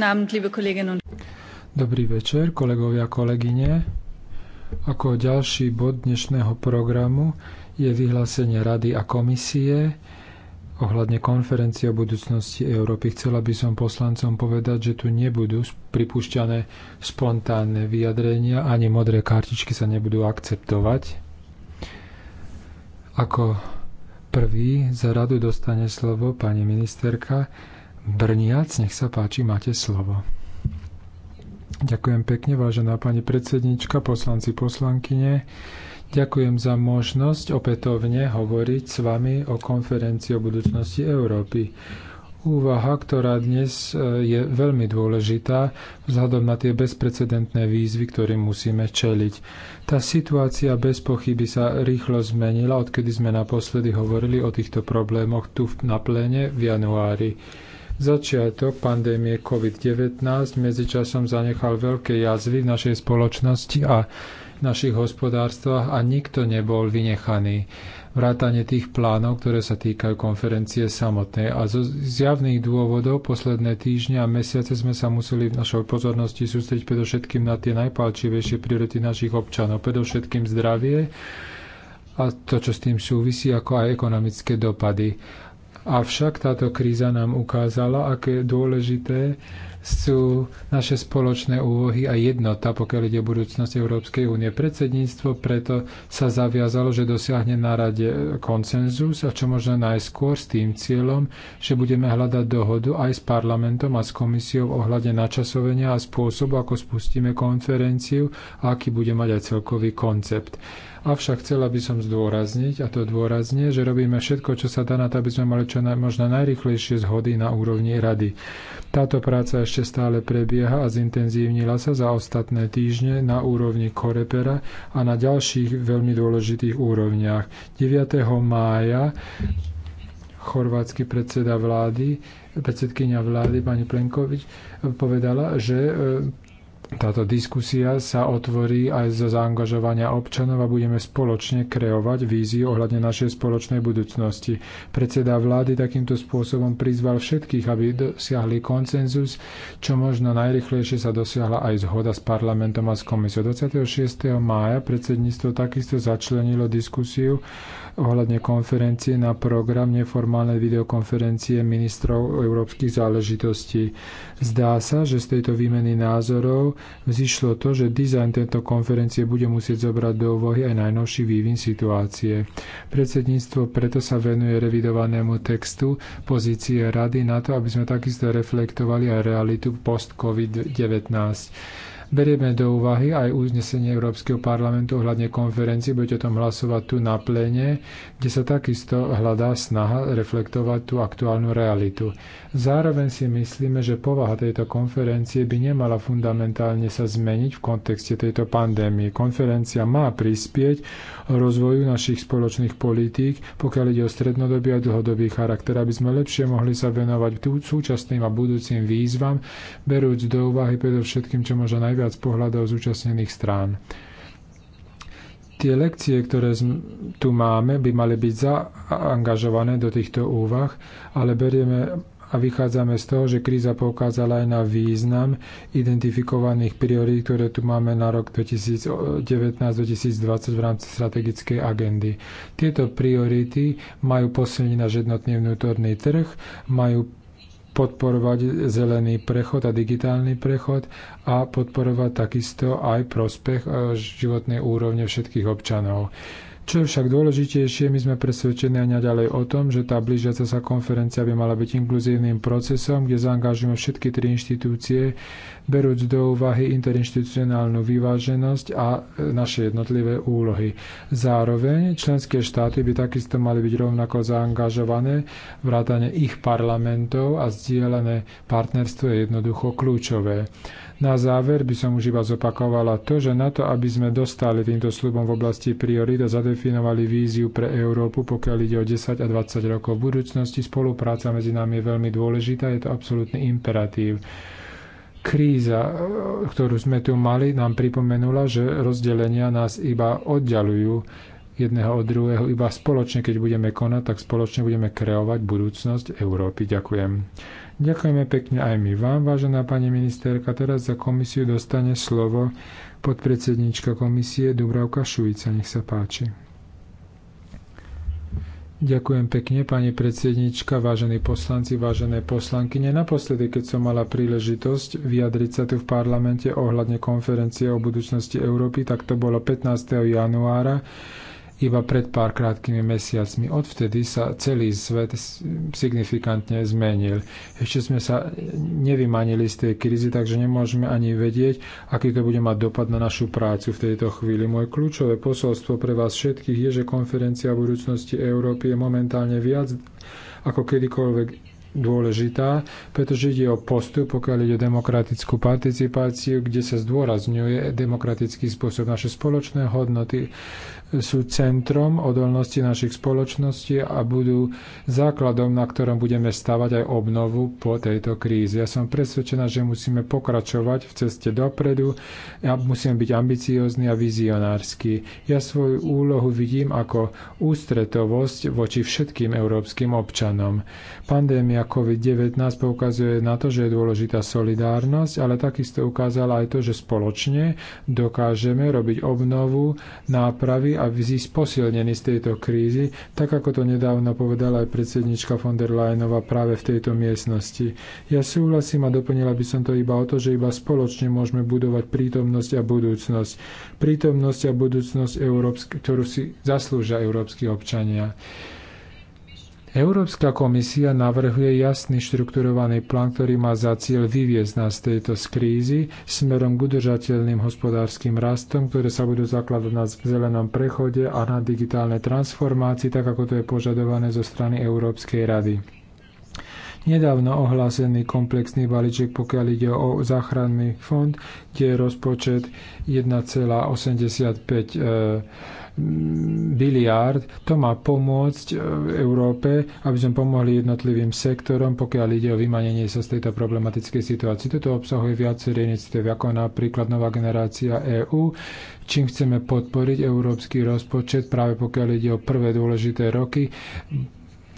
guten Abend, liebe Kolleginnen und Dobrý večer, kolegovia a kolegyne. Ako ďalší bod dnešného programu je vyhlásenie Rady a komisie ohľadne konferencie o budúcnosti Európy. Chcela by som poslancom povedať, že tu nebudú pripúšťané spontánne vyjadrenia, ani modré kartičky sa nebudú akceptovať. Ako prvý za radu dostane slovo pani ministerka Brniac. Nech sa páči, máte slovo. Ďakujem pekne, vážená pani predsednička, poslanci, poslankyne. Ďakujem za možnosť opätovne hovoriť s vami o konferencii o budúcnosti Európy. Úvaha, ktorá dnes e, je veľmi dôležitá vzhľadom na tie bezprecedentné výzvy, ktorým musíme čeliť. Tá situácia bez pochyby sa rýchlo zmenila, odkedy sme naposledy hovorili o týchto problémoch tu na pléne v januári. Začiatok pandémie COVID-19 medzičasom zanechal veľké jazvy v našej spoločnosti a našich hospodárstvách a nikto nebol vynechaný. Vrátane tých plánov, ktoré sa týkajú konferencie samotnej. A zo zjavných dôvodov posledné týždne a mesiace sme sa museli v našej pozornosti sústrediť predovšetkým na tie najpalčivejšie priority našich občanov, predovšetkým zdravie, a to, čo s tým súvisí, ako aj ekonomické dopady. Avšak táto kríza nám ukázala, aké dôležité sú naše spoločné úlohy a jednota, pokiaľ ide o budúcnosť Európskej únie. Predsedníctvo preto sa zaviazalo, že dosiahne na rade konsenzus a čo možno najskôr s tým cieľom, že budeme hľadať dohodu aj s parlamentom a s komisiou ohľade načasovania a spôsobu, ako spustíme konferenciu a aký bude mať aj celkový koncept. Avšak chcela by som zdôrazniť, a to dôrazne, že robíme všetko, čo sa dá na to, aby sme mali čo na, možno najrychlejšie zhody na úrovni rady. Táto práca ešte stále prebieha a zintenzívnila sa za ostatné týždne na úrovni Korepera a na ďalších veľmi dôležitých úrovniach. 9. mája chorvátsky predseda vlády, predsedkynia vlády pani Plenkovič povedala, že e, táto diskusia sa otvorí aj zo zaangažovania občanov a budeme spoločne kreovať víziu ohľadne našej spoločnej budúcnosti. Predseda vlády takýmto spôsobom prizval všetkých, aby dosiahli koncenzus, čo možno najrychlejšie sa dosiahla aj zhoda s parlamentom a s komisiou. 26. mája predsedníctvo takisto začlenilo diskusiu ohľadne konferencie na program neformálnej videokonferencie ministrov európskych záležitostí. Zdá sa, že z tejto výmeny názorov vzýšlo to, že dizajn tejto konferencie bude musieť zobrať do úvahy aj najnovší vývin situácie. Predsedníctvo preto sa venuje revidovanému textu pozície rady na to, aby sme takisto reflektovali aj realitu post-COVID-19. Berieme do úvahy aj uznesenie Európskeho parlamentu ohľadne konferencii, budete o tom hlasovať tu na plene, kde sa takisto hľadá snaha reflektovať tú aktuálnu realitu. Zároveň si myslíme, že povaha tejto konferencie by nemala fundamentálne sa zmeniť v kontexte tejto pandémie. Konferencia má prispieť rozvoju našich spoločných politík, pokiaľ ide o strednodobý a dlhodobý charakter, aby sme lepšie mohli sa venovať súčasným a budúcim výzvam, berúc do úvahy predovšetkým čo možno najviac viac pohľadov zúčastnených strán. Tie lekcie, ktoré tu máme, by mali byť zaangažované do týchto úvah, ale berieme a vychádzame z toho, že kríza poukázala aj na význam identifikovaných priorít, ktoré tu máme na rok 2019-2020 v rámci strategickej agendy. Tieto priority majú posilniť náš jednotný vnútorný trh, majú podporovať zelený prechod a digitálny prechod a podporovať takisto aj prospech e, životnej úrovne všetkých občanov. Čo je však dôležitejšie, my sme presvedčení aj naďalej o tom, že tá blížiaca sa konferencia by mala byť inkluzívnym procesom, kde zaangažujeme všetky tri inštitúcie, berúc do úvahy interinstitucionálnu vyváženosť a e, naše jednotlivé úlohy. Zároveň členské štáty by takisto mali byť rovnako zaangažované, vrátane ich parlamentov a zdieľané partnerstvo je jednoducho kľúčové. Na záver by som už iba zopakovala to, že na to, aby sme dostali týmto slubom v oblasti priorit a zadefinovali víziu pre Európu, pokiaľ ide o 10 a 20 rokov v budúcnosti, spolupráca medzi nami je veľmi dôležitá, je to absolútny imperatív. Kríza, ktorú sme tu mali, nám pripomenula, že rozdelenia nás iba oddialujú jedného od druhého. Iba spoločne, keď budeme konať, tak spoločne budeme kreovať budúcnosť Európy. Ďakujem. Ďakujeme pekne aj my vám, vážená pani ministerka. Teraz za komisiu dostane slovo podpredsednička komisie Dubravka Šujica. Nech sa páči. Ďakujem pekne, pani predsednička, vážení poslanci, vážené poslanky. Naposledy, keď som mala príležitosť vyjadriť sa tu v parlamente ohľadne konferencie o budúcnosti Európy, tak to bolo 15. januára iba pred pár krátkými mesiacmi. Odvtedy sa celý svet signifikantne zmenil. Ešte sme sa nevymanili z tej krízy, takže nemôžeme ani vedieť, aký to bude mať dopad na našu prácu v tejto chvíli. Moje kľúčové posolstvo pre vás všetkých je, že konferencia o budúcnosti Európy je momentálne viac ako kedykoľvek dôležitá, pretože ide o postup, pokiaľ ide o demokratickú participáciu, kde sa zdôrazňuje demokratický spôsob, naše spoločné hodnoty, sú centrom odolnosti našich spoločností a budú základom, na ktorom budeme stavať aj obnovu po tejto kríze. Ja som presvedčená, že musíme pokračovať v ceste dopredu a ja musíme byť ambiciózni a vizionársky. Ja svoju úlohu vidím ako ústretovosť voči všetkým európskym občanom. Pandémia COVID-19 poukazuje na to, že je dôležitá solidárnosť, ale takisto ukázala aj to, že spoločne dokážeme robiť obnovu, nápravy a zísť posilnený z tejto krízy, tak ako to nedávno povedala aj predsednička von der Leyenová práve v tejto miestnosti. Ja súhlasím a doplnila by som to iba o to, že iba spoločne môžeme budovať prítomnosť a budúcnosť. Prítomnosť a budúcnosť, ktorú si zaslúžia európsky občania. Európska komisia navrhuje jasný štrukturovaný plán, ktorý má za cieľ vyviezť nás z tejto krízy smerom k udržateľným hospodárskym rastom, ktoré sa budú zakladať na zelenom prechode a na digitálnej transformácii, tak ako to je požadované zo strany Európskej rady. Nedávno ohlásený komplexný balíček, pokiaľ ide o záchranný fond, kde je rozpočet 1,85 e, biliárd, to má pomôcť v e, Európe, aby sme pomohli jednotlivým sektorom, pokiaľ ide o vymanenie sa z tejto problematickej situácie. Toto obsahuje viaceré iniciatívy, ako napríklad nová generácia EÚ, čím chceme podporiť európsky rozpočet, práve pokiaľ ide o prvé dôležité roky,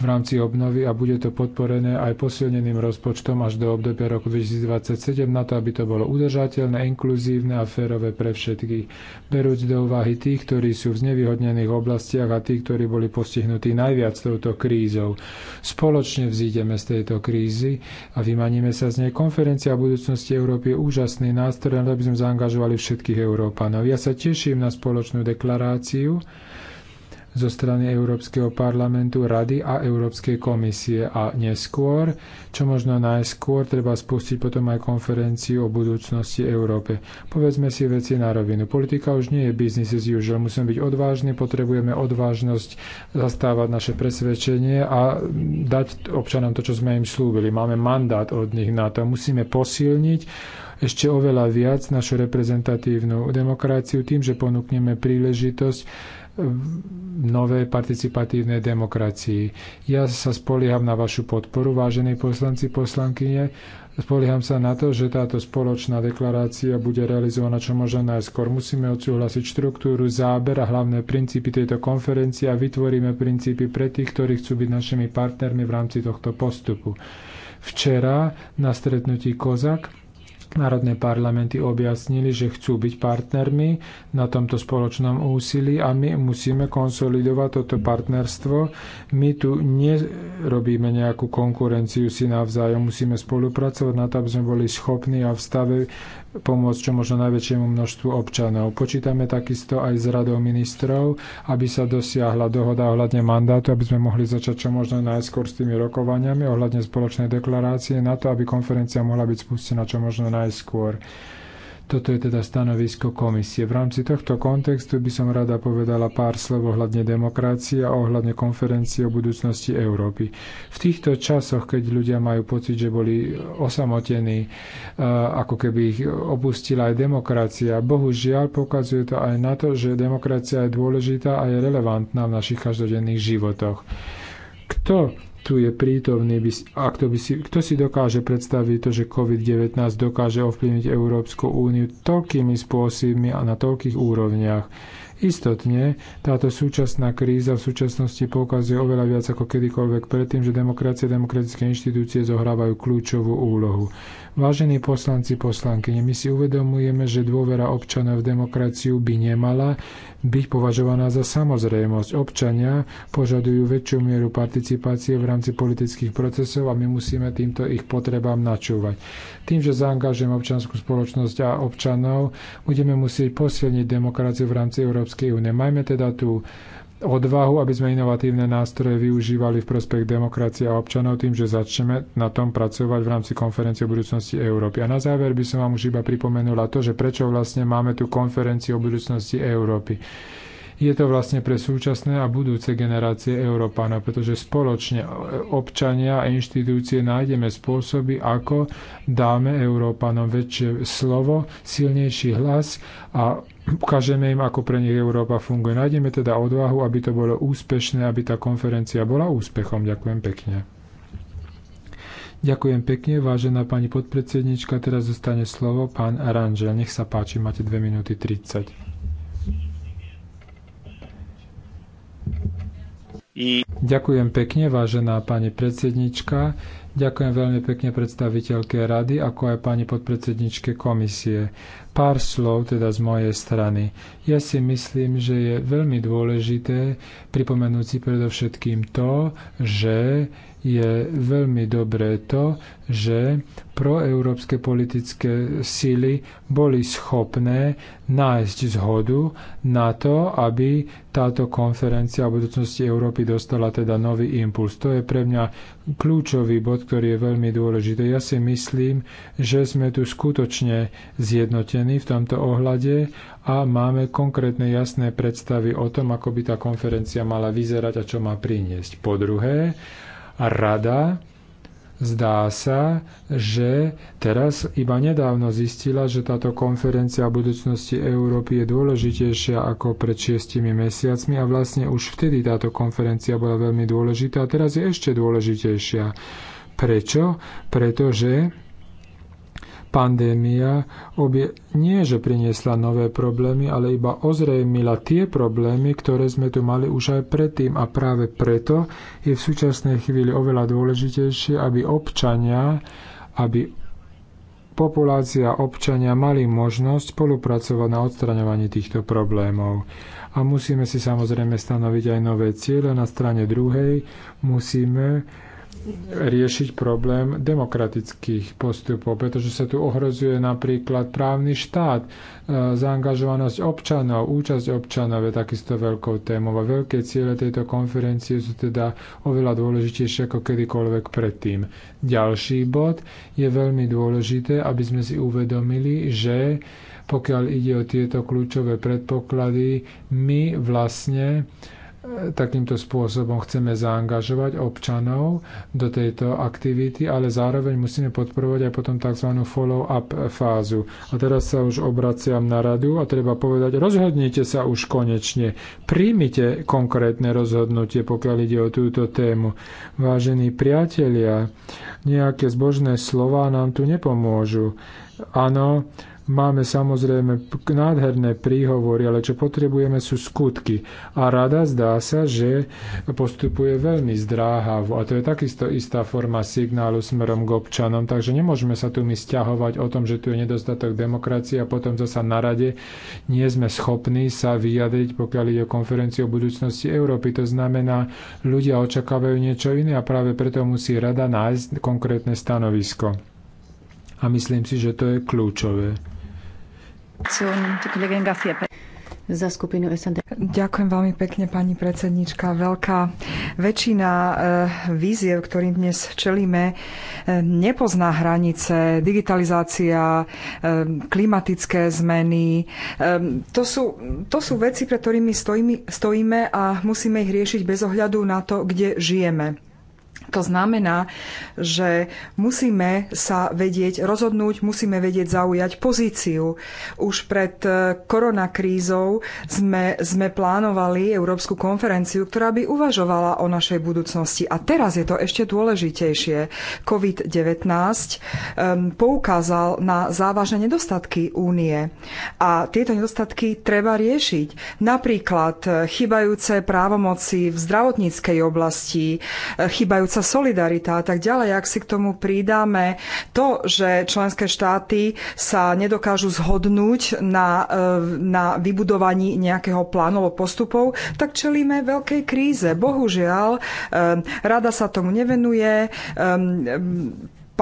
v rámci obnovy a bude to podporené aj posilneným rozpočtom až do obdobia roku 2027 na to, aby to bolo udržateľné, inkluzívne a férové pre všetkých. Berúc do úvahy tých, ktorí sú v znevýhodnených oblastiach a tí, ktorí boli postihnutí najviac touto krízou. Spoločne vzídeme z tejto krízy a vymaníme sa z nej. Konferencia o budúcnosti Európy je úžasný nástroj, aby sme zaangažovali všetkých Európanov. Ja sa teším na spoločnú deklaráciu, zo strany Európskeho parlamentu, Rady a Európskej komisie. A neskôr, čo možno najskôr, treba spustiť potom aj konferenciu o budúcnosti Európe. Povedzme si veci na rovinu. Politika už nie je business as usual. Musíme byť odvážni, potrebujeme odvážnosť zastávať naše presvedčenie a dať občanom to, čo sme im slúbili. Máme mandát od nich na to. Musíme posilniť ešte oveľa viac našu reprezentatívnu demokraciu tým, že ponúkneme príležitosť novej participatívnej demokracii. Ja sa spolieham na vašu podporu, vážení poslanci, poslankyne. Spolieham sa na to, že táto spoločná deklarácia bude realizovaná čo možno najskôr. Musíme odsúhlasiť štruktúru, záber a hlavné princípy tejto konferencie a vytvoríme princípy pre tých, ktorí chcú byť našimi partnermi v rámci tohto postupu. Včera na stretnutí Kozak národné parlamenty objasnili, že chcú byť partnermi na tomto spoločnom úsilí a my musíme konsolidovať toto partnerstvo. My tu nerobíme nejakú konkurenciu si navzájom, musíme spolupracovať na to, aby sme boli schopní a v stave pomôcť čo možno najväčšiemu množstvu občanov. Počítame takisto aj s radou ministrov, aby sa dosiahla dohoda ohľadne mandátu, aby sme mohli začať čo možno najskôr s tými rokovaniami ohľadne spoločnej deklarácie na to, aby konferencia mohla byť spustená čo možno najskôr. Toto je teda stanovisko komisie. V rámci tohto kontextu by som rada povedala pár slov ohľadne demokracie a ohľadne konferencie o budúcnosti Európy. V týchto časoch, keď ľudia majú pocit, že boli osamotení, e, ako keby ich opustila aj demokracia, bohužiaľ pokazuje to aj na to, že demokracia je dôležitá a je relevantná v našich každodenných životoch. Kto tu je prítomný, ak to by si, kto si dokáže predstaviť to, že COVID-19 dokáže ovplyvniť Európsku úniu toľkými spôsobmi a na toľkých úrovniach. Istotne, táto súčasná kríza v súčasnosti poukazuje oveľa viac ako kedykoľvek predtým, že demokracie a demokratické inštitúcie zohrávajú kľúčovú úlohu. Vážení poslanci, poslankyne, my si uvedomujeme, že dôvera občanov v demokraciu by nemala byť považovaná za samozrejmosť. Občania požadujú väčšiu mieru participácie v rámci politických procesov a my musíme týmto ich potrebám načúvať. Tým, že zaangažujeme občanskú spoločnosť a občanov, budeme musieť posilniť demokraciu v rámci Európskej únie. Majme teda tú odvahu, aby sme inovatívne nástroje využívali v prospech demokracie a občanov tým, že začneme na tom pracovať v rámci konferencie o budúcnosti Európy. A na záver by som vám už iba pripomenula to, že prečo vlastne máme tú konferenciu o budúcnosti Európy. Je to vlastne pre súčasné a budúce generácie Európana, pretože spoločne občania a inštitúcie nájdeme spôsoby, ako dáme Európanom väčšie slovo, silnejší hlas a ukážeme im, ako pre nich Európa funguje. Nájdeme teda odvahu, aby to bolo úspešné, aby tá konferencia bola úspechom. Ďakujem pekne. Ďakujem pekne, vážená pani podpredsednička. Teraz zostane slovo pán Aranžel. Nech sa páči, máte 2 minúty 30. I... Ďakujem pekne, vážená pani predsednička. Ďakujem veľmi pekne predstaviteľke rady, ako aj pani podpredsedničke komisie. Pár slov teda z mojej strany. Ja si myslím, že je veľmi dôležité pripomenúť si predovšetkým to, že je veľmi dobré to, že proeurópske politické síly boli schopné nájsť zhodu na to, aby táto konferencia o budúcnosti Európy dostala teda nový impuls. To je pre mňa kľúčový bod, ktorý je veľmi dôležitý. Ja si myslím, že sme tu skutočne zjednotení v tomto ohľade a máme konkrétne jasné predstavy o tom, ako by tá konferencia mala vyzerať a čo má priniesť. Po druhé, rada Zdá sa, že teraz iba nedávno zistila, že táto konferencia o budúcnosti Európy je dôležitejšia ako pred šiestimi mesiacmi a vlastne už vtedy táto konferencia bola veľmi dôležitá a teraz je ešte dôležitejšia. Prečo? Pretože pandémia obie, nie, že priniesla nové problémy, ale iba ozrejmila tie problémy, ktoré sme tu mali už aj predtým. A práve preto je v súčasnej chvíli oveľa dôležitejšie, aby občania, aby populácia občania mali možnosť spolupracovať na odstraňovaní týchto problémov. A musíme si samozrejme stanoviť aj nové ciele na strane druhej. Musíme riešiť problém demokratických postupov, pretože sa tu ohrozuje napríklad právny štát, e, zaangažovanosť občanov, účasť občanov je takisto veľkou témou a veľké ciele tejto konferencie sú teda oveľa dôležitejšie ako kedykoľvek predtým. Ďalší bod je veľmi dôležité, aby sme si uvedomili, že pokiaľ ide o tieto kľúčové predpoklady, my vlastne takýmto spôsobom chceme zaangažovať občanov do tejto aktivity, ale zároveň musíme podporovať aj potom tzv. follow-up fázu. A teraz sa už obraciam na radu a treba povedať, rozhodnite sa už konečne, príjmite konkrétne rozhodnutie, pokiaľ ide o túto tému. Vážení priatelia, nejaké zbožné slova nám tu nepomôžu. Áno, Máme samozrejme nádherné príhovory, ale čo potrebujeme sú skutky. A rada zdá sa, že postupuje veľmi zdráhavo. A to je takisto istá forma signálu smerom k občanom. Takže nemôžeme sa tu my stiahovať o tom, že tu je nedostatok demokracie a potom zasa na rade nie sme schopní sa vyjadriť, pokiaľ ide o konferenciu o budúcnosti Európy. To znamená, ľudia očakávajú niečo iné a práve preto musí rada nájsť konkrétne stanovisko a myslím si, že to je kľúčové. Za skupinu SND. Ďakujem veľmi pekne, pani predsednička. Veľká väčšina eh, víziev, ktorým dnes čelíme, eh, nepozná hranice, digitalizácia, eh, klimatické zmeny. To sú, to sú veci, pred ktorými stojíme a musíme ich riešiť bez ohľadu na to, kde žijeme. To znamená, že musíme sa vedieť rozhodnúť, musíme vedieť zaujať pozíciu. Už pred eh, koronakrízou sme, sme plánovali Európsku konferenciu, ktorá by uvažovala o našej budúcnosti. A teraz je to ešte dôležitejšie. COVID-19 ehm, poukázal na závažné nedostatky únie. A tieto nedostatky treba riešiť. Napríklad eh, chybajúce právomoci v zdravotníckej oblasti, eh, chybajúce predsa solidarita a tak ďalej. Ak si k tomu pridáme to, že členské štáty sa nedokážu zhodnúť na, e, na vybudovaní nejakého plánu alebo postupov, tak čelíme veľkej kríze. Bohužiaľ, e, rada sa tomu nevenuje e,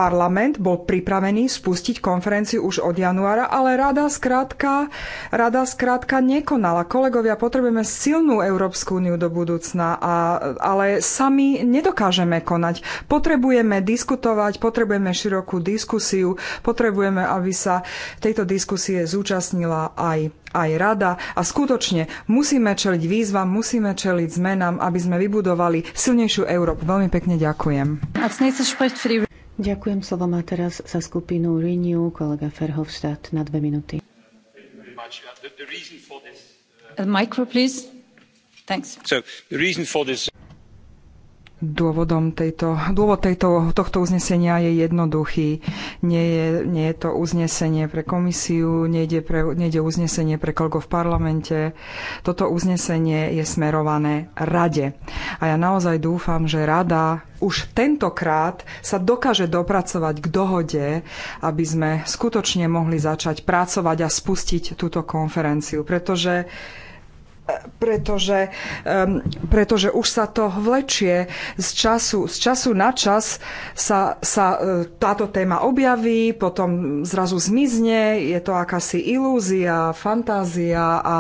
parlament bol pripravený spustiť konferenciu už od januára, ale rada skrátka, rada skrátka nekonala. Kolegovia, potrebujeme silnú Európsku úniu do budúcna, a, ale sami nedokážeme konať. Potrebujeme diskutovať, potrebujeme širokú diskusiu, potrebujeme, aby sa tejto diskusie zúčastnila aj aj rada a skutočne musíme čeliť výzvam, musíme čeliť zmenám, aby sme vybudovali silnejšiu Európu. Veľmi pekne ďakujem. Ďakujem slovo má teraz za skupinu Renew kolega Ferhofstadt na dve minúty. Uh, micro, please. Thanks. So, the reason for this Dôvodom tejto, dôvod tejto, tohto uznesenia je jednoduchý. Nie je, nie je to uznesenie pre komisiu, nejde, pre, nejde uznesenie pre koľko v parlamente. Toto uznesenie je smerované rade. A ja naozaj dúfam, že rada už tentokrát sa dokáže dopracovať k dohode, aby sme skutočne mohli začať pracovať a spustiť túto konferenciu. Pretože pretože, pretože už sa to vlečie z času, z času na čas sa, sa e, táto téma objaví, potom zrazu zmizne, je to akási ilúzia, fantázia a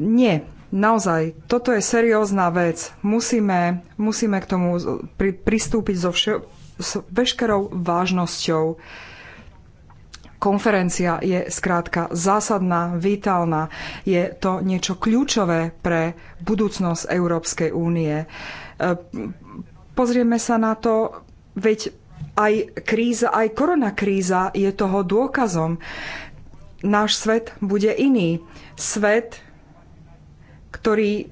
nie, naozaj, toto je seriózna vec. Musíme, musíme k tomu pri, pristúpiť so, so veškerou vážnosťou konferencia je skrátka zásadná, vitálna. Je to niečo kľúčové pre budúcnosť Európskej únie. E, pozrieme sa na to, veď aj kríza, aj koronakríza je toho dôkazom. Náš svet bude iný. Svet, ktorý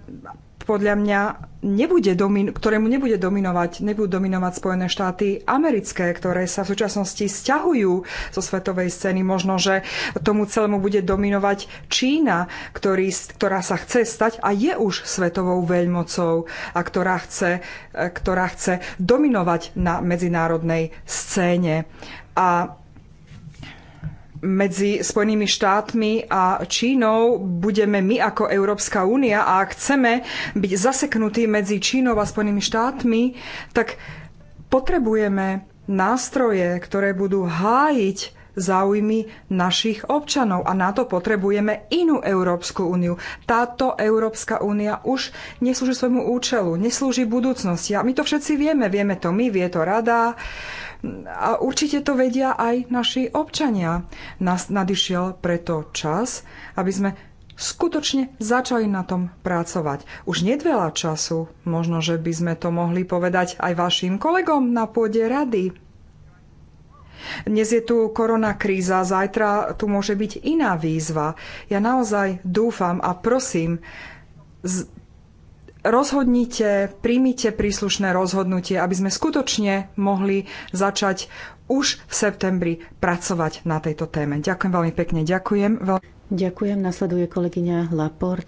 podľa mňa nebude domin- ktorému nebude dominovať, nebudú dominovať Spojené štáty americké, ktoré sa v súčasnosti stiahujú zo svetovej scény. Možno, že tomu celému bude dominovať Čína, ktorý, ktorá sa chce stať a je už svetovou veľmocou a ktorá chce, e, ktorá chce dominovať na medzinárodnej scéne. A medzi Spojenými štátmi a Čínou budeme my ako Európska únia a ak chceme byť zaseknutí medzi Čínou a Spojenými štátmi, tak potrebujeme nástroje, ktoré budú hájiť záujmy našich občanov a na to potrebujeme inú Európsku úniu. Táto Európska únia už neslúži svojmu účelu, neslúži budúcnosti a my to všetci vieme, vieme to my, vie to rada, a určite to vedia aj naši občania. Nas nadišiel preto čas, aby sme skutočne začali na tom pracovať. Už nedveľa času, možno, že by sme to mohli povedať aj vašim kolegom na pôde rady. Dnes je tu korona kríza, zajtra tu môže byť iná výzva. Ja naozaj dúfam a prosím, rozhodnite, príjmite príslušné rozhodnutie, aby sme skutočne mohli začať už v septembri pracovať na tejto téme. Ďakujem veľmi pekne, ďakujem. Veľ... Ďakujem, nasleduje kolegyňa Laport.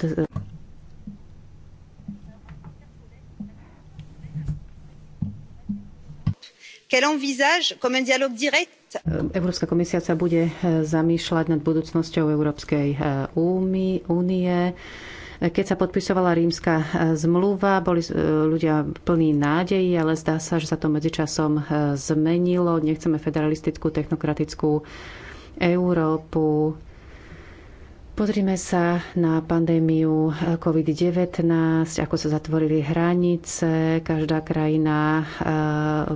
Quel envisage comme un dialogue direct Európska komisia sa bude e, zamýšľať nad budúcnosťou Európskej e, únie keď sa podpisovala rímska e, zmluva, boli e, ľudia plní nádejí, ale zdá sa, že sa to medzičasom e, zmenilo. Nechceme federalistickú, technokratickú Európu. Pozrime sa na pandémiu COVID-19, ako sa zatvorili hranice, každá krajina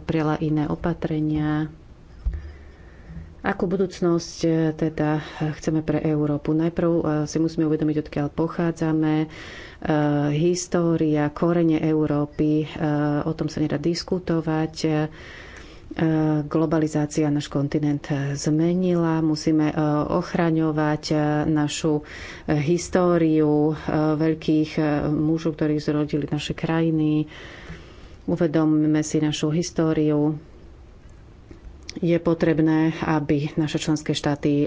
prijala iné opatrenia. Akú budúcnosť e, teda e, chceme pre Európu? Najprv e, si musíme uvedomiť, odkiaľ pochádzame, história, korene Európy, o tom sa nedá diskutovať. Globalizácia náš kontinent zmenila, musíme ochraňovať našu históriu veľkých mužov, ktorí zrodili naše krajiny. Uvedomme si našu históriu, je potrebné, aby naše členské štáty e,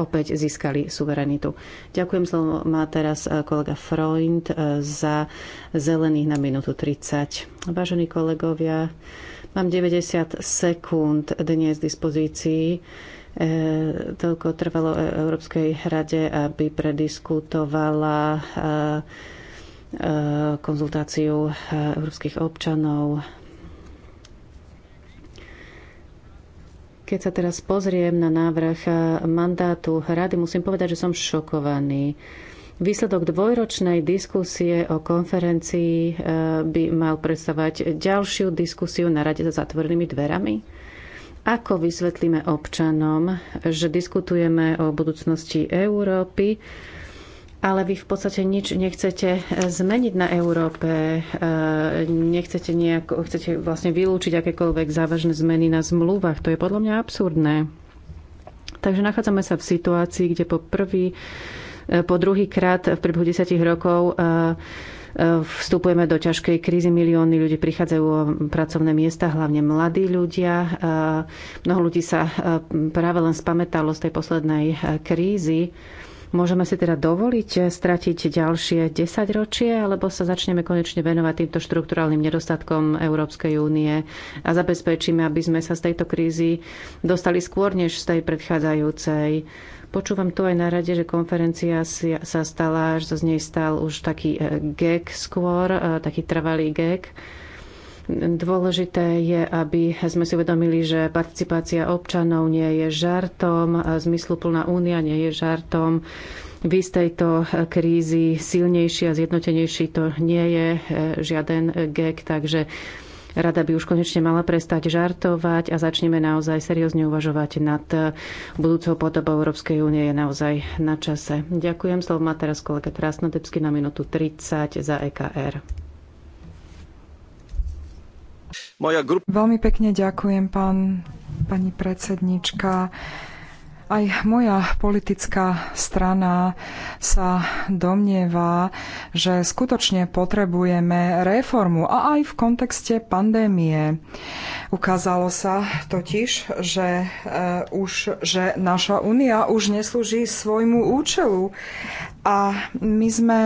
opäť získali suverenitu. Ďakujem, slovo má teraz e, kolega Freund e, za zelených na minútu 30. Vážení kolegovia, mám 90 sekúnd dnes v dispozícii. Toľko trvalo Európskej rade, aby prediskutovala konzultáciu európskych občanov Keď sa teraz pozriem na návrh eh, mandátu rady, musím povedať, že som šokovaný. Výsledok dvojročnej diskusie o konferencii eh, by mal predstavať ďalšiu diskusiu na rade za zatvorenými dverami. Ako vysvetlíme občanom, že diskutujeme o budúcnosti Európy, ale vy v podstate nič nechcete eh, zmeniť na Európe, eh, nechcete nejako, chcete vlastne vylúčiť akékoľvek závažné zmeny na zmluvách. To je podľa mňa absurdné. Takže nachádzame sa v situácii, kde po prvý, eh, po druhý krát v priebehu desiatich rokov vstupujeme do ťažkej krízy. Milióny ľudí prichádzajú o pracovné miesta, hlavne mladí ľudia. Mnoho ľudí sa práve len spametalo z tej poslednej krízy. Môžeme si teda dovoliť stratiť ďalšie 10 ročie, alebo sa začneme konečne venovať týmto štruktúralným nedostatkom Európskej únie a zabezpečíme, aby sme sa z tejto krízy dostali skôr než z tej predchádzajúcej. Počúvam tu aj na rade, že konferencia sa stala, že z nej stal už taký eh, gek skôr, eh, taký trvalý gek Dôležité je, aby sme si uvedomili, že participácia občanov nie je žartom, zmysluplná únia nie je žartom. V tejto krízy silnejší a zjednotenejší to nie je e, žiaden gek, takže Rada by už konečne mala prestať žartovať a začneme naozaj seriózne uvažovať nad budúcou podobou Európskej únie je naozaj na čase. Ďakujem, slovo má teraz kolega Trasnodebsky na minútu 30 za EKR. Veľmi pekne ďakujem, pán, pani predsednička. Aj moja politická strana sa domnieva, že skutočne potrebujeme reformu a aj v kontexte pandémie. Ukázalo sa totiž, že, e, už, že naša únia už neslúži svojmu účelu a my sme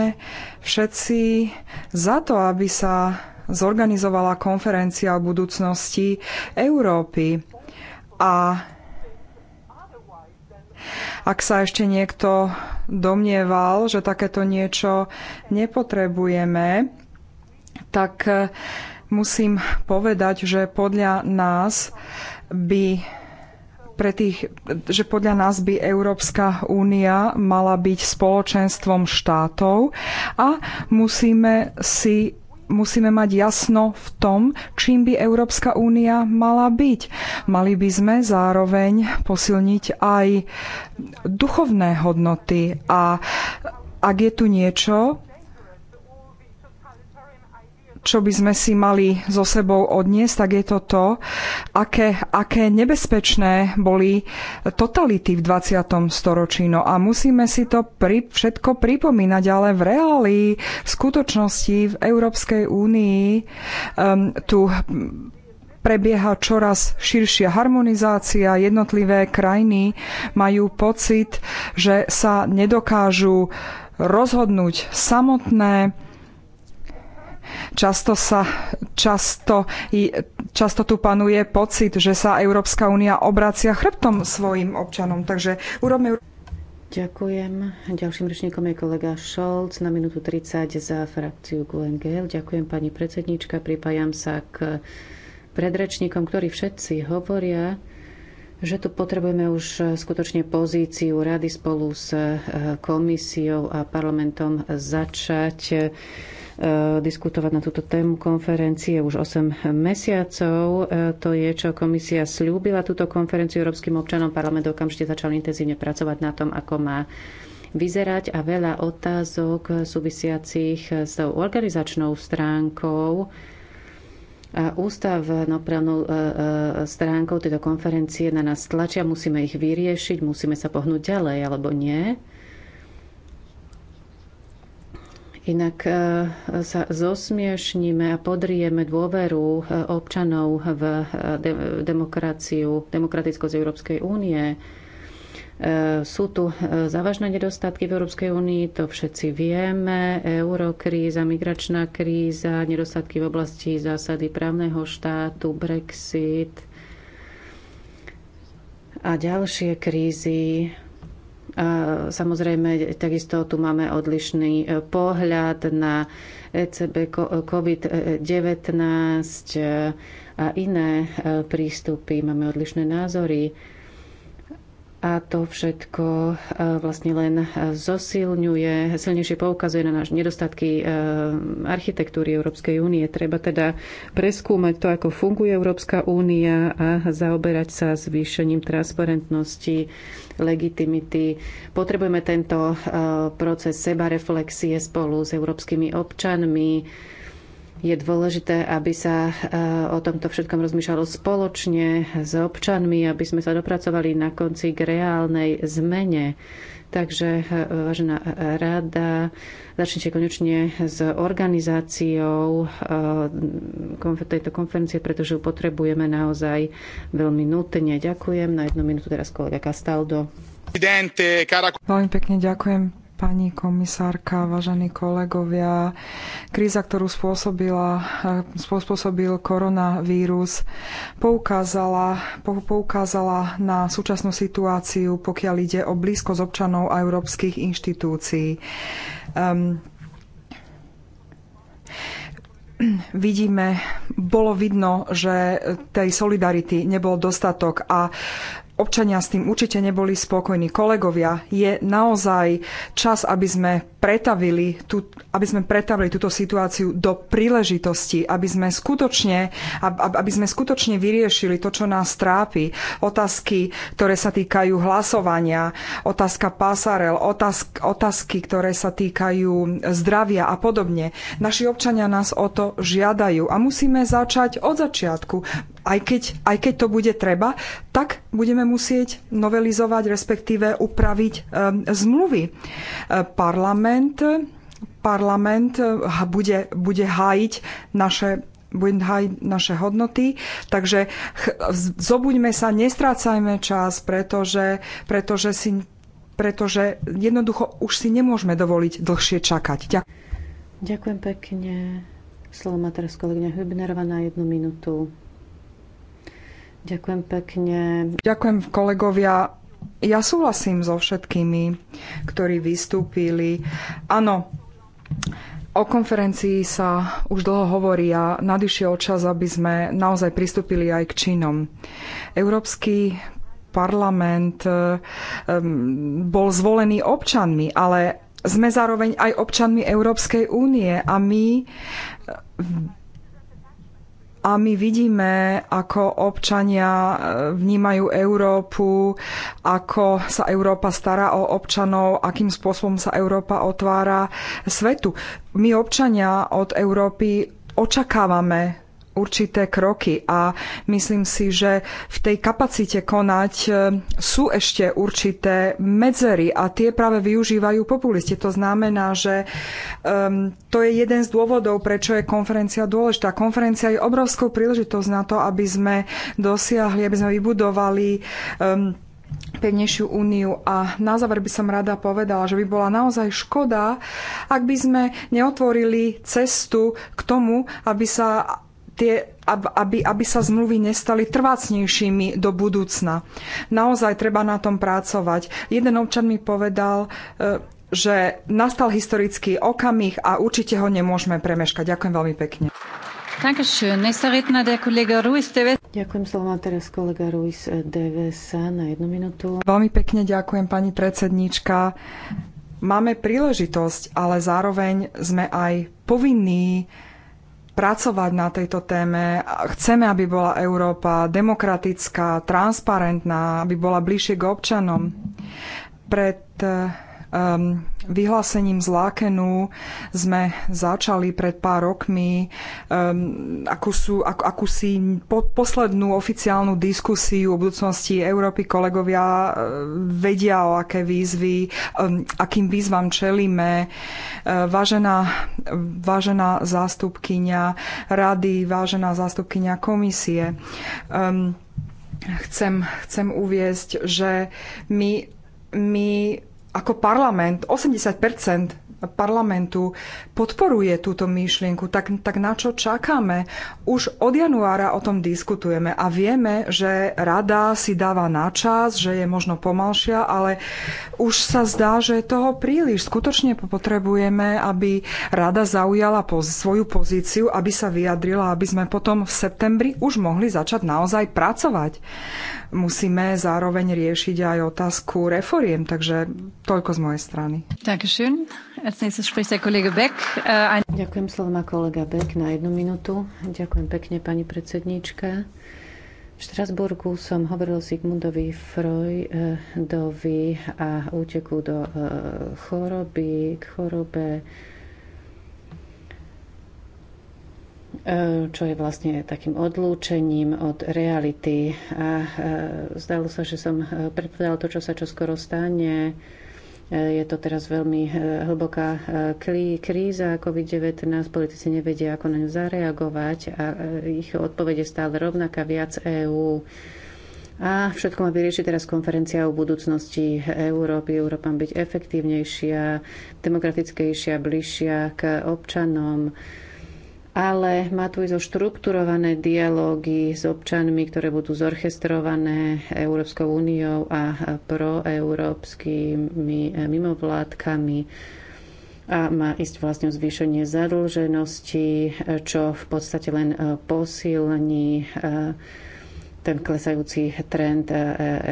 všetci za to, aby sa zorganizovala konferencia o budúcnosti Európy. A ak sa ešte niekto domnieval, že takéto niečo nepotrebujeme, tak e, musím povedať, že podľa nás by pre tých, že podľa nás by Európska únia mala byť spoločenstvom štátov a musíme si musíme mať jasno v tom, čím by Európska únia mala byť. Mali by sme zároveň posilniť aj duchovné hodnoty a ak je tu niečo, čo by sme si mali so sebou odniesť, tak je to to, aké, aké nebezpečné boli totality v 20. storočí. No a musíme si to pri, všetko pripomínať, ale v reálii, v skutočnosti v Európskej únii um, tu prebieha čoraz širšia harmonizácia, jednotlivé krajiny majú pocit, že sa nedokážu rozhodnúť samotné, Často, sa, často, často tu panuje pocit, že sa Európska únia obracia chrbtom svojim občanom. Takže urobme... Ďakujem. Ďalším rečníkom je kolega Šolc na minútu 30 za frakciu QNGL. Ďakujem pani predsednička. Pripájam sa k predrečníkom, ktorí všetci hovoria, že tu potrebujeme už skutočne pozíciu rady spolu s eh, komisiou a parlamentom začať Eh, diskutovať na túto tému konferencie už 8 mesiacov. Eh, to je, čo komisia slúbila túto konferenciu európskym občanom. Parlament okamžite začal intenzívne pracovať na tom, ako má vyzerať a veľa otázok súvisiacich s organizačnou stránkou a ústavnoprávnou eh, stránkou tejto konferencie na nás tlačia, musíme ich vyriešiť, musíme sa pohnúť ďalej alebo nie. Inak e, sa zosmiešnime a podrieme dôveru e, občanov v e, demokraciu, demokratickosť Európskej únie. Sú tu závažné nedostatky v Európskej únii, to všetci vieme. Eurokríza, migračná kríza, nedostatky v oblasti zásady právneho štátu, Brexit a ďalšie krízy Samozrejme, takisto tu máme odlišný e, pohľad na ECB COVID-19 e, a iné e, prístupy. Máme odlišné názory. A to všetko e, vlastne len e, zosilňuje, silnejšie poukazuje na náš nedostatky e, architektúry Európskej únie. Treba teda preskúmať to, ako funguje Európska únia a zaoberať sa zvýšením transparentnosti, legitimity. Potrebujeme tento proces sebareflexie spolu s európskymi občanmi, je dôležité, aby sa e, o tomto všetkom rozmýšľalo spoločne s občanmi, aby sme sa dopracovali na konci k reálnej zmene. Takže, e, vážená rada, začnite konečne s organizáciou e, tejto konferencie, pretože ju potrebujeme naozaj veľmi nutne. Ďakujem. Na jednu minútu teraz kolega Castaldo. Veľmi pekne ďakujem pani komisárka, vážení kolegovia. Kríza, ktorú spôsobila, eh, spôsobil koronavírus, poukázala, poukázala na súčasnú situáciu, pokiaľ ide o blízko z občanov a európskych inštitúcií. Um, vidíme, bolo vidno, že tej solidarity nebol dostatok a občania s tým určite neboli spokojní. Kolegovia, je naozaj čas, aby sme pretavili, tú, aby sme pretavili túto situáciu do príležitosti, aby sme, skutočne, aby sme skutočne vyriešili to, čo nás trápi. Otázky, ktoré sa týkajú hlasovania, otázka pasarel, otázk, otázky, ktoré sa týkajú zdravia a podobne. Naši občania nás o to žiadajú a musíme začať od začiatku aj keď, aj keď to bude treba, tak budeme musieť novelizovať, respektíve upraviť e, zmluvy. E, parlament, parlament eh, bude, bude hájiť naše budem hájiť naše hodnoty. Takže zobuďme sa, nestrácajme čas, pretože, pretože, si, pretože jednoducho už si nemôžeme dovoliť dlhšie čakať. Ďakujem. Ďakujem pekne. Slovo má teraz kolegyňa Hübnerová na jednu minútu. Ďakujem pekne. Ďakujem kolegovia. Ja súhlasím so všetkými, ktorí vystúpili. Áno, O konferencii sa už dlho hovorí a nadišiel čas, aby sme naozaj pristúpili aj k činom. Európsky parlament eh, bol zvolený občanmi, ale sme zároveň aj občanmi Európskej únie a my a my vidíme, ako občania eh, vnímajú Európu, ako sa Európa stará o občanov, akým spôsobom sa Európa otvára svetu. My občania od Európy očakávame určité kroky a myslím si, že v tej kapacite konať e, sú ešte určité medzery a tie práve využívajú populisti. To znamená, že um, to je jeden z dôvodov, prečo je konferencia dôležitá. Konferencia je obrovskou príležitosť na to, aby sme dosiahli, aby sme vybudovali um, pevnejšiu úniu. A na záver by som rada povedala, že by bola naozaj škoda, ak by sme neotvorili cestu k tomu, aby sa tie, aby, aby sa zmluvy nestali trvácnejšími do budúcna. Naozaj treba na tom pracovať. Jeden občan mi povedal, e, že nastal historický okamih a určite ho nemôžeme premeškať. Ďakujem veľmi pekne. Ďakujem slova teraz kolega Ruiz Devesa na jednu minútu. Veľmi pekne ďakujem pani predsednička. Máme príležitosť, ale zároveň sme aj povinní pracovať na tejto téme. Chceme, aby bola Európa demokratická, transparentná, aby bola bližšie k občanom. Pred um, Vyhlásením z Lákenu sme začali pred pár rokmi um, akúsi ak, akú po, poslednú oficiálnu diskusiu o budúcnosti Európy. Kolegovia uh, vedia, o aké výzvy, um, akým výzvam čelíme. Uh, vážená, vážená zástupkynia rady, vážená zástupkynia komisie. Um, chcem, chcem uviezť, že my, my ako parlament, 80 parlamentu podporuje túto myšlienku, tak, tak na čo čakáme? Už od januára o tom diskutujeme a vieme, že rada si dáva na čas, že je možno pomalšia, ale už sa zdá, že je toho príliš. Skutočne potrebujeme, aby rada zaujala poz, svoju pozíciu, aby sa vyjadrila, aby sme potom v septembri už mohli začať naozaj pracovať musíme zároveň riešiť aj otázku reforiem. Takže toľko z mojej strany. Äh, Ďakujem slovo má kolega Beck na jednu minútu. Ďakujem pekne pani predsedníčka. V Štrasburgu som hovoril Sigmundovi Freudovi a úteku do e, choroby, k chorobe E, čo je vlastne takým odlúčením od reality. A e, zdalo sa, že som e, predpovedala to, čo sa čoskoro stane. Je to teraz veľmi hlboká kríza COVID-19, politici nevedia, ako na ňu zareagovať a ich odpovede je stále rovnaká, viac EÚ. A všetko má vyriešiť teraz konferencia o budúcnosti Európy. Európa byť efektívnejšia, demokratickejšia, bližšia k občanom ale má tu ísť o štrukturované dialógy s občanmi, ktoré budú zorchestrované Európskou úniou a proeurópskymi eh, mimovládkami a má ísť vlastne o zvýšenie zadlženosti, eh, čo v podstate len eh, posilní ten klesajúci trend e,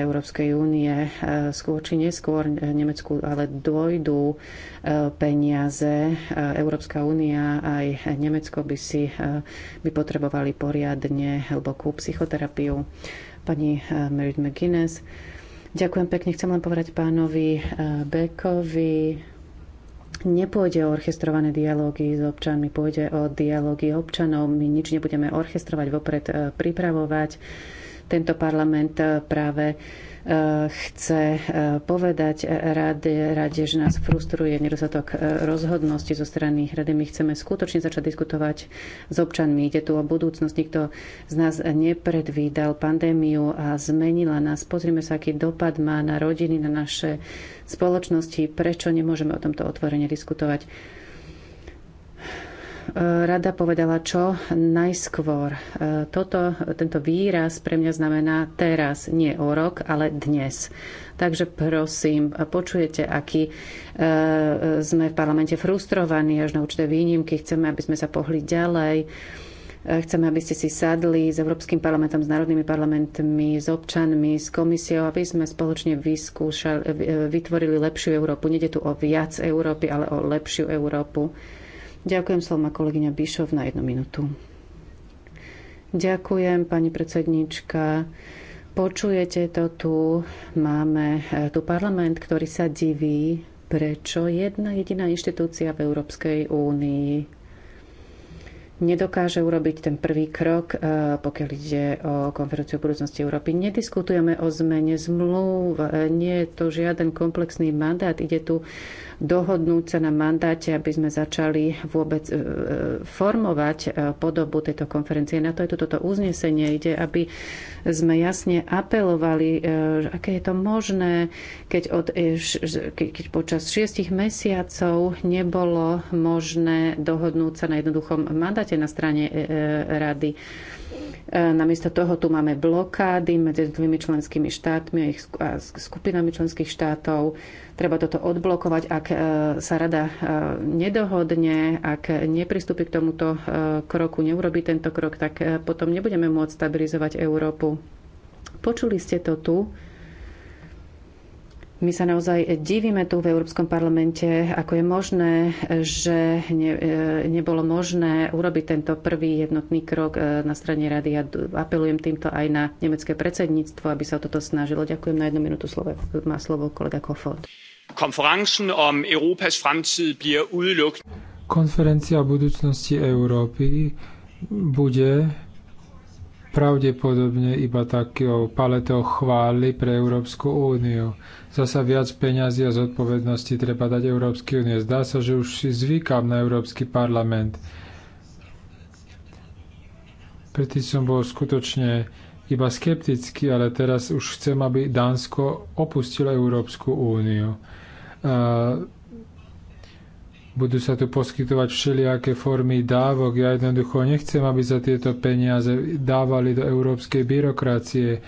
Európskej únie. E, skôr či neskôr Nemecku ale dojdú e, peniaze. Európska únia aj Nemecko by si by potrebovali poriadne hlbokú psychoterapiu. Pani Mary McGuinness. Ďakujem pekne. Chcem len povedať pánovi Bekovi, nepôjde o orchestrované dialógy s občanmi, pôjde o dialógy občanov. My nič nebudeme orchestrovať, vopred pripravovať tento parlament e, práve e, chce e, povedať rade, rade, že nás frustruje nedostatok rozhodnosti zo strany rady. My chceme skutočne začať diskutovať s občanmi. Ide tu o budúcnosť. Nikto z nás nepredvídal pandémiu a zmenila nás. Pozrime sa, aký dopad má na rodiny, na naše spoločnosti. Prečo nemôžeme o tomto otvorene diskutovať? Eh, rada povedala čo najskôr. Eh, toto, tento výraz pre mňa znamená teraz, nie o rok, ale dnes. Takže prosím, počujete, aký eh, sme v parlamente frustrovaní až na určité výnimky. Chceme, aby sme sa pohli ďalej. Chceme, aby ste si sadli s Európskym parlamentom, s národnými parlamentmi, s občanmi, s komisiou, aby sme spoločne vyskúšali, vytvorili lepšiu Európu. Nede tu o viac Európy, ale o lepšiu Európu. Ďakujem, slova kolegyňa Bišov na jednu minútu. Ďakujem, pani predsednička. Počujete to tu. Máme e, tu parlament, ktorý sa diví, prečo jedna jediná inštitúcia v Európskej únii nedokáže urobiť ten prvý krok, e, pokiaľ ide o konferenciu budúcnosti Európy. Nediskutujeme o zmene zmluv, e, nie je to žiaden komplexný mandát, ide tu dohodnúť sa na mandáte, aby sme začali vôbec e, e, formovať e, podobu tejto konferencie. Na to je toto uznesenie ide, aby sme jasne apelovali, aké je to možné, keď, od, keď počas šiestich mesiacov nebolo možné dohodnúť sa na jednoduchom mandáte na strane rady. E, namiesto toho tu máme blokády medzi jednotlivými členskými štátmi a ich skupinami členských štátov. Treba toto odblokovať, ak e, sa rada e, nedohodne, ak nepristúpi k tomuto kroku, neurobi tento krok, tak potom nebudeme môcť stabilizovať Európu. Počuli ste to tu my sa naozaj divíme tu v Európskom parlamente, ako je možné, že ne, e, nebolo možné urobiť tento prvý jednotný krok e, na strane rady. Ja apelujem týmto aj na nemecké predsedníctvo, aby sa o toto snažilo. Ďakujem na jednu minútu. Slovo, má slovo kolega Kofod. Konferencia o budúcnosti Európy bude pravdepodobne iba takou paletou chvály pre Európsku úniu. Zasa viac peňazí a zodpovednosti treba dať Európskej únie. Zdá sa, že už si zvykám na Európsky parlament. Predtým som bol skutočne iba skeptický, ale teraz už chcem, aby Dánsko opustilo Európsku úniu. Budú sa tu poskytovať všelijaké formy dávok. Ja jednoducho nechcem, aby sa tieto peniaze dávali do európskej byrokracie.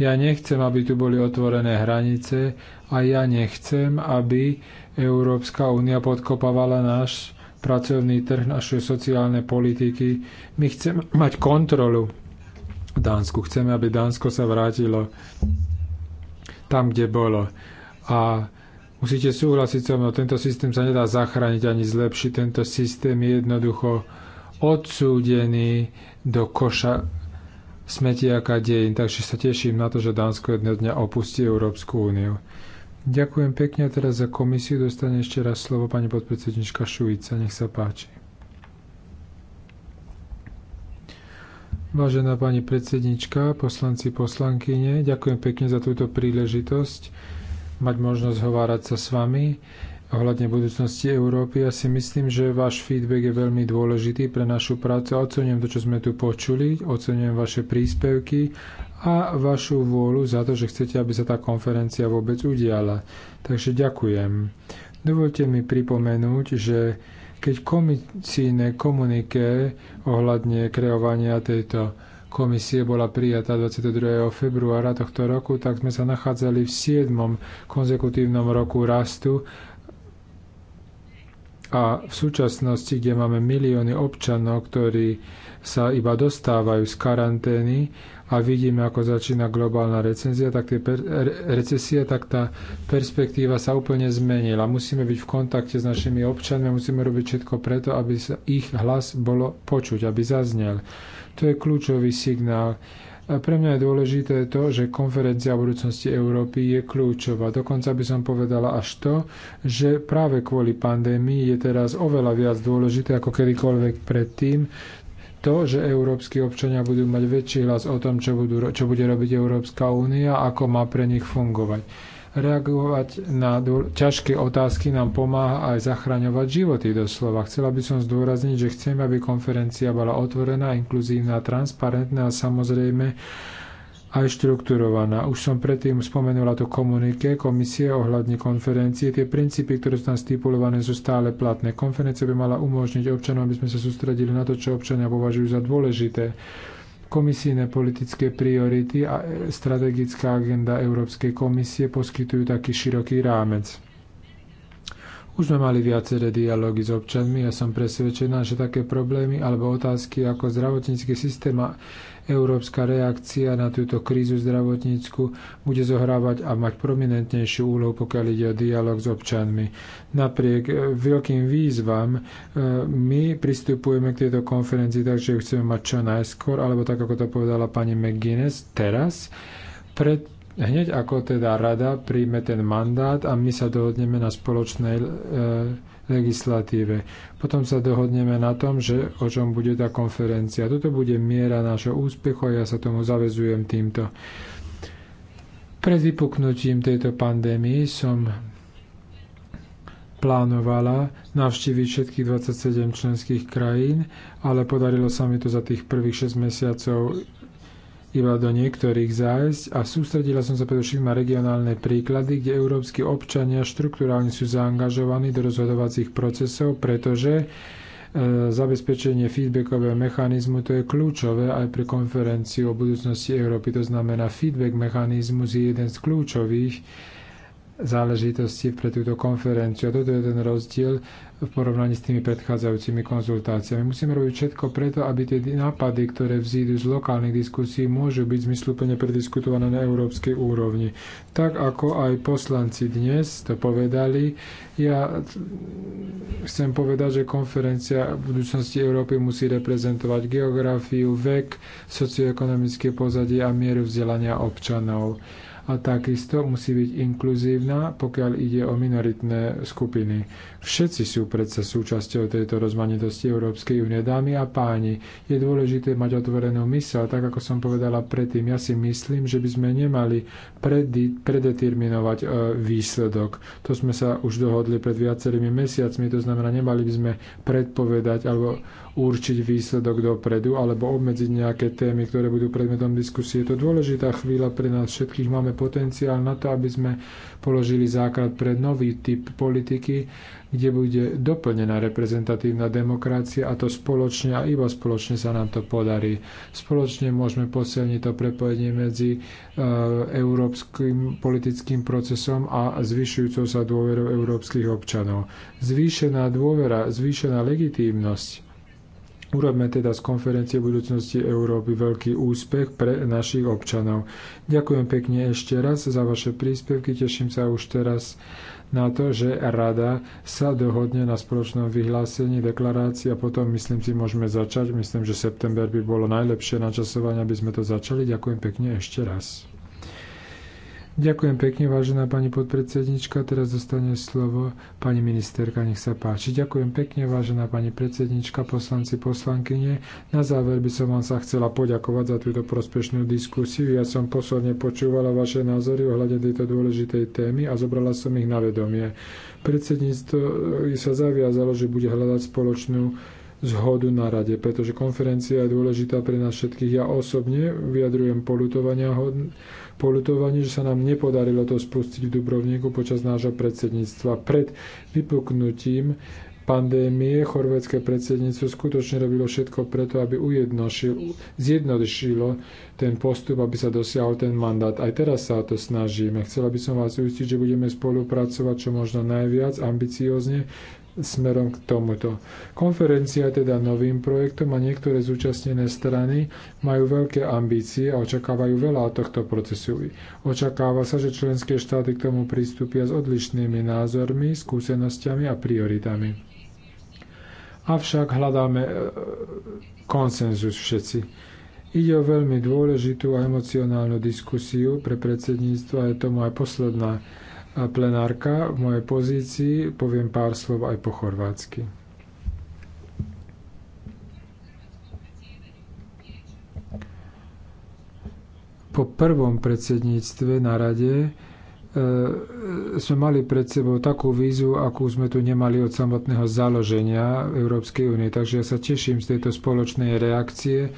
Ja nechcem, aby tu boli otvorené hranice a ja nechcem, aby Európska únia podkopávala náš pracovný trh, naše sociálne politiky. My chceme mať kontrolu v Dánsku. Chceme, aby Dánsko sa vrátilo tam, kde bolo. A musíte súhlasiť so mnou, tento systém sa nedá zachrániť ani zlepšiť. Tento systém je jednoducho odsúdený do koša smetiaka dejín, takže sa teším na to, že Dánsko jedného dňa opustí Európsku úniu. Ďakujem pekne teraz za komisiu dostane ešte raz slovo pani podpredsednička Šujica. Nech sa páči. Vážená pani predsednička, poslanci, poslankyne, ďakujem pekne za túto príležitosť mať možnosť hovárať sa s vami ohľadne budúcnosti Európy. Ja si myslím, že váš feedback je veľmi dôležitý pre našu prácu. Ocenujem to, čo sme tu počuli, ocenujem vaše príspevky a vašu vôľu za to, že chcete, aby sa tá konferencia vôbec udiala. Takže ďakujem. Dovolte mi pripomenúť, že keď komisíne komuniké ohľadne kreovania tejto komisie bola prijatá 22. februára tohto roku, tak sme sa nachádzali v 7. konzekutívnom roku rastu a v súčasnosti, kde máme milióny občanov, ktorí sa iba dostávajú z karantény a vidíme, ako začína globálna recenzia, tak per, recesia, tak tá perspektíva sa úplne zmenila. Musíme byť v kontakte s našimi občanmi, musíme robiť všetko preto, aby sa ich hlas bolo počuť, aby zaznel. To je kľúčový signál pre mňa je dôležité to, že konferencia o budúcnosti Európy je kľúčová. Dokonca by som povedala až to, že práve kvôli pandémii je teraz oveľa viac dôležité ako kedykoľvek predtým to, že európsky občania budú mať väčší hlas o tom, čo, budú, čo bude robiť Európska únia, ako má pre nich fungovať. Reagovať na ťažké otázky nám pomáha aj zachraňovať životy doslova. Chcela by som zdôrazniť, že chcem, aby konferencia bola otvorená, inkluzívna, transparentná a samozrejme aj štrukturovaná. Už som predtým spomenula to komunike komisie ohľadne konferencie. Tie princípy, ktoré sú tam stipulované, sú stále platné. Konferencia by mala umožniť občanom, aby sme sa sústredili na to, čo občania považujú za dôležité. Komisijné politické priority a e, strategická agenda Európskej komisie poskytujú taký široký rámec. Už sme mali viaceré dialógy s občanmi a som presvedčená, že také problémy alebo otázky ako zdravotnícky systém a európska reakcia na túto krízu zdravotnícku bude zohrávať a mať prominentnejšiu úlohu, pokiaľ ide o dialog s občanmi. Napriek e, veľkým výzvam e, my pristupujeme k tejto konferencii tak, že ju chceme mať čo najskôr, alebo tak, ako to povedala pani McGuinness, teraz, pred Hneď ako teda rada príjme ten mandát a my sa dohodneme na spoločnej e, legislatíve. Potom sa dohodneme na tom, že o čom bude tá konferencia. Toto bude miera nášho úspechu a ja sa tomu zavezujem týmto. Pred vypuknutím tejto pandémii som plánovala navštíviť všetkých 27 členských krajín, ale podarilo sa mi to za tých prvých 6 mesiacov iba do niektorých zájsť a sústredila som sa predovšetkým na regionálne príklady, kde európsky občania štruktúrálne sú zaangažovaní do rozhodovacích procesov, pretože e, zabezpečenie feedbackového mechanizmu, to je kľúčové aj pre konferenciu o budúcnosti Európy. To znamená, feedback mechanizmus je jeden z kľúčových záležitosti pre túto konferenciu. A toto je ten rozdiel v porovnaní s tými predchádzajúcimi konzultáciami. Musíme robiť všetko preto, aby tie nápady, ktoré vzídu z lokálnych diskusí, môžu byť zmysluplne prediskutované na európskej úrovni. Tak ako aj poslanci dnes to povedali, ja chcem povedať, že konferencia v budúcnosti Európy musí reprezentovať geografiu, vek, socioekonomické pozadie a mieru vzdelania občanov a takisto musí byť inkluzívna, pokiaľ ide o minoritné skupiny. Všetci sú predsa súčasťou tejto rozmanitosti Európskej únie. Dámy a páni, je dôležité mať otvorenú mysel, tak ako som povedala predtým. Ja si myslím, že by sme nemali predeterminovať e, výsledok. To sme sa už dohodli pred viacerými mesiacmi, to znamená, nemali by sme predpovedať alebo určiť výsledok dopredu alebo obmedziť nejaké témy, ktoré budú predmetom diskusie. Je to dôležitá chvíľa pre nás všetkých. Máme potenciál na to, aby sme položili základ pre nový typ politiky, kde bude doplnená reprezentatívna demokracia a to spoločne a iba spoločne sa nám to podarí. Spoločne môžeme posilniť to prepojenie medzi e, európskym politickým procesom a zvyšujúcou sa dôverou európskych občanov. Zvýšená dôvera, zvýšená legitímnosť Urobme teda z konferencie budúcnosti Európy veľký úspech pre našich občanov. Ďakujem pekne ešte raz za vaše príspevky. Teším sa už teraz na to, že Rada sa dohodne na spoločnom vyhlásení deklarácií a potom, myslím si, môžeme začať. Myslím, že september by bolo najlepšie načasovanie, aby sme to začali. Ďakujem pekne ešte raz. Ďakujem pekne, vážená pani podpredsednička. Teraz dostane slovo pani ministerka, nech sa páči. Ďakujem pekne, vážená pani predsednička, poslanci, poslankyne. Na záver by som vám sa chcela poďakovať za túto prospešnú diskusiu. Ja som posledne počúvala vaše názory ohľadne tejto dôležitej témy a zobrala som ich na vedomie. Predsedníctvo sa zaviazalo, že bude hľadať spoločnú zhodu na rade, pretože konferencia je dôležitá pre nás všetkých. Ja osobne vyjadrujem polutovania hodn- polutovanie, že sa nám nepodarilo to spustiť v Dubrovníku počas nášho predsedníctva. Pred vypuknutím pandémie chorvátske predsedníctvo skutočne robilo všetko preto, aby zjednodušilo ten postup, aby sa dosiahol ten mandát. Aj teraz sa to snažíme. Chcela by som vás uistiť, že budeme spolupracovať čo možno najviac, ambiciozne, smerom k tomuto. Konferencia teda novým projektom a niektoré zúčastnené strany majú veľké ambície a očakávajú veľa od tohto procesu. Očakáva sa, že členské štáty k tomu pristúpia s odlišnými názormi, skúsenosťami a prioritami. Avšak hľadáme e, konsenzus všetci. Ide o veľmi dôležitú a emocionálnu diskusiu pre predsedníctvo a je tomu aj posledná plenárka v mojej pozícii, poviem pár slov aj po chorvátsky. Po prvom predsedníctve na rade e, sme mali pred sebou takú vízu, akú sme tu nemali od samotného založenia Európskej únie. Takže ja sa teším z tejto spoločnej reakcie,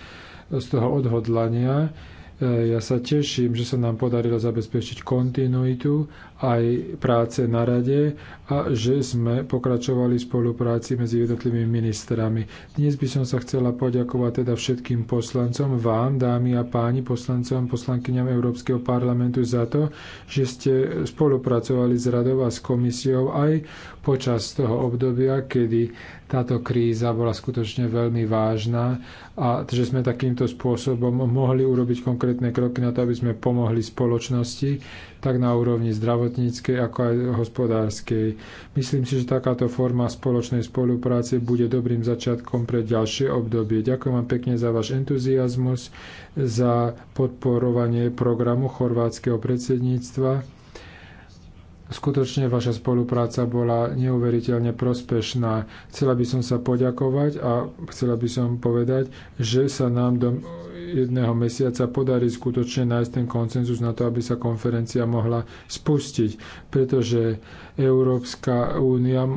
z toho odhodlania. E, ja sa teším, že sa nám podarilo zabezpečiť kontinuitu aj práce na rade a že sme pokračovali v spolupráci medzi jednotlivými ministrami. Dnes by som sa chcela poďakovať teda všetkým poslancom, vám, dámy a páni, poslancom, poslankyňam Európskeho parlamentu za to, že ste spolupracovali s radou a s komisiou aj počas toho obdobia, kedy táto kríza bola skutočne veľmi vážna a že sme takýmto spôsobom mohli urobiť konkrétne kroky na to, aby sme pomohli spoločnosti, tak na úrovni zdravotníckej, ako aj hospodárskej. Myslím si, že takáto forma spoločnej spolupráce bude dobrým začiatkom pre ďalšie obdobie. Ďakujem vám pekne za váš entuziasmus, za podporovanie programu chorvátskeho predsedníctva Skutočne vaša spolupráca bola neuveriteľne prospešná. Chcela by som sa poďakovať a chcela by som povedať, že sa nám do jedného mesiaca podarí skutočne nájsť ten koncenzus na to, aby sa konferencia mohla spustiť, pretože Európska únia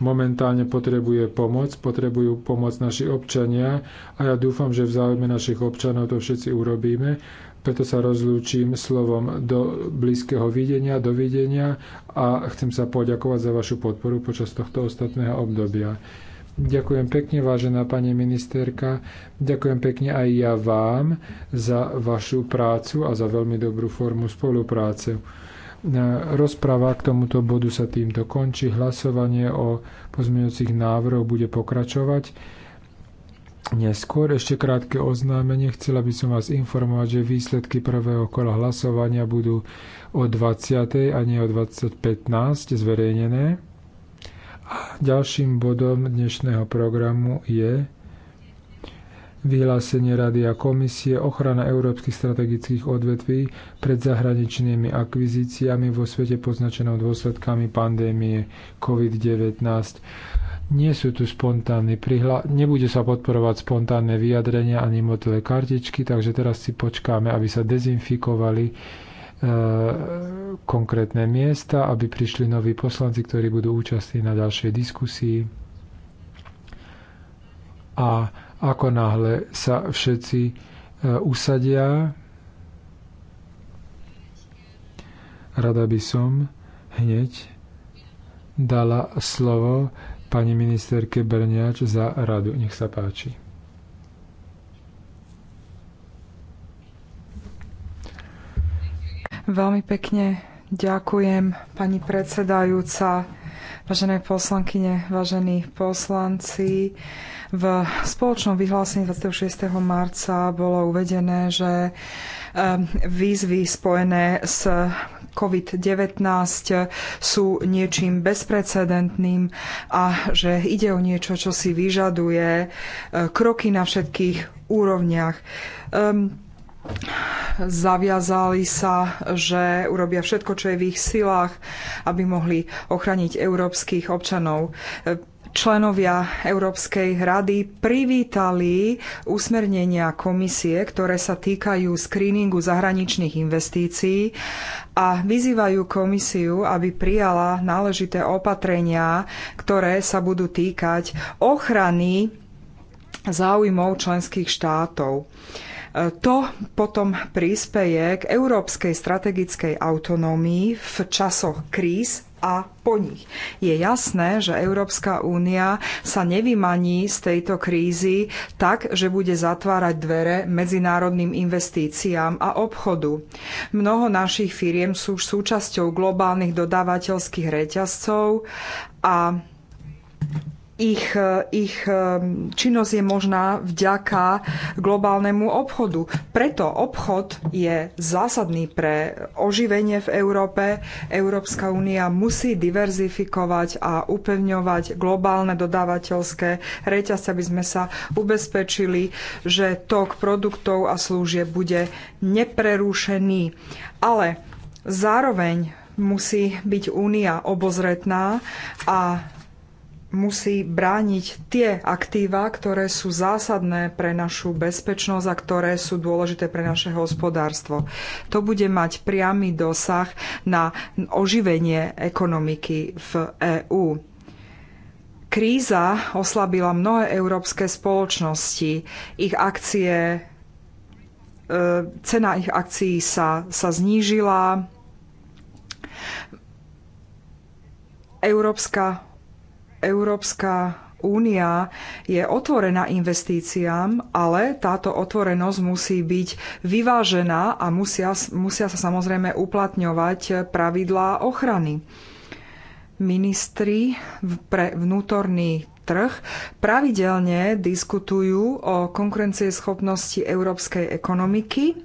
momentálne potrebuje pomoc, potrebujú pomoc naši občania a ja dúfam, že v záujme našich občanov to všetci urobíme preto sa rozlúčim slovom do blízkeho videnia, dovidenia a chcem sa poďakovať za vašu podporu počas tohto ostatného obdobia. Ďakujem pekne, vážená pani ministerka. Ďakujem pekne aj ja vám za vašu prácu a za veľmi dobrú formu spolupráce. Rozprava k tomuto bodu sa týmto končí. Hlasovanie o pozmeňujúcich návrhoch bude pokračovať. Neskôr ešte krátke oznámenie. Chcela by som vás informovať, že výsledky prvého kola hlasovania budú o 20. a nie o 20.15 zverejnené. A ďalším bodom dnešného programu je vyhlásenie Rady a komisie ochrana európskych strategických odvetví pred zahraničnými akvizíciami vo svete poznačenom dôsledkami pandémie COVID-19. Nie sú tu spontánne prihla... Nebude sa podporovať spontánne vyjadrenia ani motlé kartičky, takže teraz si počkáme, aby sa dezinfikovali e, konkrétne miesta, aby prišli noví poslanci, ktorí budú účastní na ďalšej diskusii. A ako náhle sa všetci e, usadia, rada by som hneď dala slovo pani ministerke Brňač za radu. Nech sa páči. Veľmi pekne ďakujem, pani predsedajúca, vážené poslankyne, vážení poslanci. V spoločnom vyhlásení 26. marca bolo uvedené, že ehm, výzvy spojené s COVID-19 sú niečím bezprecedentným a že ide o niečo, čo si vyžaduje e, kroky na všetkých úrovniach. Um, zaviazali sa, že urobia všetko, čo je v ich silách, aby mohli ochrániť európskych občanov. E, členovia Európskej rady privítali usmernenia komisie, ktoré sa týkajú screeningu zahraničných investícií a vyzývajú komisiu, aby prijala náležité opatrenia, ktoré sa budú týkať ochrany záujmov členských štátov. To potom príspeje k európskej strategickej autonómii v časoch kríz a po nich. Je jasné, že Európska únia sa nevymaní z tejto krízy tak, že bude zatvárať dvere medzinárodným investíciám a obchodu. Mnoho našich firiem sú už súčasťou globálnych dodávateľských reťazcov a ich, e, ich e, činnosť je možná vďaka globálnemu obchodu. Preto obchod je zásadný pre oživenie v Európe. Európska únia musí diverzifikovať a upevňovať globálne dodávateľské reťazce, aby sme sa ubezpečili, že tok produktov a služieb bude neprerušený. Ale zároveň musí byť únia obozretná a musí brániť tie aktíva, ktoré sú zásadné pre našu bezpečnosť a ktoré sú dôležité pre naše hospodárstvo. To bude mať priamy dosah na oživenie ekonomiky v EÚ. Kríza oslabila mnohé európske spoločnosti. Ich akcie, e, cena ich akcií sa, sa znížila. Európska Európska únia je otvorená investíciám, ale táto otvorenosť musí byť vyvážená a musia, musia sa samozrejme uplatňovať pravidlá ochrany. Ministri pre vnútorný trh pravidelne diskutujú o konkurencieschopnosti európskej ekonomiky,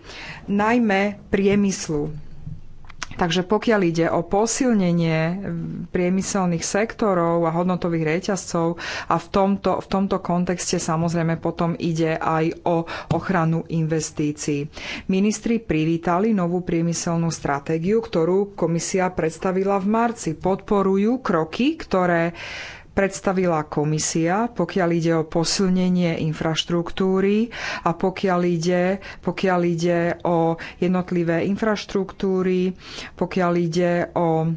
najmä priemyslu Takže pokiaľ ide o posilnenie priemyselných sektorov a hodnotových reťazcov a v tomto, v tomto kontexte samozrejme potom ide aj o ochranu investícií. Ministri privítali novú priemyselnú stratégiu, ktorú komisia predstavila v marci. Podporujú kroky, ktoré predstavila komisia, pokiaľ ide o posilnenie infraštruktúry a pokiaľ ide, pokiaľ ide o jednotlivé infraštruktúry, pokiaľ ide o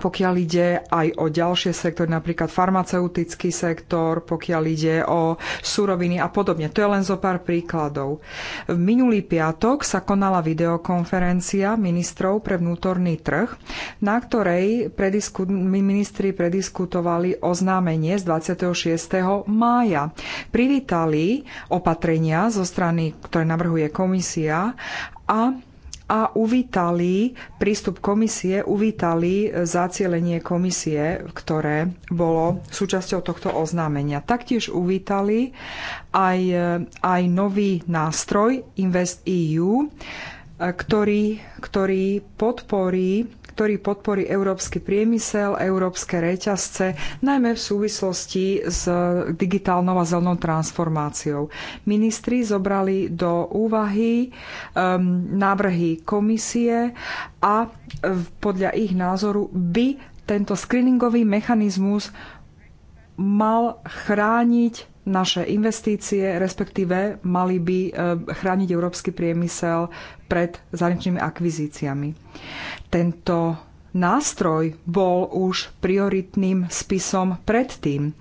pokiaľ ide aj o ďalšie sektory, napríklad farmaceutický sektor, pokiaľ ide o suroviny a podobne. To je len zo pár príkladov. V minulý piatok sa konala videokonferencia ministrov pre vnútorný trh, na ktorej predisku- ministri prediskutovali oznámenie z 26. mája. Privítali opatrenia zo strany, ktoré navrhuje komisia a a uvítali prístup komisie, uvítali zacielenie komisie, ktoré bolo súčasťou tohto oznámenia. Taktiež uvítali aj, aj nový nástroj InvestEU, ktorý, ktorý podporí ktorý podporí európsky priemysel, európske reťazce, najmä v súvislosti s digitálnou a zelenou transformáciou. Ministri zobrali do úvahy um, návrhy komisie a um, podľa ich názoru by tento screeningový mechanizmus mal chrániť naše investície, respektíve mali by um, chrániť európsky priemysel pred zahraničnými akvizíciami. Tento nástroj bol už prioritným spisom predtým.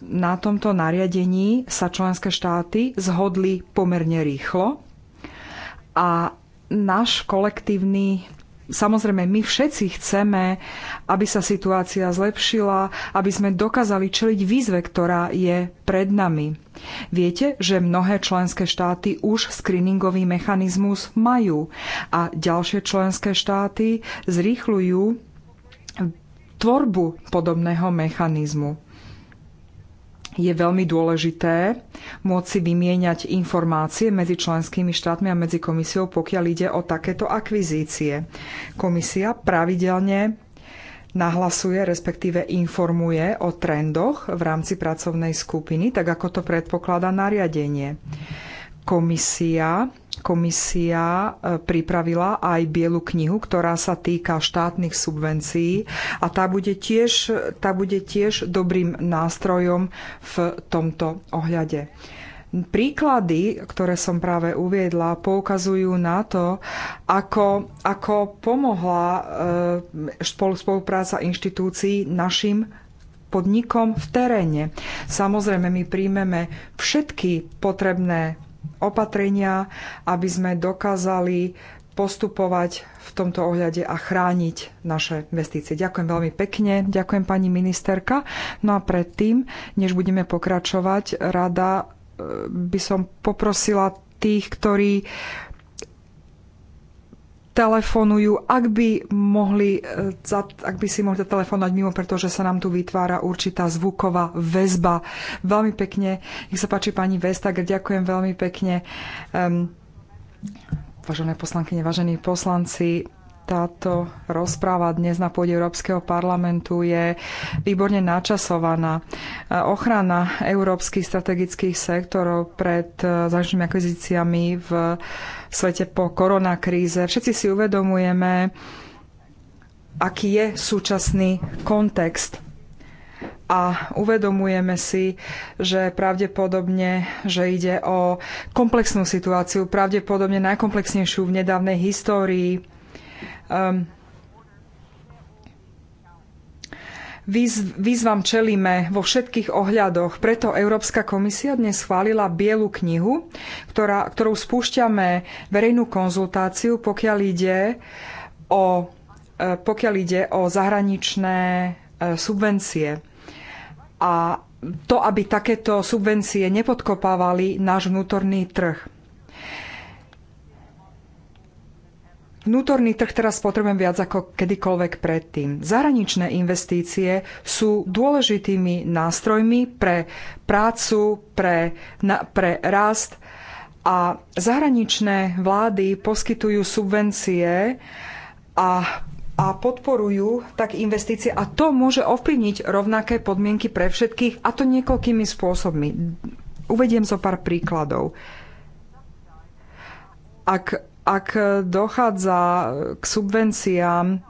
Na tomto nariadení sa členské štáty zhodli pomerne rýchlo a náš kolektívny Samozrejme, my všetci chceme, aby sa situácia zlepšila, aby sme dokázali čeliť výzve, ktorá je pred nami. Viete, že mnohé členské štáty už screeningový mechanizmus majú a ďalšie členské štáty zrýchľujú tvorbu podobného mechanizmu je veľmi dôležité môcť si vymieňať informácie medzi členskými štátmi a medzi komisiou, pokiaľ ide o takéto akvizície. Komisia pravidelne nahlasuje, respektíve informuje o trendoch v rámci pracovnej skupiny, tak ako to predpokladá nariadenie. Komisia komisia e, pripravila aj bielu knihu, ktorá sa týka štátnych subvencií a tá bude tiež, tá bude tiež dobrým nástrojom v tomto ohľade. Príklady, ktoré som práve uviedla, poukazujú na to, ako, ako pomohla e, spolupráca inštitúcií našim podnikom v teréne. Samozrejme, my príjmeme všetky potrebné opatrenia, aby sme dokázali postupovať v tomto ohľade a chrániť naše investície. Ďakujem veľmi pekne, ďakujem pani ministerka. No a predtým, než budeme pokračovať, rada e, by som poprosila tých, ktorí telefonujú, ak by, mohli, e, ak by si mohli telefonovať mimo, pretože sa nám tu vytvára určitá zvuková väzba. Veľmi pekne, nech sa páči pani Vestager, ďakujem veľmi pekne. Um, vážené poslankyne, vážení poslanci, táto rozpráva dnes na pôde Európskeho parlamentu je výborne načasovaná. Ochrana európskych strategických sektorov pred eh, zahraničnými akvizíciami v svete po koronakríze. Všetci si uvedomujeme, aký je súčasný kontext a uvedomujeme si, že pravdepodobne, že ide o komplexnú situáciu, pravdepodobne najkomplexnejšiu v nedávnej histórii Ehm, výzvam čelíme vo všetkých ohľadoch. Preto Európska komisia dnes schválila bielu knihu, ktorá, ktorou spúšťame verejnú konzultáciu, pokiaľ ide o, e, pokiaľ ide o zahraničné e, subvencie. A to, aby takéto subvencie nepodkopávali náš vnútorný trh. Vnútorný trh teraz potrebujem viac ako kedykoľvek predtým. Zahraničné investície sú dôležitými nástrojmi pre prácu, pre, na, pre rast a zahraničné vlády poskytujú subvencie a a podporujú tak investície a to môže ovplyvniť rovnaké podmienky pre všetkých a to niekoľkými spôsobmi. Uvediem zo so pár príkladov. Ak ak dochádza k subvenciám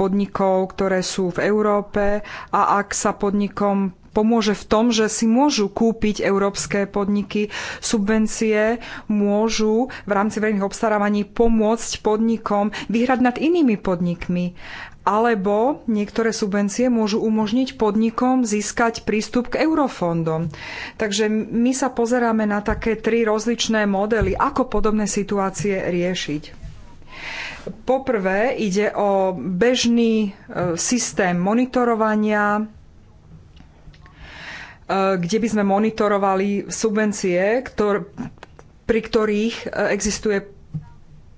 podnikov, ktoré sú v Európe a ak sa podnikom pomôže v tom, že si môžu kúpiť európske podniky subvencie, môžu v rámci verejných obstarávaní pomôcť podnikom vyhrať nad inými podnikmi alebo niektoré subvencie môžu umožniť podnikom získať prístup k eurofondom. Takže my sa pozeráme na také tri rozličné modely, ako podobné situácie riešiť. Poprvé ide o bežný e, systém monitorovania, e, kde by sme monitorovali subvencie, ktor pri ktorých e, existuje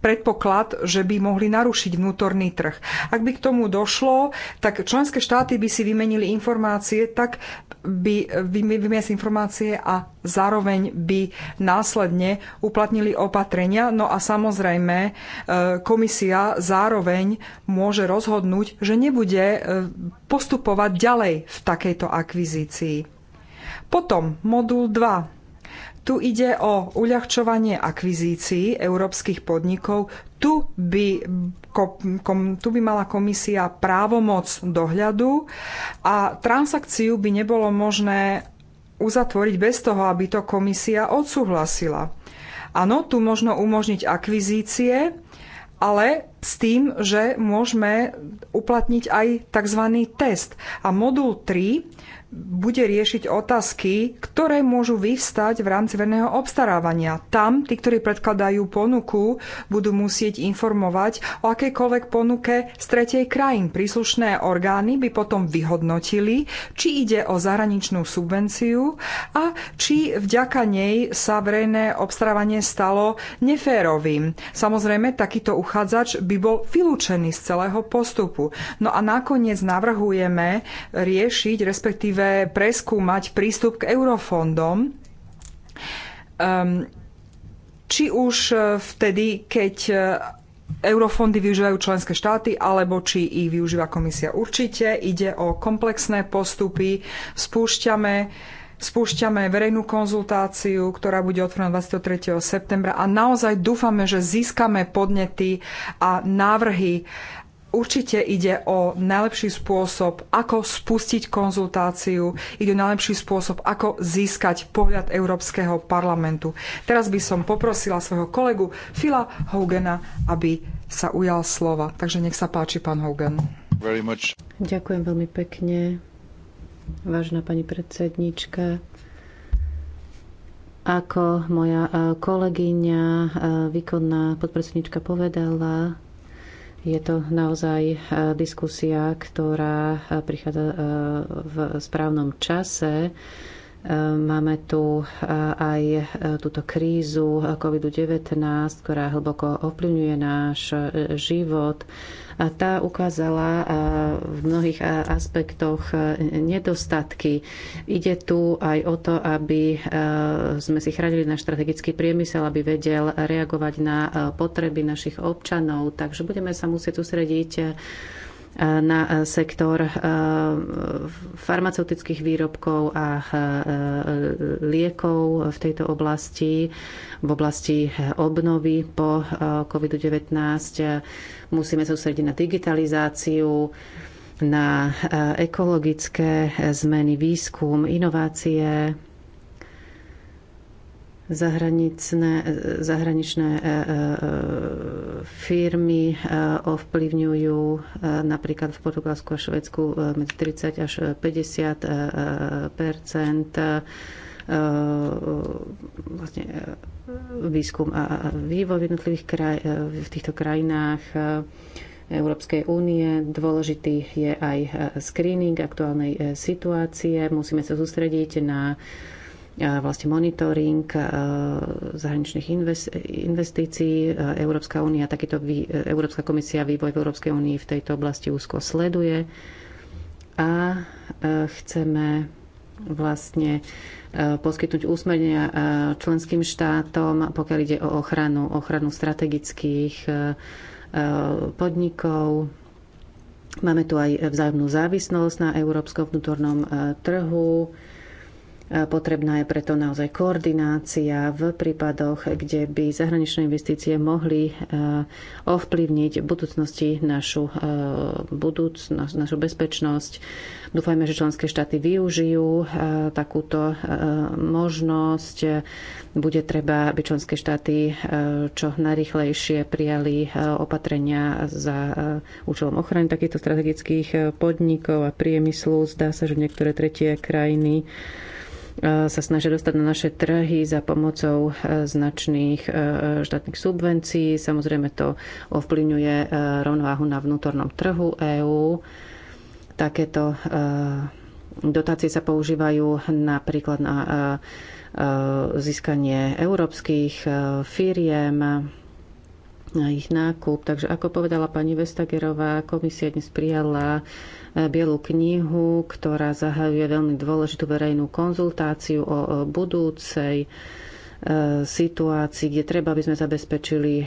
predpoklad, že by mohli narušiť vnútorný trh. Ak by k tomu došlo, tak členské štáty by si vymenili informácie, tak by vymiesť informácie a zároveň by následne uplatnili opatrenia. No a samozrejme, e, komisia zároveň môže rozhodnúť, že nebude e, postupovať ďalej v takejto akvizícii. Potom modul 2 tu ide o uľahčovanie akvizícií európskych podnikov. Tu by, kom, tu by mala komisia právomoc dohľadu a transakciu by nebolo možné uzatvoriť bez toho, aby to komisia odsúhlasila. Áno, tu možno umožniť akvizície, ale s tým, že môžeme uplatniť aj tzv. test. A modul 3 bude riešiť otázky, ktoré môžu vyvstať v rámci verného obstarávania. Tam tí, ktorí predkladajú ponuku, budú musieť informovať o akejkoľvek ponuke z tretej krajín. Príslušné orgány by potom vyhodnotili, či ide o zahraničnú subvenciu a či vďaka nej sa verejné obstarávanie stalo neférovým. Samozrejme, takýto uchádzač by bol vylúčený z celého postupu. No a nakoniec navrhujeme riešiť, respektíve chce preskúmať prístup k eurofondom. Um, či už e, vtedy, keď e, eurofondy využívajú členské štáty, alebo či ich využíva komisia. Určite ide o komplexné postupy. Spúšťame spúšťame verejnú konzultáciu, ktorá bude otvorená 23. septembra a naozaj dúfame, že získame podnety a návrhy Určite ide o najlepší spôsob, ako spustiť konzultáciu, ide o najlepší spôsob, ako získať pohľad Európskeho parlamentu. Teraz by som poprosila svojho kolegu Fila Hogana, aby sa ujal slova. Takže nech sa páči, pán Hogan. Ďakujem veľmi pekne, vážna pani predsednička. Ako moja eh, kolegyňa, eh, výkonná podpredsednička povedala, je to naozaj e, diskusia, ktorá e, prichádza e, v správnom čase Máme tu eh, aj eh, túto krízu eh, COVID-19, ktorá hlboko ovplyvňuje náš život. A tá ukázala v mnohých aspektoch nedostatky. Ide tu aj o to, aby sme si chránili náš strategický priemysel, aby vedel reagovať na potreby našich občanov. Takže budeme sa musieť usrediť E, na e, sektor e, farmaceutických výrobkov a liekov v tejto oblasti, v oblasti obnovy po COVID-19. Musíme sa sústrediť na digitalizáciu, na ekologické zmeny, výskum, inovácie, zahraničné, zahraničné e, e, e, firmy ovplyvňujú napríklad v Portugalsku a Švedsku medzi 30 až 50 vlastne výskum a vývoj v jednotlivých kraj, v týchto krajinách Európskej únie. Dôležitý je aj screening aktuálnej situácie. Musíme sa sústrediť na vlastne monitoring e, zahraničných investícií. E, Európska únia, takýto vý, e, Európska komisia vývoj v Európskej únii v tejto oblasti úzko sleduje a chceme vlastne poskytnúť úsmernenia členským štátom, pokiaľ ide o ochranu, ochranu strategických podnikov, Máme tu aj vzájomnú závislosť na európskom vnútornom trhu. Potrebná je preto naozaj koordinácia v prípadoch, kde by zahraničné investície mohli e, ovplyvniť v budúcnosti našu, e, budúcnosť, našu bezpečnosť. Dúfajme, že členské štáty využijú e, takúto možnosť. Bude treba, aby členské štáty čo najrychlejšie prijali opatrenia za účelom ochrany takýchto strategických podnikov a priemyslu. Zdá sa, že niektoré tretie krajiny E, sa snažia dostať na naše trhy za pomocou e, značných e, štátnych subvencií. Samozrejme to ovplyvňuje rovnováhu na vnútornom trhu EÚ. Takéto dotácie sa používajú napríklad na získanie európskych firiem, na ich nákup. Takže ako povedala pani Vestagerová, komisia dnes prijala Bielú knihu, ktorá zahajuje veľmi dôležitú verejnú konzultáciu o budúcej e, situácii, kde treba, aby sme zabezpečili, e,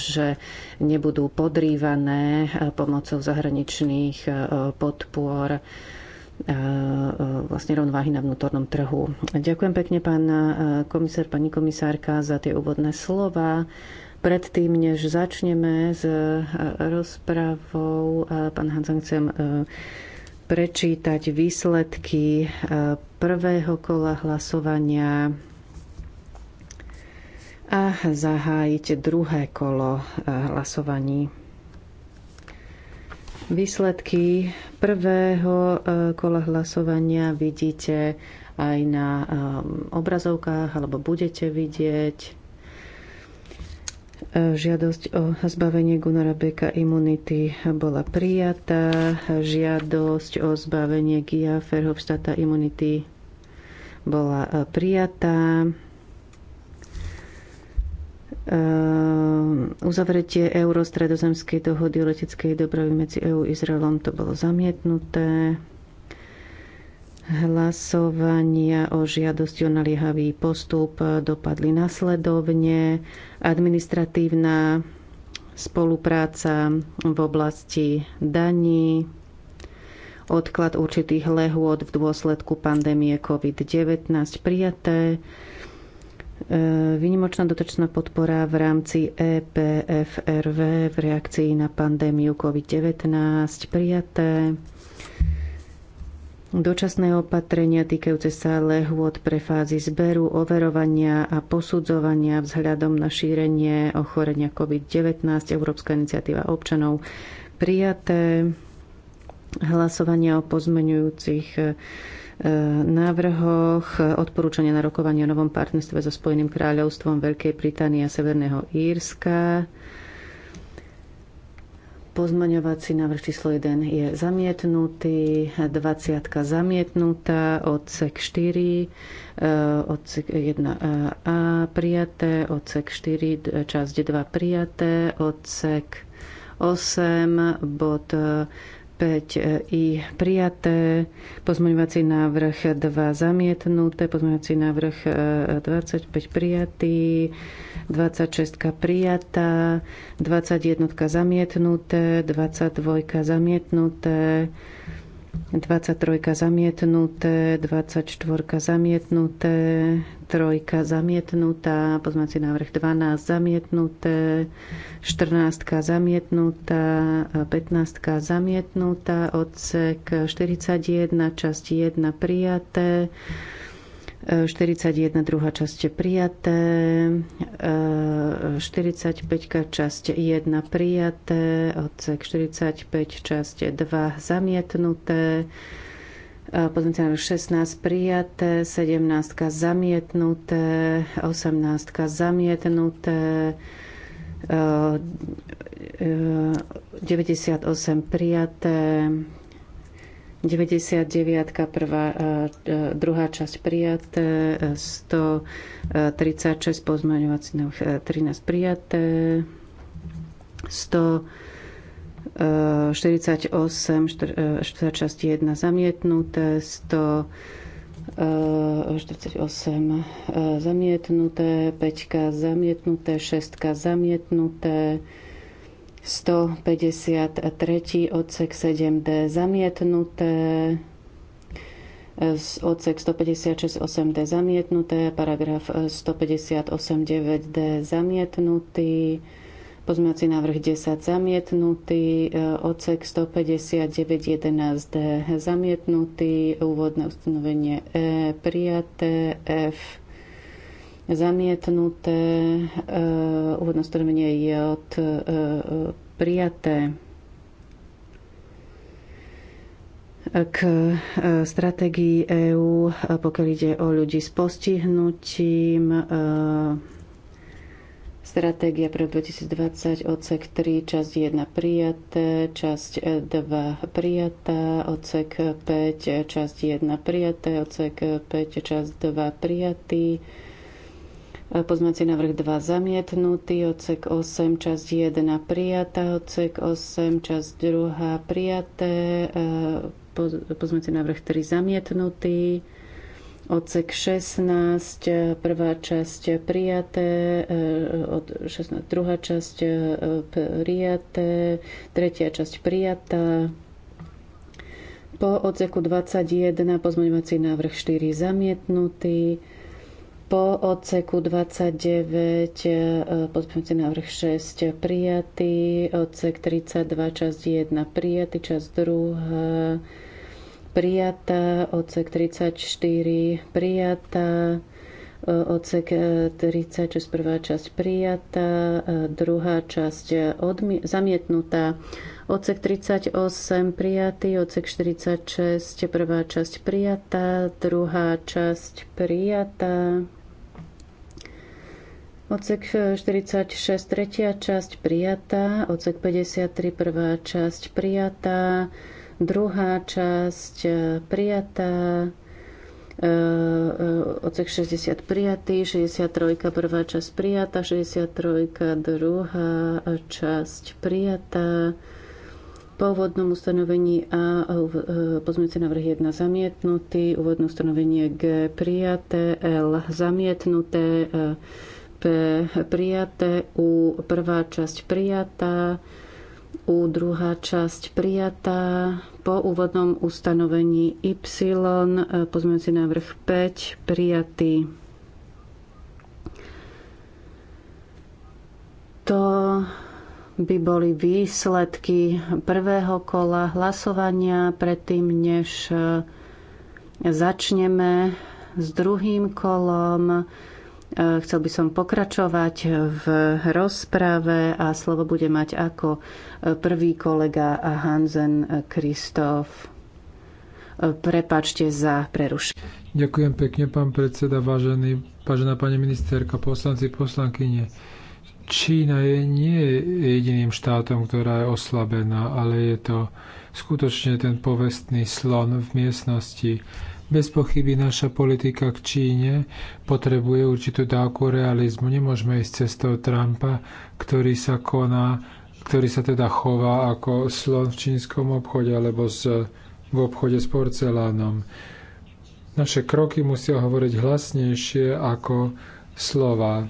že nebudú podrývané e, pomocou zahraničných podpor vlastne rovnováhy na vnútornom trhu. Ďakujem pekne, pán komisár, pani komisárka, za tie úvodné slova. Predtým, než začneme s e, rozprávou, e, pán Hanzan, chcem e, prečítať výsledky prvého kola hlasovania a zahájiť druhé kolo hlasovaní. Výsledky prvého kola hlasovania vidíte aj na obrazovkách, alebo budete vidieť Žiadosť o zbavenie Gunara Beka imunity bola prijatá. Žiadosť o zbavenie Gia Ferhofstata imunity bola e, prijatá. E, uzavretie Eurostredozemskej dohody o leteckej doprave medzi EU a Izraelom to bolo zamietnuté hlasovania o žiadosti o naliehavý postup dopadli nasledovne. Administratívna spolupráca v oblasti daní, odklad určitých lehôd v dôsledku pandémie COVID-19 prijaté, e, Výnimočná dotočná podpora v rámci EPFRV v reakcii na pandémiu COVID-19 prijaté dočasné opatrenia týkajúce sa lehôd pre fázy zberu, overovania a posudzovania vzhľadom na šírenie ochorenia COVID-19, Európska iniciatíva občanov prijaté, hlasovania o pozmenujúcich e, návrhoch, odporúčania na rokovanie o novom partnerstve so Spojeným kráľovstvom Veľkej Británie a Severného Írska, Pozmaňovací návrh číslo 1 je zamietnutý, 20 zamietnutá, odsek 4, e, odsek 1a e, prijaté, odsek 4, časť 2 prijaté, odsek 8, bod 5i prijaté, pozmeňovací návrh 2 zamietnuté, pozmeňovací návrh 25 e, prijatý, 26 prijatá, 21 zamietnuté, 22 zamietnuté, 23 zamietnuté, 24 zamietnuté, 3 zamietnutá, pozmáci návrh 12 zamietnuté, 14 zamietnutá, 15 zamietnutá, odsek 41, časť 1 prijaté, 41. druhá časť prijaté, 45. E, časť 1 prijaté, odsek 45 časť 2 zamietnuté, e, pozmeňte 16 prijaté, 17 zamietnuté, 18 zamietnuté, 98 e, prijaté, 99. Prvá, e, e, druhá časť prijaté, 136 e, pozmeňovací návrh 13 prijaté, 148 4, časť 1 zamietnuté, 148 zamietnuté, 5 zamietnuté, 6 zamietnuté, 153. odsek 7D zamietnuté, odsek 156 d zamietnuté, paragraf 158 d zamietnutý, pozmeňovací návrh 10 zamietnutý, odsek 159 d zamietnutý, úvodné ustanovenie E prijaté, F zamietnuté, eh, úvodné ustanovenie je od eh, prijaté k eh, stratégii EÚ, pokiaľ ide o ľudí s postihnutím, Stratégia pre 2020, odsek 3, časť 1 prijaté, časť 2 prijatá, odsek 5, časť 1 prijaté, odsek 5, časť 2 prijatý, Pozmeňovací návrh 2 zamietnutý, odsek 8, časť 1 prijatá, odsek 8, časť 2 prijaté, e, pozmeci návrh 3 zamietnutý, odsek 16, e, prvá časť prijaté, e, od 16, druhá časť prijaté, tretia časť prijatá, po odseku 21 pozmeňovací návrh 4 zamietnutý, po odseku 29 eh, pozpomínací návrh 6 prijatý, odsek 32 časť 1 prijatý, časť 2 prijatá, odsek 34 prijatá, eh, odsek 36 eh, prvá časť prijatá, druhá časť odmi- zamietnutá, Odsek 38 prijatý, odsek 46 prvá časť prijatá, druhá časť prijatá. Odsek 46, tretia časť prijatá, odsek 53, prvá časť prijatá, druhá časť e, prijatá, e, e, odsek 60 prijatý, 63 prvá časť prijatá, 63 druhá časť prijatá, po úvodnom ustanovení A pozmeňujúce návrhy 1 zamietnutý, úvodné ustanovenie G prijaté, L zamietnuté, prijaté, U prvá časť prijatá, U druhá časť prijatá, po úvodnom ustanovení Y pozmeňujúci návrh 5 prijatý. To by boli výsledky prvého kola hlasovania predtým, než začneme s druhým kolom. Chcel by som pokračovať v rozprave a slovo bude mať ako prvý kolega Hansen Kristof. Prepačte za prerušenie. Ďakujem pekne, pán predseda, vážený, vážená pani ministerka, poslanci, poslankyne. Čína je nie jediným štátom, ktorá je oslabená, ale je to skutočne ten povestný slon v miestnosti bez pochyby naša politika k Číne potrebuje určitú dávku realizmu. Nemôžeme ísť cestou Trumpa, ktorý sa koná, ktorý sa teda chová ako slon v čínskom obchode alebo z, v obchode s porcelánom. Naše kroky musia hovoriť hlasnejšie ako slova.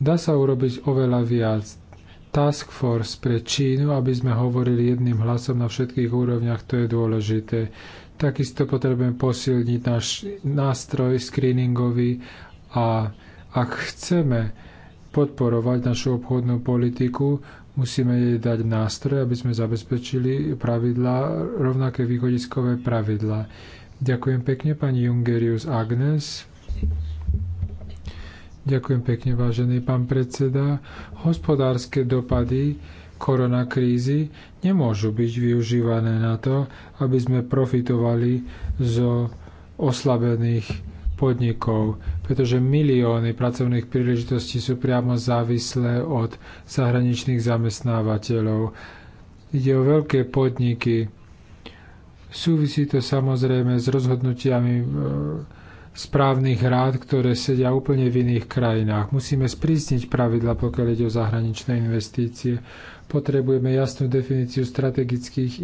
Dá sa urobiť oveľa viac task force pre Čínu, aby sme hovorili jedným hlasom na všetkých úrovniach, to je dôležité. Takisto potrebujeme posilniť náš nástroj screeningový a ak chceme podporovať našu obchodnú politiku, musíme jej dať nástroj, aby sme zabezpečili pravidla, rovnaké východiskové pravidla. Ďakujem pekne pani Jungerius Agnes. Ďakujem pekne, vážený pán predseda. Hospodárske dopady koronakrízy nemôžu byť využívané na to, aby sme profitovali zo oslabených podnikov, pretože milióny pracovných príležitostí sú priamo závislé od zahraničných zamestnávateľov. Ide o veľké podniky. Súvisí to samozrejme s rozhodnutiami e, správnych rád, ktoré sedia úplne v iných krajinách. Musíme sprísniť pravidla, pokiaľ ide o zahraničné investície. Potrebujeme jasnú definíciu strategických e,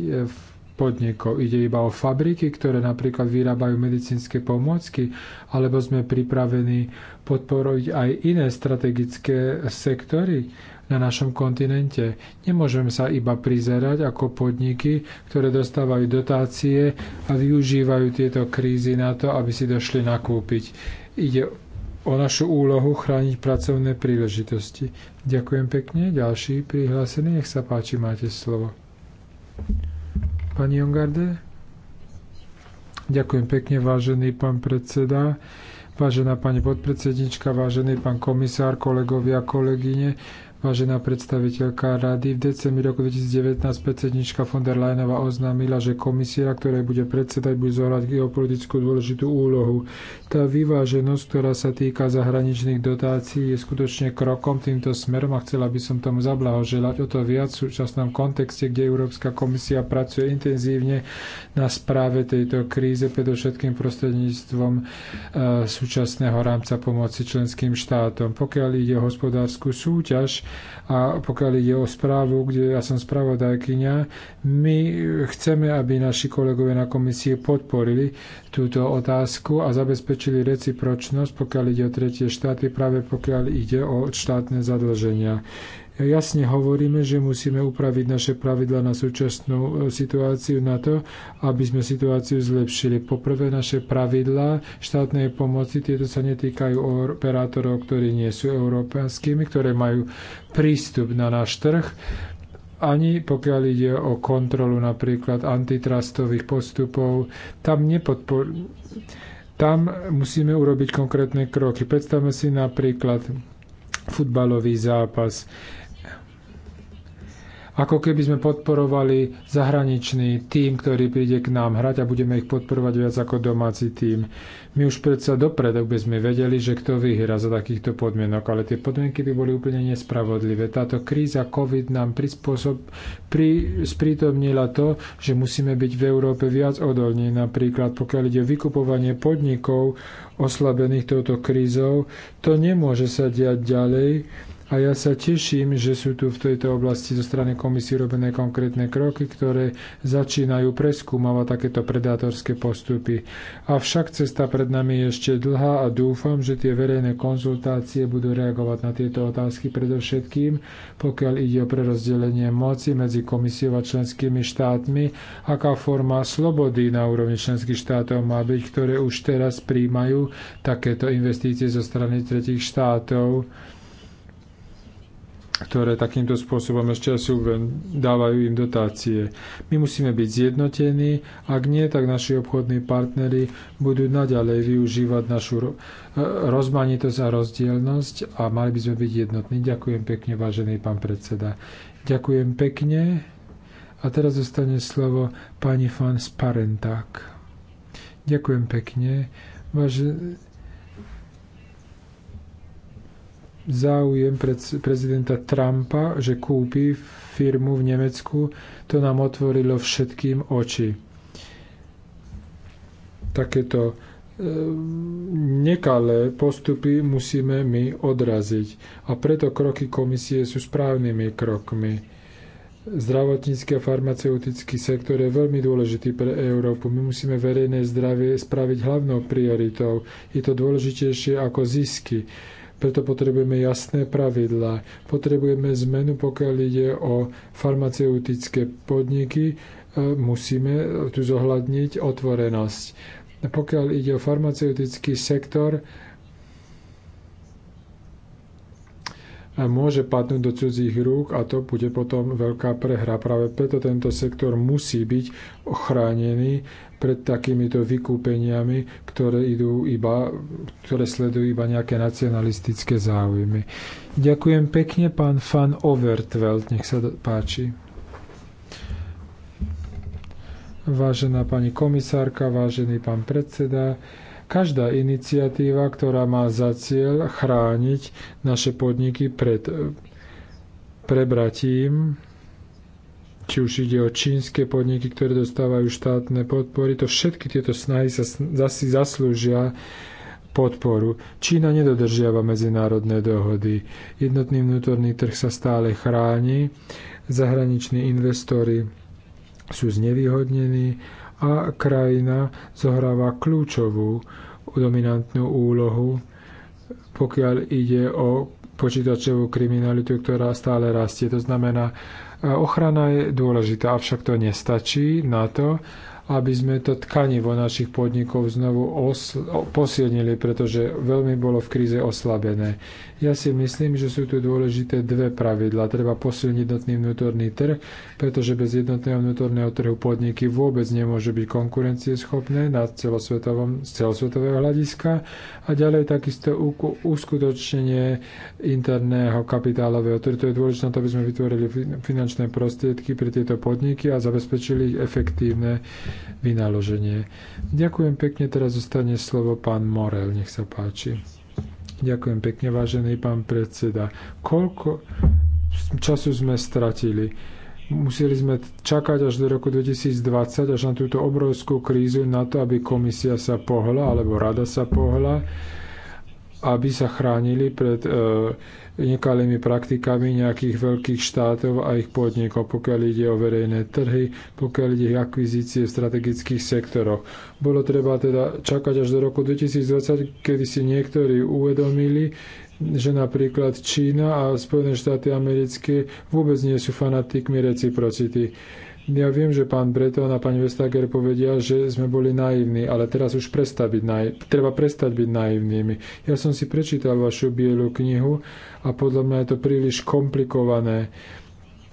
podnikov. Ide iba o fabriky, ktoré napríklad vyrábajú medicínske pomôcky, alebo sme pripravení podporiť aj iné strategické sektory na našom kontinente. Nemôžeme sa iba prizerať ako podniky, ktoré dostávajú dotácie a využívajú tieto krízy na to, aby si došli nakúpiť. Ide o našu úlohu chrániť pracovné príležitosti. Ďakujem pekne. Ďalší prihlásený, nech sa páči, máte slovo. Pani Jongarde? Ďakujem pekne, vážený pán predseda, vážená pani podpredsednička, vážený pán komisár, kolegovia, kolegyne. Vážená predstaviteľka rady, v decembri roku 2019 predsednička von der Leyenová oznámila, že komisia, ktorá bude predsedať, bude zohrať geopolitickú dôležitú úlohu. Tá vyváženosť, ktorá sa týka zahraničných dotácií, je skutočne krokom týmto smerom a chcela by som tomu zablahoželať. O to viac v súčasnom kontexte, kde Európska komisia pracuje intenzívne na správe tejto kríze, predovšetkým prostredníctvom e, súčasného rámca pomoci členským štátom. Pokiaľ ide o hospodárskú súťaž, a pokiaľ ide o správu, kde ja som spravodajkyňa, my chceme, aby naši kolegovia na komisii podporili túto otázku a zabezpečili recipročnosť, pokiaľ ide o tretie štáty, práve pokiaľ ide o štátne zadlženia jasne hovoríme, že musíme upraviť naše pravidla na súčasnú e, situáciu na to, aby sme situáciu zlepšili. Poprvé naše pravidla štátnej pomoci, tieto sa netýkajú operátorov, ktorí nie sú európskymi, ktoré majú prístup na náš trh ani pokiaľ ide o kontrolu napríklad antitrustových postupov, tam nepodpor... Tam musíme urobiť konkrétne kroky. Predstavme si napríklad futbalový zápas ako keby sme podporovali zahraničný tým, ktorý príde k nám hrať a budeme ich podporovať viac ako domáci tým. My už predsa dopredu by sme vedeli, že kto vyhra za takýchto podmienok, ale tie podmienky by boli úplne nespravodlivé. Táto kríza COVID nám prispôsob, pri, sprítomnila to, že musíme byť v Európe viac odolní. Napríklad pokiaľ ide o vykupovanie podnikov oslabených touto krízou, to nemôže sa diať ďalej a ja sa teším, že sú tu v tejto oblasti zo strany komisie robené konkrétne kroky, ktoré začínajú preskúmavať takéto predátorské postupy. Avšak cesta pred nami je ešte dlhá a dúfam, že tie verejné konzultácie budú reagovať na tieto otázky predovšetkým, pokiaľ ide o prerozdelenie moci medzi komisiou a členskými štátmi, aká forma slobody na úrovni členských štátov má byť, ktoré už teraz príjmajú takéto investície zo strany tretich štátov ktoré takýmto spôsobom ešte asi dávajú im dotácie. My musíme byť zjednotení, ak nie, tak naši obchodní partnery budú naďalej využívať našu rozmanitosť a rozdielnosť a mali by sme byť jednotní. Ďakujem pekne, vážený pán predseda. Ďakujem pekne. A teraz zostane slovo pani Fan Sparenták. Ďakujem pekne. Vážený záujem prezidenta Trumpa, že kúpi firmu v Nemecku, to nám otvorilo všetkým oči. Takéto e, nekalé postupy musíme my odraziť. A preto kroky komisie sú správnymi krokmi. Zdravotnícky a farmaceutický sektor je veľmi dôležitý pre Európu. My musíme verejné zdravie spraviť hlavnou prioritou. Je to dôležitejšie ako zisky. Preto potrebujeme jasné pravidlá. Potrebujeme zmenu, pokiaľ ide o farmaceutické podniky. E, musíme tu zohľadniť otvorenosť. Pokiaľ ide o farmaceutický sektor, môže padnúť do cudzích rúk a to bude potom veľká prehra. Práve preto tento sektor musí byť ochránený pred takýmito vykúpeniami, ktoré, idú iba, ktoré sledujú iba nejaké nacionalistické záujmy. Ďakujem pekne, pán Fan Overtveld, nech sa páči. Vážená pani komisárka, vážený pán predseda, Každá iniciatíva, ktorá má za cieľ chrániť naše podniky pred eh, prebratím, či už ide o čínske podniky, ktoré dostávajú štátne podpory, to všetky tieto snahy sa zasi zaslúžia podporu. Čína nedodržiava medzinárodné dohody. Jednotný vnútorný trh sa stále chráni, zahraniční investori sú znevýhodnení a krajina zohráva kľúčovú dominantnú úlohu, pokiaľ ide o počítačovú kriminalitu, ktorá stále rastie. To znamená, eh, ochrana je dôležitá, avšak to nestačí na to, aby sme to tkanivo našich podnikov znovu posilnili, pretože veľmi bolo v kríze oslabené. Ja si myslím, že sú tu dôležité dve pravidla. Treba posilniť jednotný vnútorný trh, pretože bez jednotného vnútorného trhu podniky vôbec nemôže byť konkurencieschopné na celosvetovom, z celosvetového hľadiska. A ďalej takisto uskutočnenie interného kapitálového trhu. To je dôležité, aby sme vytvorili finančné prostriedky pre tieto podniky a zabezpečili ich efektívne vynaloženie. Ďakujem pekne, teraz zostane slovo pán Morel, nech sa páči. Ďakujem pekne, vážený pán predseda. Koľko času sme stratili? Museli sme čakať až do roku 2020, až na túto obrovskú krízu, na to, aby komisia sa pohla, alebo rada sa pohla aby sa chránili pred e, nekalými praktikami nejakých veľkých štátov a ich podnikov, pokiaľ ide o verejné trhy, pokiaľ ide o akvizície v strategických sektoroch. Bolo treba teda čakať až do roku 2020, kedy si niektorí uvedomili, že napríklad Čína a Spojené štáty americké vôbec nie sú fanatikmi reciprocity. Ja viem, že pán Breton a pani Vestager povedia, že sme boli naivní, ale teraz už prestať byť naiv- treba prestať byť naivnými. Ja som si prečítal vašu bielu knihu a podľa mňa je to príliš komplikované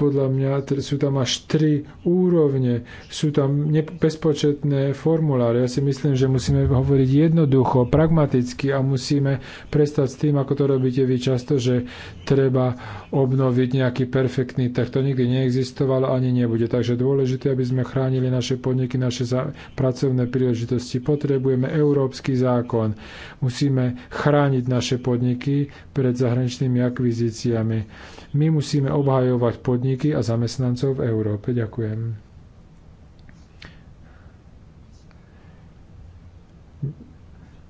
podľa mňa sú tam až tri úrovne, sú tam bezpočetné formuláre. Ja si myslím, že musíme hovoriť jednoducho, pragmaticky a musíme prestať s tým, ako to robíte vy často, že treba obnoviť nejaký perfektný tak To nikdy neexistovalo ani nebude. Takže dôležité, aby sme chránili naše podniky, naše pracovné príležitosti. Potrebujeme európsky zákon. Musíme chrániť naše podniky pred zahraničnými akvizíciami my musíme obhajovať podniky a zamestnancov v Európe. Ďakujem.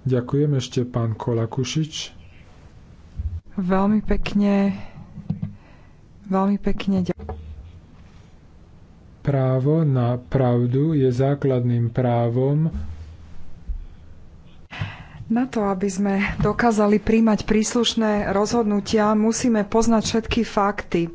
Ďakujem ešte pán Kolakušič. Veľmi pekne, veľmi pekne ďakujem. Právo na pravdu je základným právom na to, aby sme dokázali príjmať príslušné rozhodnutia, musíme poznať všetky fakty.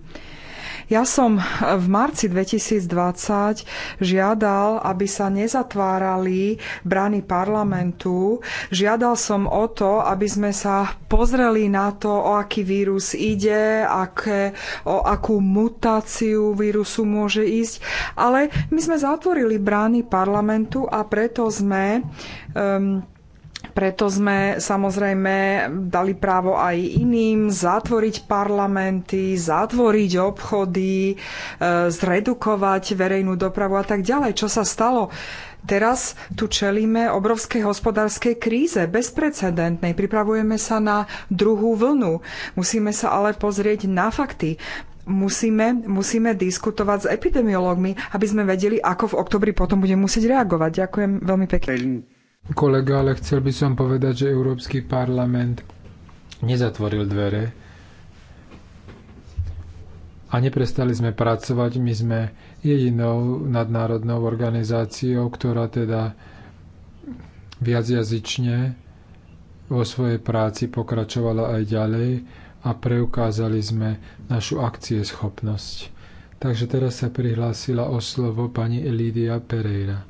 Ja som v marci 2020 žiadal, aby sa nezatvárali brany parlamentu. Žiadal som o to, aby sme sa pozreli na to, o aký vírus ide, aké, o akú mutáciu vírusu môže ísť. Ale my sme zatvorili brány parlamentu a preto sme um, preto sme samozrejme dali právo aj iným zatvoriť parlamenty, zatvoriť obchody, e, zredukovať verejnú dopravu a tak ďalej. Čo sa stalo? Teraz tu čelíme obrovskej hospodárskej kríze, bezprecedentnej. Pripravujeme sa na druhú vlnu. Musíme sa ale pozrieť na fakty. Musíme, musíme diskutovať s epidemiológmi, aby sme vedeli, ako v oktobri potom budeme musieť reagovať. Ďakujem veľmi pekne kolega, ale chcel by som povedať, že Európsky parlament nezatvoril dvere a neprestali sme pracovať. My sme jedinou nadnárodnou organizáciou, ktorá teda viacjazyčne vo svojej práci pokračovala aj ďalej a preukázali sme našu akcieschopnosť. Takže teraz sa prihlásila o slovo pani Elídia Pereira.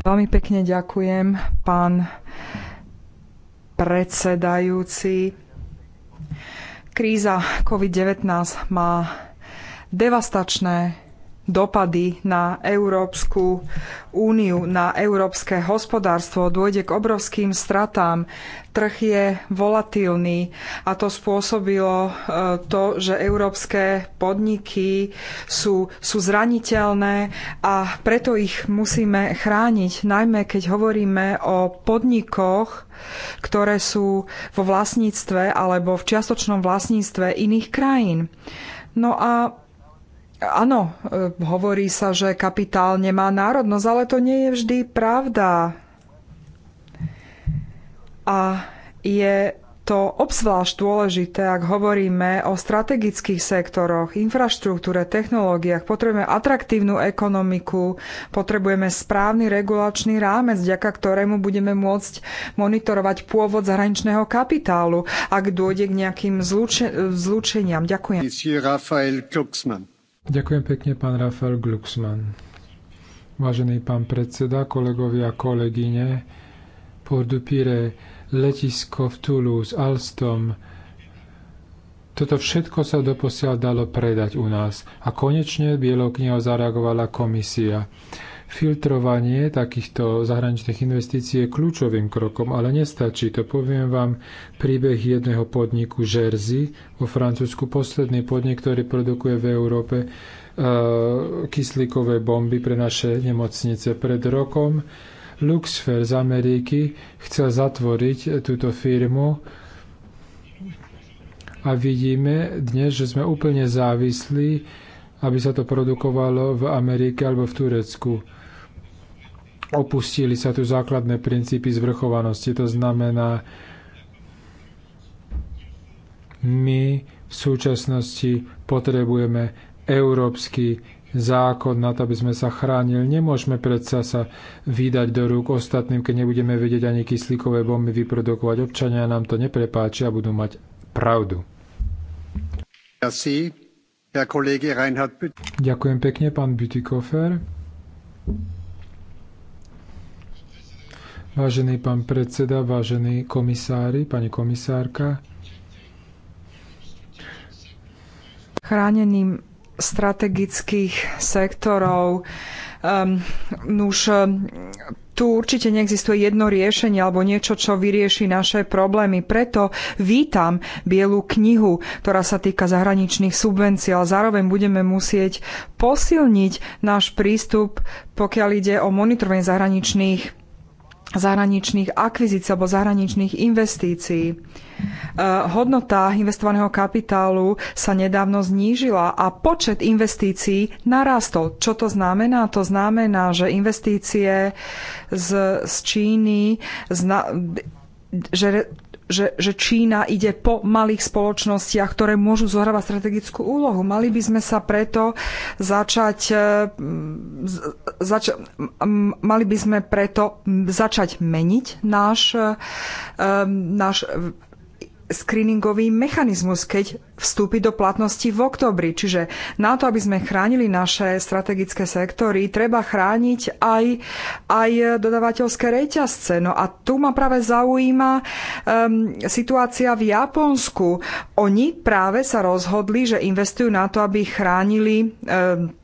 Veľmi pekne ďakujem, pán predsedajúci. Kríza COVID-19 má devastačné dopady na Európsku úniu, na európske hospodárstvo. Dôjde k obrovským stratám. Trh je volatilný a to spôsobilo e, to, že európske podniky sú, sú zraniteľné a preto ich musíme chrániť, najmä keď hovoríme o podnikoch, ktoré sú vo vlastníctve alebo v čiastočnom vlastníctve iných krajín. No a Áno, e, hovorí sa, že kapitál nemá národnosť, ale to nie je vždy pravda. A je to obzvlášť dôležité, ak hovoríme o strategických sektoroch, infraštruktúre, technológiách. Potrebujeme atraktívnu ekonomiku, potrebujeme správny regulačný rámec, vďaka ktorému budeme môcť monitorovať pôvod zahraničného kapitálu, ak dôjde k nejakým zlučeniam. Ďakujem. Ďakujem pekne, pán Rafael Glucksmann. Vážený pán predseda, kolegovia a kolegyne, Pordupire, letisko v Toulouse, Alstom, toto všetko sa doposiaľ dalo predať u nás a konečne Bielou zareagovala komisia filtrovanie takýchto zahraničných investícií je kľúčovým krokom, ale nestačí. To poviem vám príbeh jedného podniku Jersey vo Francúzsku, posledný podnik, ktorý produkuje v Európe e, kyslíkové bomby pre naše nemocnice. Pred rokom Luxfer z Ameriky chcel zatvoriť túto firmu a vidíme dnes, že sme úplne závislí, aby sa to produkovalo v Amerike alebo v Turecku opustili sa tu základné princípy zvrchovanosti. To znamená, my v súčasnosti potrebujeme európsky zákon na to, aby sme sa chránili. Nemôžeme predsa sa vydať do rúk ostatným, keď nebudeme vedieť ani kyslíkové bomby vyprodukovať. Občania nám to neprepáčia a budú mať pravdu. Ďakujem pekne, pán Bütikofer. Vážený pán predseda, vážení komisári, pani komisárka. Chránením strategických sektorov. Um, nuž, um, tu určite neexistuje jedno riešenie alebo niečo, čo vyrieši naše problémy. Preto vítam Bielú knihu, ktorá sa týka zahraničných subvencií, ale zároveň budeme musieť posilniť náš prístup, pokiaľ ide o monitorovanie zahraničných zahraničných akvizícií alebo zahraničných investícií. E, hodnota investovaného kapitálu sa nedávno znížila a počet investícií narastol. Čo to znamená? To znamená, že investície z, z Číny, zna, že že, že Čína ide po malých spoločnostiach, ktoré môžu zohrávať strategickú úlohu. Mali by sme sa preto začať, e, zač, mali by sme preto začať meniť náš, e, náš screeningový mechanizmus, keď vstúpi do platnosti v oktobri. Čiže na to, aby sme chránili naše strategické sektory, treba chrániť aj, aj dodavateľské reťazce. No a tu ma práve zaujíma um, situácia v Japonsku. Oni práve sa rozhodli, že investujú na to, aby chránili um,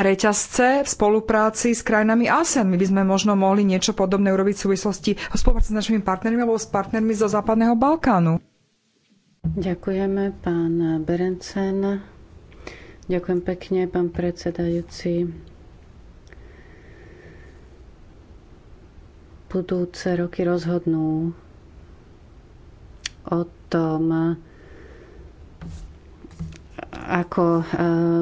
reťazce v spolupráci s krajinami ASEAN. My by sme možno mohli niečo podobné urobiť v súvislosti s spolupráci s našimi partnermi alebo s partnermi zo Západného Balkánu. Ďakujeme, pán Berencen. Ďakujem pekne, pán predsedajúci. Budúce roky rozhodnú o tom, ako e,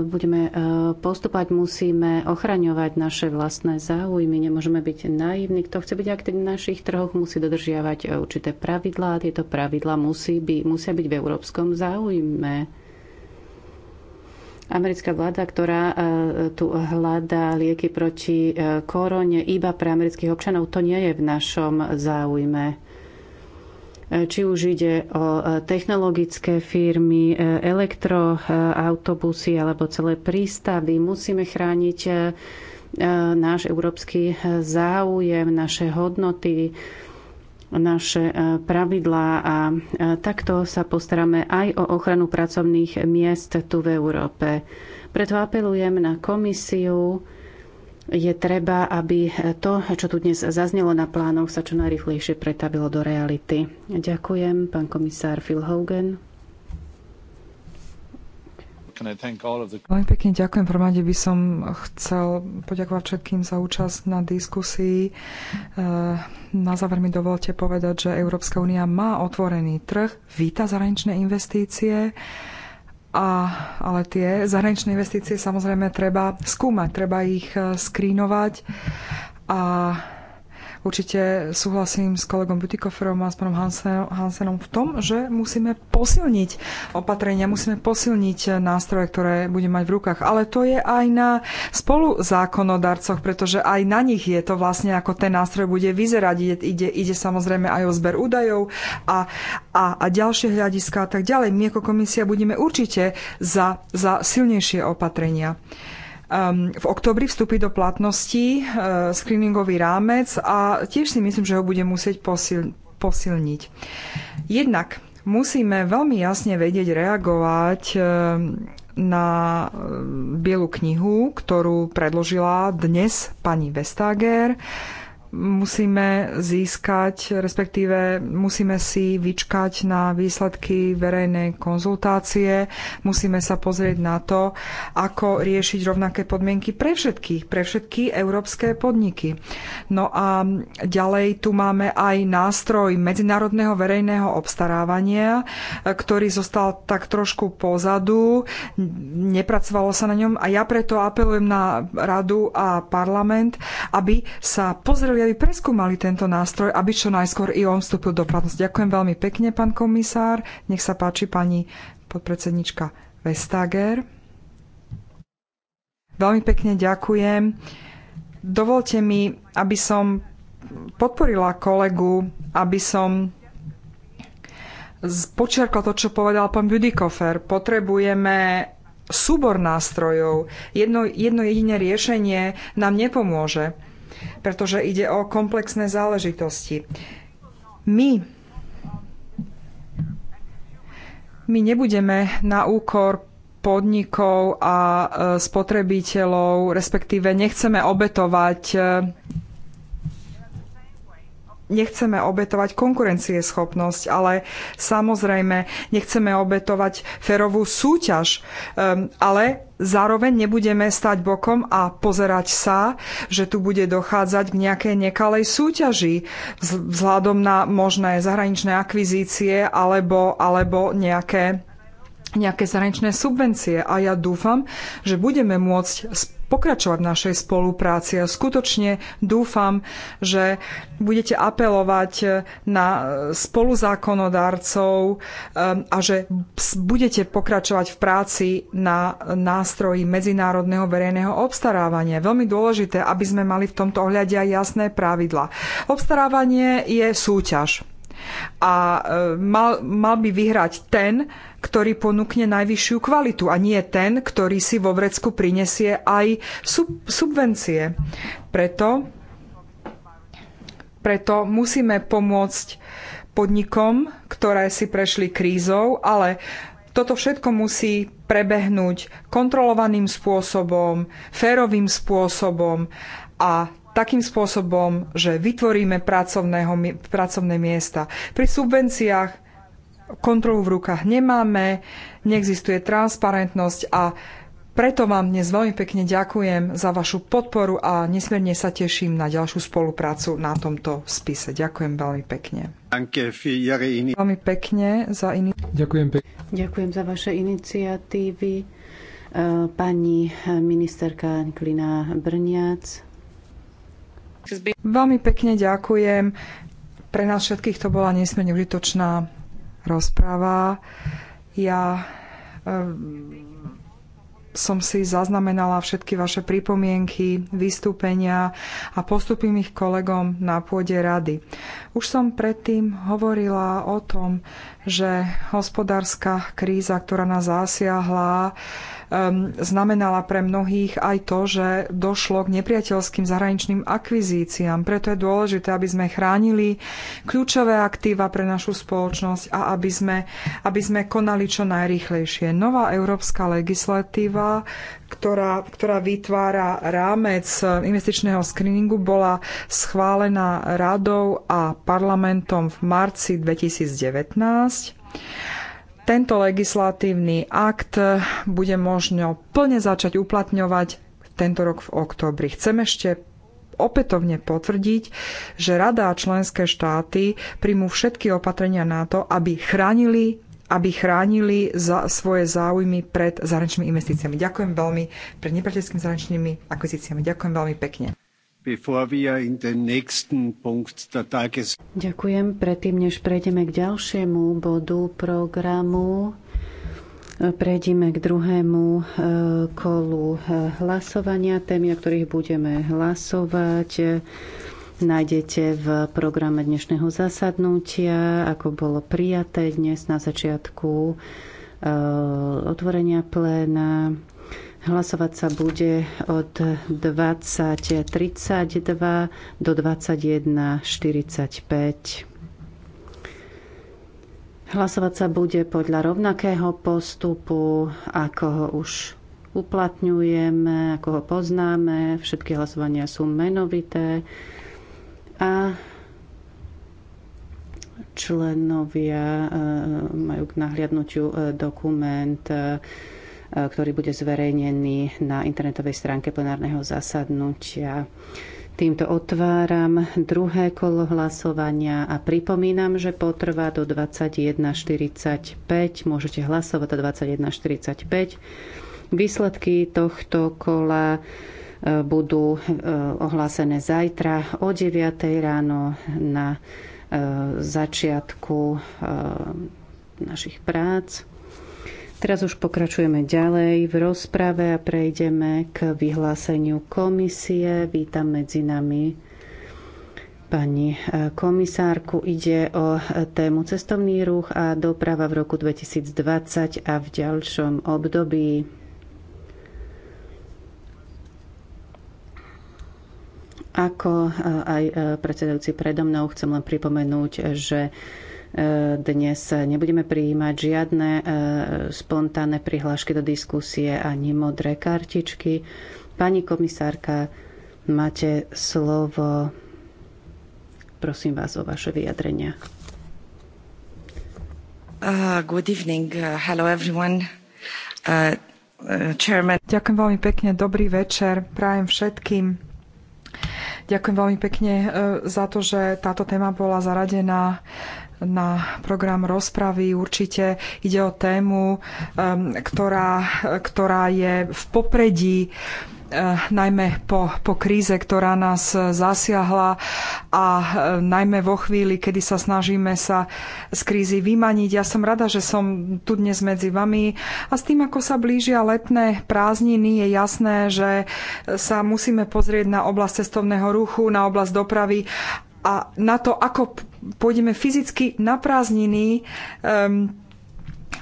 budeme e, postupovať, musíme ochraňovať naše vlastné záujmy. Nemôžeme byť naivní. Kto chce byť aktívny v našich trhoch, musí dodržiavať e, určité pravidlá. Tieto pravidlá musí by, musia byť v európskom záujme. Americká vláda, ktorá tu hľadá lieky proti korone iba pre amerických občanov, to nie je v našom záujme či už ide o e, technologické firmy, e, elektroautobusy e, alebo celé prístavy. Musíme chrániť náš európsky záujem, naše hodnoty, naše pravidlá a takto sa postaráme aj o ochranu pracovných miest tu v Európe. Preto apelujem na komisiu, je treba, aby to, čo tu dnes zaznelo na plánoch, sa čo najrychlejšie pretavilo do reality. Ďakujem, pán komisár Phil Hogan. Veľmi pekne ďakujem. V rade by som chcel poďakovať všetkým za účasť na diskusii. Eh, na záver mi dovolte povedať, že Európska únia má otvorený trh, víta zahraničné investície. A, ale tie zahraničné investície samozrejme treba skúmať, treba ich eh, skrínovať a Určite súhlasím s kolegom Butikoferom a s pánom Hansenom v tom, že musíme posilniť opatrenia, musíme posilniť nástroje, ktoré budeme mať v rukách. Ale to je aj na spoluzákonodarcoch, pretože aj na nich je to vlastne, ako ten nástroj bude vyzerať. Ide, ide, ide samozrejme aj o zber údajov a, a, a ďalšie hľadiska a tak ďalej. My ako komisia budeme určite za, za silnejšie opatrenia. Ehm, v oktobri vstúpi do platnosti e, screeningový rámec a tiež si myslím, že ho bude musieť posil, posilniť. Jednak musíme veľmi jasne vedieť reagovať e, na e, Bielu knihu, ktorú predložila dnes pani Vestager musíme získať, respektíve musíme si vyčkať na výsledky verejnej konzultácie, musíme sa pozrieť na to, ako riešiť rovnaké podmienky pre všetkých, pre všetky európske podniky. No a ďalej tu máme aj nástroj medzinárodného verejného obstarávania, ktorý zostal tak trošku pozadu, nepracovalo sa na ňom a ja preto apelujem na radu a parlament, aby sa pozreli komisárovi, aby preskúmali tento nástroj, aby čo najskôr i on vstúpil do platnosti. Ďakujem veľmi pekne, pán komisár. Nech sa páči pani podpredsednička Vestager. Veľmi pekne ďakujem. Dovolte mi, aby som podporila kolegu, aby som počiarkla to, čo povedal pán Budikofer. Potrebujeme súbor nástrojov. Jedno, jedno jediné riešenie nám nepomôže pretože ide o komplexné záležitosti. My my nebudeme na úkor podnikov a e, spotrebiteľov, respektíve nechceme obetovať e, nechceme obetovať konkurencieschopnosť, ale samozrejme nechceme obetovať ferovú súťaž, ehm, ale zároveň nebudeme stať bokom a pozerať sa, že tu bude dochádzať k nejakej nekalej súťaži vzhľadom na možné zahraničné akvizície alebo, alebo nejaké nejaké zahraničné subvencie a ja dúfam, že budeme môcť pokračovať v našej spolupráci a skutočne dúfam, že budete apelovať e, na e, spoluzákonodárcov e, a že budete pokračovať v práci na nástroji medzinárodného verejného obstarávania. Veľmi dôležité, aby sme mali v tomto ohľade aj jasné pravidlá. Obstarávanie je súťaž a mal, mal by vyhrať ten, ktorý ponúkne najvyššiu kvalitu a nie ten, ktorý si vo vrecku prinesie aj sub- subvencie. Preto, preto musíme pomôcť podnikom, ktoré si prešli krízou, ale toto všetko musí prebehnúť kontrolovaným spôsobom, férovým spôsobom a takým spôsobom, že vytvoríme pracovné miesta. Pri subvenciách kontrolu v rukách nemáme, neexistuje transparentnosť a preto vám dnes veľmi pekne ďakujem za vašu podporu a nesmierne sa teším na ďalšiu spoluprácu na tomto spise. Ďakujem veľmi pekne. Veľmi pekne za Ďakujem pekne. Ďakujem za vaše iniciatívy. E, pani ministerka Niklina Brniac. Veľmi pekne ďakujem. Pre nás všetkých to bola nesmierne užitočná rozpráva. Ja ehm, som si zaznamenala všetky vaše pripomienky, vystúpenia a postupím ich kolegom na pôde rady. Už som predtým hovorila o tom, že hospodárska kríza, ktorá nás zasiahla, znamenala pre mnohých aj to, že došlo k nepriateľským zahraničným akvizíciám. Preto je dôležité, aby sme chránili kľúčové aktíva pre našu spoločnosť a aby sme, aby sme konali čo najrychlejšie. Nová európska legislatíva, ktorá, ktorá vytvára rámec investičného screeningu, bola schválená radou a parlamentom v marci 2019 tento legislatívny akt bude možno plne začať uplatňovať tento rok v oktobri. Chcem ešte opätovne potvrdiť, že Rada a členské štáty príjmú všetky opatrenia na to, aby chránili aby chránili za svoje záujmy pred zahraničnými investíciami. Ďakujem veľmi pred nepriateľskými zahraničnými akvizíciami. Ďakujem veľmi pekne. Ďakujem. Predtým, než prejdeme k ďalšiemu bodu programu, eh, prejdeme k druhému eh, kolu eh, hlasovania. Témy, o ktorých budeme hlasovať, nájdete v programe dnešného zasadnutia, ako bolo prijaté dnes na začiatku otvorenia pléna Hlasovať sa bude od 20.32 do 21.45. Hlasovať sa bude podľa rovnakého postupu, ako ho už uplatňujeme, ako ho poznáme. Všetky hlasovania sú menovité. A členovia e, majú k nahliadnutiu e, dokument e, E, ktorý bude zverejnený na internetovej stránke plenárneho zasadnutia. Týmto otváram druhé kolo hlasovania a pripomínam, že potrvá do 21.45. Môžete hlasovať do 21.45. Výsledky tohto kola e, budú e, ohlásené zajtra o 9. ráno na začiatku našich prác. Teraz už pokračujeme ďalej v rozprave a prejdeme k vyhláseniu komisie. Vítam medzi nami pani eh, komisárku. Ide o eh, tému cestovný ruch a doprava v roku 2020 a v ďalšom období. Ako eh, aj predsedajúci predo mnou chcem len pripomenúť, že E, dnes nebudeme prijímať žiadne e, spontánne prihlášky do diskusie ani modré kartičky. Pani komisárka, máte slovo. Prosím vás o vaše vyjadrenia. Uh, good evening. Uh, hello everyone. Uh, uh Chairman. Ďakujem veľmi pekne, dobrý večer, prajem všetkým. Ďakujem veľmi pekne uh, za to, že táto téma bola zaradená na program rozpravy. Určite ide o tému, um, ktorá, ktorá je v popredí uh, najmä po, po kríze, ktorá nás zasiahla a uh, najmä vo chvíli, kedy sa snažíme sa z krízy vymaniť. Ja som rada, že som tu dnes medzi vami a s tým, ako sa blížia letné prázdniny, je jasné, že sa musíme pozrieť na oblasť cestovného ruchu, na oblasť dopravy a na to, ako pôjdeme fyzicky na prázdniny, um,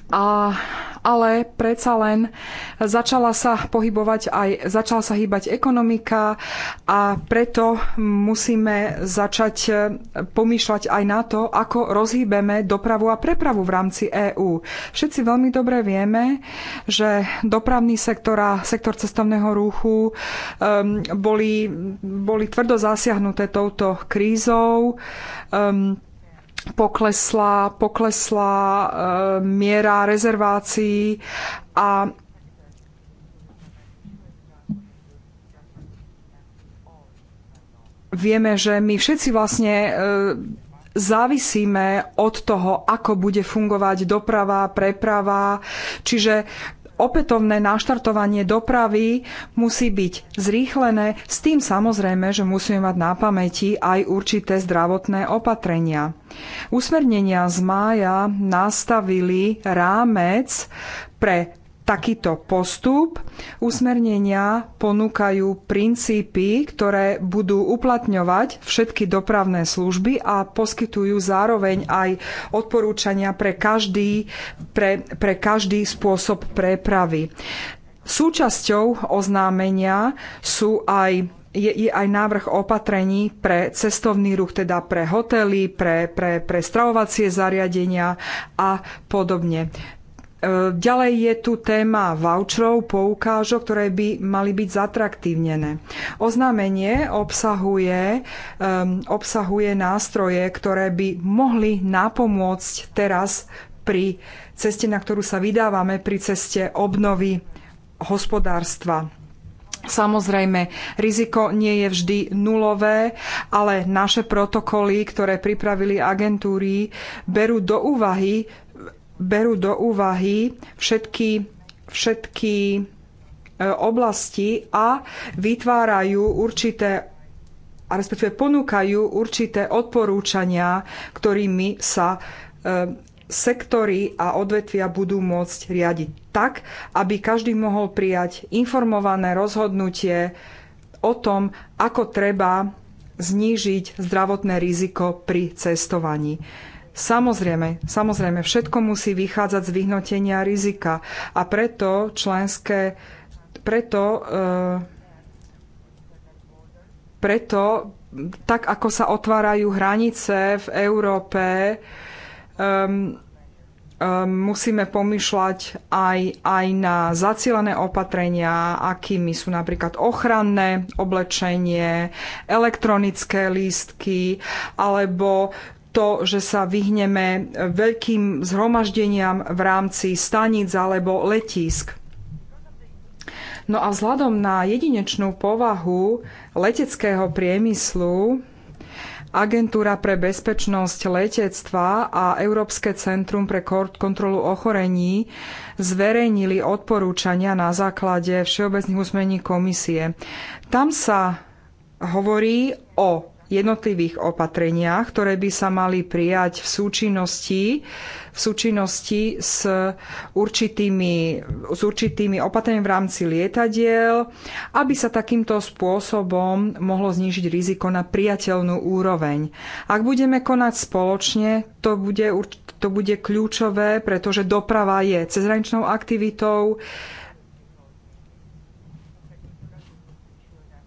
a, ale predsa len začala sa pohybovať aj, začala sa hýbať ekonomika a preto musíme začať e, pomýšľať aj na to, ako rozhýbeme dopravu a prepravu v rámci EÚ. Všetci veľmi dobre vieme, že dopravný sektor a sektor cestovného ruchu um, boli, boli tvrdo zasiahnuté touto krízou. Um, poklesla, poklesla e, miera rezervácií a vieme, že my všetci vlastne e, závisíme od toho, ako bude fungovať doprava, preprava. Čiže opätovné naštartovanie dopravy musí byť zrýchlené, s tým samozrejme, že musíme mať na pamäti aj určité zdravotné opatrenia. Usmernenia z mája nastavili rámec pre takýto postup. Usmernenia ponúkajú princípy, ktoré budú uplatňovať všetky dopravné služby a poskytujú zároveň aj odporúčania pre každý, pre, pre každý spôsob prepravy. Súčasťou oznámenia sú aj je, je aj návrh opatrení pre cestovný ruch, teda pre hotely, pre, pre, pre stravovacie zariadenia a podobne. E, ďalej je tu téma voucherov, poukážok, ktoré by mali byť zatraktívnené. Oznámenie obsahuje, um, obsahuje nástroje, ktoré by mohli napomôcť teraz pri ceste, na ktorú sa vydávame, pri ceste obnovy hospodárstva. Samozrejme, riziko nie je vždy nulové, ale naše protokoly, ktoré pripravili agentúry, berú do úvahy berú do úvahy všetky, všetky e, oblasti a vytvárajú určité a respektíve ponúkajú určité odporúčania, ktorými sa e, sektory a odvetvia budú môcť riadiť tak, aby každý mohol prijať informované rozhodnutie o tom, ako treba znížiť zdravotné riziko pri cestovaní. Samozrejme, samozrejme, všetko musí vychádzať z vyhnotenia rizika a preto členské, preto, e, preto tak ako sa otvárajú hranice v Európe, um, um, musíme pomýšľať aj, aj na zacielené opatrenia, akými sú napríklad ochranné oblečenie, elektronické lístky alebo to, že sa vyhneme veľkým zhromaždeniam v rámci staníc alebo letísk. No a vzhľadom na jedinečnú povahu leteckého priemyslu, Agentúra pre bezpečnosť letectva a Európske centrum pre kontrolu ochorení zverejnili odporúčania na základe všeobecných usmení komisie. Tam sa hovorí o jednotlivých opatreniach, ktoré by sa mali prijať v súčinnosti, v súčinnosti s určitými, s určitými opatreniami v rámci lietadiel, aby sa takýmto spôsobom mohlo znížiť riziko na priateľnú úroveň. Ak budeme konať spoločne, to bude, to bude kľúčové, pretože doprava je cezhraničnou aktivitou,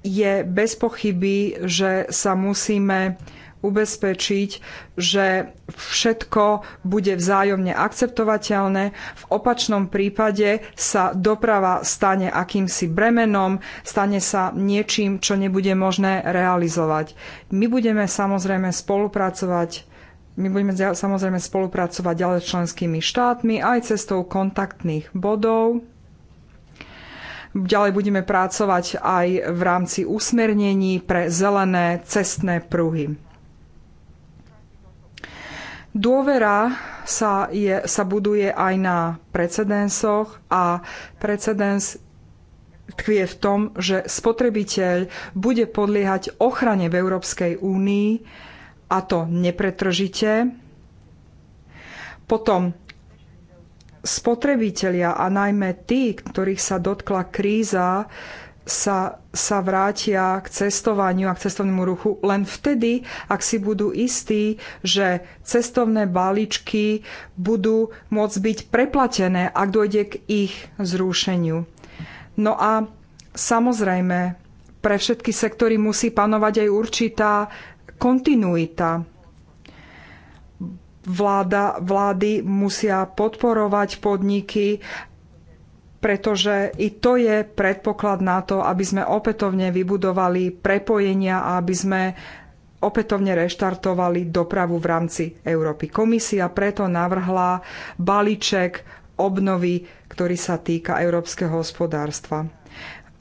je bez pochyby, že sa musíme ubezpečiť, že všetko bude vzájomne akceptovateľné. V opačnom prípade sa doprava stane akýmsi bremenom, stane sa niečím, čo nebude možné realizovať. My budeme samozrejme spolupracovať my budeme samozrejme spolupracovať ďalej s členskými štátmi aj cestou kontaktných bodov, Ďalej budeme pracovať aj v rámci usmernení pre zelené cestné pruhy. Dôvera sa, je, sa buduje aj na precedensoch a precedens tkvie v tom, že spotrebiteľ bude podliehať ochrane v Európskej únii a to nepretržite. Potom spotrebitelia a najmä tí, ktorých sa dotkla kríza, sa, sa vrátia k cestovaniu a k cestovnému ruchu len vtedy, ak si budú istí, že cestovné balíčky budú môcť byť preplatené, ak dojde k ich zrušeniu. No a samozrejme, pre všetky sektory musí panovať aj určitá kontinuita Vláda, vlády musia podporovať podniky, pretože i to je predpoklad na to, aby sme opätovne vybudovali prepojenia a aby sme opätovne reštartovali dopravu v rámci Európy. Komisia preto navrhla balíček obnovy, ktorý sa týka európskeho hospodárstva.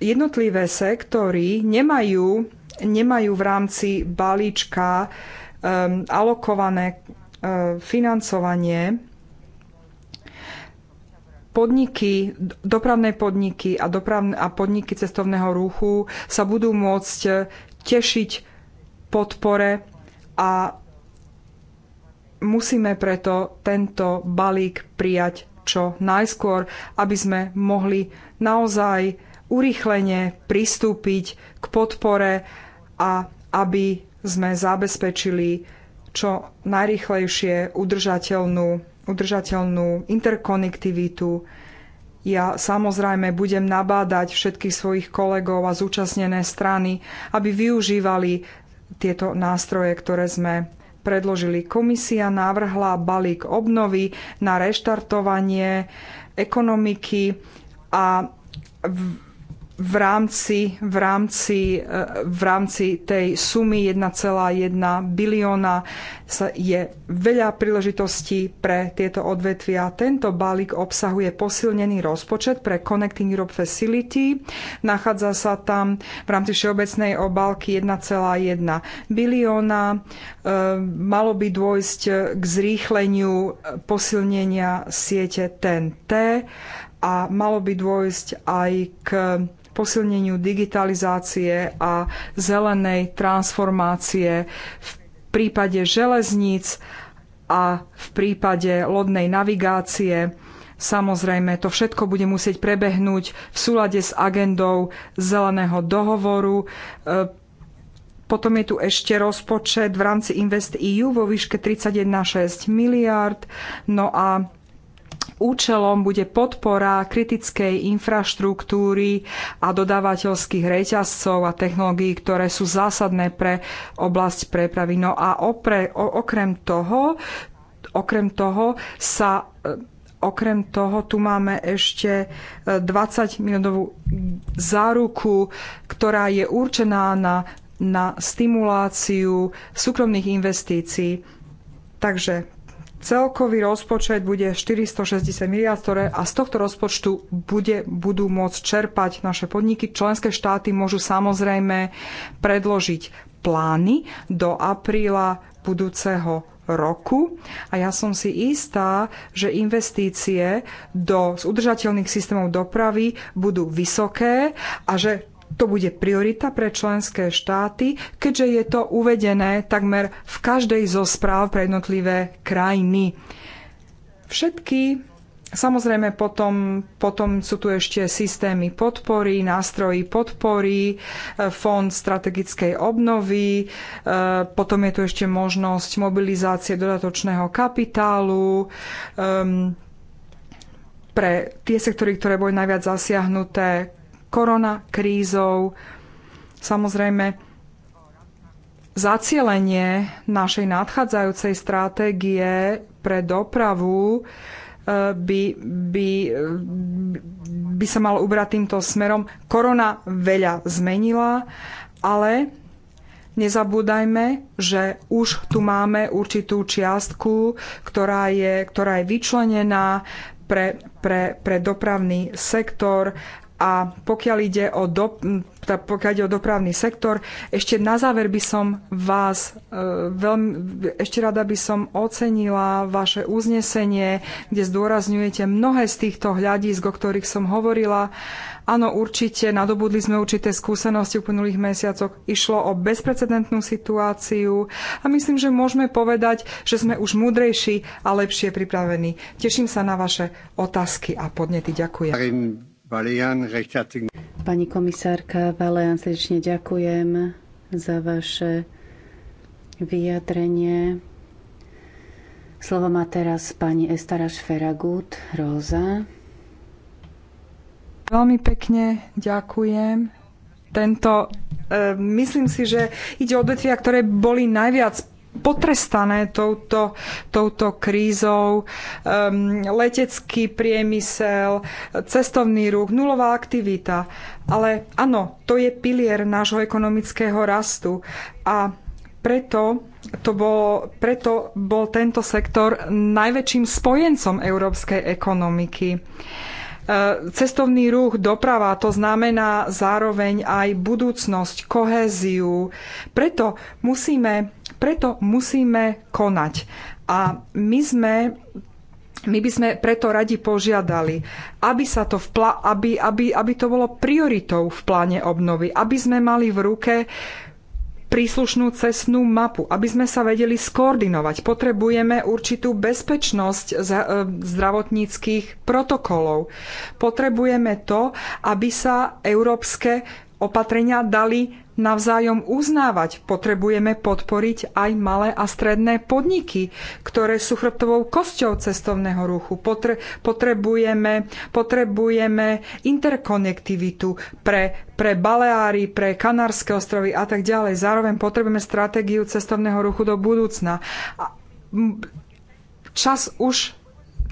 Jednotlivé sektory nemajú, nemajú v rámci balíčka um, alokované E, financovanie podniky, dopravné podniky a, dopravné, a podniky cestovného ruchu sa budú môcť tešiť podpore a musíme preto tento balík prijať čo najskôr, aby sme mohli naozaj urýchlene pristúpiť k podpore a aby sme zabezpečili čo najrychlejšie udržateľnú, udržateľnú interkonektivitu. Ja samozrejme budem nabádať všetkých svojich kolegov a zúčastnené strany, aby využívali tieto nástroje, ktoré sme predložili. Komisia navrhla balík obnovy na reštartovanie ekonomiky a v v rámci, v rámci, eh, v rámci tej sumy 1,1 bilióna je veľa príležitostí pre tieto odvetvia. Tento balík obsahuje posilnený rozpočet pre Connecting Europe Facility. Nachádza sa tam v rámci všeobecnej obálky 1,1 bilióna. Eh, malo by dôjsť k zrýchleniu posilnenia siete TNT a malo by dôjsť aj k posilneniu digitalizácie a zelenej transformácie v prípade železníc a v prípade lodnej navigácie. Samozrejme, to všetko bude musieť prebehnúť v súlade s agendou zeleného dohovoru. E, potom je tu ešte rozpočet v rámci Invest EU vo výške 31,6 miliard. No a Účelom bude podpora kritickej infraštruktúry a dodávateľských reťazcov a technológií, ktoré sú zásadné pre oblasť prepravy. No a opre, o, okrem toho, okrem toho sa e, Okrem toho tu máme ešte 20 e, miliónovú záruku, ktorá je určená na, na stimuláciu súkromných investícií. Takže Celkový rozpočet bude 460 miliard, ktoré a z tohto rozpočtu bude, budú môcť čerpať naše podniky. Členské štáty môžu samozrejme predložiť plány do apríla budúceho roku a ja som si istá, že investície do udržateľných systémov dopravy budú vysoké a že to bude priorita pre členské štáty, keďže je to uvedené takmer v každej zo správ pre jednotlivé krajiny. Všetky Samozrejme, potom, potom sú tu ešte systémy podpory, nástroji podpory, e, fond strategickej obnovy, e, potom je tu ešte možnosť mobilizácie dodatočného kapitálu e, pre tie sektory, ktoré boli najviac zasiahnuté koronakrízou. Samozrejme, zacielenie našej nadchádzajúcej stratégie pre dopravu e, by, by, e, by sa mal ubrať týmto smerom. Korona veľa zmenila, ale nezabúdajme, že už tu máme určitú čiastku, ktorá je, ktorá je vyčlenená pre, pre, pre dopravný sektor a pokiaľ ide, o do, pokiaľ ide o dopravný sektor, ešte na záver by som vás e, veľmi, ešte rada by som ocenila vaše uznesenie, kde zdôrazňujete mnohé z týchto hľadísk, o ktorých som hovorila. Áno, určite, nadobudli sme určité skúsenosti v uplynulých mesiacoch. Išlo o bezprecedentnú situáciu a myslím, že môžeme povedať, že sme už múdrejší a lepšie pripravení. Teším sa na vaše otázky a podnety. Ďakujem. Pani komisárka Valean, srdečne ďakujem za vaše vyjadrenie. Slovo má teraz pani Estara Šferagut, Róza. Veľmi pekne ďakujem. Tento, e, myslím si, že ide o odvetvia, ktoré boli najviac potrestané touto, touto krízou. Um, letecký priemysel, cestovný ruch, nulová aktivita. Ale áno, to je pilier nášho ekonomického rastu. A preto, to bol, preto bol tento sektor najväčším spojencom európskej ekonomiky cestovný ruch, doprava, to znamená zároveň aj budúcnosť, kohéziu. Preto musíme preto musíme konať. A my sme my by sme preto radi požiadali, aby, sa to v pla- aby, aby, aby to bolo prioritou v pláne obnovy, aby sme mali v ruke príslušnú cestnú mapu, aby sme sa vedeli skoordinovať. Potrebujeme určitú bezpečnosť e, zdravotníckých protokolov. Potrebujeme to, aby sa európske opatrenia dali navzájom uznávať. Potrebujeme podporiť aj malé a stredné podniky, ktoré sú chrbtovou kosťou cestovného ruchu. Potre, potrebujeme, potrebujeme interkonektivitu pre, pre Baleári, pre Kanárske ostrovy a tak ďalej. Zároveň potrebujeme stratégiu cestovného ruchu do budúcna. Čas už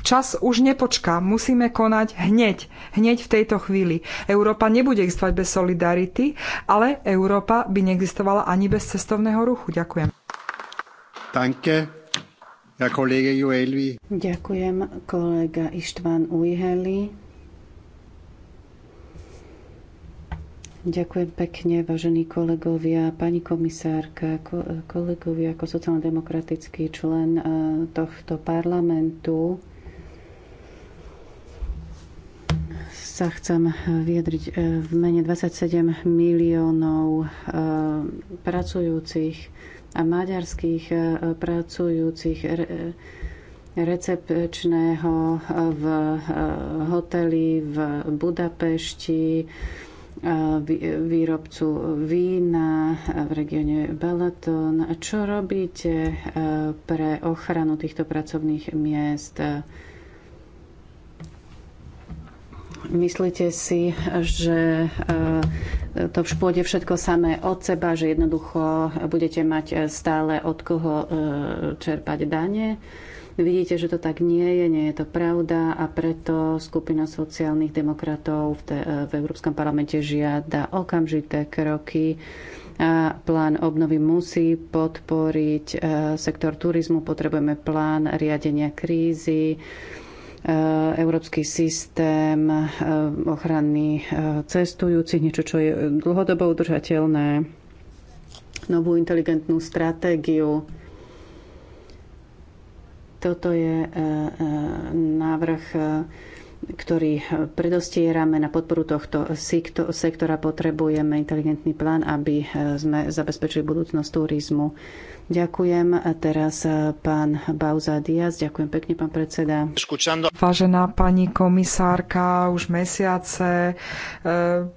Čas už nepočká, musíme konať hneď, hneď v tejto chvíli. Európa nebude existovať bez solidarity, ale Európa by neexistovala ani bez cestovného ruchu. Ďakujem. Danke. Ja kolega Juelvi. Ďakujem kolega Ištván Ujheli. Ďakujem pekne, vážení kolegovia, pani komisárka, kolegovia ako sociálno-demokratický člen eh, tohto parlamentu. sa chcem eh, vyjadriť eh, v mene 27 miliónov eh, pracujúcich a maďarských pracujúcich recepčného v hoteli v Budapešti, výrobcu vína v regióne Balaton. Čo robíte pre ochranu týchto pracovných miest? Myslíte si, že e, to pôjde všetko samé od seba, že jednoducho budete mať e, stále od koho e, čerpať dane? Vidíte, že to tak nie je, nie je to pravda a preto skupina sociálnych demokratov v, te, v Európskom parlamente žiada okamžité kroky. A plán obnovy musí podporiť sektor turizmu, potrebujeme plán riadenia krízy Eh, európsky systém eh, ochrany eh, cestujúcich, niečo, čo je dlhodobo udržateľné, novú inteligentnú stratégiu. Toto je návrh, ktorý predostierame na podporu tohto sektora. Potrebujeme inteligentný plán, aby sme zabezpečili budúcnosť turizmu. Ďakujem. A teraz e, pán Bauza Diaz. Ďakujem pekne, pán predseda. Vážená pani komisárka, už mesiace e,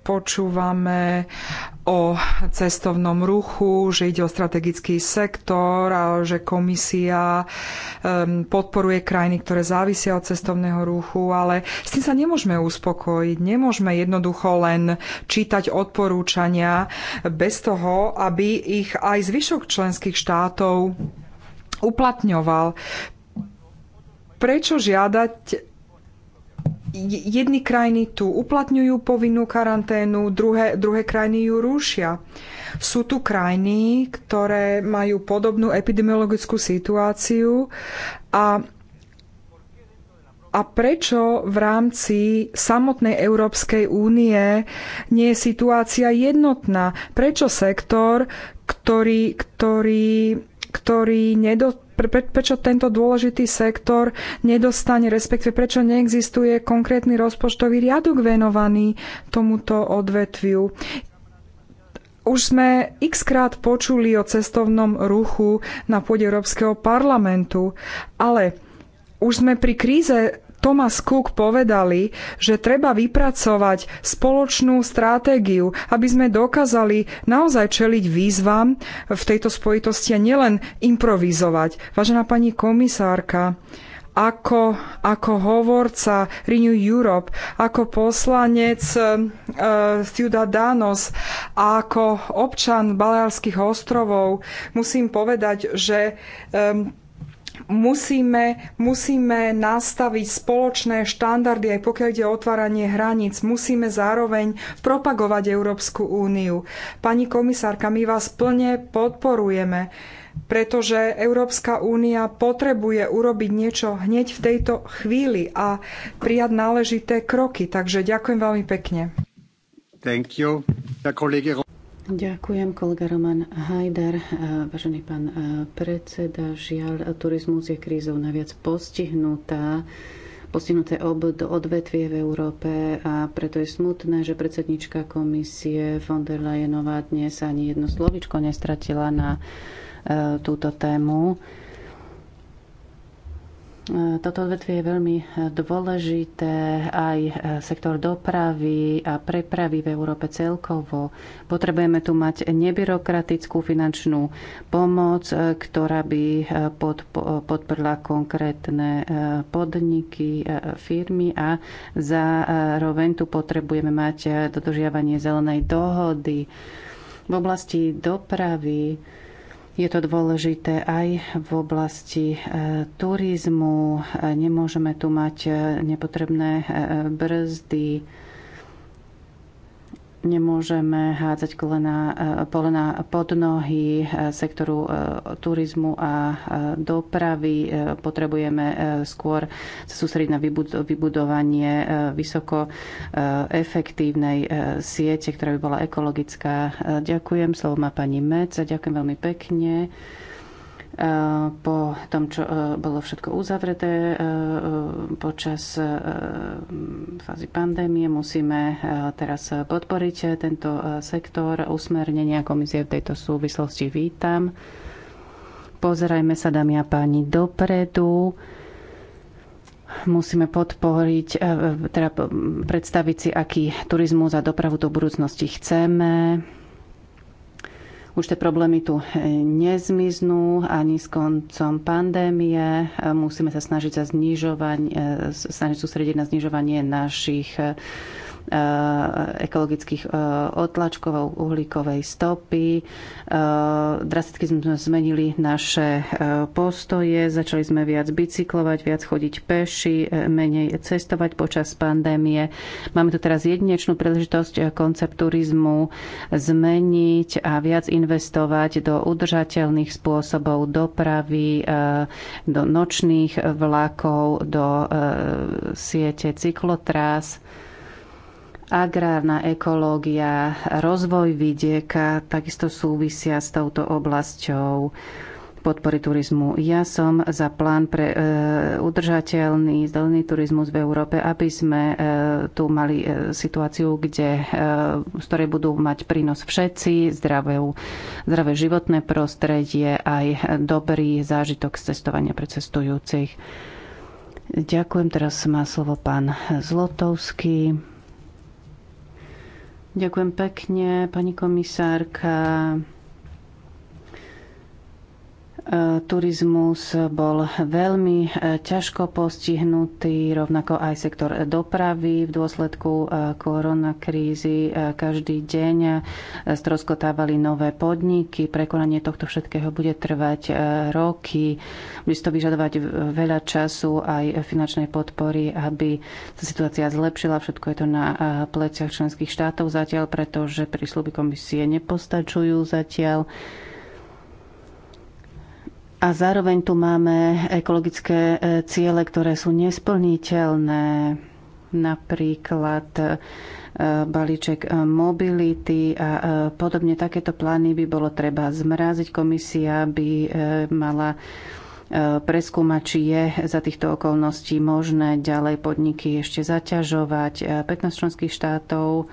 počúvame o cestovnom ruchu, že ide o strategický sektor a že komisia podporuje krajiny, ktoré závisia od cestovného ruchu, ale s tým sa nemôžeme uspokojiť. Nemôžeme jednoducho len čítať odporúčania bez toho, aby ich aj zvyšok členských štátov uplatňoval. Prečo žiadať jedny krajiny tu uplatňujú povinnú karanténu, druhé, druhé krajiny ju rúšia. Sú tu krajiny, ktoré majú podobnú epidemiologickú situáciu a a prečo v rámci samotnej Európskej únie nie je situácia jednotná? Prečo sektor, ktorý, ktorý, ktorý nedot pre, prečo tento dôležitý sektor nedostane, respektíve prečo neexistuje konkrétny rozpočtový riadok venovaný tomuto odvetviu. Už sme x krát počuli o cestovnom ruchu na pôde Európskeho parlamentu, ale už sme pri kríze Thomas Cook povedali, že treba vypracovať spoločnú stratégiu, aby sme dokázali naozaj čeliť výzvam v tejto spojitosti a nielen improvizovať. Vážená pani komisárka, ako, ako hovorca Renew Europe, ako poslanec uh, eh, eh, Ciudadanos a ako občan Baleárskych ostrovov musím povedať, že um, musíme, musíme nastaviť spoločné štandardy, aj pokiaľ ide o otváranie hraníc. Musíme zároveň propagovať Európsku úniu. Pani komisárka, my vás plne podporujeme pretože Európska únia potrebuje urobiť niečo hneď v tejto chvíli a prijať náležité kroky. Takže ďakujem veľmi pekne. Thank you. Ďakujem, kolega Roman Hajdar. E, vážený pán e, predseda, žiaľ, turizmus je krízou naviac postihnutá postihnuté odvetvie v Európe a preto je smutné, že predsednička komisie von der Leyenová dnes ani jedno slovičko nestratila na e, túto tému. Toto odvetvie je veľmi eh, dôležité, aj eh, sektor dopravy a prepravy v Európe celkovo. Potrebujeme tu mať nebyrokratickú finančnú pomoc, eh, ktorá by podporila konkrétne podniky, firmy a zároveň tu potrebujeme mať dodržiavanie zelenej dohody v oblasti dopravy je to dôležité aj v oblasti e, turizmu. E, nemôžeme tu mať e, nepotrebné brzdy Nemôžeme hádzať kolena, e, polena pod nohy e, sektoru e, turizmu a dopravy. Potrebujeme skôr sa sústrediť na vybudovanie vysoko efektívnej siete, ktorá by bola ekologická. Ďakujem. Slovo má pani Mec. Ďakujem veľmi pekne. Eh, po tom, čo eh, bolo všetko uzavreté eh, počas mm, fázy pandémie, musíme teraz podporiť tento sektor. Usmernenia komisie v tejto súvislosti vítam. Pozerajme sa, dámy a páni, dopredu musíme podporiť, teda mm, predstaviť si, aký turizmus a dopravu do budúcnosti chceme už tie problémy tu e, nezmiznú ani s koncom pandémie. E, musíme sa snažiť, sa znižovať, e, snažiť sústrediť na znižovanie našich Eh, ekologických eh, otlačkov, uhlíkovej stopy. Eh, drasticky sme zmenili naše postoje, začali sme viac bicyklovať, viac chodiť peši, menej cestovať počas pandémie. Máme tu teraz jedinečnú príležitosť koncept turizmu zmeniť a viac investovať do udržateľných spôsobov dopravy, do nočných vlakov, do siete cyklotrás agrárna ekológia, rozvoj vidieka takisto súvisia s touto oblasťou podpory turizmu. Ja som za plán pre e, udržateľný zelený turizmus v Európe, aby sme e, tu mali e, situáciu, kde, e, z ktorej budú mať prínos všetci, zdravé, zdravé životné prostredie, aj dobrý zážitok z cestovania pre cestujúcich. Ďakujem, teraz má slovo pán Zlotovský. Ďakujem pekne, pani komisárka. Turizmus bol veľmi e, ťažko postihnutý, rovnako aj sektor dopravy v dôsledku e, koronakrízy. E, každý deň stroskotávali nové podniky. Prekonanie tohto všetkého bude trvať roky. Bude to vyžadovať veľa času aj finančnej podpory, aby sa situácia zlepšila. Všetko je to na pleciach členských štátov zatiaľ, pretože prísľuby komisie nepostačujú zatiaľ. A zároveň tu máme ekologické e, ciele, ktoré sú nesplniteľné, napríklad e, balíček e, mobility a podobne. Takéto plány by bolo treba zmraziť. Komisia by mala preskúmať, či je za týchto okolností možné ďalej podniky ešte zaťažovať. 15 členských štátov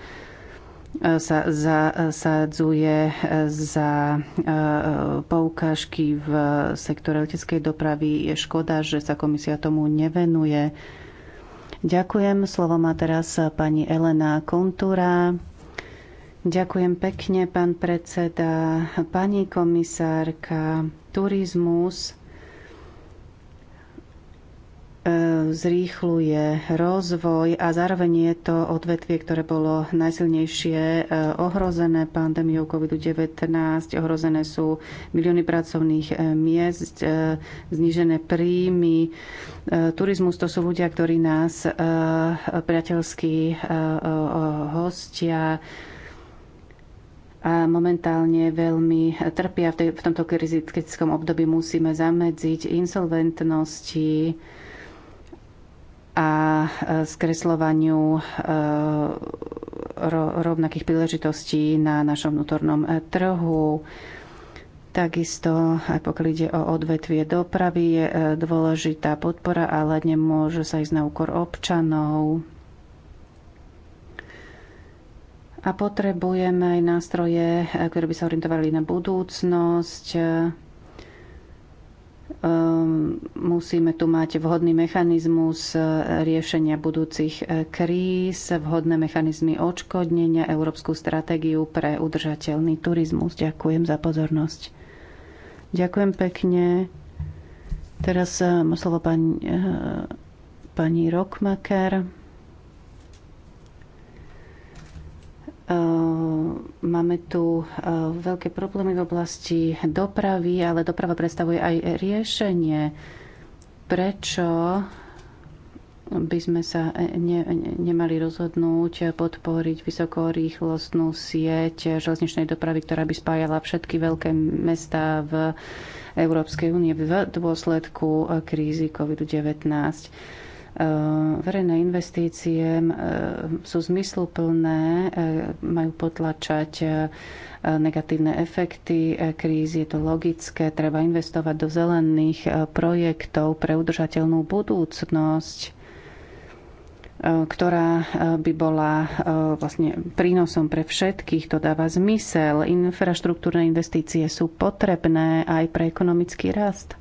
sa zasadzuje za e, poukážky v sektore leteckej dopravy. Je škoda, že sa komisia tomu nevenuje. Ďakujem. Slovo má teraz pani Elena Kontúra. Ďakujem pekne, pán predseda. Pani komisárka, turizmus zrýchluje rozvoj a zároveň je to odvetvie, ktoré bolo najsilnejšie e, ohrozené pandémiou COVID-19. Ohrozené sú milióny pracovných e, miest, e, znížené príjmy. Turizmus to sú ľudia, ktorí nás priateľsky hostia a momentálne veľmi trpia. V, tej, v tomto kritickom období musíme zamedziť insolventnosti, a e, skresľovaniu e, rovnakých príležitostí na našom vnútornom e, trhu. Takisto, aj pokiaľ ide o odvetvie dopravy, je dôležitá podpora, ale nemôže sa ísť na úkor občanov. A potrebujeme aj nástroje, ktoré by sa orientovali na budúcnosť, Ehm, musíme tu mať vhodný mechanizmus eh, riešenia budúcich eh, kríz, vhodné mechanizmy odškodnenia, európsku stratégiu pre udržateľný turizmus. Ďakujem za pozornosť. Ďakujem pekne. Teraz eh, slovo pani, pani Rockmaker. Ehm, máme tu ehm, veľké problémy v oblasti dopravy, ale doprava predstavuje aj riešenie. Prečo by sme sa e, ne, nemali rozhodnúť podporiť vysokorýchlostnú sieť železničnej dopravy, ktorá by spájala všetky veľké mesta v Európskej únie v dôsledku e, krízy COVID-19. Eh, verejné investície eh, sú zmysluplné, eh, majú potlačať negatívne efekty krízy, je to logické, treba investovať do zelených projektov pre udržateľnú budúcnosť ktorá by bola vlastne prínosom pre všetkých, to dáva zmysel. Infraštruktúrne investície sú potrebné aj pre ekonomický rast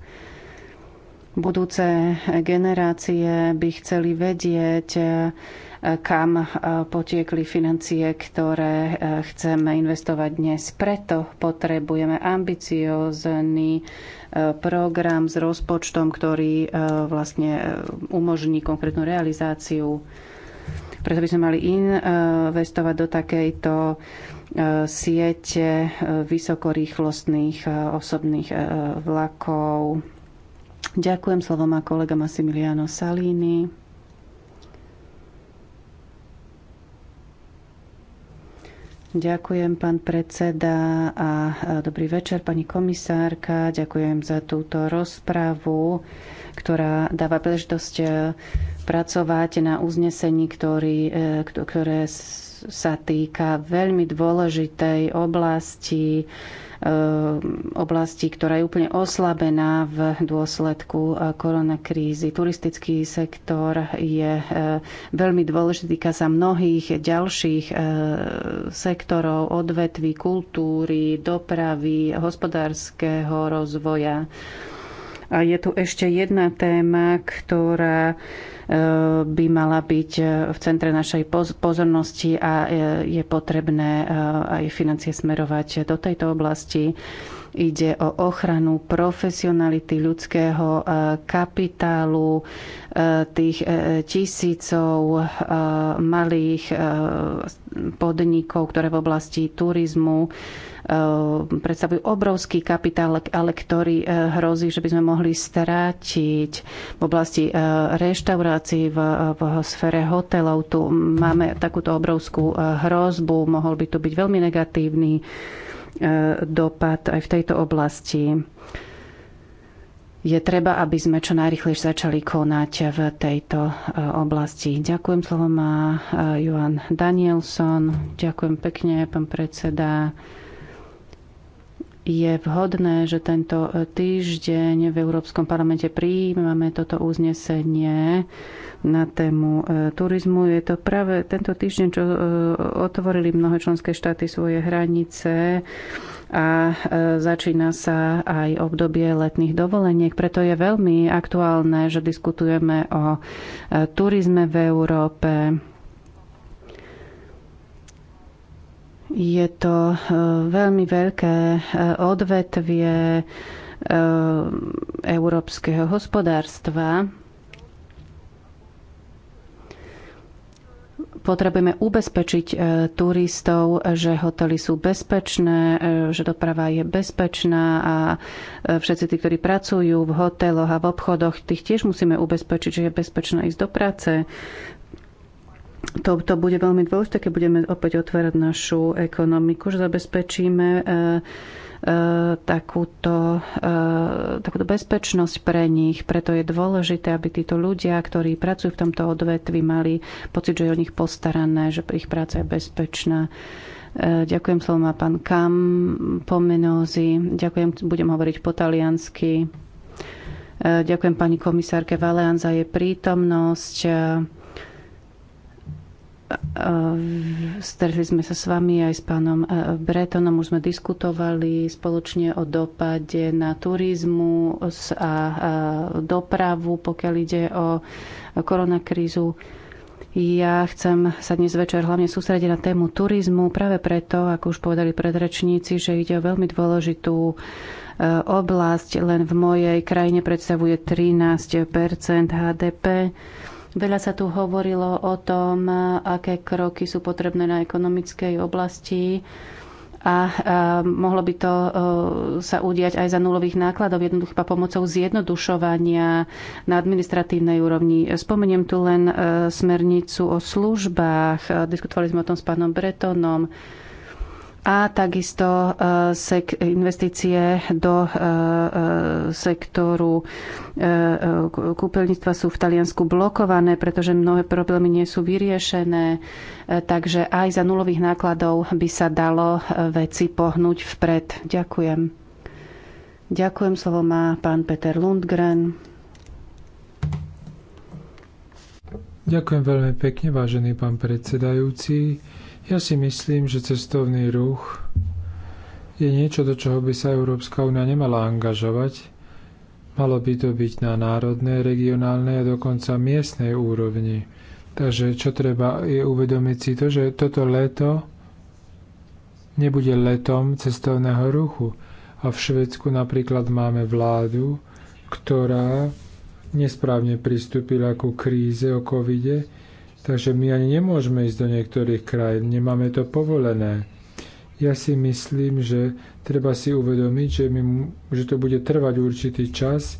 budúce generácie by chceli vedieť, kam eh, potiekli financie, ktoré eh, chceme investovať dnes. Preto potrebujeme ambiciózny eh, program s rozpočtom, ktorý vlastne umožní konkrétnu realizáciu. Preto by sme mali investovať do takejto siete vysokorýchlostných osobných vlakov, Ďakujem, slovo má kolega Massimiliano Salini. Ďakujem, pán predseda a dobrý večer, pani komisárka. Ďakujem za túto rozpravu, ktorá dáva príležitosť e, pracovať na uznesení, ktorý, e, ktoré sa týka veľmi dôležitej oblasti Eh, oblasti, ktorá je úplne oslabená v dôsledku eh, koronakrízy. Turistický sektor je eh, veľmi dôležitý, týka sa mnohých ďalších sektorov, odvetví kultúry, dopravy, hospodárskeho rozvoja. A je tu ešte jedna téma, ktorá e, by mala byť e, v centre našej pozornosti a e, je potrebné aj financie smerovať do tejto oblasti. Ide o ochranu profesionality ľudského kapitálu tých tisícov malých podnikov, ktoré v oblasti turizmu Eh, predstavujú obrovský kapitál, ale ktorý eh, hrozí, že by sme mohli strátiť v oblasti eh, reštaurácií, v, v sfére hotelov. Tu máme takúto obrovskú hrozbu, mohol by tu byť veľmi negatívny dopad aj v tejto oblasti. Je treba, aby sme čo najrychlejšie začali konať v tejto oblasti. Ďakujem, slovo má Johan Danielson. Ďakujem pekne, pán predseda je vhodné, že tento e, týždeň v Európskom parlamente príjmame toto uznesenie na tému e, turizmu. Je to práve tento týždeň, čo e, otvorili mnohé členské štáty svoje hranice a začína sa aj obdobie letných dovoleniek. Preto je veľmi aktuálne, že diskutujeme o turizme v Európe Je to e, veľmi veľké e, odvetvie e, európskeho hospodárstva. Potrebujeme ubezpečiť turistov, že hotely sú bezpečné, že doprava je bezpečná a všetci tí, ktorí pracujú v hoteloch a v obchodoch, tých tiež musíme ubezpečiť, že je bezpečné ísť do práce to, to bude veľmi dôležité, keď budeme opäť otvárať našu ekonomiku, že zabezpečíme e, e, takúto, e, takúto bezpečnosť pre nich. Preto je dôležité, aby títo ľudia, ktorí pracujú v tomto odvetvi, mali pocit, že je o nich postarané, že ich práca je bezpečná. Ďakujem slovo má pán Kam Pomenózy. Ďakujem, budem hovoriť po taliansky. Ďakujem pani komisárke Valean za jej prítomnosť. Eh, eh, stretli sme sa s vami aj s pánom eh, Bretonom, už sme diskutovali spoločne o dopade na turizmu a dopravu, pokiaľ ide o koronakrízu. Ja chcem sa dnes večer hlavne sústrediť na tému turizmu, práve preto, ako už povedali predrečníci, že ide o veľmi dôležitú oblasť. Len v mojej krajine predstavuje 13 HDP Veľa sa tu hovorilo o tom, aké kroky sú potrebné na ekonomickej oblasti a mohlo by to e, sa udiať aj za nulových nákladov, jednoducho pomocou zjednodušovania na administratívnej úrovni. Spomeniem tu len e, smernicu o službách, diskutovali sme o tom s pánom Bretonom, a takisto e, investície do e, e, sektoru kúpeľníctva sú v Taliansku blokované, pretože mnohé problémy nie sú vyriešené, takže aj za nulových nákladov by sa dalo veci pohnúť vpred. Ďakujem. Ďakujem, slovo má pán Peter Lundgren. Ďakujem veľmi pekne, vážený pán predsedajúci. Ja si myslím, že cestovný ruch je niečo, do čoho by sa Európska únia nemala angažovať. Malo by to byť na národnej, regionálnej a dokonca miestnej úrovni. Takže čo treba je uvedomiť si to, že toto leto nebude letom cestovného ruchu. A v Švedsku napríklad máme vládu, ktorá nesprávne pristúpila ku kríze o covide, Takže my ani nemôžeme ísť do niektorých krajín, nemáme to povolené. Ja si myslím, že treba si uvedomiť, že, my, že to bude trvať určitý čas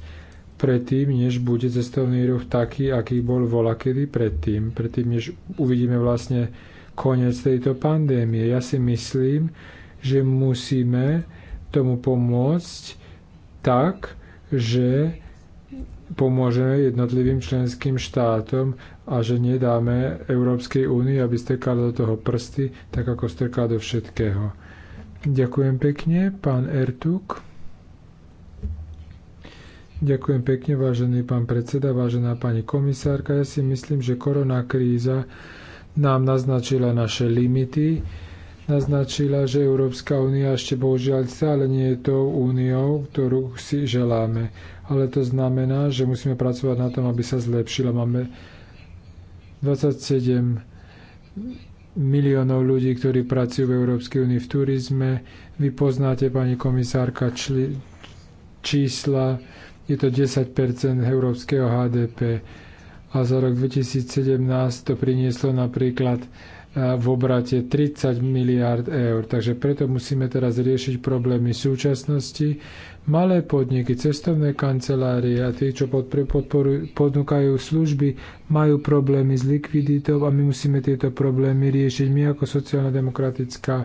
predtým, než bude cestovný ruch taký, aký bol volakedy predtým, predtým, než uvidíme vlastne koniec tejto pandémie. Ja si myslím, že musíme tomu pomôcť tak, že pomôžeme jednotlivým členským štátom, a že nedáme Európskej únii, aby strkala do toho prsty, tak ako strká do všetkého. Ďakujem pekne, pán Ertuk. Ďakujem pekne, vážený pán predseda, vážená pani komisárka. Ja si myslím, že korona kríza nám naznačila naše limity, naznačila, že Európska únia ešte bohužiaľ stále nie je tou úniou, ktorú si želáme. Ale to znamená, že musíme pracovať na tom, aby sa zlepšila. Máme 27 miliónov ľudí, ktorí pracujú v Európskej únii v turizme. Vy poznáte, pani komisárka, čli, čísla. Je to 10 európskeho HDP. A za rok 2017 to prinieslo napríklad v obrate 30 miliard eur. Takže preto musíme teraz riešiť problémy súčasnosti. Malé podniky, cestovné kancelárie a tí, čo podnúkajú služby, majú problémy s likviditou a my musíme tieto problémy riešiť. My ako sociálno-demokratická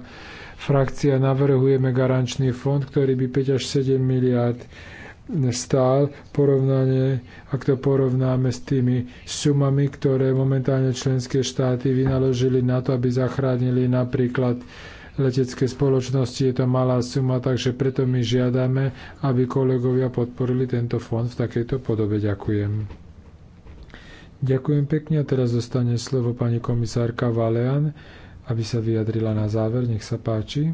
frakcia navrhujeme garančný fond, ktorý by 5 až 7 miliard eur stál porovnanie, ak to porovnáme s tými sumami, ktoré momentálne členské štáty vynaložili na to, aby zachránili napríklad letecké spoločnosti. Je to malá suma, takže preto my žiadame, aby kolegovia podporili tento fond v takejto podobe. Ďakujem. Ďakujem pekne a teraz zostane slovo pani komisárka Valean, aby sa vyjadrila na záver. Nech sa páči.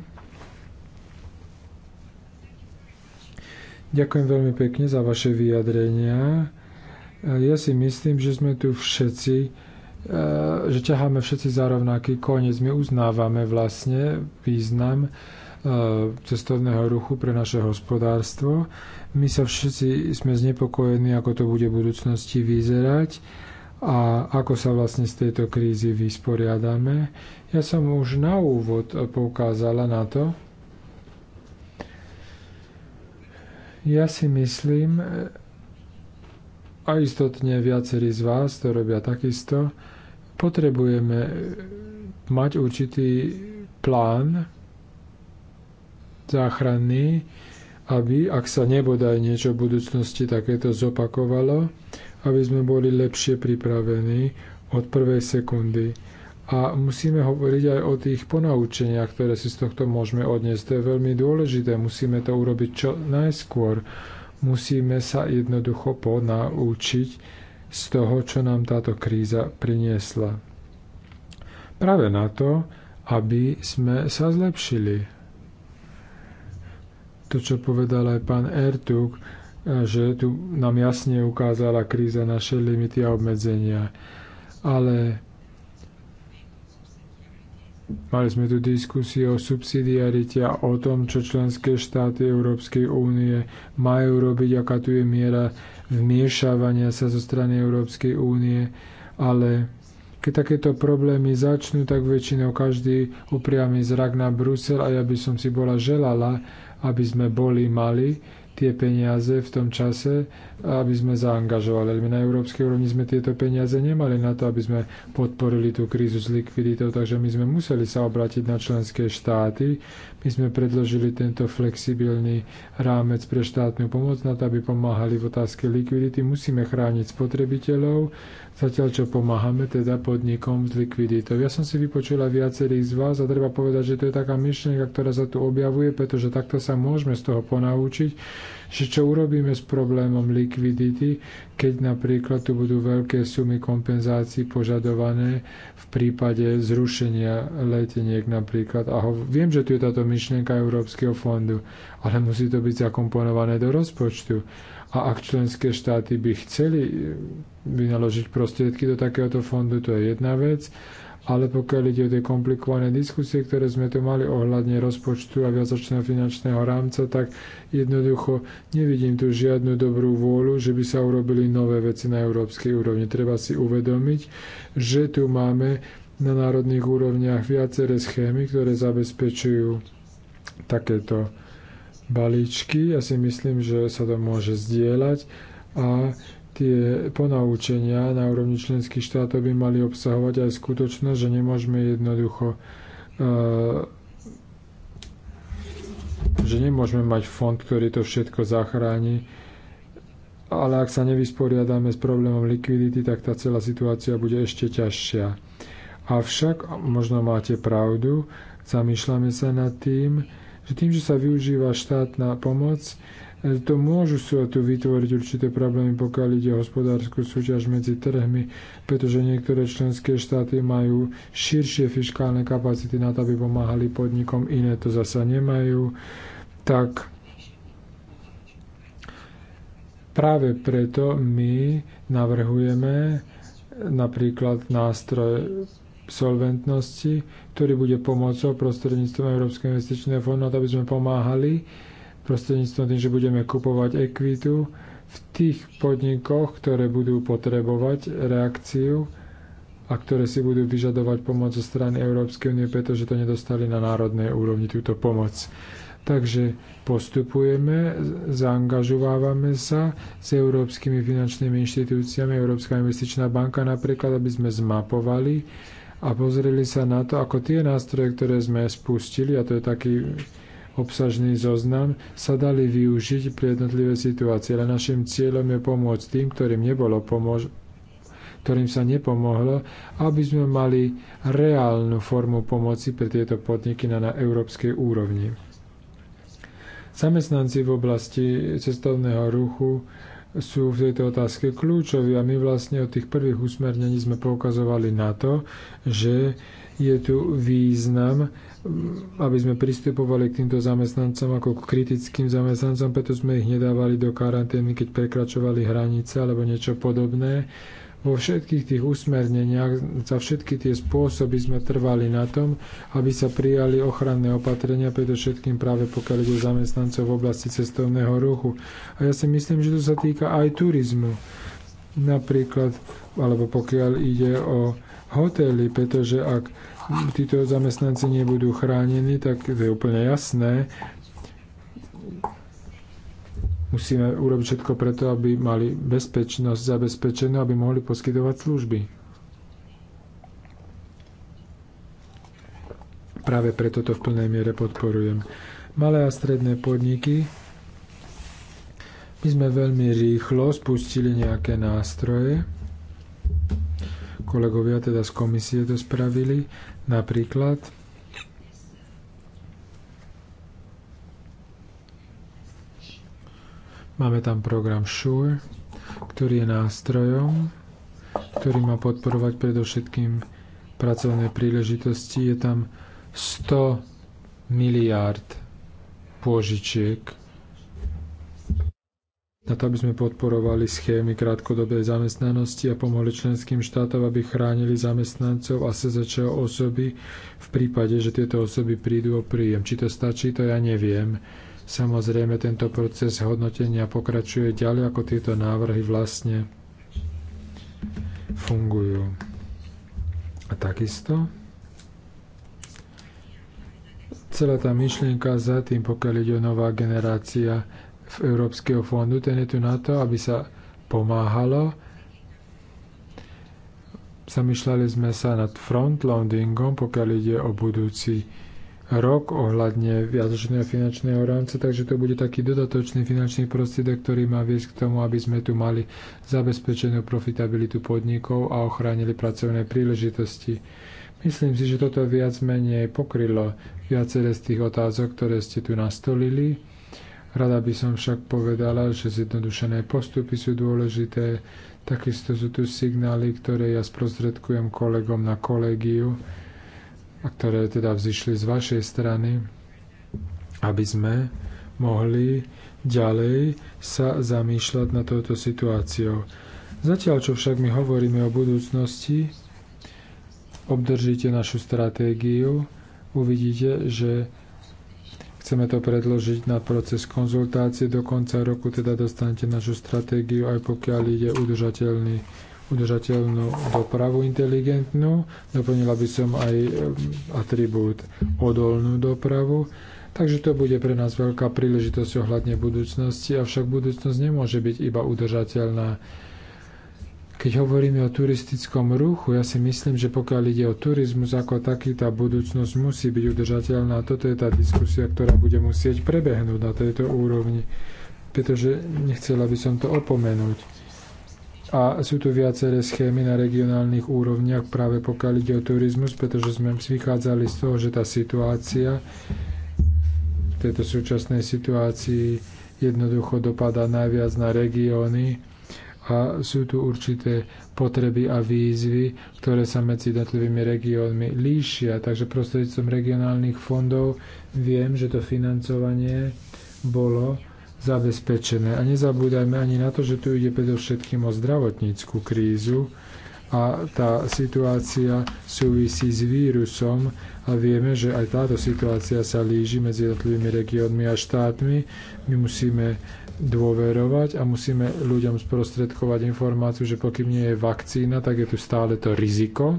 Ďakujem veľmi pekne za vaše vyjadrenia. Ja si myslím, že sme tu všetci, e, že ťaháme všetci za rovnaký koniec. My uznávame vlastne význam e, cestovného ruchu pre naše hospodárstvo. My sa všetci sme znepokojení, ako to bude v budúcnosti vyzerať a ako sa vlastne z tejto krízy vysporiadame. Ja som už na úvod poukázala na to, Ja si myslím, e, a istotne viacerí z vás to robia takisto, potrebujeme e, mať určitý plán záchranný, aby, ak sa nebodaj niečo v budúcnosti takéto zopakovalo, aby sme boli lepšie pripravení od prvej sekundy. A musíme hovoriť aj o tých ponaučeniach, ktoré si z tohto môžeme odniesť. To je veľmi dôležité. Musíme to urobiť čo najskôr. Musíme sa jednoducho ponaučiť z toho, čo nám táto kríza priniesla. Práve na to, aby sme sa zlepšili. To, čo povedal aj pán Ertug, že tu nám jasne ukázala kríza naše limity a obmedzenia. Ale Mali sme tu diskusiu o subsidiarite a o tom, čo členské štáty Európskej únie majú robiť, aká tu je miera vmiešavania sa zo strany Európskej únie, ale keď takéto problémy začnú, tak väčšinou každý upriami zrak na Brusel a ja by som si bola želala, aby sme boli mali tie peniaze v tom čase, aby sme zaangažovali. My na európskej úrovni sme tieto peniaze nemali na to, aby sme podporili tú krízu s likviditou, takže my sme museli sa obrátiť na členské štáty. My sme predložili tento flexibilný rámec pre štátnu pomoc na to, aby pomáhali v otázke likvidity. Musíme chrániť spotrebiteľov, zatiaľ čo pomáhame teda podnikom s likviditou. Ja som si vypočula viacerých z vás a treba povedať, že to je taká myšlienka, ktorá sa tu objavuje, pretože takto sa môžeme z toho ponaučiť, že čo urobíme s problémom likvidity, keď napríklad tu budú veľké sumy kompenzácií požadované v prípade zrušenia leteniek napríklad. A viem, že tu je táto myšlienka Európskeho fondu, ale musí to byť zakomponované do rozpočtu. A ak členské štáty by chceli eh, vynaložiť prostriedky do takéhoto fondu, to je jedna vec. Ale pokiaľ ide o tie komplikované diskusie, ktoré sme tu mali ohľadne rozpočtu a viacočného finančného rámca, tak jednoducho nevidím tu žiadnu dobrú vôľu, že by sa urobili nové veci na európskej úrovni. Treba si uvedomiť, že tu máme na národných úrovniach viaceré schémy, ktoré zabezpečujú takéto balíčky. Ja si myslím, že sa to môže zdieľať a tie ponaučenia na úrovni členských štátov by mali obsahovať aj skutočnosť, že nemôžeme jednoducho eh, že nemôžeme mať fond, ktorý to všetko zachráni, ale ak sa nevysporiadame s problémom likvidity, tak tá celá situácia bude ešte ťažšia. Avšak, možno máte pravdu, zamýšľame sa nad tým, že tým, že sa využíva štátna pomoc, e, to môžu sa tu vytvoriť určité problémy, pokiaľ ide o hospodárskú súťaž medzi trhmi, pretože niektoré členské štáty majú širšie fiskálne kapacity na to, aby pomáhali podnikom, iné to zasa nemajú. Tak práve preto my navrhujeme napríklad nástroj solventnosti, ktorý bude pomocou prostredníctvom Európskej investičného fondu, aby sme pomáhali prostredníctvom tým, že budeme kupovať ekvitu v tých podnikoch, ktoré budú potrebovať reakciu a ktoré si budú vyžadovať pomoc zo strany Európskej únie, pretože to nedostali na národnej úrovni túto pomoc. Takže postupujeme, zaangažovávame sa s európskymi finančnými inštitúciami, Európska investičná banka napríklad, aby sme zmapovali a pozreli sa na to, ako tie nástroje, ktoré sme spustili, a to je taký obsažný zoznam, sa dali využiť pre jednotlivé situácie. Ale našim cieľom je pomôcť tým, ktorým nebolo pomož- ktorým sa nepomohlo, aby sme mali reálnu formu pomoci pre tieto podniky na, na európskej úrovni. Zamestnanci v oblasti cestovného ruchu sú v tejto otázke kľúčoví a my vlastne od tých prvých usmernení sme poukazovali na to, že je tu význam, mm, aby sme pristupovali k týmto zamestnancom ako k kritickým zamestnancom, preto sme ich nedávali do karantény, keď prekračovali hranice alebo niečo podobné vo všetkých tých usmerneniach, za všetky tie spôsoby sme trvali na tom, aby sa prijali ochranné opatrenia, predovšetkým práve pokiaľ ide zamestnancov v oblasti cestovného ruchu. A ja si myslím, že to sa týka aj turizmu. Napríklad, alebo pokiaľ ide o hotely, pretože ak títo zamestnanci nebudú chránení, tak to je úplne jasné, Musíme urobiť všetko preto, aby mali bezpečnosť zabezpečenú, aby mohli poskytovať služby. Práve preto to v plnej miere podporujem. Malé a stredné podniky. My sme veľmi rýchlo spustili nejaké nástroje. Kolegovia teda z komisie to spravili. Napríklad Máme tam program SURE, ktorý je nástrojom, ktorý má podporovať predovšetkým pracovné príležitosti. Je tam 100 miliárd pôžičiek na to, aby sme podporovali schémy krátkodobej zamestnanosti a pomohli členským štátom, aby chránili zamestnancov a začal osoby v prípade, že tieto osoby prídu o príjem. Či to stačí, to ja neviem. Samozrejme, tento proces hodnotenia pokračuje ďalej, ako tieto návrhy vlastne fungujú. A takisto celá tá myšlienka za tým, pokiaľ ide o nová generácia v Európskeho fondu, ten je tu na to, aby sa pomáhalo. Zamýšľali sme sa nad frontloadingom, pokiaľ ide o budúci rok ohľadne viacročného finančného rámca, takže to bude taký dodatočný finančný prostriedok, ktorý má viesť k tomu, aby sme tu mali zabezpečenú profitabilitu podnikov a ochránili pracovné príležitosti. Myslím si, že toto viac menej pokrylo viaceré z tých otázok, ktoré ste tu nastolili. Rada by som však povedala, že zjednodušené postupy sú dôležité. Takisto sú tu signály, ktoré ja sprostredkujem kolegom na kolegiu a ktoré teda vzýšli z vašej strany, aby sme mohli ďalej sa zamýšľať na touto situáciou. Zatiaľ, čo však my hovoríme o budúcnosti, obdržíte našu stratégiu, uvidíte, že chceme to predložiť na proces konzultácie. Do konca roku teda dostanete našu stratégiu, aj pokiaľ ide udržateľný udržateľnú dopravu inteligentnú, doplnila by som aj eh, atribút odolnú dopravu, Takže to bude pre nás veľká príležitosť ohľadne budúcnosti, avšak budúcnosť nemôže byť iba udržateľná. Keď hovoríme o turistickom ruchu, ja si myslím, že pokiaľ ide o turizmus ako taký, tá budúcnosť musí byť udržateľná. Toto je tá diskusia, ktorá bude musieť prebehnúť na tejto úrovni, pretože nechcela by som to opomenúť a sú tu viaceré schémy na regionálnych úrovniach práve pokiaľ ide o turizmus, pretože sme vychádzali z toho, že tá situácia v tejto súčasnej situácii jednoducho dopadá najviac na regióny a sú tu určité potreby a výzvy, ktoré sa medzi jednotlivými regiónmi líšia. Takže prostredníctvom regionálnych fondov viem, že to financovanie bolo zabezpečené. A nezabúdajme ani na to, že tu ide predovšetkým o zdravotníckú krízu a tá situácia súvisí s vírusom a vieme, že aj táto situácia sa líži medzi jednotlivými regiónmi a štátmi. My musíme dôverovať a musíme ľuďom sprostredkovať informáciu, že pokým nie je vakcína, tak je tu stále to riziko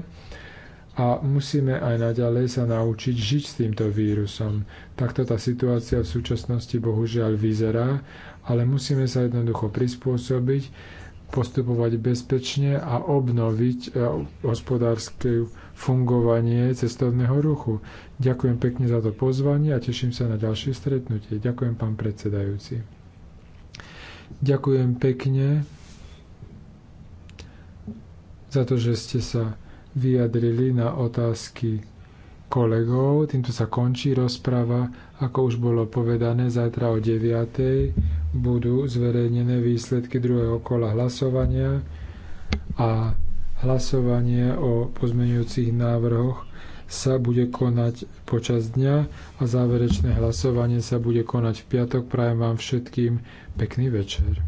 a musíme aj naďalej sa naučiť žiť s týmto vírusom. Takto tá situácia v súčasnosti bohužiaľ vyzerá, ale musíme sa jednoducho prispôsobiť, postupovať bezpečne a obnoviť e, hospodárske fungovanie cestovného ruchu. Ďakujem pekne za to pozvanie a teším sa na ďalšie stretnutie. Ďakujem, pán predsedajúci. Ďakujem pekne za to, že ste sa vyjadrili na otázky kolegov. Týmto sa končí rozprava. Ako už bolo povedané, zajtra o 9. budú zverejnené výsledky druhého kola hlasovania a hlasovanie o pozmeňujúcich návrhoch sa bude konať počas dňa a záverečné hlasovanie sa bude konať v piatok. Prajem vám všetkým pekný večer.